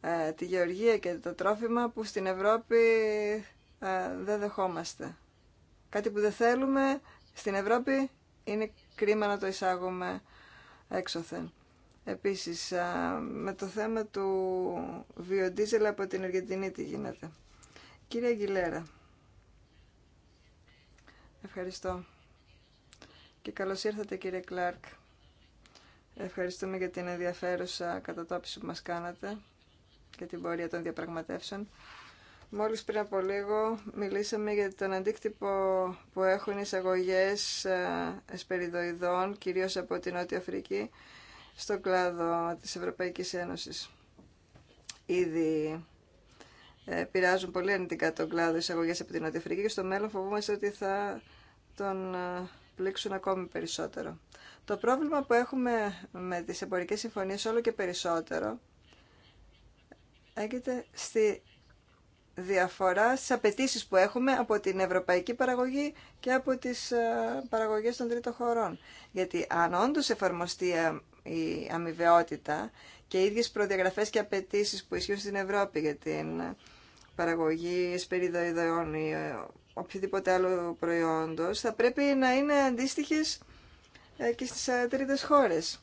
ε, τη γεωργία και το τρόφιμα που στην Ευρώπη ε, δεν δεχόμαστε. Κάτι που δεν θέλουμε στην Ευρώπη είναι κρίμα να το εισάγουμε έξωθεν. Επίσης, ε, με το θέμα του βιοντίζελ από την Αργεντινή τι γίνεται. Κύριε Αγγιλέρα, ευχαριστώ. Και καλώς ήρθατε κύριε Κλάρκ. Ευχαριστούμε για την ενδιαφέρουσα κατατόπιση που μας κάνατε και την πορεία των διαπραγματεύσεων. Μόλις πριν από λίγο μιλήσαμε για τον αντίκτυπο που έχουν οι εισαγωγές ε, εσπεριδοειδών, κυρίως από την Νότια Αφρική, στον κλάδο της Ευρωπαϊκής Ένωσης. Ήδη ε, πειράζουν πολύ αρνητικά τον κλάδο εισαγωγές από την Νότια Αφρική και στο μέλλον φοβούμαστε ότι θα τον ε, πλήξουν ακόμη περισσότερο. Το πρόβλημα που έχουμε με τις εμπορικές συμφωνίες όλο και περισσότερο έγινε στη διαφορά στι απαιτήσει που έχουμε από την ευρωπαϊκή παραγωγή και από τις ε, παραγωγές των τρίτων χωρών. Γιατί αν όντω εφαρμοστεί ε, η αμοιβαιότητα και οι ίδιες προδιαγραφές και απαιτήσει που ισχύουν στην Ευρώπη για την παραγωγή εσπεριδοειδών ή ε, οποιοδήποτε άλλο προϊόντος, θα πρέπει να είναι αντίστοιχε και στις τρίτες χώρες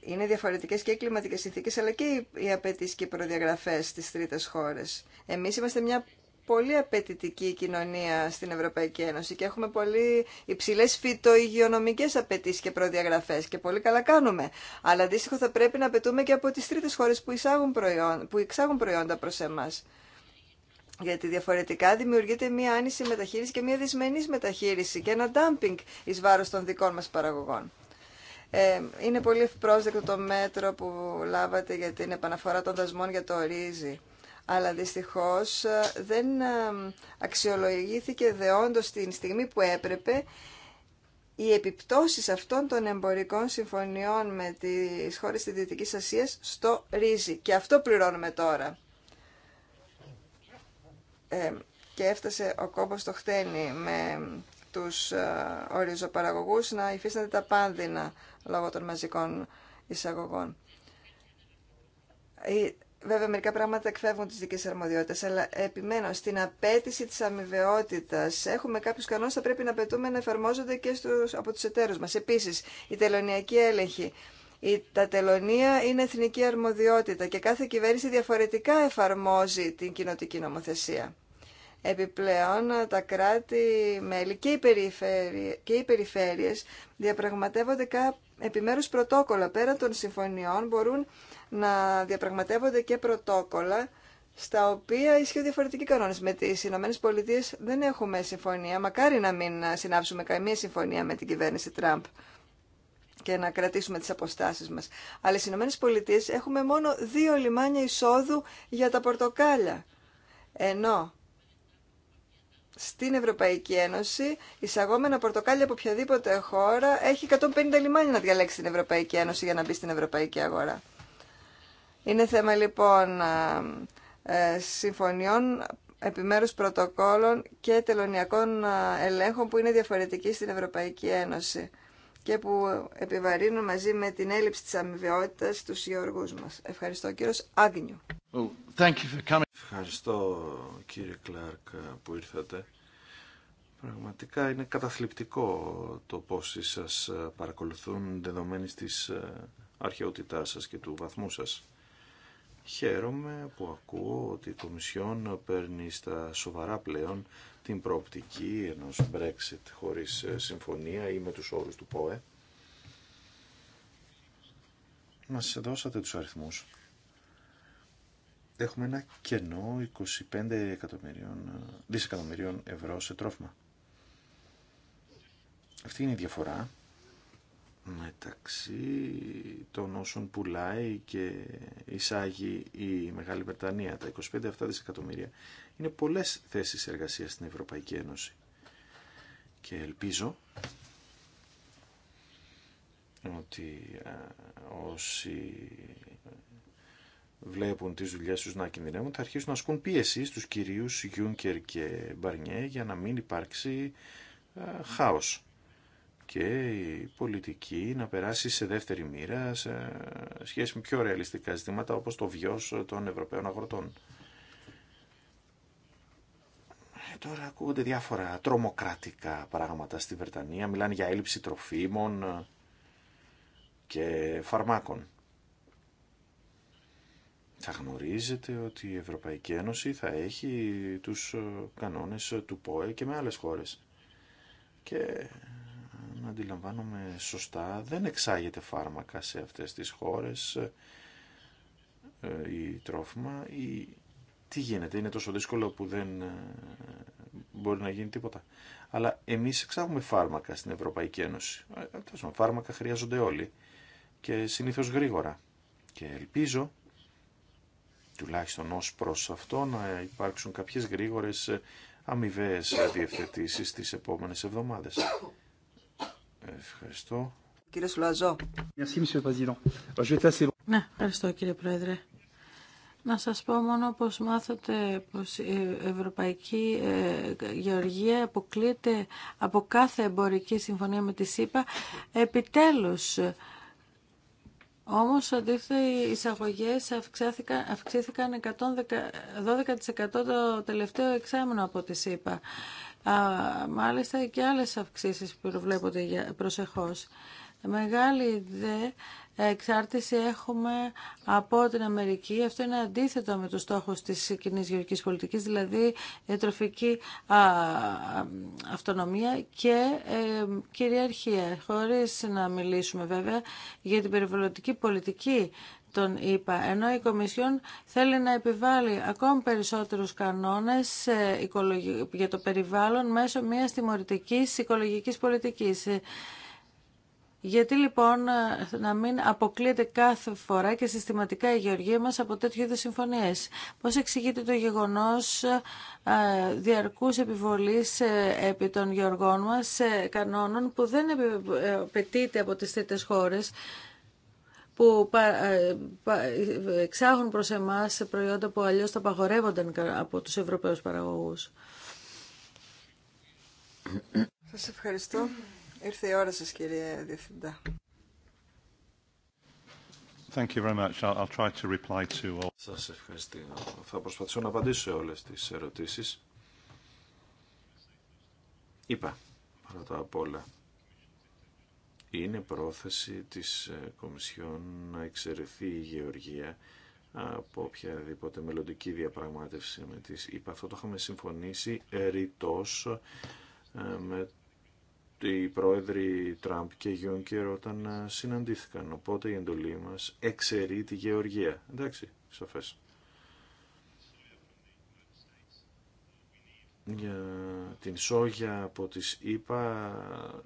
είναι διαφορετικέ και οι κλιματικέ συνθήκε, αλλά και οι απαιτήσει και οι προδιαγραφέ στι τρίτε χώρε. Εμεί είμαστε μια πολύ απαιτητική κοινωνία στην Ευρωπαϊκή Ένωση και έχουμε πολύ υψηλέ φυτοϊγειονομικέ απαιτήσει και προδιαγραφέ και πολύ καλά κάνουμε. Αλλά αντίστοιχο θα πρέπει να απαιτούμε και από τι τρίτε χώρε που, εισάγουν που εξάγουν προϊόντα προ εμά. Γιατί διαφορετικά δημιουργείται μία άνηση μεταχείριση και μία δυσμενή μεταχείριση και ένα dumping ει βάρο των δικών μα παραγωγών. Ε, είναι πολύ ευπρόσδεκτο το μέτρο που λάβατε για την επαναφορά των δασμών για το ρύζι. Αλλά δυστυχώς ε, δεν ε, αξιολογήθηκε δεόντως την στιγμή που έπρεπε οι επιπτώσεις αυτών των εμπορικών συμφωνιών με τις χώρες της Δυτικής Ασίας στο ρύζι. Και αυτό πληρώνουμε τώρα. και έφτασε ο κόμπος το χτένι με τους ε, οριζοπαραγωγούς να υφίστανται τα πάνδυνα λόγω των μαζικών εισαγωγών. Ε, βέβαια, μερικά πράγματα εκφεύγουν τι δικέ αρμοδιότητε, αλλά επιμένω στην απέτηση τη αμοιβαιότητα. Έχουμε κάποιου κανόνε θα πρέπει να πετούμε να εφαρμόζονται και στους, από του εταίρου μα. Επίση, η τελωνιακή έλεγχη. Η, τα τελωνία είναι εθνική αρμοδιότητα και κάθε κυβέρνηση διαφορετικά εφαρμόζει την κοινοτική νομοθεσία. Επιπλέον, τα κράτη-μέλη και, και οι περιφέρειες διαπραγματεύονται επιμέρου επιμέρους πρωτόκολλα. Πέρα των συμφωνιών μπορούν να διαπραγματεύονται και πρωτόκολλα στα οποία ισχύουν διαφορετικοί κανόνε. Με τι Ηνωμένε Πολιτείε δεν έχουμε συμφωνία. Μακάρι να μην συνάψουμε καμία συμφωνία με την κυβέρνηση Τραμπ και να κρατήσουμε τι αποστάσει μα. Αλλά στι Ηνωμένε Πολιτείε έχουμε μόνο δύο λιμάνια εισόδου για τα πορτοκάλια. Ενώ στην Ευρωπαϊκή Ένωση, εισαγόμενα πορτοκάλια από οποιαδήποτε χώρα, έχει 150 λιμάνια να διαλέξει την Ευρωπαϊκή Ένωση για να μπει στην Ευρωπαϊκή Αγορά. Είναι θέμα λοιπόν ε, συμφωνιών, επιμέρους πρωτοκόλων και τελωνιακών ελέγχων που είναι διαφορετικοί στην Ευρωπαϊκή Ένωση και που επιβαρύνουν μαζί με την έλλειψη της αμοιβαιότητας τους γεωργούς μας. Ευχαριστώ κύριος Άγνιου. Ευχαριστώ κύριε Κλάρκ που ήρθατε. Πραγματικά είναι καταθλιπτικό το πόσοι σας παρακολουθούν δεδομένης της ε, αρχαιότητάς σας και του βαθμού σας. Χαίρομαι που ακούω ότι η Κομισιόν παίρνει στα σοβαρά πλέον την προοπτική ενός Brexit χωρίς ε, συμφωνία ή με τους όρους του ΠΟΕ. Μας δώσατε τους αριθμούς. Έχουμε ένα κενό 25 εκατομμυρίων, ε, δισεκατομμυρίων ευρώ σε τρόφιμα. Αυτή είναι η διαφορά μεταξύ των όσων πουλάει και εισάγει η Μεγάλη Βρετανία. Τα 25 αυτά δισεκατομμύρια είναι πολλές θέσεις εργασίας στην Ευρωπαϊκή Ένωση. Και ελπίζω ότι ε, όσοι βλέπουν τις δουλειές τους να κινδυνεύουν θα αρχίσουν να ασκούν πίεση στους κυρίους Γιούνκερ και Μπαρνιέ για να μην υπάρξει ε, χάος και η πολιτική να περάσει σε δεύτερη μοίρα σε σχέση με πιο ρεαλιστικά ζητήματα όπως το βιός των Ευρωπαίων αγροτών. Ε, τώρα ακούγονται διάφορα τρομοκρατικά πράγματα στη Βρετανία. Μιλάνε για έλλειψη τροφίμων ε, και φαρμάκων. Θα γνωρίζετε ότι η Ευρωπαϊκή Ένωση θα έχει τους ε, κανόνες του ΠΟΕ και με άλλες χώρες. Και αν αντιλαμβάνομαι σωστά δεν εξάγεται φάρμακα σε αυτές τις χώρες ή τρόφιμα. Η τι γίνεται, είναι τόσο δύσκολο που δεν ε, μπορεί να γίνει τίποτα. Αλλά εμείς εξάγουμε φάρμακα στην Ευρωπαϊκή Ένωση. Ε, ε, φάρμακα χρειάζονται όλοι και συνήθως γρήγορα. Και ελπίζω, τουλάχιστον ω προς αυτό, να υπάρξουν κάποιες γρήγορε αμοιβαίε διευθετήσει τις επόμενες εβδομάδες. Ευχαριστώ. Κύριε Σουλαζό. Ναι, ευχαριστώ κύριε Πρόεδρε. Να σας πω μόνο πως μάθατε πως η Ευρωπαϊκή ε, Γεωργία αποκλείεται από κάθε εμπορική συμφωνία με τη ΣΥΠΑ. Επιτέλους, όμως αντίθετα οι εισαγωγές αυξήθηκαν, αυξήθηκαν 112% το τελευταίο εξάμεινο από τη ΣΥΠΑ. Μάλιστα και άλλες αυξήσεις που προβλέπονται προσεχώς. Μεγάλη δε εξάρτηση έχουμε από την Αμερική. Αυτό είναι αντίθετο με το στόχο της κοινή γεωργική πολιτικής, δηλαδή ε, τροφική αυτονομία και ε, κυριαρχία. Χωρίς να μιλήσουμε βέβαια για την περιβαλλοντική πολιτική τον είπα, ενώ η Κομισιόν θέλει να επιβάλλει ακόμη περισσότερους κανόνες ε, για το περιβάλλον μέσω μιας τιμωρητικής οικολογικής πολιτικής. Γιατί λοιπόν ε, να μην αποκλείεται κάθε φορά και συστηματικά η γεωργία μας από τέτοιου είδους συμφωνίες. Πώς εξηγείται το γεγονός ε, διαρκούς επιβολής ε, επί των γεωργών μας κανόνων που δεν απαιτείται από τις τρίτες χώρες που εξάγουν προς εμάς προϊόντα που αλλιώς τα απαγορεύονταν από τους Ευρωπαίους παραγωγούς. Σας ευχαριστώ. Ήρθε η ώρα σας κύριε Διευθυντά. Thank you very much. I'll, I'll try to reply to all. ευχαριστώ. Θα προσπαθήσω να απαντήσω σε όλες τις ερωτήσεις. Είπα, πρώτα απ' όλα, είναι πρόθεση της ε, Κομισιόν να εξαιρεθεί η Γεωργία από οποιαδήποτε μελλοντική διαπραγμάτευση με τις Είπα, Αυτό το είχαμε συμφωνήσει ρητός ε, με οι πρόεδροι Τραμπ και Γιούνκερ όταν ε, συναντήθηκαν. Οπότε η εντολή μας εξαιρεί τη Γεωργία. Εντάξει, σαφές. Για την σόγια από τις ΗΠΑ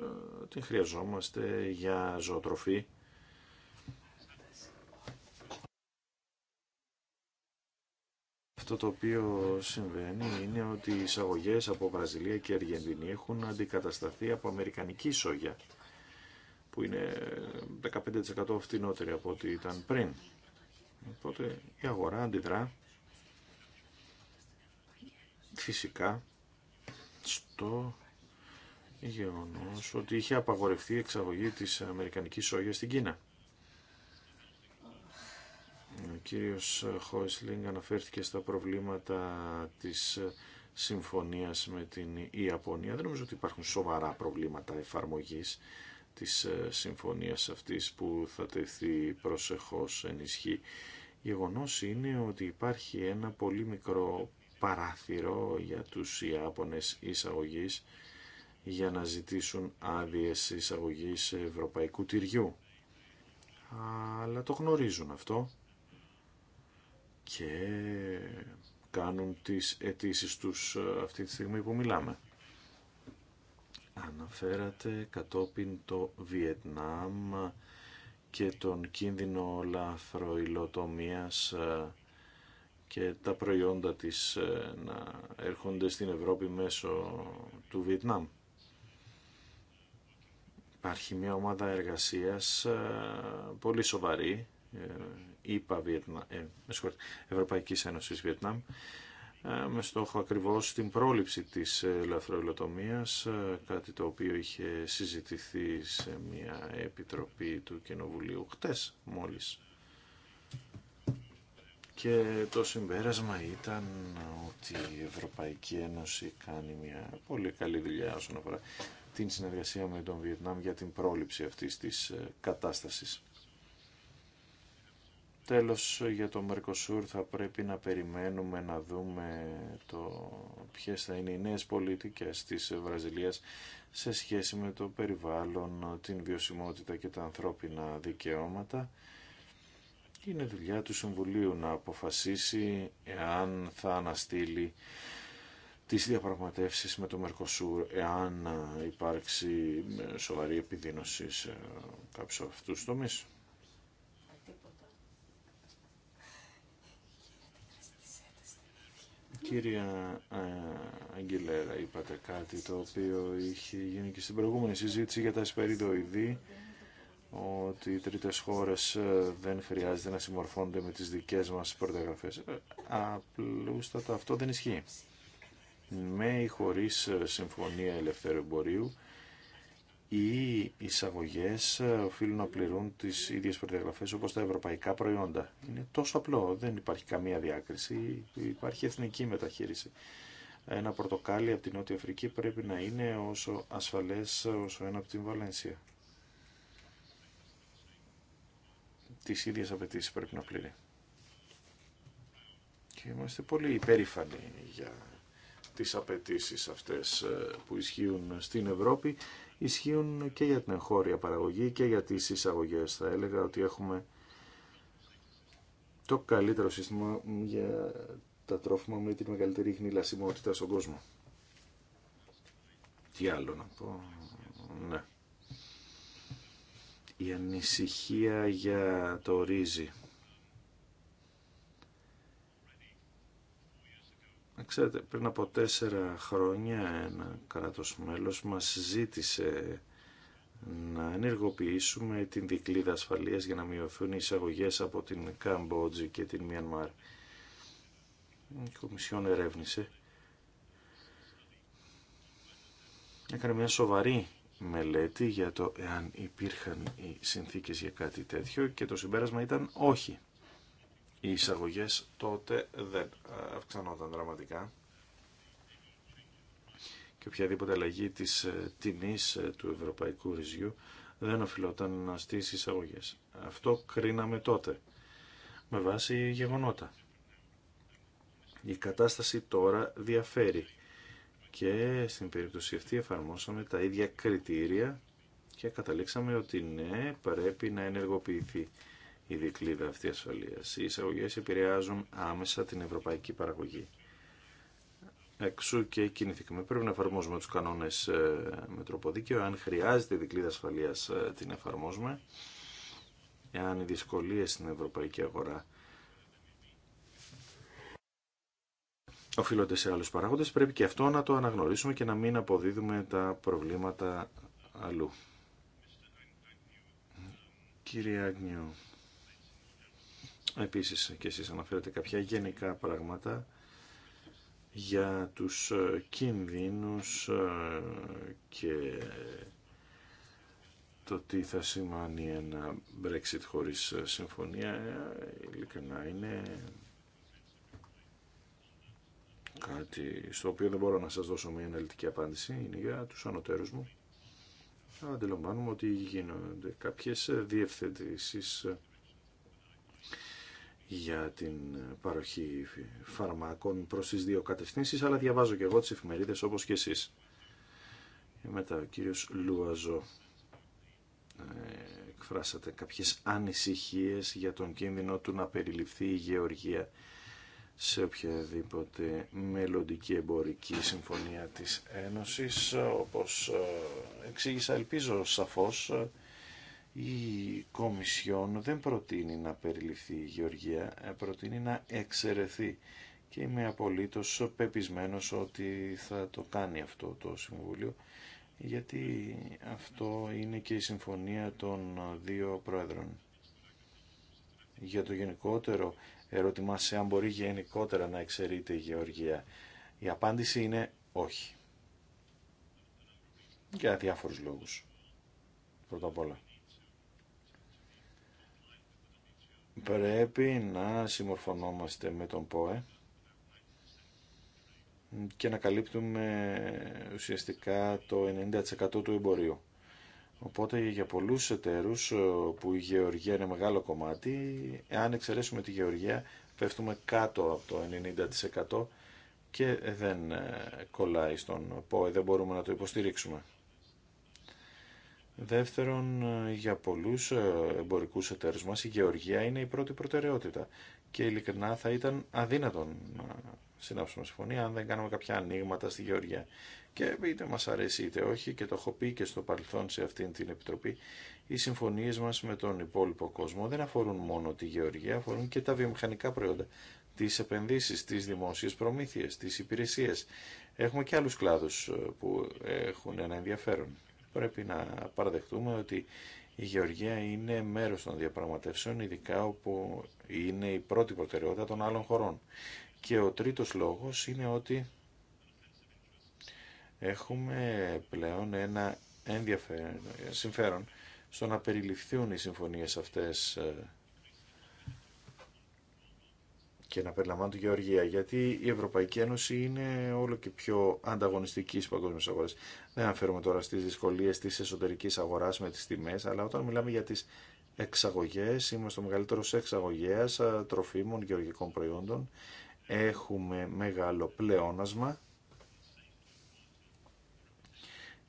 ε, την χρειαζόμαστε για ζωοτροφή το οποίο συμβαίνει είναι ότι οι εισαγωγέ από Βραζιλία και Αργεντινή έχουν αντικατασταθεί από αμερικανική σόγια που είναι 15% φτηνότερη από ό,τι ήταν πριν. Οπότε η αγορά αντιδρά φυσικά στο γεγονός ότι είχε απαγορευτεί η εξαγωγή της αμερικανικής σόγιας στην Κίνα κύριος Χόισλινγκ αναφέρθηκε στα προβλήματα της συμφωνίας με την Ιαπωνία. Δεν νομίζω ότι υπάρχουν σοβαρά προβλήματα εφαρμογής της ε, συμφωνίας αυτής που θα τεθεί προσεχώς Η Γεγονός είναι ότι υπάρχει ένα πολύ μικρό παράθυρο για τους Ιάπωνες εισαγωγής για να ζητήσουν άδειες εισαγωγής ευρωπαϊκού τυριού. Αλλά το γνωρίζουν αυτό και κάνουν τις αιτήσει τους ε, αυτή τη στιγμή που μιλάμε. Αναφέρατε κατόπιν το Βιετνάμ και τον κίνδυνο λαθροϊλοτομίας ε, και τα προϊόντα της ε, να έρχονται στην Ευρώπη μέσω του Βιετνάμ. Υπάρχει μια ομάδα εργασίας πολύ σοβαρή ΕΠΑ, Ένωση ε, ε Ευρωπαϊκής Ένωσης Βιετνάμ ε, με στόχο ακριβώς την πρόληψη της ε, λαθροϊλοτομίας, κάτι το οποίο είχε συζητηθεί σε μια επιτροπή του Κοινοβουλίου χτες μόλις. Και το συμπέρασμα ήταν ότι η Ευρωπαϊκή Ένωση κάνει μια πολύ καλή δουλειά όσον αφορά την συνεργασία με τον Βιετνάμ για την πρόληψη αυτής της κατάστασης. Τέλος για το Μερκοσούρ θα πρέπει να περιμένουμε να δούμε το ποιες θα είναι οι νέες πολιτικές της Βραζιλίας σε σχέση με το περιβάλλον, την βιωσιμότητα και τα ανθρώπινα δικαιώματα. Είναι δουλειά του Συμβουλίου να αποφασίσει εάν θα αναστείλει τις διαπραγματεύσεις με το Μερκοσούρ εάν υπάρξει σοβαρή επιδείνωση σε κάποιους αυτούς τομείς. Κύρια ε, αγγελέρα είπατε κάτι το οποίο είχε γίνει και στην προηγούμενη συζήτηση για τα εσπεριδοειδή, e ότι οι τρίτες χώρες ε, δεν χρειάζεται να συμμορφώνονται με τις δικές μας τα ε, Απλούστατα αυτό δεν ισχύει. Με ή χωρίς συμφωνία ελευθερου οι εισαγωγέ ε, οφείλουν να πληρούν τις ίδιες προδιαγραφέ όπω τα ευρωπαϊκά προϊόντα. Είναι τόσο απλό, δεν υπάρχει καμία διάκριση, υπάρχει εθνική μεταχείριση. Ένα πορτοκάλι από την Νότια Αφρική πρέπει να είναι όσο ασφαλές όσο ένα από την Βαλένσια. Τι ίδιε απαιτήσει πρέπει να πληρεί. Και είμαστε πολύ υπερήφανοι για τις απαιτήσει αυτές ε, που ισχύουν στην Ευρώπη ισχύουν και για την εγχώρια παραγωγή και για τις εισαγωγές. Θα έλεγα ότι έχουμε το καλύτερο σύστημα για τα τρόφιμα με τη μεγαλύτερη χνηλασιμότητα στον κόσμο. Τι άλλο να πω. Ναι. Η ανησυχία για το ρύζι. Ξέρετε, πριν από τέσσερα χρόνια ένα κράτος μέλος μας ζήτησε να ενεργοποιήσουμε την δικλίδα ασφαλείας για να μειωθούν οι εισαγωγές από την Καμπότζη και την Μιανμάρ. Η Κομισιόν ερεύνησε. Έκανε μια σοβαρή μελέτη για το εάν υπήρχαν οι συνθήκες για κάτι τέτοιο και το συμπέρασμα ήταν όχι οι εισαγωγέ τότε δεν ε, αυξανόταν δραματικά και οποιαδήποτε αλλαγή της ε, τιμής ε, του ευρωπαϊκού ρυζιού δεν οφειλόταν στις εισαγωγές. Αυτό κρίναμε τότε με βάση γεγονότα. Η κατάσταση τώρα διαφέρει και στην περίπτωση αυτή εφαρμόσαμε τα ίδια κριτήρια και καταλήξαμε ότι ναι, πρέπει να ενεργοποιηθεί η δικλίδα αυτή ασφαλεία. Οι εισαγωγέ επηρεάζουν άμεσα την ευρωπαϊκή παραγωγή. Εξού και κινηθήκαμε. Πρέπει να εφαρμόζουμε του κανόνε ε, με τρόπο δίκαιο. Αν χρειάζεται η δικλίδα ασφαλεία, ε, την εφαρμόζουμε. Εάν οι δυσκολίε στην ευρωπαϊκή αγορά οφείλονται σε άλλου παράγοντε. πρέπει και αυτό να το αναγνωρίσουμε και να μην αποδίδουμε τα προβλήματα αλλού. Κύριε Άγνιο, Επίσης και εσείς αναφέρετε κάποια γενικά πράγματα για τους ε, κινδύνους ε, και το τι θα σημαίνει ένα Brexit χωρίς ε, συμφωνία ειλικρινά είναι κάτι στο οποίο δεν μπορώ να σας δώσω μια αναλυτική απάντηση είναι για τους ανωτέρους μου αντιλαμβάνουμε ότι γίνονται κάποιες διευθετήσεις για την παροχή φαρμάκων προς τις δύο κατευθύνσεις, αλλά διαβάζω και εγώ τις εφημερίδες όπως και εσείς. Μετά ο κύριος Λουαζό ε, εκφράσατε κάποιες ανησυχίες για τον κίνδυνο του να περιληφθεί η γεωργία σε οποιαδήποτε μελλοντική εμπορική συμφωνία της Ένωσης. Όπως ε, εξήγησα, ελπίζω σαφώς, ε, η Κομισιόν δεν προτείνει να περιληφθεί η Γεωργία, ε, προτείνει να εξαιρεθεί και είμαι απολύτως πεπισμένος ότι θα το κάνει αυτό το Συμβούλιο γιατί αυτό είναι και η συμφωνία των δύο Πρόεδρων. Για το γενικότερο ερώτημα σε αν μπορεί γενικότερα να εξαιρείται η Γεωργία, η απάντηση είναι όχι. Για διάφορους λόγους. Πρώτα απ' όλα. πρέπει να συμμορφωνόμαστε με τον ΠΟΕ και να καλύπτουμε ουσιαστικά το 90% του εμπορίου. Οπότε για πολλούς εταίρους που η γεωργία είναι μεγάλο κομμάτι, αν εξαιρέσουμε τη γεωργία πέφτουμε κάτω από το 90% και δεν ε, κολλάει στον ΠΟΕ, δεν μπορούμε να το υποστηρίξουμε. Δεύτερον, ε, για πολλού ε, εμπορικού εταίρου μα, η γεωργία είναι η πρώτη προτεραιότητα και ειλικρινά θα ήταν αδύνατον να συνάψουμε συμφωνία αν δεν κάνουμε κάποια ανοίγματα στη γεωργία. Και είτε μα αρέσει είτε όχι και το έχω πει και στο παρελθόν σε αυτήν την επιτροπή, οι συμφωνίε μα με τον υπόλοιπο κόσμο δεν αφορούν μόνο τη γεωργία, αφορούν και τα βιομηχανικά προϊόντα, τι επενδύσει, τι δημόσιε προμήθειες, τι υπηρεσίες. Έχουμε και άλλου κλάδου ε, που έχουν ένα ενδιαφέρον πρέπει να παραδεχτούμε ότι η γεωργία είναι μέρος των διαπραγματεύσεων, ειδικά όπου είναι η πρώτη προτεραιότητα των άλλων χωρών. Και ο τρίτος λόγος είναι ότι έχουμε πλέον ένα ενδιαφέρον συμφέρον στο να περιληφθούν οι συμφωνίες αυτές ε, και να περιλαμβάνουν τη Γεωργία, γιατί η Ευρωπαϊκή Ένωση είναι όλο και πιο ανταγωνιστική στι παγκόσμιε αγορέ. Δεν αναφέρομαι τώρα στι δυσκολίε τη εσωτερική αγορά με τι τιμέ, αλλά όταν μιλάμε για τι εξαγωγέ, είμαστε ο μεγαλύτερο εξαγωγέα τροφίμων γεωργικών προϊόντων. Έχουμε μεγάλο πλεόνασμα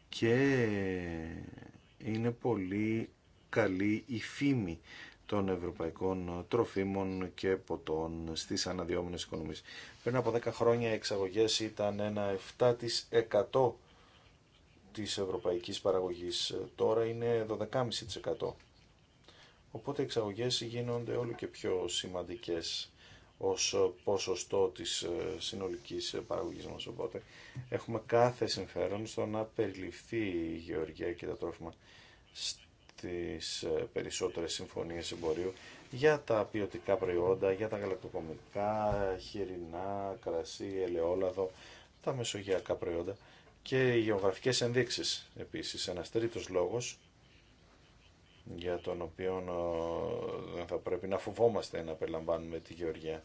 και είναι πολύ καλή η φήμη των ευρωπαϊκών τροφίμων και ποτών στις αναδυόμενες οικονομίες. Πριν από 10 χρόνια οι εξαγωγές ήταν ένα 7% της ευρωπαϊκής παραγωγής. Τώρα είναι 12,5%. Οπότε οι εξαγωγές γίνονται όλο και πιο σημαντικές ως ποσοστό της ε, συνολικής παραγωγής μας. Οπότε έχουμε κάθε συμφέρον στο να περιληφθεί η γεωργία και τα τρόφιμα τις ε, περισσότερες συμφωνίες εμπορίου για τα ποιοτικά προϊόντα, για τα γαλακτοκομικά, χοιρινά, κρασί, ελαιόλαδο, τα μεσογειακά προϊόντα και οι γεωγραφικές ενδείξεις επίσης. Ένας τρίτος λόγος για τον οποίο δεν θα πρέπει να φοβόμαστε να περιλαμβάνουμε τη γεωργία.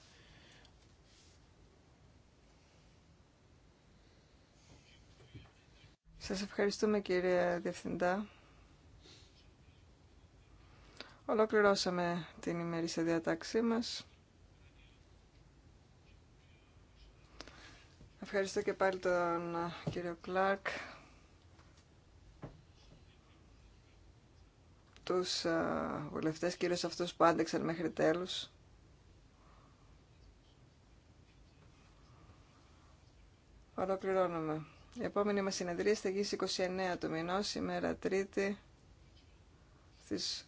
Σας ευχαριστούμε κύριε Διευθυντά. Ολοκληρώσαμε την ημερήσια διατάξή μας. Ευχαριστώ και πάλι τον κύριο Κλάρκ, τους βουλευτές, κύριος αυτούς που άντεξαν μέχρι τέλους. Ολοκληρώνουμε. Η επόμενη μας συνεδρία θα 29 του μηνός, ημέρα Τρίτη, στις